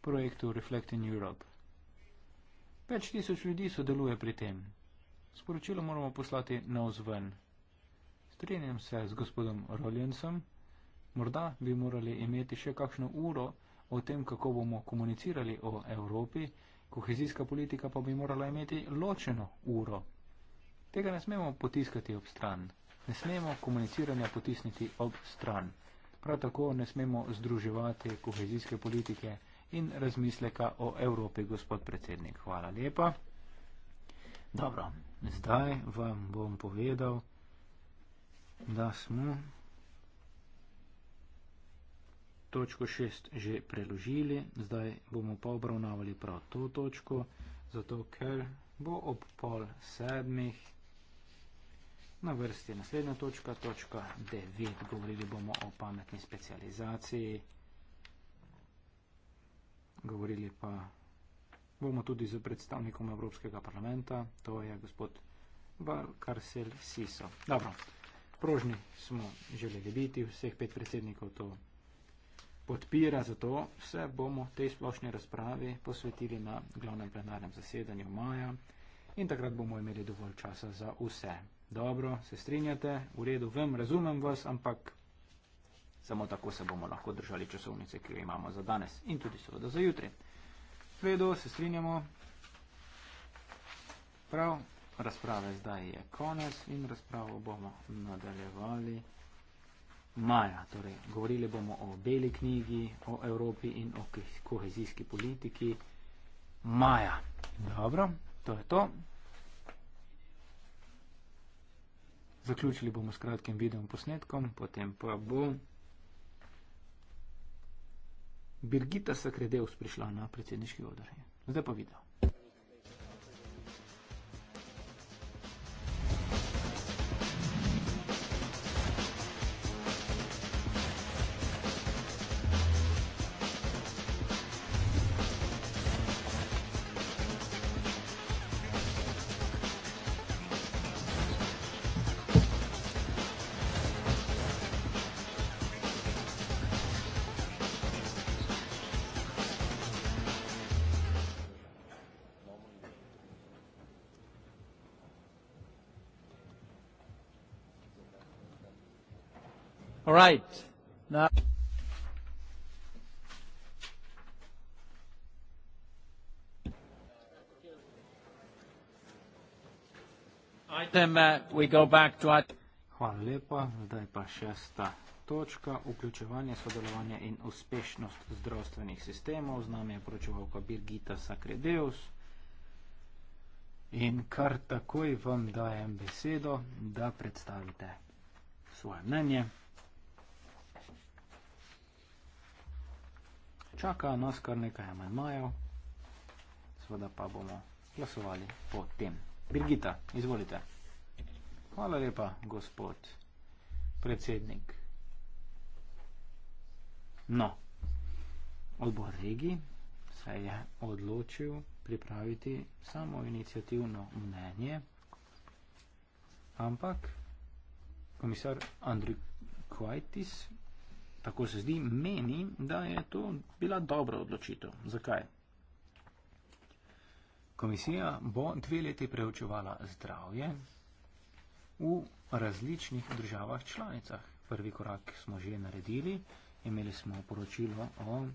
projektu Reflecting Europe. Več tisoč ljudi sodeluje pri tem. Sporočilo moramo poslati na vzven. Strenjam se z gospodom Rolinsom. Morda bi morali imeti še kakšno uro o tem, kako bomo komunicirali o Evropi kohezijska politika pa bi morala imeti ločeno uro. Tega ne smemo potiskati ob stran. Ne smemo komuniciranja potisniti ob stran. Prav tako ne smemo združevati kohezijske politike in razmisleka o Evropi, gospod predsednik. Hvala lepa. Dobro, zdaj vam bom povedal, da smo točko 6 že preložili, zdaj bomo pa obravnavali prav to točko, zato ker bo ob pol sedmih na vrsti naslednja točka, točka 9, govorili bomo o pametni specializaciji, govorili pa bomo tudi z predstavnikom Evropskega parlamenta, to je gospod Valkarsel Siso. Dobro, prožni smo želeli biti, vseh pet predsednikov to vsega podpira, zato se bomo tej splošni razpravi posvetili na glavnem plenarnem zasedanju maja in takrat bomo imeli dovolj časa za vse. Dobro, se strinjate, v redu, vem, razumem vas, ampak samo tako se bomo lahko držali časovnice, ki jo imamo za danes in tudi seveda za jutri. Vedo, se strinjamo. Prav, razprave zdaj je konec in razpravo bomo nadaljevali maja. Torej, govorili bomo o beli knjigi, o Evropi in o kohezijski politiki maja. Dobro, to je to. Zaključili bomo s kratkim videom posnetkom, potem pa bo Birgita Sakredevs prišla na predsedniški odr. Zdaj pa video.
All right. Now uh,
Hvala lepa. Zdaj pa šesta točka, vključevanje, sodelovanje in uspešnost zdravstvenih sistemov. Z nami je poročevalka Birgita Sakredeus. In kar takoj vam dajem besedo, da predstavite svoje mnenje. čaka nas kar nekaj amenmajev, seveda pa bomo glasovali po tem. Birgita, izvolite. Hvala lepa, gospod predsednik. No, odbor regij se je odločil pripraviti samo inicijativno mnenje, ampak komisar Andrej Kvajtis tako se zdi, meni, da je to bila dobra odločitev. Zakaj? Komisija bo dve leti preučevala zdravje v različnih državah članicah. Prvi korak smo že naredili, imeli smo poročilo o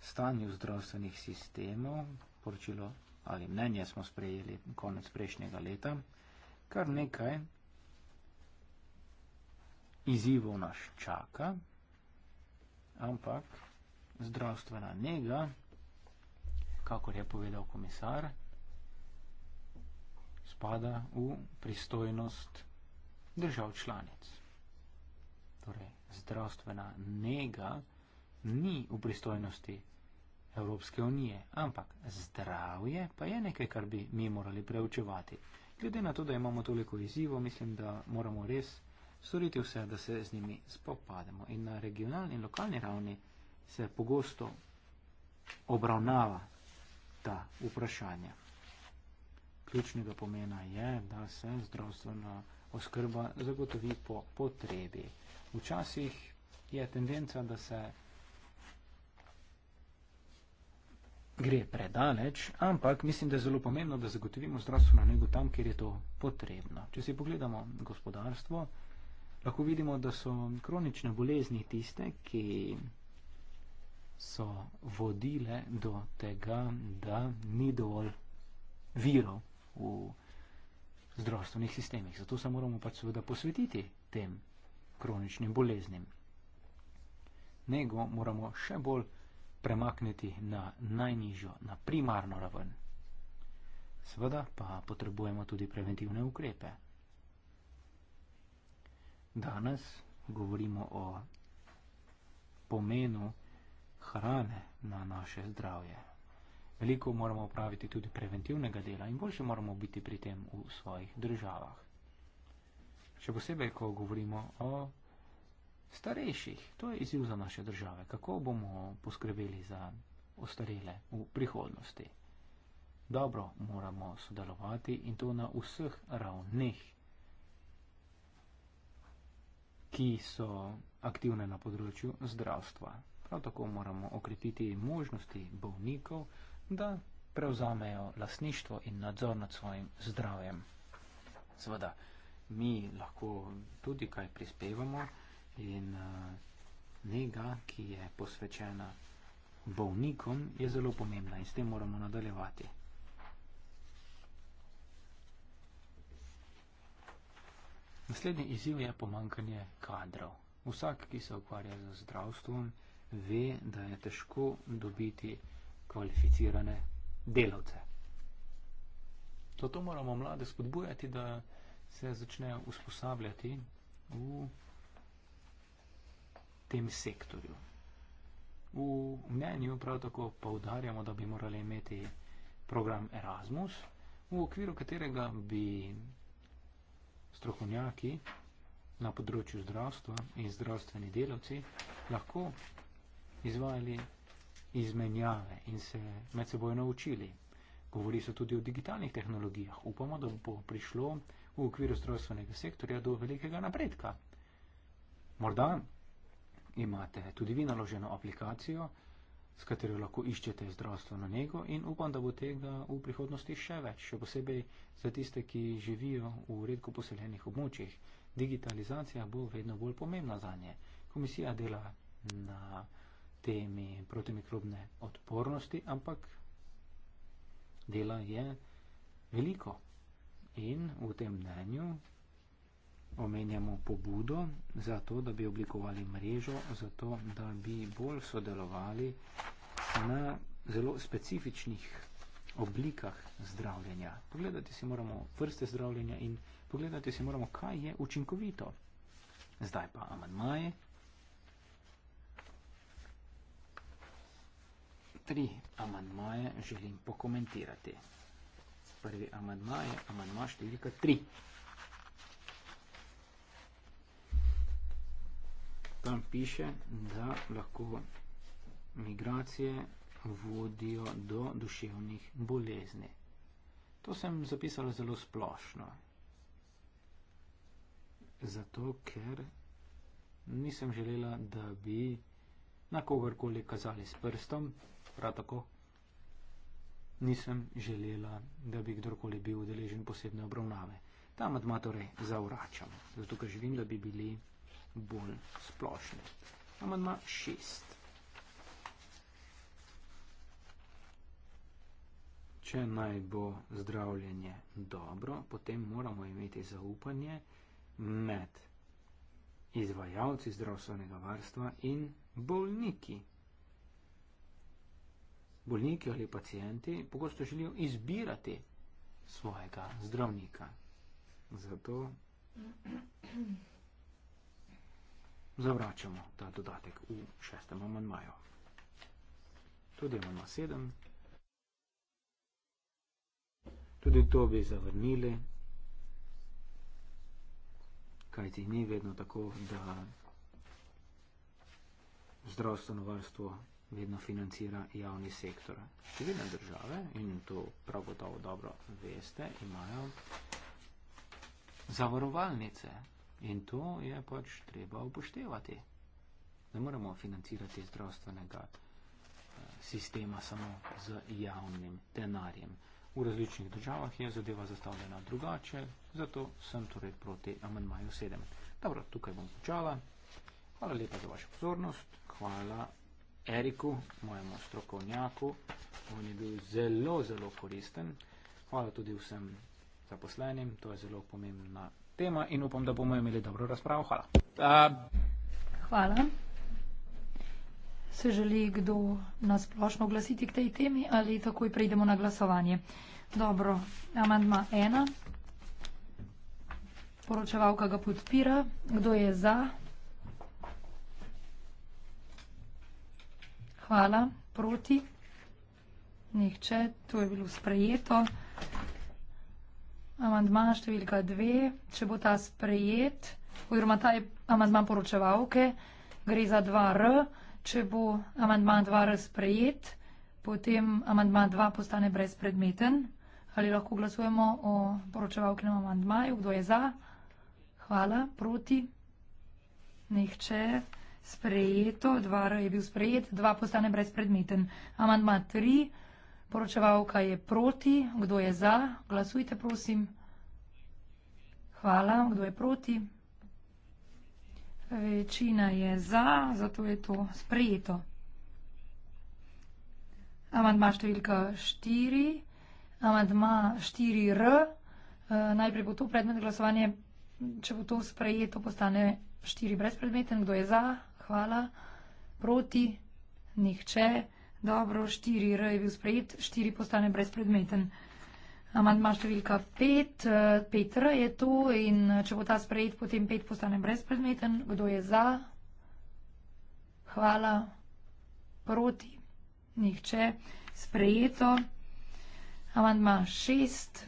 stanju zdravstvenih sistemov, poročilo ali mnenje smo sprejeli konec prejšnjega leta, kar nekaj izzivov naš čaka, ampak zdravstvena njega, kakor je povedal komisar, spada v pristojnost držav članic. Torej, zdravstvena njega ni v pristojnosti Evropske unije, ampak zdravje pa je nekaj, kar bi mi morali preučevati. Glede na to, da imamo toliko izzivo, mislim, da moramo res storiti vse, da se z njimi spopademo. In na regionalni in lokalni ravni se pogosto obravnava ta vprašanja. Ključnega pomena je, da se zdravstvena oskrba zagotovi po potrebi. Včasih je tendenca, da se gre predaleč, ampak mislim, da je zelo pomembno, da zagotovimo zdravstveno nego tam, kjer je to potrebno. Če si pogledamo gospodarstvo, lahko vidimo, da so kronične bolezni tiste, ki so vodile do tega, da ni dovolj virov v zdravstvenih sistemih. Zato se moramo pač seveda posvetiti tem kroničnim boleznim. Nego moramo še bolj premakniti na najnižjo, na primarno raven. Seveda pa potrebujemo tudi preventivne ukrepe danes govorimo o pomenu hrane na naše zdravje. Veliko moramo opraviti tudi preventivnega dela in boljše moramo biti pri tem v svojih državah. Še posebej, ko govorimo o starejših, to je izziv za naše države. Kako bomo poskrbeli za ostarele v prihodnosti? Dobro moramo sodelovati in to na vseh ravneh ki so aktivne na področju zdravstva. Prav tako moramo okrepiti možnosti bolnikov, da prevzamejo lasništvo in nadzor nad svojim zdravjem. Seveda, mi lahko tudi kaj prispevamo in uh, nega, ki je posvečena bolnikom, je zelo pomembna in s tem moramo nadaljevati. Naslednji izziv je pomankanje kadrov. Vsak, ki se ukvarja z zdravstvom, ve, da je težko dobiti kvalificirane delavce. Zato moramo mlade spodbujati, da se začnejo usposabljati v tem sektorju. V mnenju prav tako poudarjamo, da bi morali imeti program Erasmus, v okviru katerega bi strokovnjaki na področju zdravstva in zdravstveni delavci lahko izvajali izmenjave in se med seboj naučili. Govori se tudi o digitalnih tehnologijah. Upamo, da bo prišlo v okviru zdravstvenega sektorja do velikega napredka. Morda imate tudi vi naloženo aplikacijo, s katero lahko iščete zdravstveno nego in upam, da bo tega v prihodnosti še več, še posebej za tiste, ki živijo v redko poseljenih območjih. Digitalizacija bo vedno bolj pomembna za nje. Komisija dela na temi protimikrobne odpornosti, ampak dela je veliko. In v tem mnenju omenjamo pobudo za to, da bi oblikovali mrežo, za to, da bi bolj sodelovali na zelo specifičnih oblikah zdravljenja. Pogledati si moramo vrste zdravljenja in pogledati si moramo, kaj je učinkovito. Zdaj pa amanmaje. Tri amanmaje želim pokomentirati. Prvi amanmaje, amanma številka tri. tam piše, da lahko migracije vodijo do duševnih bolezni. To sem zapisala zelo splošno. Zato, ker nisem želela, da bi na kogarkoli kazali s prstom, prav tako nisem želela, da bi kdorkoli bil udeležen posebne obravnave. Ta matma torej zavračam, zato ker želim, da bi bili bolj splošne. Amandma šest. Če naj bo zdravljenje dobro, potem moramo imeti zaupanje med izvajalci zdravstvenega varstva in bolniki. Bolniki ali pacijenti pogosto želijo izbirati svojega zdravnika. Zato zavračamo ta dodatek v šestem amandmaju. Tudi imamo sedem. Tudi to bi zavrnili, kajti ni vedno tako, da zdravstveno varstvo vedno financira javni sektor. Številne države, in to prav gotovo dobro veste, imajo zavarovalnice, In to je pač treba upoštevati. Ne moremo financirati zdravstvenega eh, sistema samo z javnim denarjem. V različnih državah je zadeva zastavljena drugače, zato sem torej proti amenmaju 7. Dobro, tukaj bom počala. Hvala lepa za vašo pozornost. Hvala Eriku, mojemu strokovnjaku. On je bil zelo, zelo koristen. Hvala tudi vsem zaposlenim. To je zelo pomembna tema in upam, da bomo imeli dobro razpravo. Hvala. Uh.
Hvala. Se želi kdo nasplošno oglasiti k tej temi ali takoj prejdemo na glasovanje? Dobro, amandma ena. Poročevalka ga podpira. Kdo je za? Hvala. Proti? Nihče. To je bilo sprejeto. Amandma številka dve, če bo ta sprejet, oziroma ta je amandma poročevalke, gre za 2R. Če bo amandma 2R sprejet, potem amandma 2 postane brezpredmeten. Ali lahko glasujemo o poročevalkenem amandmaju? Kdo je za? Hvala. Proti? Nihče. Sprejeto. 2R je bil sprejet, 2 postane brezpredmeten. Amandma 3. Poročevalka je proti, kdo je za? Glasujte, prosim. Hvala, kdo je proti? Večina je za, zato je to sprejeto. Amandma številka 4, amandma 4r, eh, najprej bo to predmet glasovanje, če bo to sprejeto, postane 4 brezpredmeten, kdo je za, hvala, proti, nihče, vsega. Dobro, štiri R je bil sprejet, štiri postane brezpredmeten. Amandma številka pet, eh, pet R je tu in eh, če bo ta sprejet, potem pet postane brezpredmeten. Kdo je za? Hvala. Proti? Nihče. Sprejeto. Amandma šest.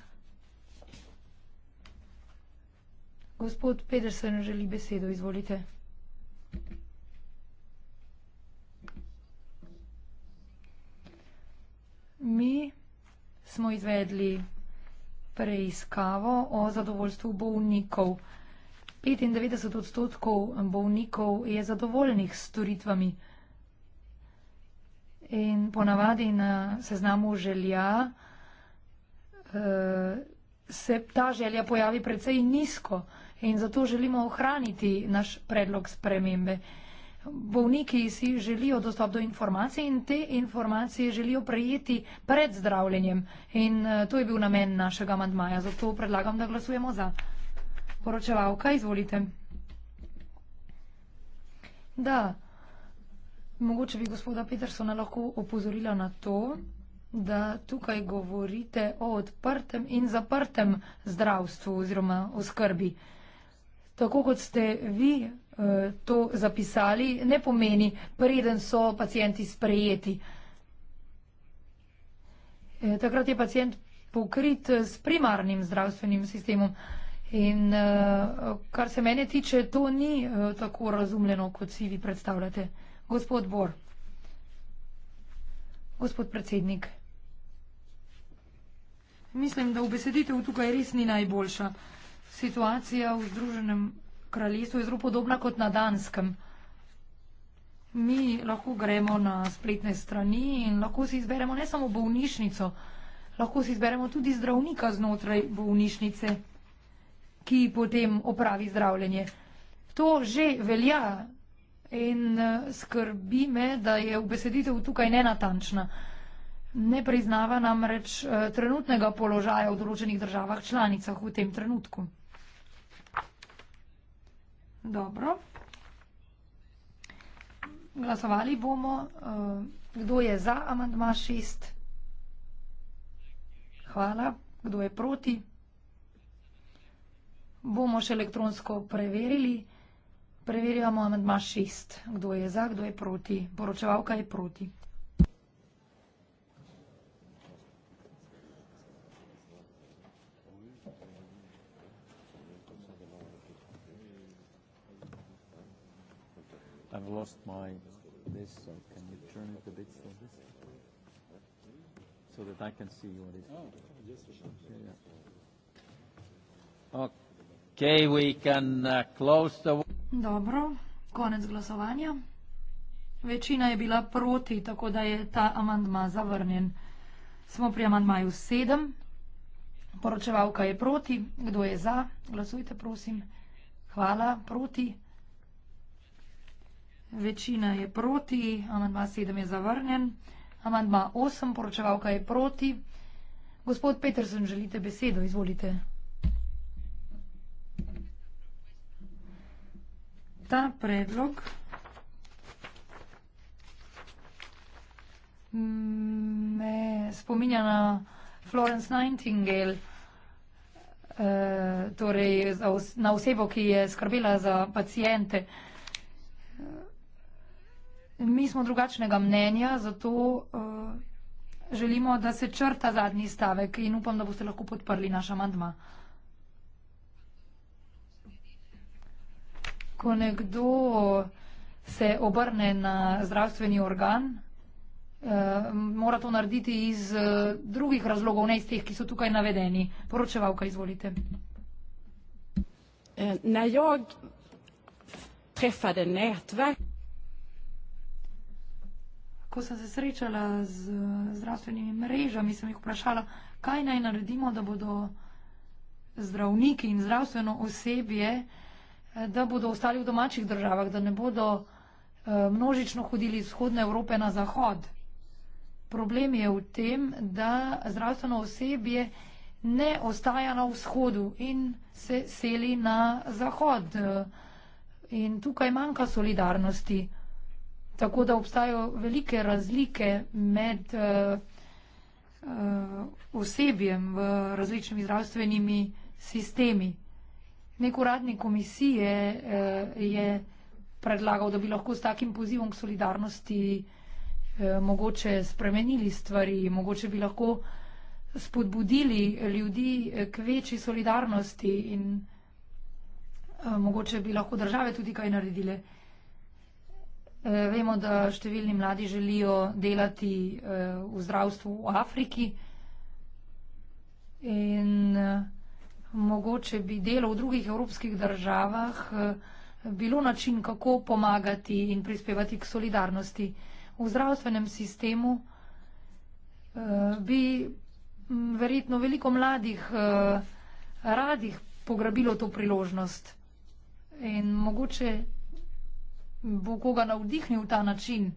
Gospod Pedersen želi besedo, izvolite. Mi smo izvedli preiskavo o zadovoljstvu bolnikov. 95 odstotkov bolnikov je zadovoljnih s storitvami. In ponavadi na seznamu želja eh, se ta želja pojavi precej nizko in zato želimo ohraniti naš predlog spremembe bolniki si želijo dostop do informacij in te informacije želijo prejeti pred zdravljenjem. In eh, to je bil namen našega mandmaja, zato predlagam, da glasujemo za. Poročevalka, izvolite. Da, mogoče bi gospoda Petersona lahko opozorila na to, da tukaj govorite o odprtem in zaprtem zdravstvu oziroma o skrbi. Tako kot ste vi to zapisali, ne pomeni, preden so pacijenti sprejeti. E, takrat je pacijent pokrit s primarnim zdravstvenim sistemom. In e, kar se mene tiče, to ni e, tako razumljeno, kot si vi predstavljate. Gospod Bor, gospod predsednik. Mislim, da v besedite v tukaj res ni najboljša situacija v združenem kraljestvu je zelo podobna kot na Danskem. Mi lahko gremo na spletne strani in lahko si izberemo ne samo bolnišnico, lahko si izberemo tudi zdravnika znotraj bolnišnice, ki potem opravi zdravljenje. To že velja in eh, skrbi me, da je ubeseditev tukaj nenatančna. Ne priznava namreč eh, trenutnega položaja v določenih državah članicah v tem trenutku. Dobro. Glasovali bomo. Eh, kdo je za amandma šest? Hvala. Kdo je proti? Bomo še elektronsko preverili. Preverjamo amandma šest. Kdo je za, kdo je proti? Poročevalka je proti.
I've
lost my this, so can you turn it a bit so this? So that I can see what it is.
Oh, okay, we can uh, close the... Dobro,
konec glasovanja. Večina je bila proti, tako da je ta amandma zavrnjen. Smo pri amandmaju sedem. Poročevalka je proti. Kdo je za? Glasujte, prosim. Hvala. Proti. Večina je proti, amandma 7 je zavrnjen, amandma 8 poročevalka je proti. Gospod Petersen, želite besedo? Izvolite. Ta predlog me spominja na Florence Nightingale, eh, torej na osebo, ki je skrbela za pacijente. Mi smo drugačnega mnenja, zato uh, želimo, da se črta zadnji stavek in upam, da boste lahko podprli naš amandma. Ko nekdo se obrne na zdravstveni organ, uh, mora to narediti iz uh, drugih razlogov, ne iz teh, ki so tukaj navedeni. Poročevalka, izvolite. Na jog trefade nätverk ko sem se srečala z zdravstvenimi mrežami, sem jih vprašala, kaj naj naredimo, da bodo zdravniki in zdravstveno osebje, da bodo ostali v domačih državah, da ne bodo eh, množično hodili iz vzhodne Evrope na zahod. Problem je v tem, da zdravstveno osebje ne ostaja na vzhodu in se seli na zahod. In tukaj manjka solidarnosti. Tako da obstajajo velike razlike med uh, uh, osebjem v različnimi zdravstvenimi sistemi. Nek uradnik komisije uh, je predlagal, da bi lahko s takim pozivom k solidarnosti uh, mogoče spremenili stvari, mogoče bi lahko spodbudili ljudi k večji solidarnosti in uh, mogoče bi lahko države tudi kaj naredile. Uh, Eh, vemo, da številni mladi želijo delati eh, v zdravstvu v Afriki in eh, mogoče bi delo v drugih evropskih državah bilo način, kako pomagati in prispevati k solidarnosti. V zdravstvenem sistemu bi mm, verjetno veliko mladih radih pograbilo to priložnost in mogoče bo koga navdihnil ta način.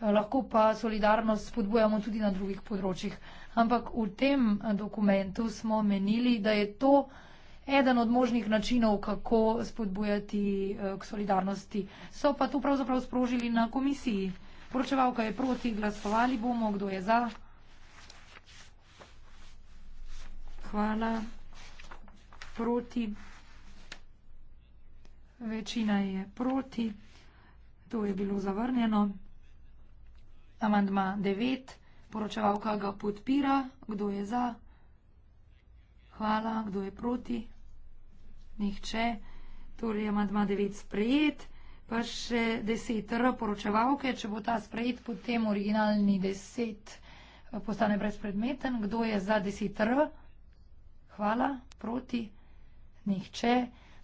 Eh, lahko pa solidarnost spodbujamo tudi na drugih področjih. Ampak v tem eh, dokumentu smo menili, da je to eden od možnih načinov, kako spodbujati eh, k solidarnosti. So pa to pravzaprav sprožili na komisiji. Poročevalka je proti, glasovali bomo, kdo je za. Hvala. Proti. Večina je proti. To je bilo zavrnjeno. Amandma 9. Poročevalka ga podpira. Kdo je za? Hvala. Kdo je proti? Nihče. Torej, amandma 9 sprejet. Pa še 10 R poročevalke. Če bo ta sprejet, potem originalni 10 eh, postane brezpredmeten. Kdo je za 10 R? Hvala. Proti? Nihče.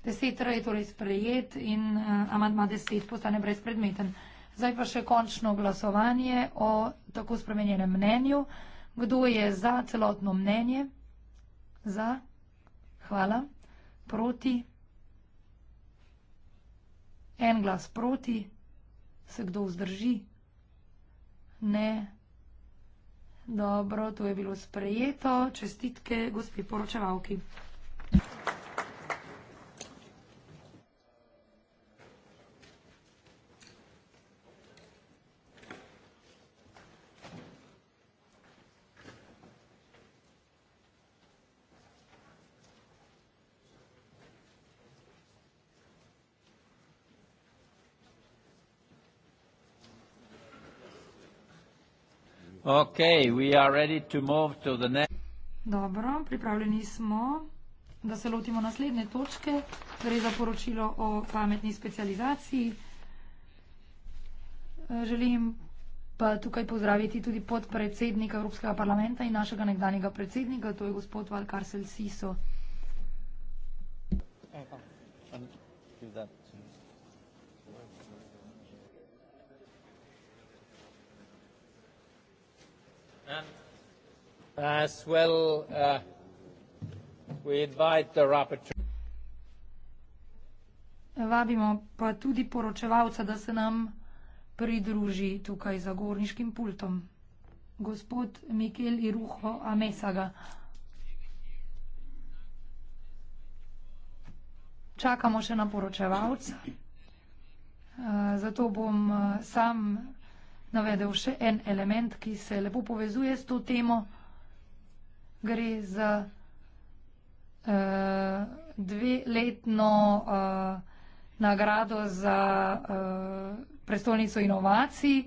10 R je torej sprejet in uh, eh, amantma 10 postane brezpredmeten. Zdaj pa še končno glasovanje o tako spremenjenem mnenju. Kdo je za celotno mnenje? Za? Hvala. Proti? En glas proti? Se kdo vzdrži? Ne. Dobro, to je bilo sprejeto. Čestitke gospe poročevalki.
Okay, we are ready to move to the next.
Dobro, pripravljeni smo, da se lotimo naslednje točke, gre za poročilo o pametni specializaciji. Želim pa tukaj pozdraviti tudi podpredsednika Evropskega parlamenta in našega nekdanjega predsednika, to je gospod Valkar Selsiso.
As well, uh, we invite the
rapporteur.
Vabimo pa tudi poročevalca, da se nam pridruži tukaj za gorniškim pultom. Gospod Mikel Iruho Amesaga. Čakamo še na poročevalca. Uh, zato bom uh, sam navedel še en element, ki se lepo povezuje s to temo gre za uh, dveletno uh, nagrado za uh, prestolnico inovacij.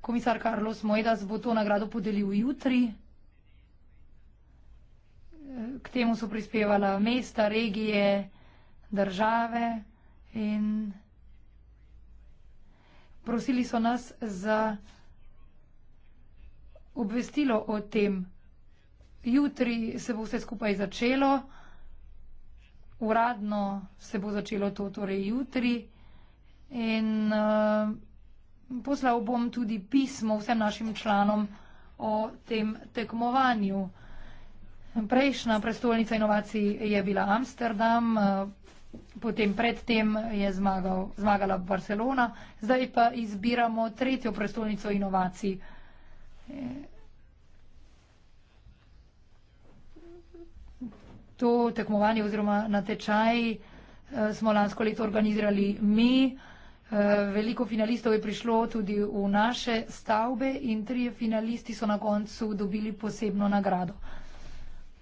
Komisar Carlos Moedas bo to nagrado podelil jutri. K temu so prispevala mesta, regije, države in prosili so nas za obvestilo o tem, Jutri se bo vse skupaj začelo, uradno se bo začelo to torej jutri in uh, poslal bom tudi pismo vsem našim članom o tem tekmovanju. Prejšnja prestolnica inovacij je bila Amsterdam, eh, potem predtem je zmagal, zmagala Barcelona, zdaj pa izbiramo tretjo prestolnico inovacij. Eh, To tekmovanje oziroma natečaj eh, smo lansko leto organizirali mi. Eh, veliko finalistov je prišlo tudi v naše stavbe in trije finalisti so na koncu dobili posebno nagrado.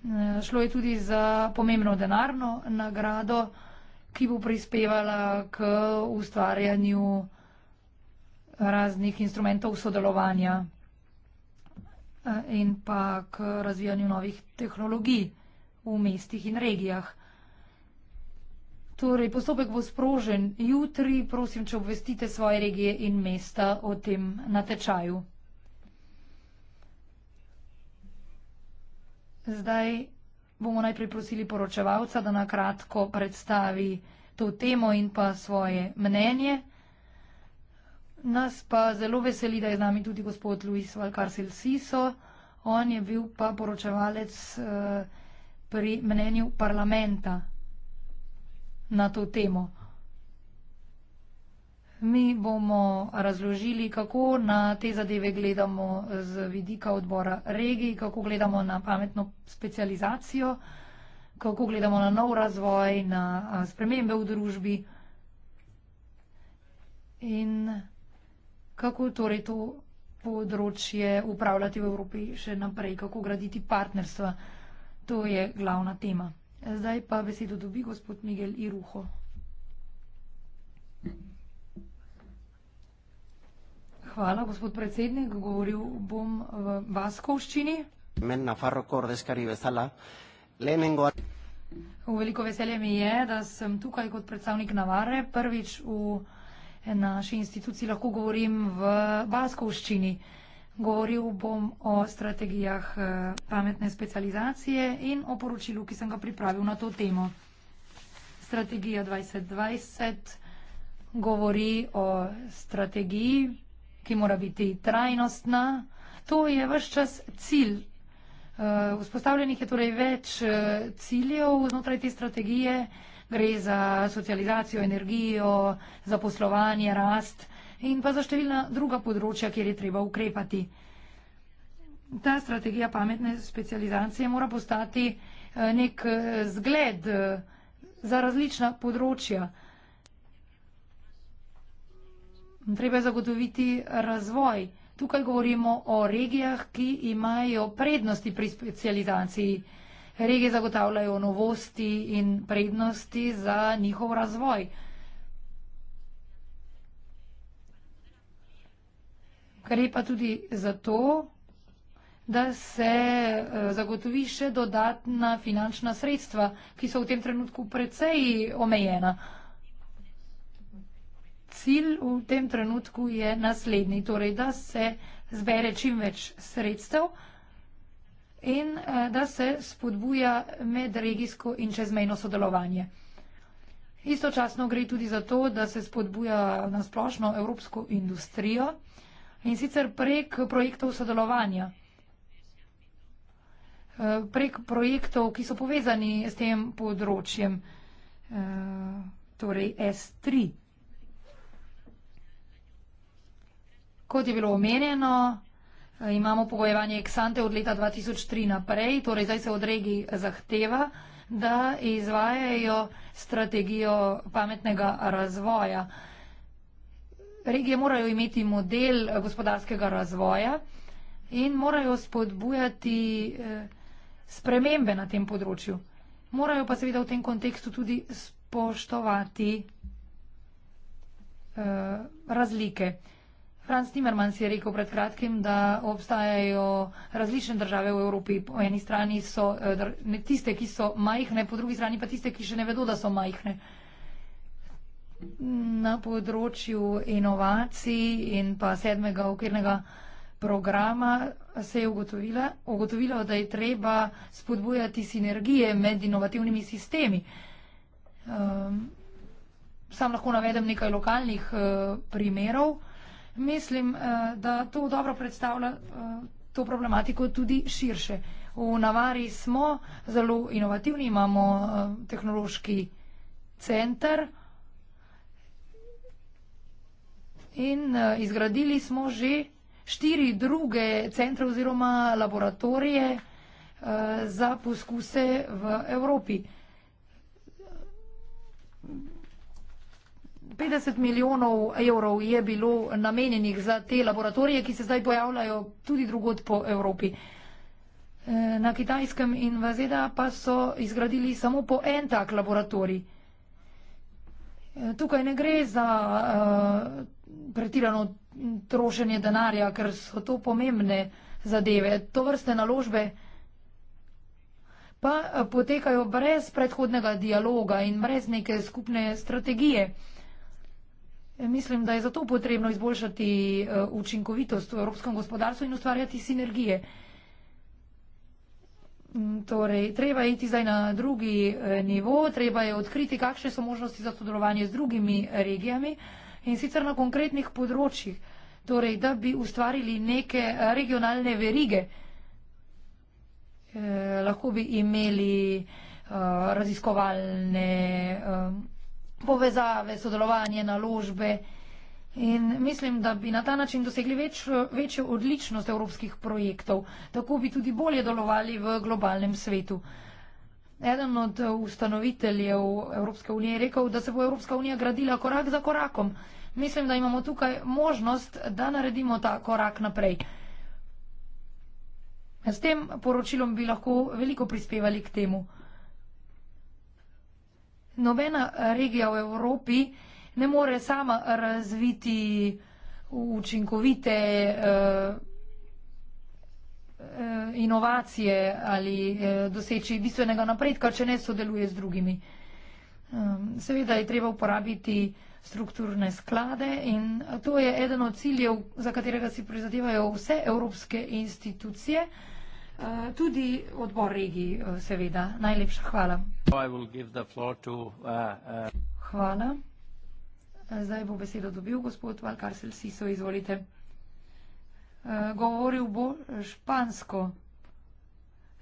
Eh, šlo je tudi za pomembno denarno nagrado, ki bo prispevala k ustvarjanju raznih instrumentov sodelovanja in pa k razvijanju novih tehnologij v mestih in regijah. Torej, postopek bo sprožen jutri, prosim, če obvestite svoje regije in mesta o tem natečaju. Zdaj bomo najprej prosili poročevalca, da nakratko predstavi to temo in pa svoje mnenje. Nas pa zelo veseli, da je z nami tudi gospod Luis Valkarsel Siso. On je bil pa poročevalec. Uh, pri mnenju parlamenta na to temo. Mi bomo razložili, kako na te zadeve gledamo z vidika odbora regij, kako gledamo na pametno specializacijo, kako gledamo na nov razvoj, na spremembe v družbi in kako torej to področje upravljati v Evropi še naprej, kako graditi partnerstva. To je glavna tema. Zdaj pa besedo dobi gospod Miguel Iruho. Hvala, gospod predsednik. Govoril bom v Baskovščini. Veliko veselje mi je, da sem tukaj kot predstavnik Navare. Prvič v naši instituciji lahko govorim v Baskovščini. Govoril bom o strategijah eh, pametne specializacije in o poročilu, ki sem ga pripravil na to temo. Strategija 2020 govori o strategiji, ki mora biti trajnostna. To je vse čas cilj. Eh, vzpostavljenih je torej več eh, ciljev znotraj te strategije. Gre za socializacijo, energijo, zaposlovanje, rast in pa za številna druga področja, kjer je treba ukrepati. Ta strategija pametne specializacije mora postati eh, nek eh, zgled eh, za različna področja. Treba je zagotoviti razvoj. Tukaj govorimo o regijah, ki imajo prednosti pri specializaciji. Regije zagotavljajo novosti in prednosti za njihov razvoj. Gre pa tudi za to, da se e, zagotovi še dodatna finančna sredstva, ki so v tem trenutku precej omejena. Cilj v tem trenutku je naslednji, torej da se zbere čim več sredstev in e, da se spodbuja medregijsko in čezmejno sodelovanje. Istočasno gre tudi za to, da se spodbuja na splošno evropsko industrijo. In sicer prek projektov sodelovanja, eh, prek projektov, ki so povezani s tem področjem, eh, torej S3. Kot je bilo omenjeno, eh, imamo pogojevanje Eksante od leta 2003 naprej, torej zdaj se od regij zahteva, da izvajajo strategijo pametnega razvoja. Regije morajo imeti model eh, gospodarskega razvoja in morajo spodbujati eh, spremembe na tem področju. Morajo pa seveda v tem kontekstu tudi spoštovati eh, razlike. Franz Timmermans je rekel pred kratkim, da obstajajo različne države v Evropi. Po eni strani so tiste, ki so majhne, po drugi strani pa tiste, ki še ne vedo, da so majhne na področju inovacij in pa sedmega okvirnega programa se je ugotovila, ugotovilo, da je treba spodbujati sinergije med inovativnimi sistemi. Um, sam lahko navedem nekaj lokalnih uh, primerov. Mislim, uh, da to dobro predstavlja uh, to problematiko tudi širše. V Navari smo zelo inovativni, imamo uh, tehnološki center, uh, in uh, izgradili smo že štiri druge centre oziroma laboratorije uh, za poskuse v Evropi. 50 milijonov evrov je bilo namenjenih za te laboratorije, ki se zdaj pojavljajo tudi drugod po Evropi. Eh, na Kitajskem in v ZDA pa so izgradili samo po en tak laboratorij. Tukaj ne gre za uh, pretirano trošenje denarja, ker so to pomembne zadeve. To vrste naložbe pa eh, potekajo brez predhodnega dialoga in brez neke skupne strategije. Eh, mislim, da je zato potrebno izboljšati eh, učinkovitost v evropskem gospodarstvu in ustvarjati sinergije. Mm, torej, treba je iti zdaj na drugi nivo, treba je odkriti, kakšne so možnosti za sodelovanje z drugimi regijami in sicer na konkretnih področjih, torej da bi ustvarili neke regionalne verige. Eh, lahko bi imeli eh, raziskovalne eh, povezave, sodelovanje, naložbe in mislim, da bi na ta način dosegli več, večjo odličnost evropskih projektov, tako bi tudi bolje delovali v globalnem svetu. Eden od ustanoviteljev Evropske unije je rekel, da se bo Evropska unija gradila korak za korakom mislim, da imamo tukaj možnost, da naredimo ta korak naprej. S tem poročilom bi lahko veliko prispevali k temu. Nobena regija v Evropi ne more sama razviti učinkovite eh, eh inovacije ali eh, doseči bistvenega napredka, če ne sodeluje z drugimi. Eh, seveda je treba uporabiti eh, strukturne sklade in to je eden od ciljev, za katerega si prizadevajo vse evropske institucije, eh, tudi odbor regij, eh, seveda. Najlepša hvala. Eh, hvala. Zdaj bo besedo dobil gospod Valkarsel Siso, izvolite. Govoril bo špansko,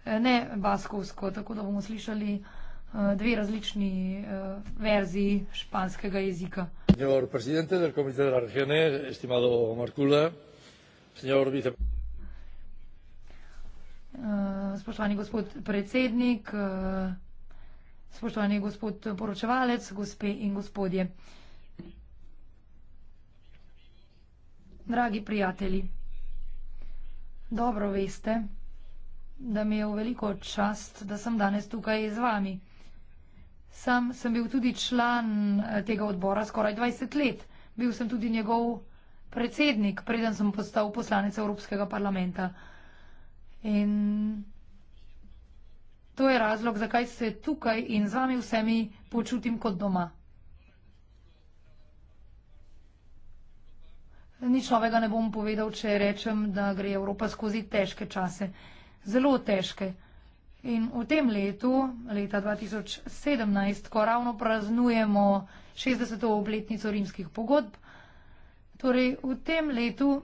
ne baskovsko, tako da bomo slišali špansko. Eh, dve različni uh, verziji španskega jezika.
Señor presidente del Comité de las Regiones, estimado Marcula, señor vice...
Uh, spoštovani gospod predsednik, uh, spoštovani gospod poročevalec, gospe in gospodje, dragi prijatelji, dobro veste, da mi je v veliko čast, da sem danes tukaj z vami. Sam sem bil tudi član eh, tega odbora skoraj 20 let. Bil sem tudi njegov predsednik, preden sem postal poslanec Evropskega parlamenta. In to je razlog, zakaj se tukaj in z vami vsemi počutim kot doma. Nič novega ne bom povedal, če rečem, da gre Evropa skozi težke čase. Zelo težke. In v tem letu, leta 2017, ko ravno praznujemo 60. obletnico rimskih pogodb, torej v tem letu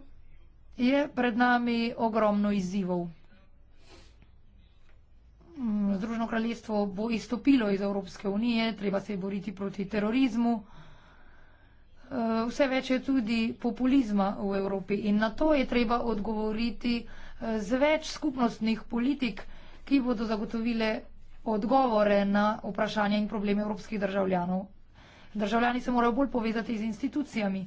je pred nami ogromno izzivov. Mm, Združeno kraljestvo bo izstopilo iz Evropske unije, treba se boriti proti terorizmu. Eh, vse več je tudi populizma v Evropi in na to je treba odgovoriti eh, z več skupnostnih politik, ki bodo zagotovile odgovore na vprašanja in probleme evropskih državljanov. Državljani se morajo bolj povezati z institucijami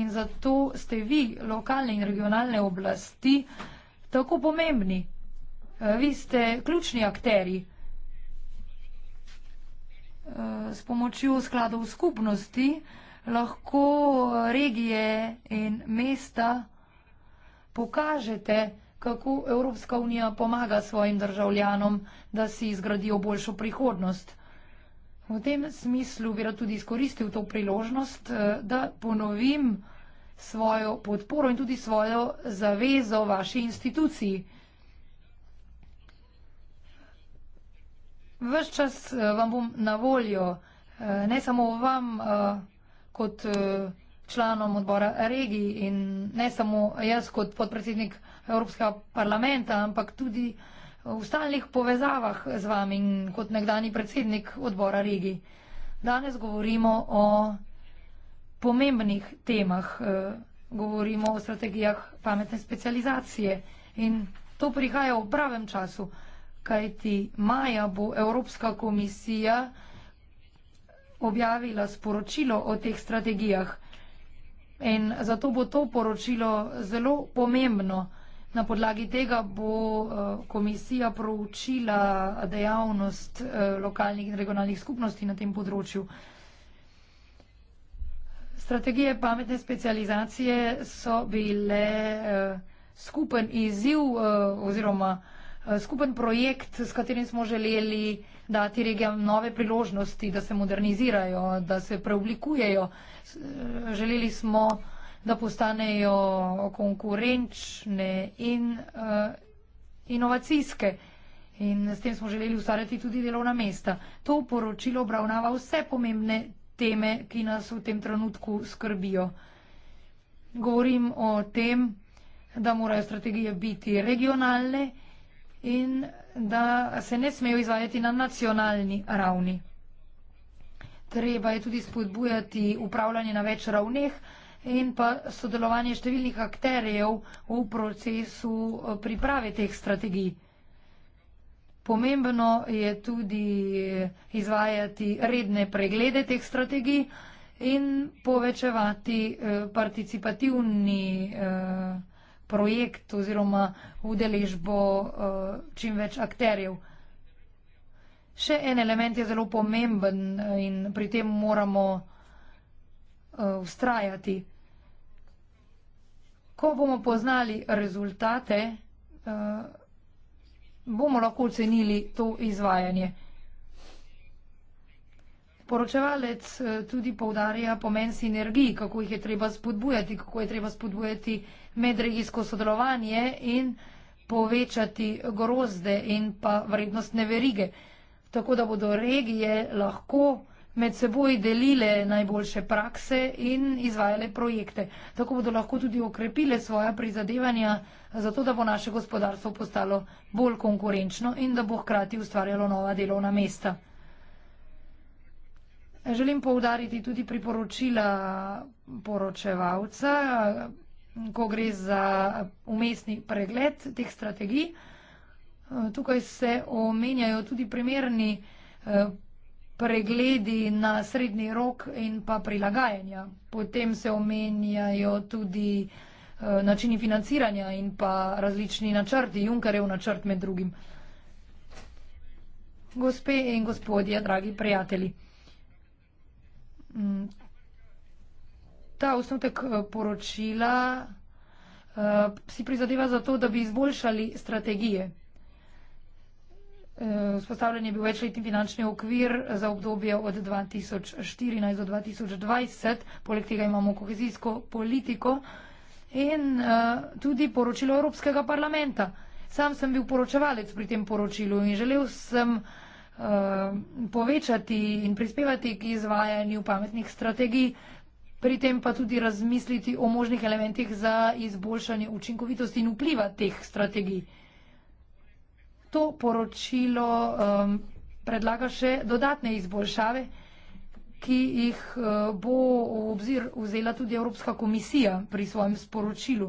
in zato ste vi, lokalne in regionalne oblasti, tako pomembni. Eh, vi ste ključni akteri eh, s pomočjo skladov skupnosti lahko eh, regije in mesta pokažete, kako Evropska unija pomaga svojim državljanom, da si izgradijo boljšo prihodnost. V tem smislu bi rad tudi izkoristil to priložnost, eh, da ponovim svojo podporo in tudi svojo zavezo vaši instituciji. Ves čas eh, vam bom na voljo, eh, ne samo vam kot članom odbora regij in ne samo jaz kot podpredsednik regij, Evropskega parlamenta, ampak tudi v stalnih povezavah z vami in kot nekdani predsednik odbora regij. Danes govorimo o pomembnih temah, eh, govorimo o strategijah pametne specializacije in to prihaja v pravem času, kajti maja bo Evropska komisija objavila sporočilo o teh strategijah in zato bo to poročilo zelo pomembno, Na podlagi tega bo eh, komisija proučila dejavnost eh, lokalnih in regionalnih skupnosti na tem področju. Strategije pametne specializacije so bile eh, skupen izziv oziroma skupen projekt, s katerim smo želeli dati regijam nove priložnosti, da se modernizirajo, da se preoblikujejo. Želeli smo, da postanejo konkurenčne in uh, inovacijske. In s tem smo želeli ustvarjati tudi delovna mesta. To poročilo obravnava vse pomembne teme, ki nas v tem trenutku skrbijo. Govorim o tem, da morajo strategije biti regionalne in da se ne smejo izvajati na nacionalni ravni. Treba je tudi spodbujati upravljanje na več ravneh, in pa sodelovanje številnih akterjev v procesu eh, priprave teh strategij. Pomembno je tudi eh, izvajati redne preglede teh strategij in povečevati eh, participativni projekt oziroma udeležbo čim več akterjev. Še en element je zelo pomemben in pri tem moramo ustrajati ko bomo poznali rezultate, eh, bomo lahko ocenili to izvajanje. Poročevalec eh, tudi povdarja pomen sinergij, kako jih je treba spodbujati, kako je treba spodbujati medregijsko sodelovanje in povečati grozde in pa vrednostne verige, tako da bodo regije lahko med seboj delile najboljše prakse in izvajale projekte. Tako bodo lahko tudi okrepile svoja prizadevanja za to, da bo naše gospodarstvo postalo bolj konkurenčno in da bo hkrati ustvarjalo nova delovna mesta. Želim poudariti tudi priporočila poročevalca, ko gre za umestni pregled teh strategij. Tukaj se omenjajo tudi primerni eh, pregledi na srednji rok in pa prilagajanja. Potem se omenjajo tudi eh, načini financiranja in pa različni načrti, Junkarjev načrt med drugim. Gospe in gospodje, dragi prijatelji, mm. ta osnutek eh, poročila uh, si prizadeva za to, da bi izboljšali strategije. Eh, vzpostavljen je bil večletni finančni okvir za obdobje od 2014 do 2020, poleg tega imamo kohezijsko politiko in eh, tudi poročilo Evropskega parlamenta. Sam sem bil poročevalec pri tem poročilu in želel sem eh, povečati in prispevati k izvajanju pametnih strategij, pri tem pa tudi razmisliti o možnih elementih za izboljšanje učinkovitosti in vpliva teh strategij to poročilo um, predlaga še dodatne izboljšave, ki jih uh, bo v obzir vzela tudi Evropska komisija pri svojem sporočilu.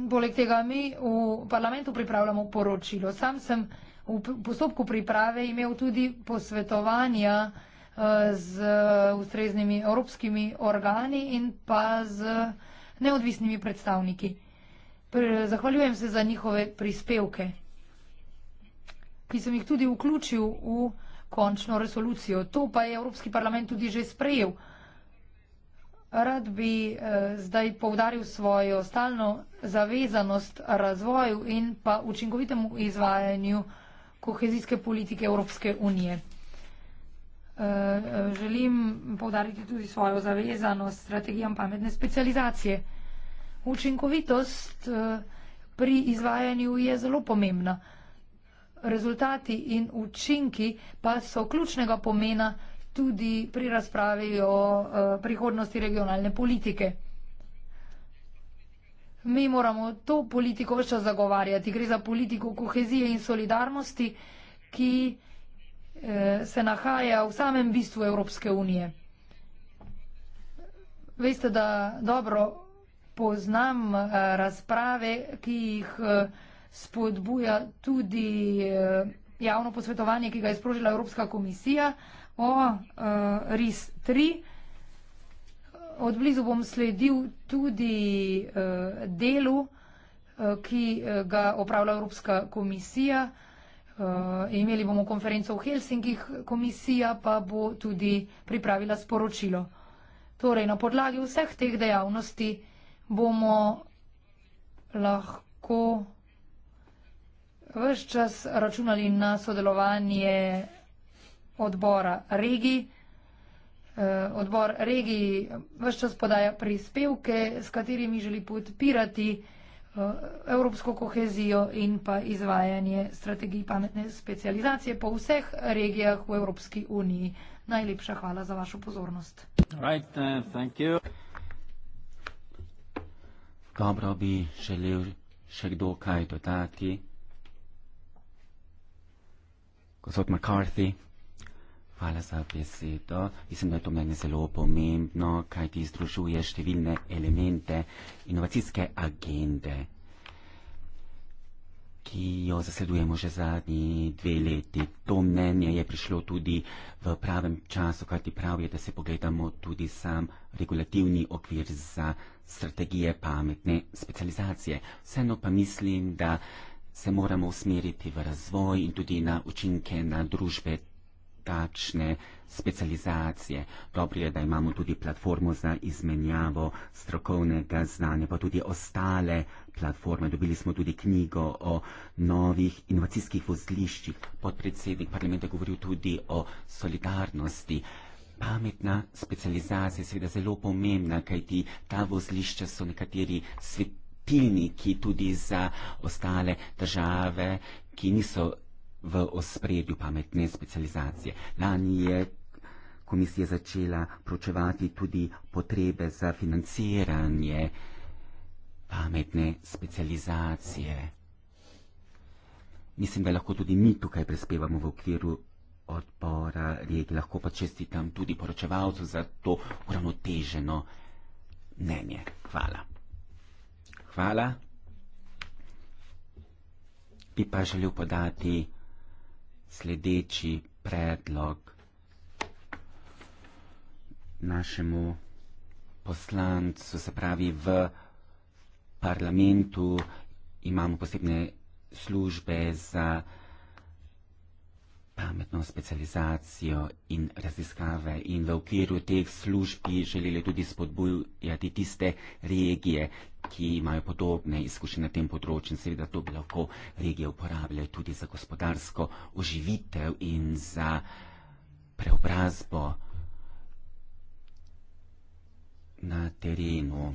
Poleg tega mi v parlamentu pripravljamo poročilo. Sam sem v postopku priprave imel tudi posvetovanja uh, z ustreznimi evropskimi organi in pa z neodvisnimi predstavniki zahvaljujem se za njihove prispevke, ki sem jih tudi vključil v končno resolucijo. To pa je Evropski parlament tudi že sprejel. Rad bi eh, zdaj povdaril svojo stalno zavezanost razvoju in pa učinkovitemu izvajanju kohezijske politike Evropske unije. Eh, eh, želim povdariti tudi svojo zavezanost strategijam pametne specializacije učinkovitost eh, pri izvajanju je zelo pomembna. Rezultati in učinki pa so ključnega pomena tudi pri razpravi o eh, prihodnosti regionalne politike. Mi moramo to politiko več čas zagovarjati. Gre za politiko kohezije in solidarnosti, ki eh, se nahaja v samem bistvu Evropske unije. Veste, da dobro poznam eh, razprave, ki jih eh, spodbuja tudi eh, javno posvetovanje, ki ga je sprožila Evropska komisija o RIS-3. Odblizu bom sledil tudi delu, ki ga opravlja Evropska komisija. Imeli bomo konferenco v Helsinkih, komisija pa bo tudi pripravila sporočilo. Torej, na podlagi vseh teh dejavnosti, bomo lahko vse čas računali na sodelovanje odbora regij. Eh, odbor regij vse čas podaja prispevke, s katerimi želi podpirati eh, evropsko kohezijo in pa izvajanje strategij pametne specializacije po vseh regijah v Evropski uniji. Najlepša hvala za vašo pozornost.
Right, uh,
Dobro bi želel še kdo kaj dodati. Gospod McCarthy, hvala za besedo. Mislim, da je to meni zelo pomembno, kaj ti združuje številne elemente inovacijske agende ki jo zasledujemo že zadnji dve leti. To mnenje je prišlo tudi v pravem času, kar ti pravi, da se pogledamo tudi sam regulativni okvir za strategije pametne specializacije. Vseeno pa mislim, da se moramo usmeriti v razvoj in tudi na učinke na družbe takšne specializacije. Dobro je, da imamo tudi platformo za izmenjavo strokovnega znanja, pa tudi ostale platforme. Dobili smo tudi knjigo o novih inovacijskih vozliščih. Podpredsednik parlamenta je govoril tudi o solidarnosti. Pametna specializacija je seveda zelo pomembna, kajti ta vozlišča so nekateri svetilniki tudi za ostale države, ki niso v ospredju pametne specializacije. Lani je komisija začela pročevati tudi potrebe za financiranje pametne specializacije. Mislim, da lahko tudi mi tukaj prispevamo v okviru odbora regi, lahko pa čestitam tudi poročevalcu za to uravnoteženo mnenje. Hvala. Hvala. Bi pa želel podati sledeči predlog našemu poslancu, se pravi v parlamentu imamo posebne službe za pametno specializacijo in raziskave in v okviru teh služb bi želeli tudi spodbujati tiste regije, ki imajo podobne izkušnje na tem področju in seveda to bi lahko regije uporabljali tudi za gospodarsko oživitev in za preobrazbo na terenu.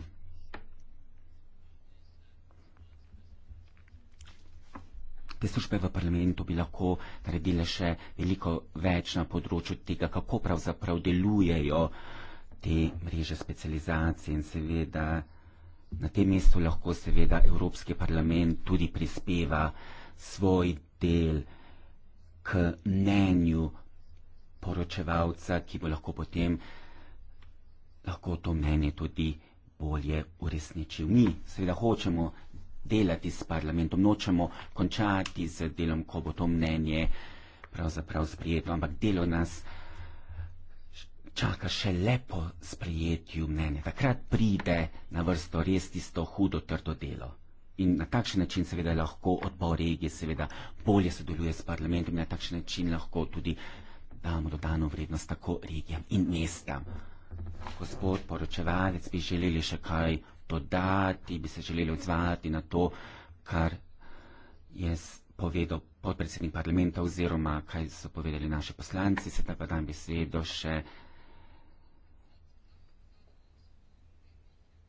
Te službe v parlamentu bi lahko naredile še veliko več na področju tega, kako pravzaprav delujejo te mreže specializacij in seveda na tem mestu lahko seveda Evropski parlament tudi prispeva svoj del k mnenju poročevalca, ki bo lahko potem lahko to mnenje tudi bolje uresničil. Mi seveda hočemo delati s parlamentom, nočemo končati z delom, ko bo to mnenje pravzaprav sprijeto, ampak delo nas čaka še lepo sprijetju mnenja. Takrat pride na vrsto res tisto hudo, trdo delo. In na takšen način seveda lahko odbor regije seveda bolje sodeluje s parlamentom in na takšen način lahko tudi damo dodano vrednost tako regijam in mestam. Gospod poročevalec, bi želeli še kaj dodati, bi se želeli odzvati na to, kar je povedal podpredsednik parlamenta oziroma kaj so povedali naši poslanci, sedaj pa dam besedo še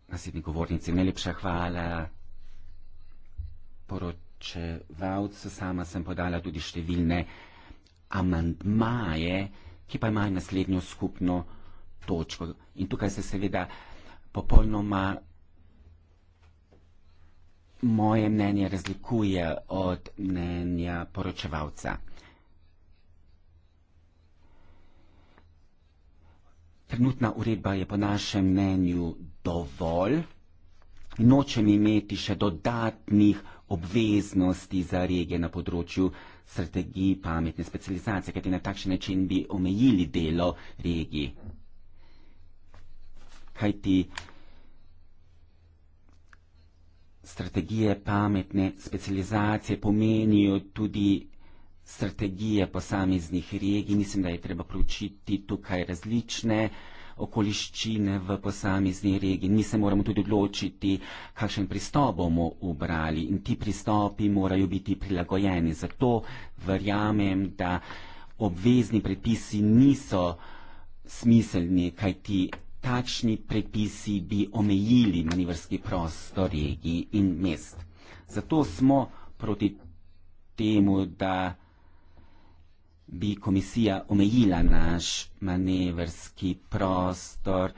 naslednji govornici. Najlepša hvala poročevalcu, sama sem podala tudi številne amandmaje, ki pa imajo naslednjo skupno točko. In tukaj se seveda popolnoma moje mnenje razlikuje od mnenja poročevalca. Trenutna uredba je po našem mnenju dovolj. Nočem imeti še dodatnih obveznosti za regije na področju strategij pametne specializacije, kajti na takšen način bi omejili delo regij. Kajti strategije pametne specializacije pomenijo tudi strategije posameznih regij. Mislim, da je treba proučiti tukaj različne okoliščine v posamezni regiji. Mi se moramo tudi odločiti, kakšen pristop bomo ubrali in ti pristopi morajo biti prilagojeni. Zato verjamem, da obvezni predpisi niso smiselni, kaj ti takšni predpisi bi omejili manevrski prostor regij in mest. Zato smo proti temu, da bi komisija omejila naš manevrski prostor.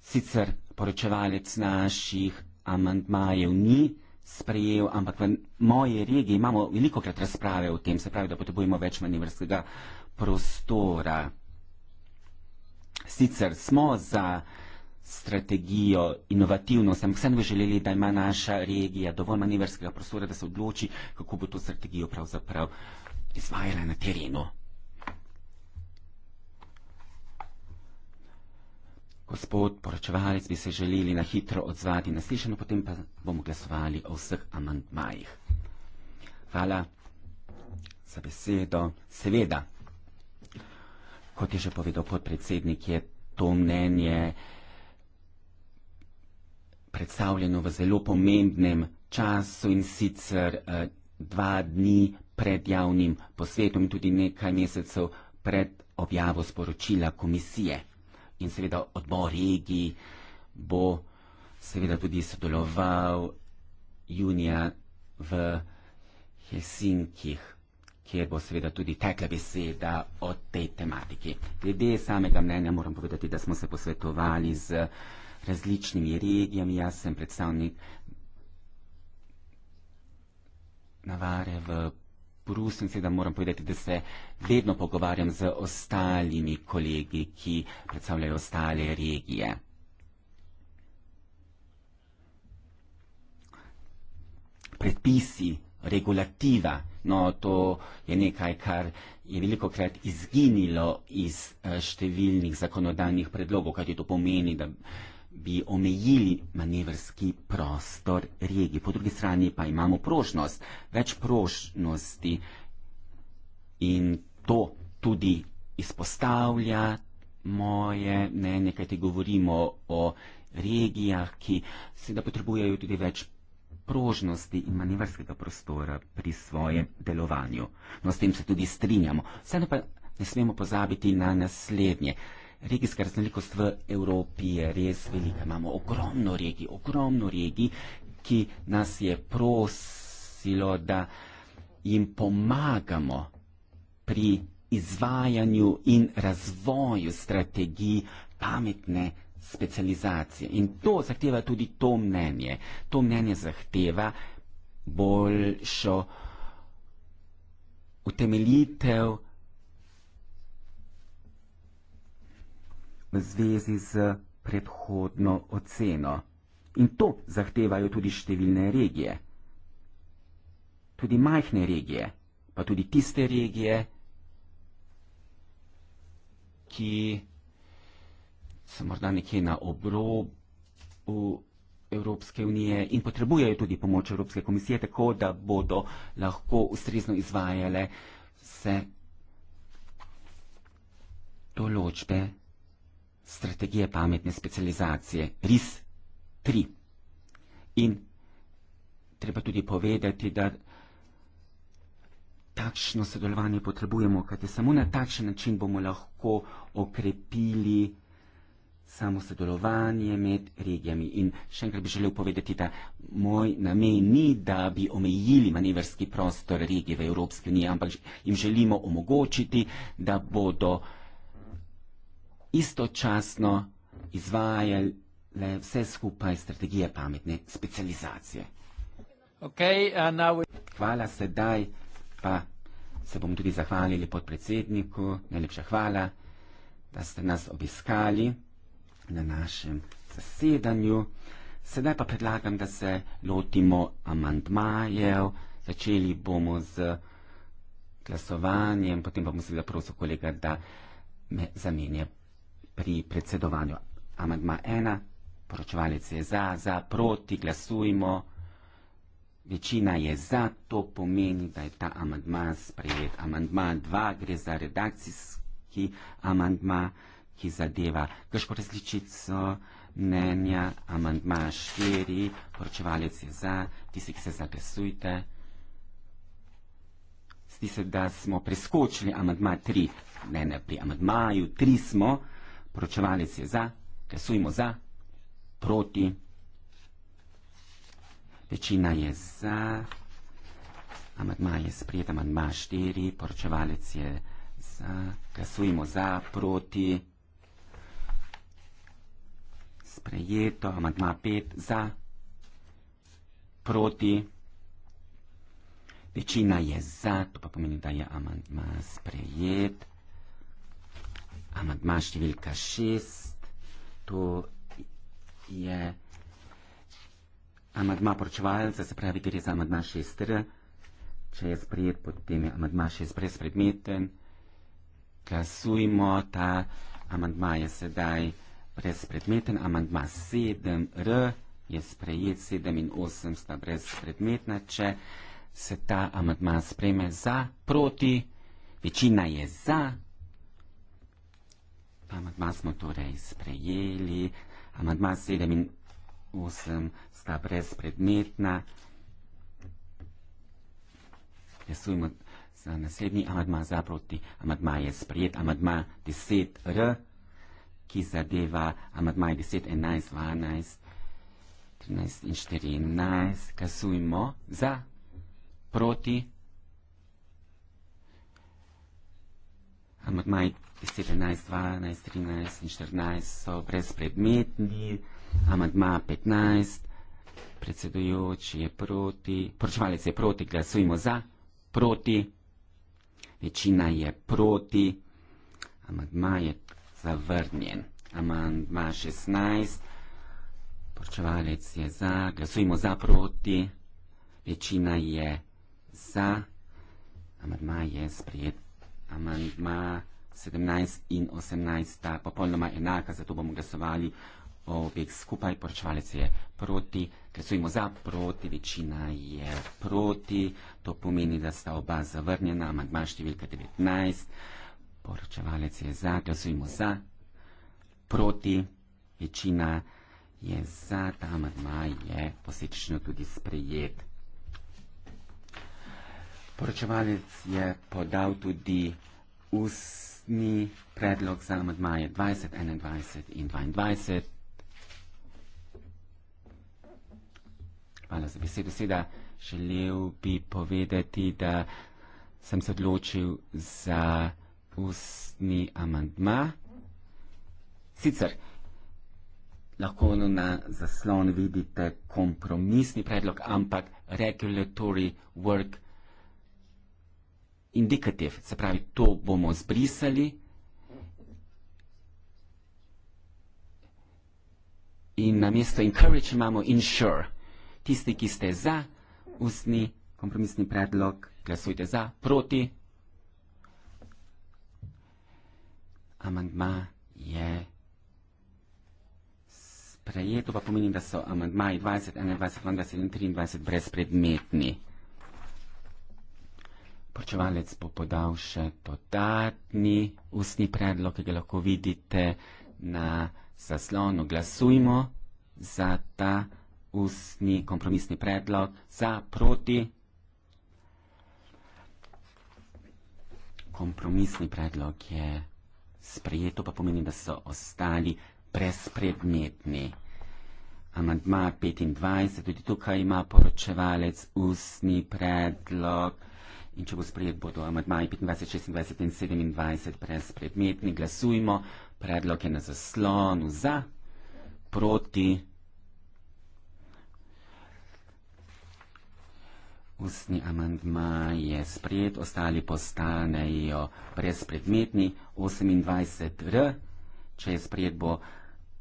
Sicer poročevalec naših amantmajev ni sprejel, ampak v moje regiji imamo veliko krat razprave o tem, se pravi, da potrebujemo več manevrskega prostora sicer smo za strategijo inovativnost, ampak vseeno bi želeli, da ima naša regija dovolj manevrskega prostora, da se odloči, kako bo to strategijo pravzaprav izvajala na terenu. Gospod poročevalec bi se želeli na hitro odzvati na slišano, potem pa bomo glasovali o vseh amantmajih. Hvala za besedo. Seveda kot je že povedal podpredsednik, je to mnenje predstavljeno v zelo pomembnem času in sicer eh, dva dni pred javnim posvetom in tudi nekaj mesecev pred objavo sporočila komisije. In seveda odbor regij bo seveda tudi sodeloval junija v Helsinkih kjer bo seveda tudi tekla beseda o tej tematiki. Glede samega mnenja moram povedati, da smo se posvetovali z različnimi regijami. Jaz sem predstavnik navare v Bruslju in seveda moram povedati, da se vedno pogovarjam z ostalimi kolegi, ki predstavljajo ostale regije. Predpisi regulativa. No, to je nekaj, kar je veliko krat izginilo iz eh, številnih zakonodajnih predlogov, kaj to pomeni, da bi omejili manevrski prostor regij. Po drugi strani pa imamo prožnost, več prožnosti in to tudi izpostavlja moje mnenje, kaj ti govorimo o regijah, ki seveda potrebujejo tudi več prožnosti prožnosti in manevrskega prostora pri svojem delovanju. No, s tem se tudi strinjamo. Vseeno pa ne smemo pozabiti na naslednje. Regijska raznolikost v Evropi je res velika. Imamo ogromno regij, ogromno regij, ki nas je prosilo, da jim pomagamo pri izvajanju in razvoju strategij pametne specializacije. In to zahteva tudi to mnenje. To mnenje zahteva boljšo utemeljitev v zvezi z predhodno oceno. In to zahtevajo tudi številne regije. Tudi majhne regije, pa tudi tiste regije, ki so morda nekje na obrobu Evropske unije in potrebujejo tudi pomoč Evropske komisije, tako da bodo lahko ustrezno izvajale vse določbe strategije pametne specializacije RIS 3. In treba tudi povedati, da takšno sodelovanje potrebujemo, kajti samo na takšen način bomo lahko okrepili samo sodelovanje med regijami. In še enkrat bi želel povedati, da moj namen ni, da bi omejili manevrski prostor regije v Evropski uniji, ampak jim želimo omogočiti, da bodo istočasno izvajali le vse skupaj strategije pametne specializacije.
Okay, uh,
we... Hvala sedaj, pa se bom tudi zahvalili podpredsedniku, najlepša hvala, da ste nas obiskali na našem zasedanju. Sedaj pa predlagam, da se lotimo amandmajev. Začeli bomo z glasovanjem, potem pa bom seveda prosil kolega, da me zamenja pri predsedovanju. Amandma ena, poročevalec je za, za, proti, glasujmo. Večina je za, to pomeni, da je ta amandma sprejet. Amandma dva gre za redakcijski amandma ki zadeva grško različico mnenja, amantma štiri, poročevalec je za, tisti, ki se zapisujte. Zdi se, da smo preskočili amantma tri, ne, ne, pri amantmaju tri smo, poročevalec je za, glasujmo za, proti, večina je za, amantma je sprejet, amantma štiri, poročevalec je za, glasujmo za, proti sprejeto, amadma pet za, proti, večina je za, to pa pomeni, da je amadma sprejet, amadma številka šest, to je amadma poročevalca, se pravi, gre za amadma šestr, če je sprejet, potem je amadma šest brezpredmeten, glasujmo, ta amadma je sedaj sprejet, brezpredmeten, amantma 7r je sprejet, 7 in 8 sta brezpredmetna, če se ta amantma spreme za, proti, večina je za, amantma smo torej sprejeli, amantma 7 in 8 sta brezpredmetna, resujmo za naslednji amantma za, proti, amantma je sprejet, amantma 10r je sprejet, ki zadeva amadmaj 10, 11, 12, 13 in 14, kasujmo za, proti, amadmaj 10, 11, 12, 13 in 14 so brezpredmetni, amadmaj 15, predsedujoči je proti, poročevalec je proti, glasujmo za, proti, večina je proti, amadmaj je zavrnjen. Amandman 16. Počevalec je za. Glasujemo za proti. Večina je za. Amandma je sprijet. Amandma 17 in 18. Popolnoma enaka, zato bomo glasovali o obeh skupaj. Počevalec je proti. Glasujemo za proti. Večina je proti. To pomeni, da sta oba zavrnjena. Amandma številka 19 poročevalec je za, glasujmo za, proti, večina je za, ta amadma je posečično tudi sprejet. Poročevalec je podal tudi ustni predlog za amadmaje 20, 21 in 22. Hvala za besedo. Seveda želel bi povedati, da sem se odločil za ustni amantma. Sicer lahko na zaslon vidite kompromisni predlog, ampak regulatory work indicative, se pravi, to bomo zbrisali in na mesto encourage imamo ensure. Tisti, ki ste za ustni kompromisni predlog, glasujte za, proti, proti, amandma je sprejet, to pa pomeni, da so amandmaji 20, 21, 22 in 23 brezpredmetni. Počevalec bo podal še dodatni ustni predlog, ki ga lahko vidite na zaslonu. Glasujmo za ta ustni kompromisni predlog, za proti. Kompromisni predlog je. Yeah sprejeto pa pomeni, da so ostali brezpredmetni. Amandma 25, tudi tukaj ima poročevalec ustni predlog. In če bo sprejet, bodo amadmaji 25, 26 in 27 brezpredmetni. Glasujmo, predlog je na zaslonu za, proti. Ustni amantma je sprejet, ostali postanejo brezpredmetni. 28r, če je sprejet, bo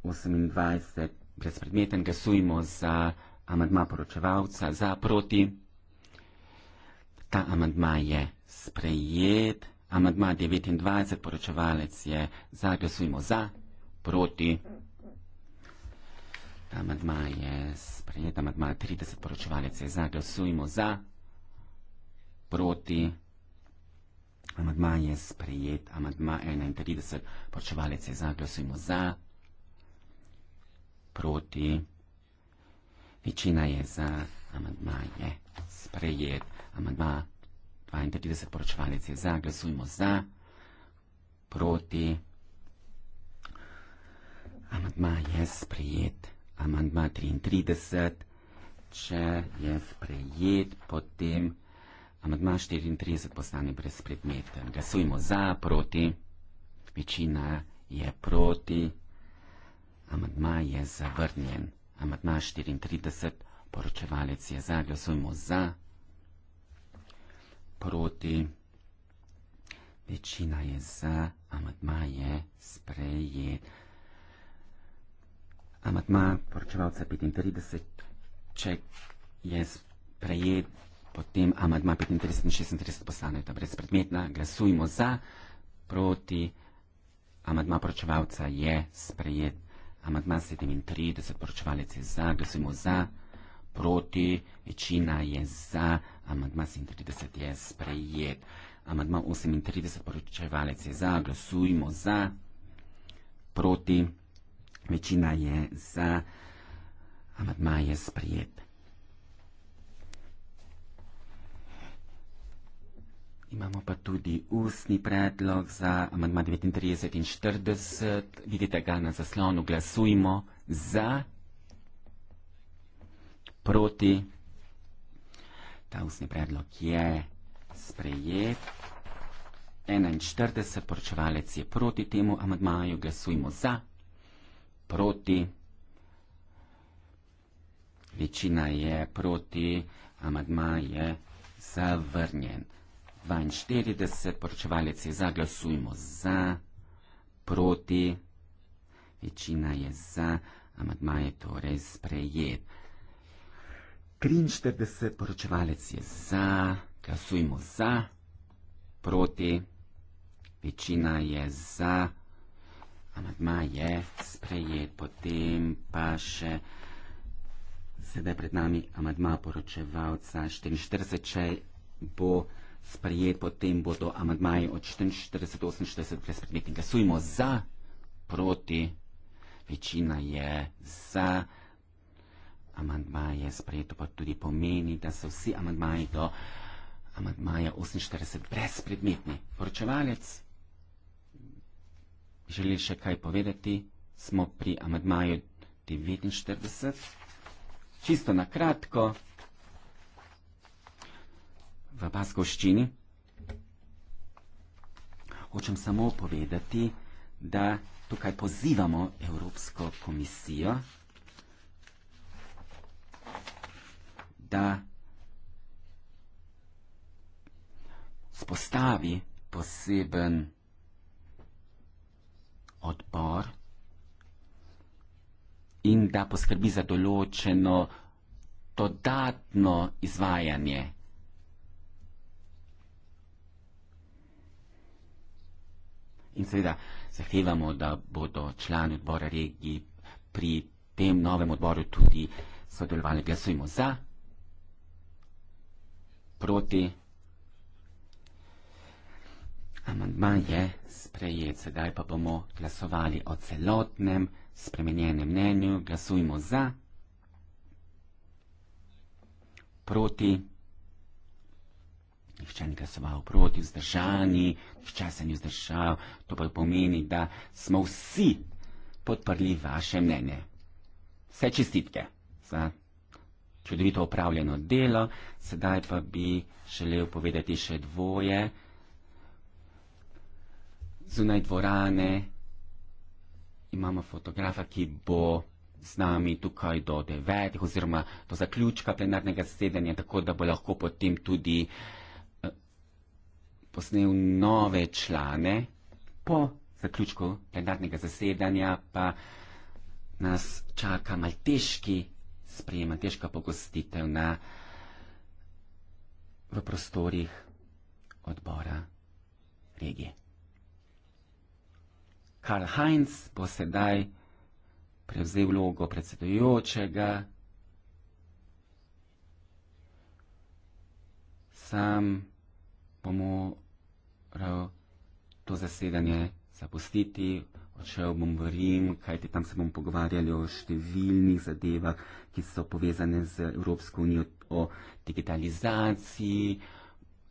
28 brezpredmeten. Glasujmo za amantma poročevalca, za proti. Ta amantma je sprejet. Amantma 29, poročevalec je za. Glasujmo za, proti. Ta amantma je sprejet. Amantma 30, poročevalec je za. Glasujmo za proti. Amadma je sprejet, amadma 31, počevalec je za, glasujmo za, proti, večina je za, amadma je sprejet, amadma 32, počevalec je za, glasujmo za, proti, amadma je sprejet, amadma 33, če je sprejet, potem sprejet, Amadma 34 postane brezpredmeten. Glasujmo za, proti. Večina je proti. Amadma je zavrnjen. Amadma 34, poročevalec je za. Glasujmo za, proti. Večina je za, amadma je sprejet. Amadma poročevalca 35, če je sprejet, potem amadma 35 in 36 postaneta brezpredmetna. Glasujmo za, proti. Amadma poročevalca je sprejet. Amadma 37, poročevalec je za, glasujmo za, proti, večina je za, amadma 37 je sprejet. Amadma 38, poročevalec je za, glasujmo za, proti, večina je za, amadma je sprejet. Imamo pa tudi ustni predlog za amandma 39 in 40. Vidite ga na zaslonu. Glasujmo za, proti. Ta ustni predlog je sprejet. 41. Poročevalec je proti temu amandmaju. Glasujmo za, proti. Večina je proti, amadma je zavrnjen. 42, poročevalec je za, glasujmo za, proti, večina je za, amadma je torej sprejet. 43, poročevalec je za, glasujmo za, proti, večina je za, amadma je sprejet, potem pa še. Sedaj pred nami amadma poročevalca 44, če bo sprejet, potem bodo amadmaji od 44 do 48 brezpredmetni. Glasujmo za, proti, večina je za, amadmaj je sprejeto, pa tudi pomeni, da so vsi amadmaji do amadmaja 48 brezpredmetni. Poročevalec, želi še kaj povedati? Smo pri amadmaju 49. Čisto na kratko v baskoščini. Hočem samo povedati, da tukaj pozivamo Evropsko komisijo, da spostavi poseben odbor in da poskrbi za določeno dodatno izvajanje In seveda zahtevamo, da bodo člani odbora regiji pri tem novem odboru tudi sodelovali. Glasujmo za, proti. Amandman je sprejet, sedaj pa bomo glasovali o celotnem spremenjenem mnenju. Glasujmo za, proti nihče ni glasoval proti, vzdržani, nihče se ni vzdržal. To pa pomeni, da smo vsi podprli vaše mnenje. Vse čestitke za čudovito opravljeno delo. Sedaj pa bi želel povedati še dvoje zunaj dvorane. Imamo fotografa, ki bo z nami tukaj do devetih oziroma do zaključka plenarnega zasedanja, tako da bo lahko potem tudi posnel nove člane, po zaključku plenarnega zasedanja pa nas čaka malteški sprejem, malteška pogostitev na, v prostorih odbora regije. Karl Heinz bo sedaj prevzel vlogo predsedujočega. Sam bomo prav to zasedanje zapustiti, odšel bom v Rim, kajti tam se bom pogovarjali o številnih zadevah, ki so povezane z Evropsko unijo, o digitalizaciji,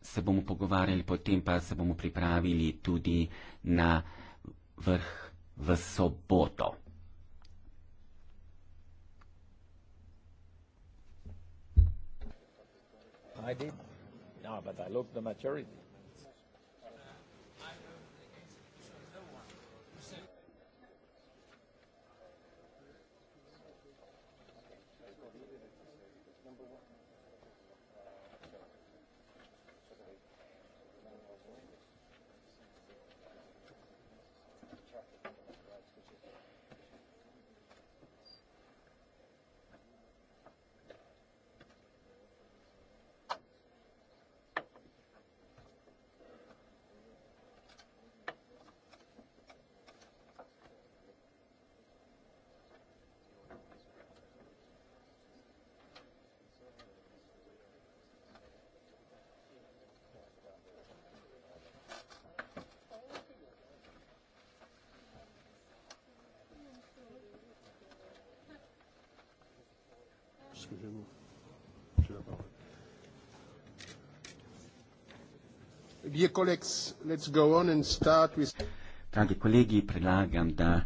se bomo pogovarjali, potem pa se bomo pripravili tudi na vrh v soboto.
I did.
No, but I looked the maturity.
Monsieur Génois. Monsieur la parole. Dear colleagues, let's go on and start with...
Dragi kolegi, predlagam, da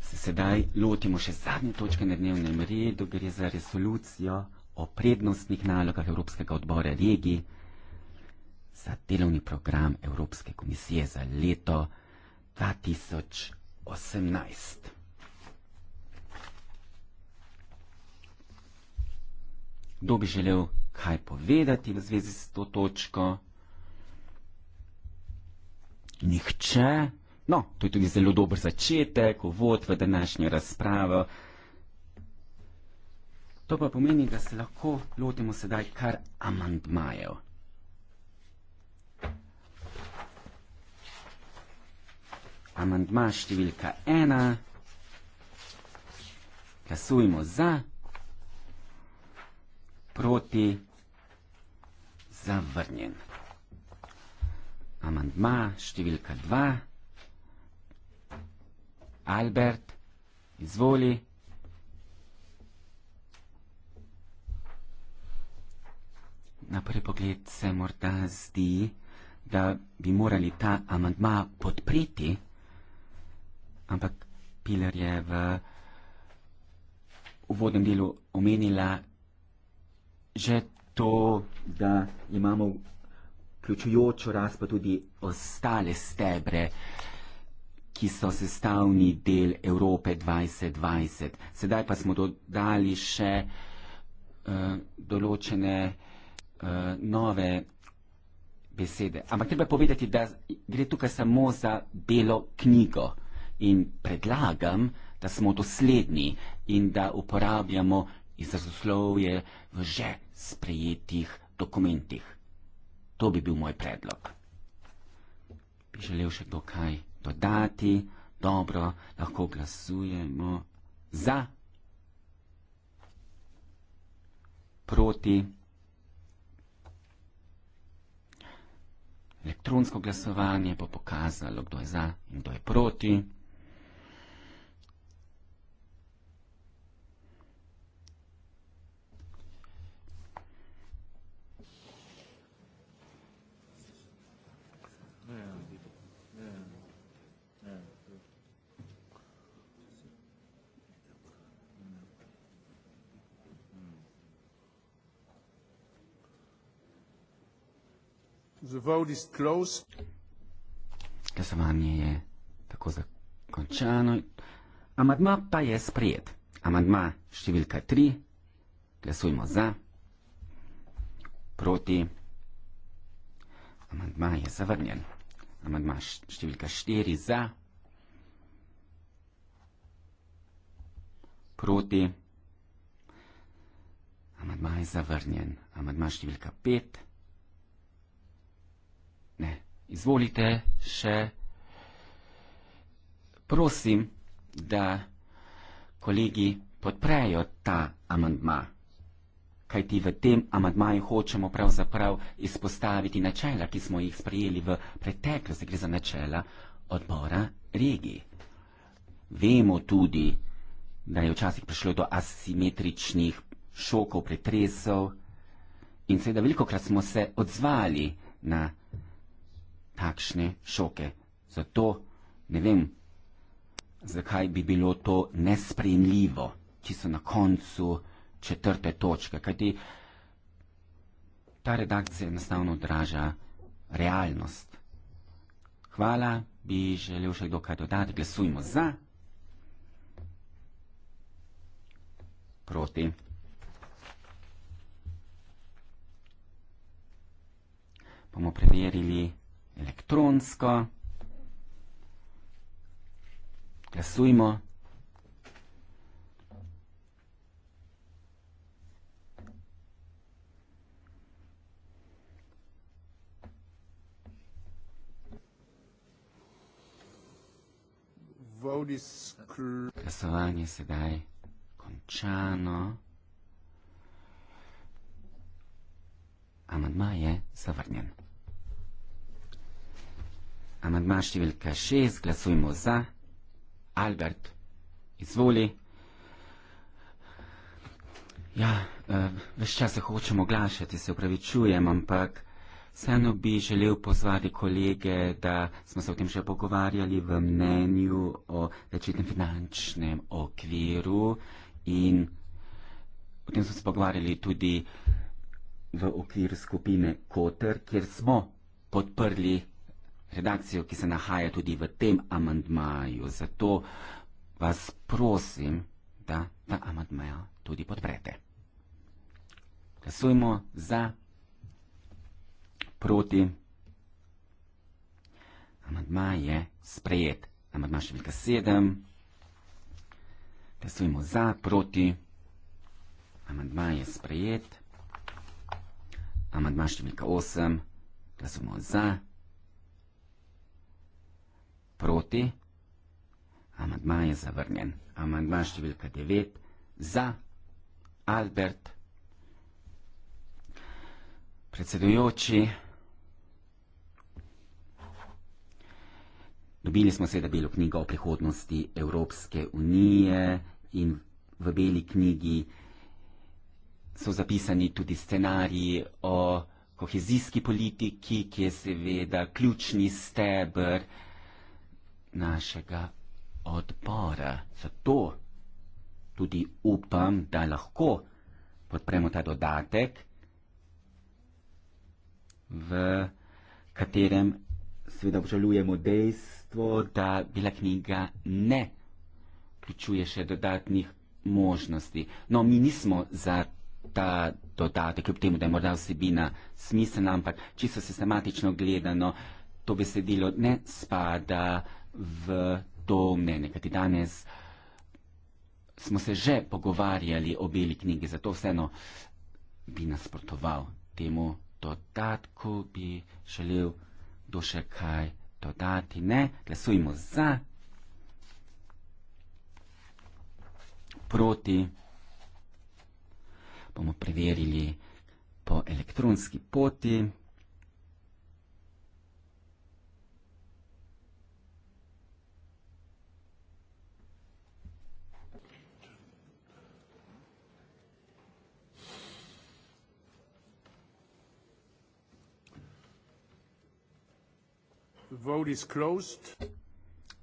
se sedaj lotimo še zadnje točke na dnevnem redu, gre za resolucijo o prednostnih nalogah Evropskega odbora regij za delovni program Evropske komisije za leto 2018. kdo bi želel kaj povedati v zvezi s to točko. Nihče. No, to je tudi zelo dober začetek, uvod v današnjo razpravo. To pa pomeni, da se lahko lotimo sedaj kar amandmajev. Amandma številka ena. Glasujmo za proti zavrnjen. Amandma številka 2. Albert, izvoli. Na prvi pogled se morda zdi, da bi morali ta amandma podpreti, ampak Piler je v uvodnem delu omenila, že to, da imamo vključujočo rast, pa tudi ostale stebre, ki so sestavni del Evrope 2020. Sedaj pa smo dodali še uh, določene uh, nove besede. Ampak treba povedati, da gre tukaj samo za belo knjigo in predlagam, da smo dosledni in da uporabljamo izrazoslovje v že sprejetih dokumentih. To bi bil moj predlog. Bi želel še kdo kaj dodati? Dobro, lahko glasujemo za, proti. Elektronsko glasovanje bo pokazalo, kdo je za in kdo je proti. Glasovanje je tako zakončano. Amadma pa je sprejet. Amadma številka 3. Glasujmo za. Proti. Amadma je zavrnjen. Amadma številka 4 za. Proti. Amadma je zavrnjen. Amadma številka 5. Ne. Izvolite še. Prosim, da kolegi podprejo ta amandma. Kaj ti v tem amadmaju hočemo pravzaprav izpostaviti načela, ki smo jih sprejeli v preteklosti, gre za načela odbora regij. Vemo tudi, da je včasih prišlo do asimetričnih šokov, pretresov in seveda veliko krat smo se odzvali na takšne šoke. Zato ne vem, zakaj bi bilo to nesprejemljivo, ki so na koncu četrte točke. Kajti ta redakcija enostavno odraža realnost. Hvala, bi želel še kdo kaj dodati. Glasujmo za. Proti. Bomo preverili elektronsko. Glasujmo. Glasovanje sedaj končano. Amandma je zavrnjen. Amandma številka šest, glasujmo za. Albert, izvoli. Ja, eh, več čas se hočem oglašati, se upravičujem, ampak vseeno bi želel pozvati kolege, da smo se o tem že pogovarjali v mnenju o večitem finančnem okviru in o tem smo se pogovarjali tudi v okviru skupine Koter, kjer smo podprli redakcijo, ki se nahaja tudi v tem amantmaju. Zato vas prosim, da ta amantmaja tudi podprete. Glasujmo za, proti. Amantma je sprejet. Amantma številka sedem. Glasujmo za, proti. Amantma je sprejet. Amantma številka osem. Glasujmo za proti. Amadma je zavrnjen. Amadma številka 9 za Albert. Predsedujoči, dobili smo seveda belo knjigo o prihodnosti Evropske unije in v beli knjigi so zapisani tudi scenariji o kohezijski politiki, ki je seveda ključni stebr našega odbora. Zato tudi upam, da lahko podpremo ta dodatek, v katerem seveda obžalujemo dejstvo, da bila knjiga ne vključuje še dodatnih možnosti. No, mi nismo za ta dodatek, kljub temu, da je morda vsebina smiselna, ampak čisto sistematično gledano, to besedilo ne spada v to mnenje, kajti danes smo se že pogovarjali o beli knjigi, zato vseeno bi nasprotoval temu dodatku, bi želel do še kaj dodati. Ne, glasujmo za, proti. Bomo preverili po elektronski poti.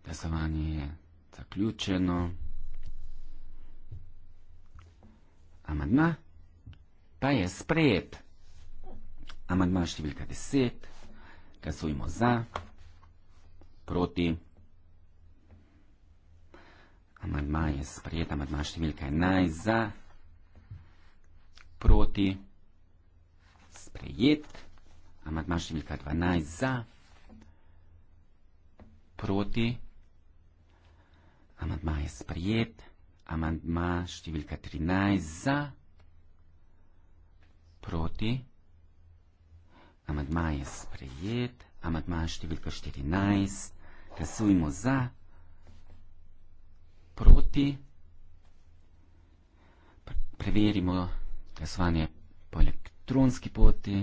Glasovanje je zaključeno. Amadna pa je sprejet. Amadna številka 10. Glasujmo za, proti. Amadma je sprejet, amadma številka 11 za, proti, sprejet, amadma številka 12 za proti. Amandma je sprijet. Amandma številka 13 za. Proti. Amandma je sprijet. Amandma številka 14. Glasujmo za. Proti. Preverimo glasovanje po elektronski poti.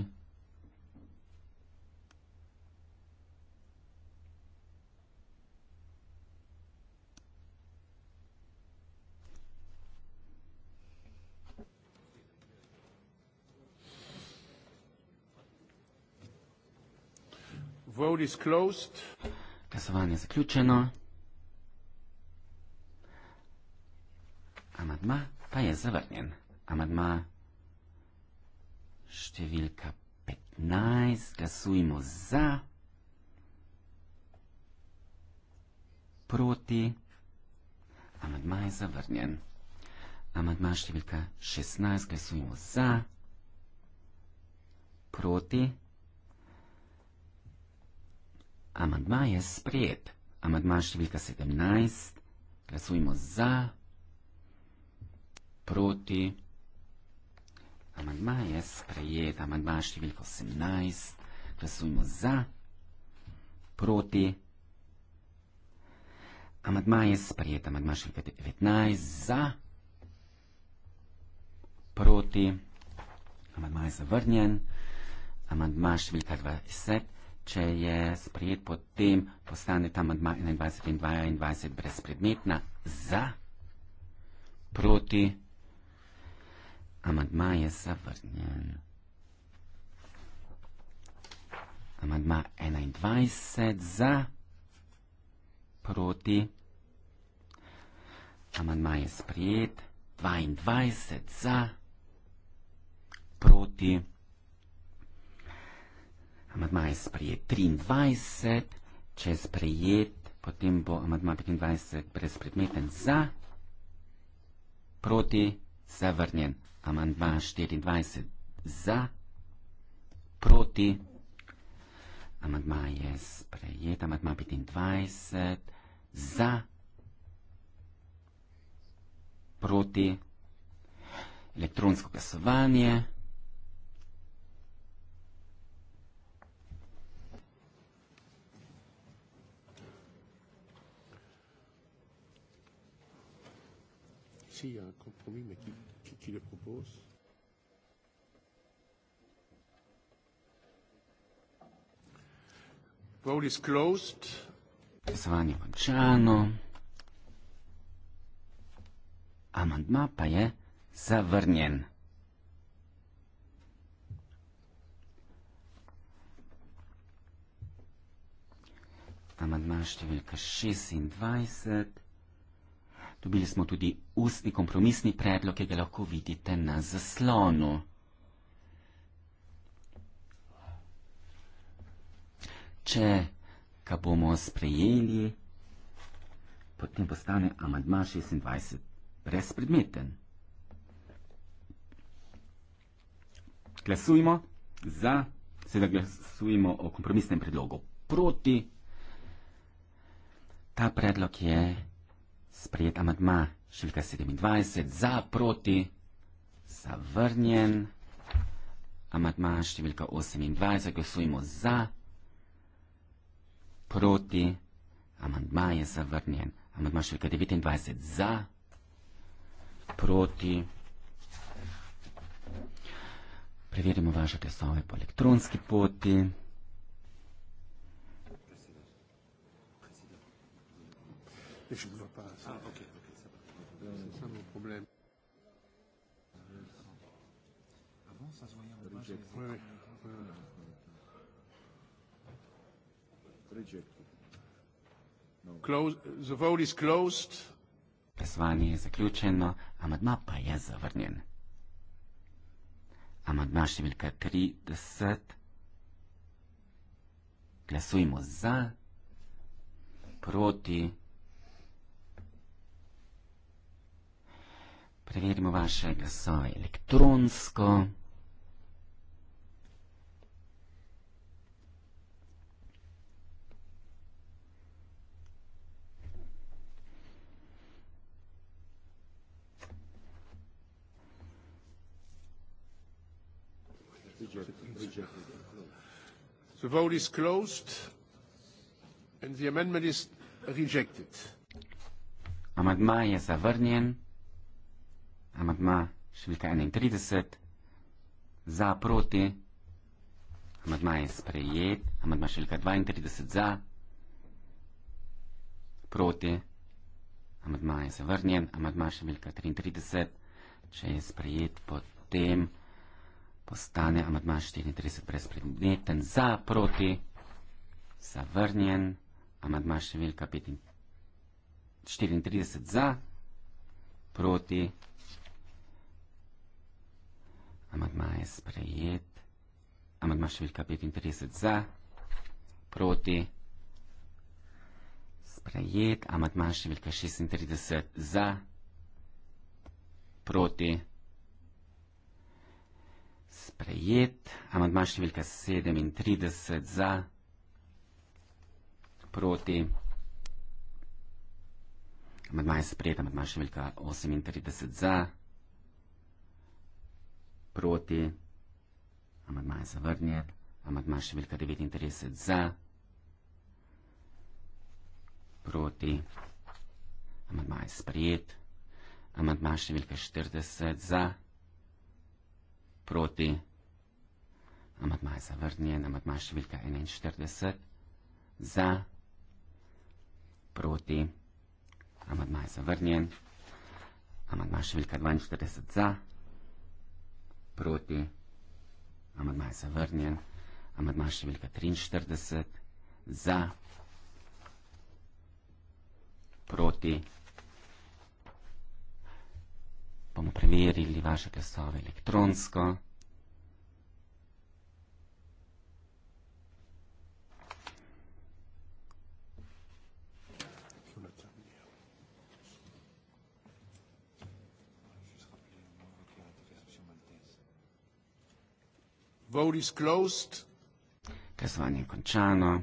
Glasovanje je zaključeno. Amadma pa je zavrnjen. Amadma številka 15. Glasujmo za. Proti. Amadma je zavrnjen. Amadma številka 16. Glasujmo za. Proti. Amandma je sprejet. Amandma številka 17. Glasujmo za, proti. Amandma je sprejet. Amandma številka 18. Glasujmo za, proti. Amandma je sprejet. Amandma številka 19. Za, proti. Amandma je zavrnjen. Amandma številka 20 če je sprejet, potem postane ta amadma 21 in 22 brezpredmetna za, proti. Amadma je zavrnjen. Amadma 21 za, proti. Amadma je sprejet, 22 za, proti amadma je sprejet 23, če je sprejet, potem bo amadma 25 brezpredmeten za, proti, zavrnjen. Amadma 24 za, proti, amadma je sprejet, amadma 25 za, proti, elektronsko glasovanje.
aussi un compromis, mais qui, qui, qui le propose. Vote is closed.
Glasovanje končano. Amandma pa je zavrnjen. Amandma številka 26. Dobili smo tudi ustni kompromisni predlog, ki ga lahko vidite na zaslonu. Če ga bomo sprejeli, potem postane amadma 26 brezpredmeten. Glasujmo za, sedaj glasujmo o kompromisnem predlogu proti. Ta predlog je Sprijet amatma številka 27, za, proti, zavrnjen. Amatma številka 28, glasujemo za, proti, amatma je zavrnjen. Amatma številka 29, za, proti. Preverimo vaše glasove po elektronski poti. Ještě kdo? No. Glasovanje je zaključeno, amadma pa je zavrnjen. Amadma številka 30. Glasujmo za, proti. Preverimo vaše glasove elektronsko.
The vote is closed, and the amendment is rejected.
Amandma je zavrnjen. Amandma številka 31, za, proti. Amandma je sprejet. Amandma številka 32, za, proti. Amandma je zavrnjen. Amandma številka 33, če je sprejet, potem postane amadman 34 brezpredmeten, za proti, zavrnjen, amadman številka 34 za, proti, amadman je sprejet, amadman številka 35 za, proti, sprejet, amadman številka 36 za, proti, sprejet. Amandma številka 37 za, proti. Amandma je sprejet, amandma številka 38 za, proti. Amandma je zavrnjen, amandma številka 39 za, proti. Amandma je sprejet, amandma številka 40 za, proti proti. Amatma je zavrnjen, amatma številka 41 za, proti, amatma je zavrnjen, amatma številka 42 za, proti, amatma je zavrnjen, amatma številka 43 za, proti bomo preverili vaše glasove elektronsko.
Vote is closed.
Glasovanje je končano.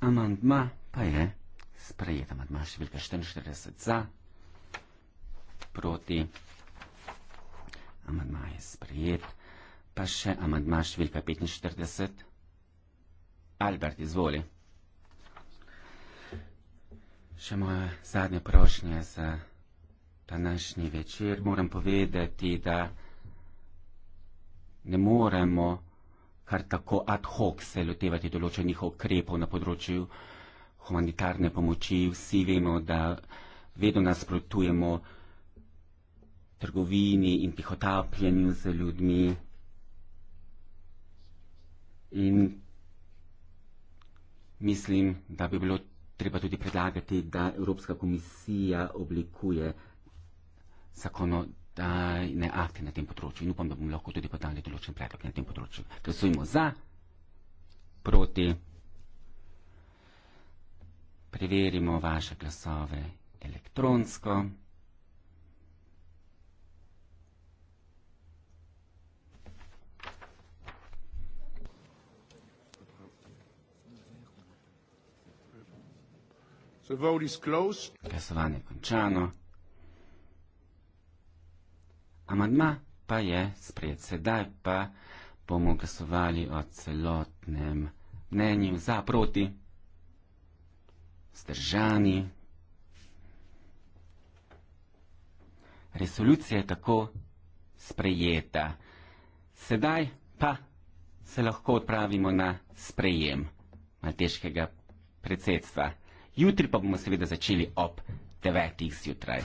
Amandma pa je sprejet. Amandma številka 44 za, proti. Amadma je sprejet. Pa še amadma številka 45. Albert, izvoli. Še moja zadnja prošnja za današnji večer. Moram povedati, da ne moremo kar tako ad hoc se lotevati določenih okrepov na področju humanitarne pomoči. Vsi vemo, da vedno nasprotujemo trgovini in tihotapljenju z ljudmi. In mislim, da bi bilo treba tudi predlagati, da Evropska komisija oblikuje zakonodajne akte na tem področju. In upam, da bomo lahko tudi podali določen predlog na tem področju. Glasujmo za, proti. Preverimo vaše glasove elektronsko.
Glasovanje
je končano. Amadma pa je sprejet. Sedaj pa bomo glasovali o celotnem mnenju za, proti, zdržani. Resolucija je tako sprejeta. Sedaj pa se lahko odpravimo na sprejem maltežkega predsedstva. Jutri pa bomo seveda začeli ob 9.00 zjutraj.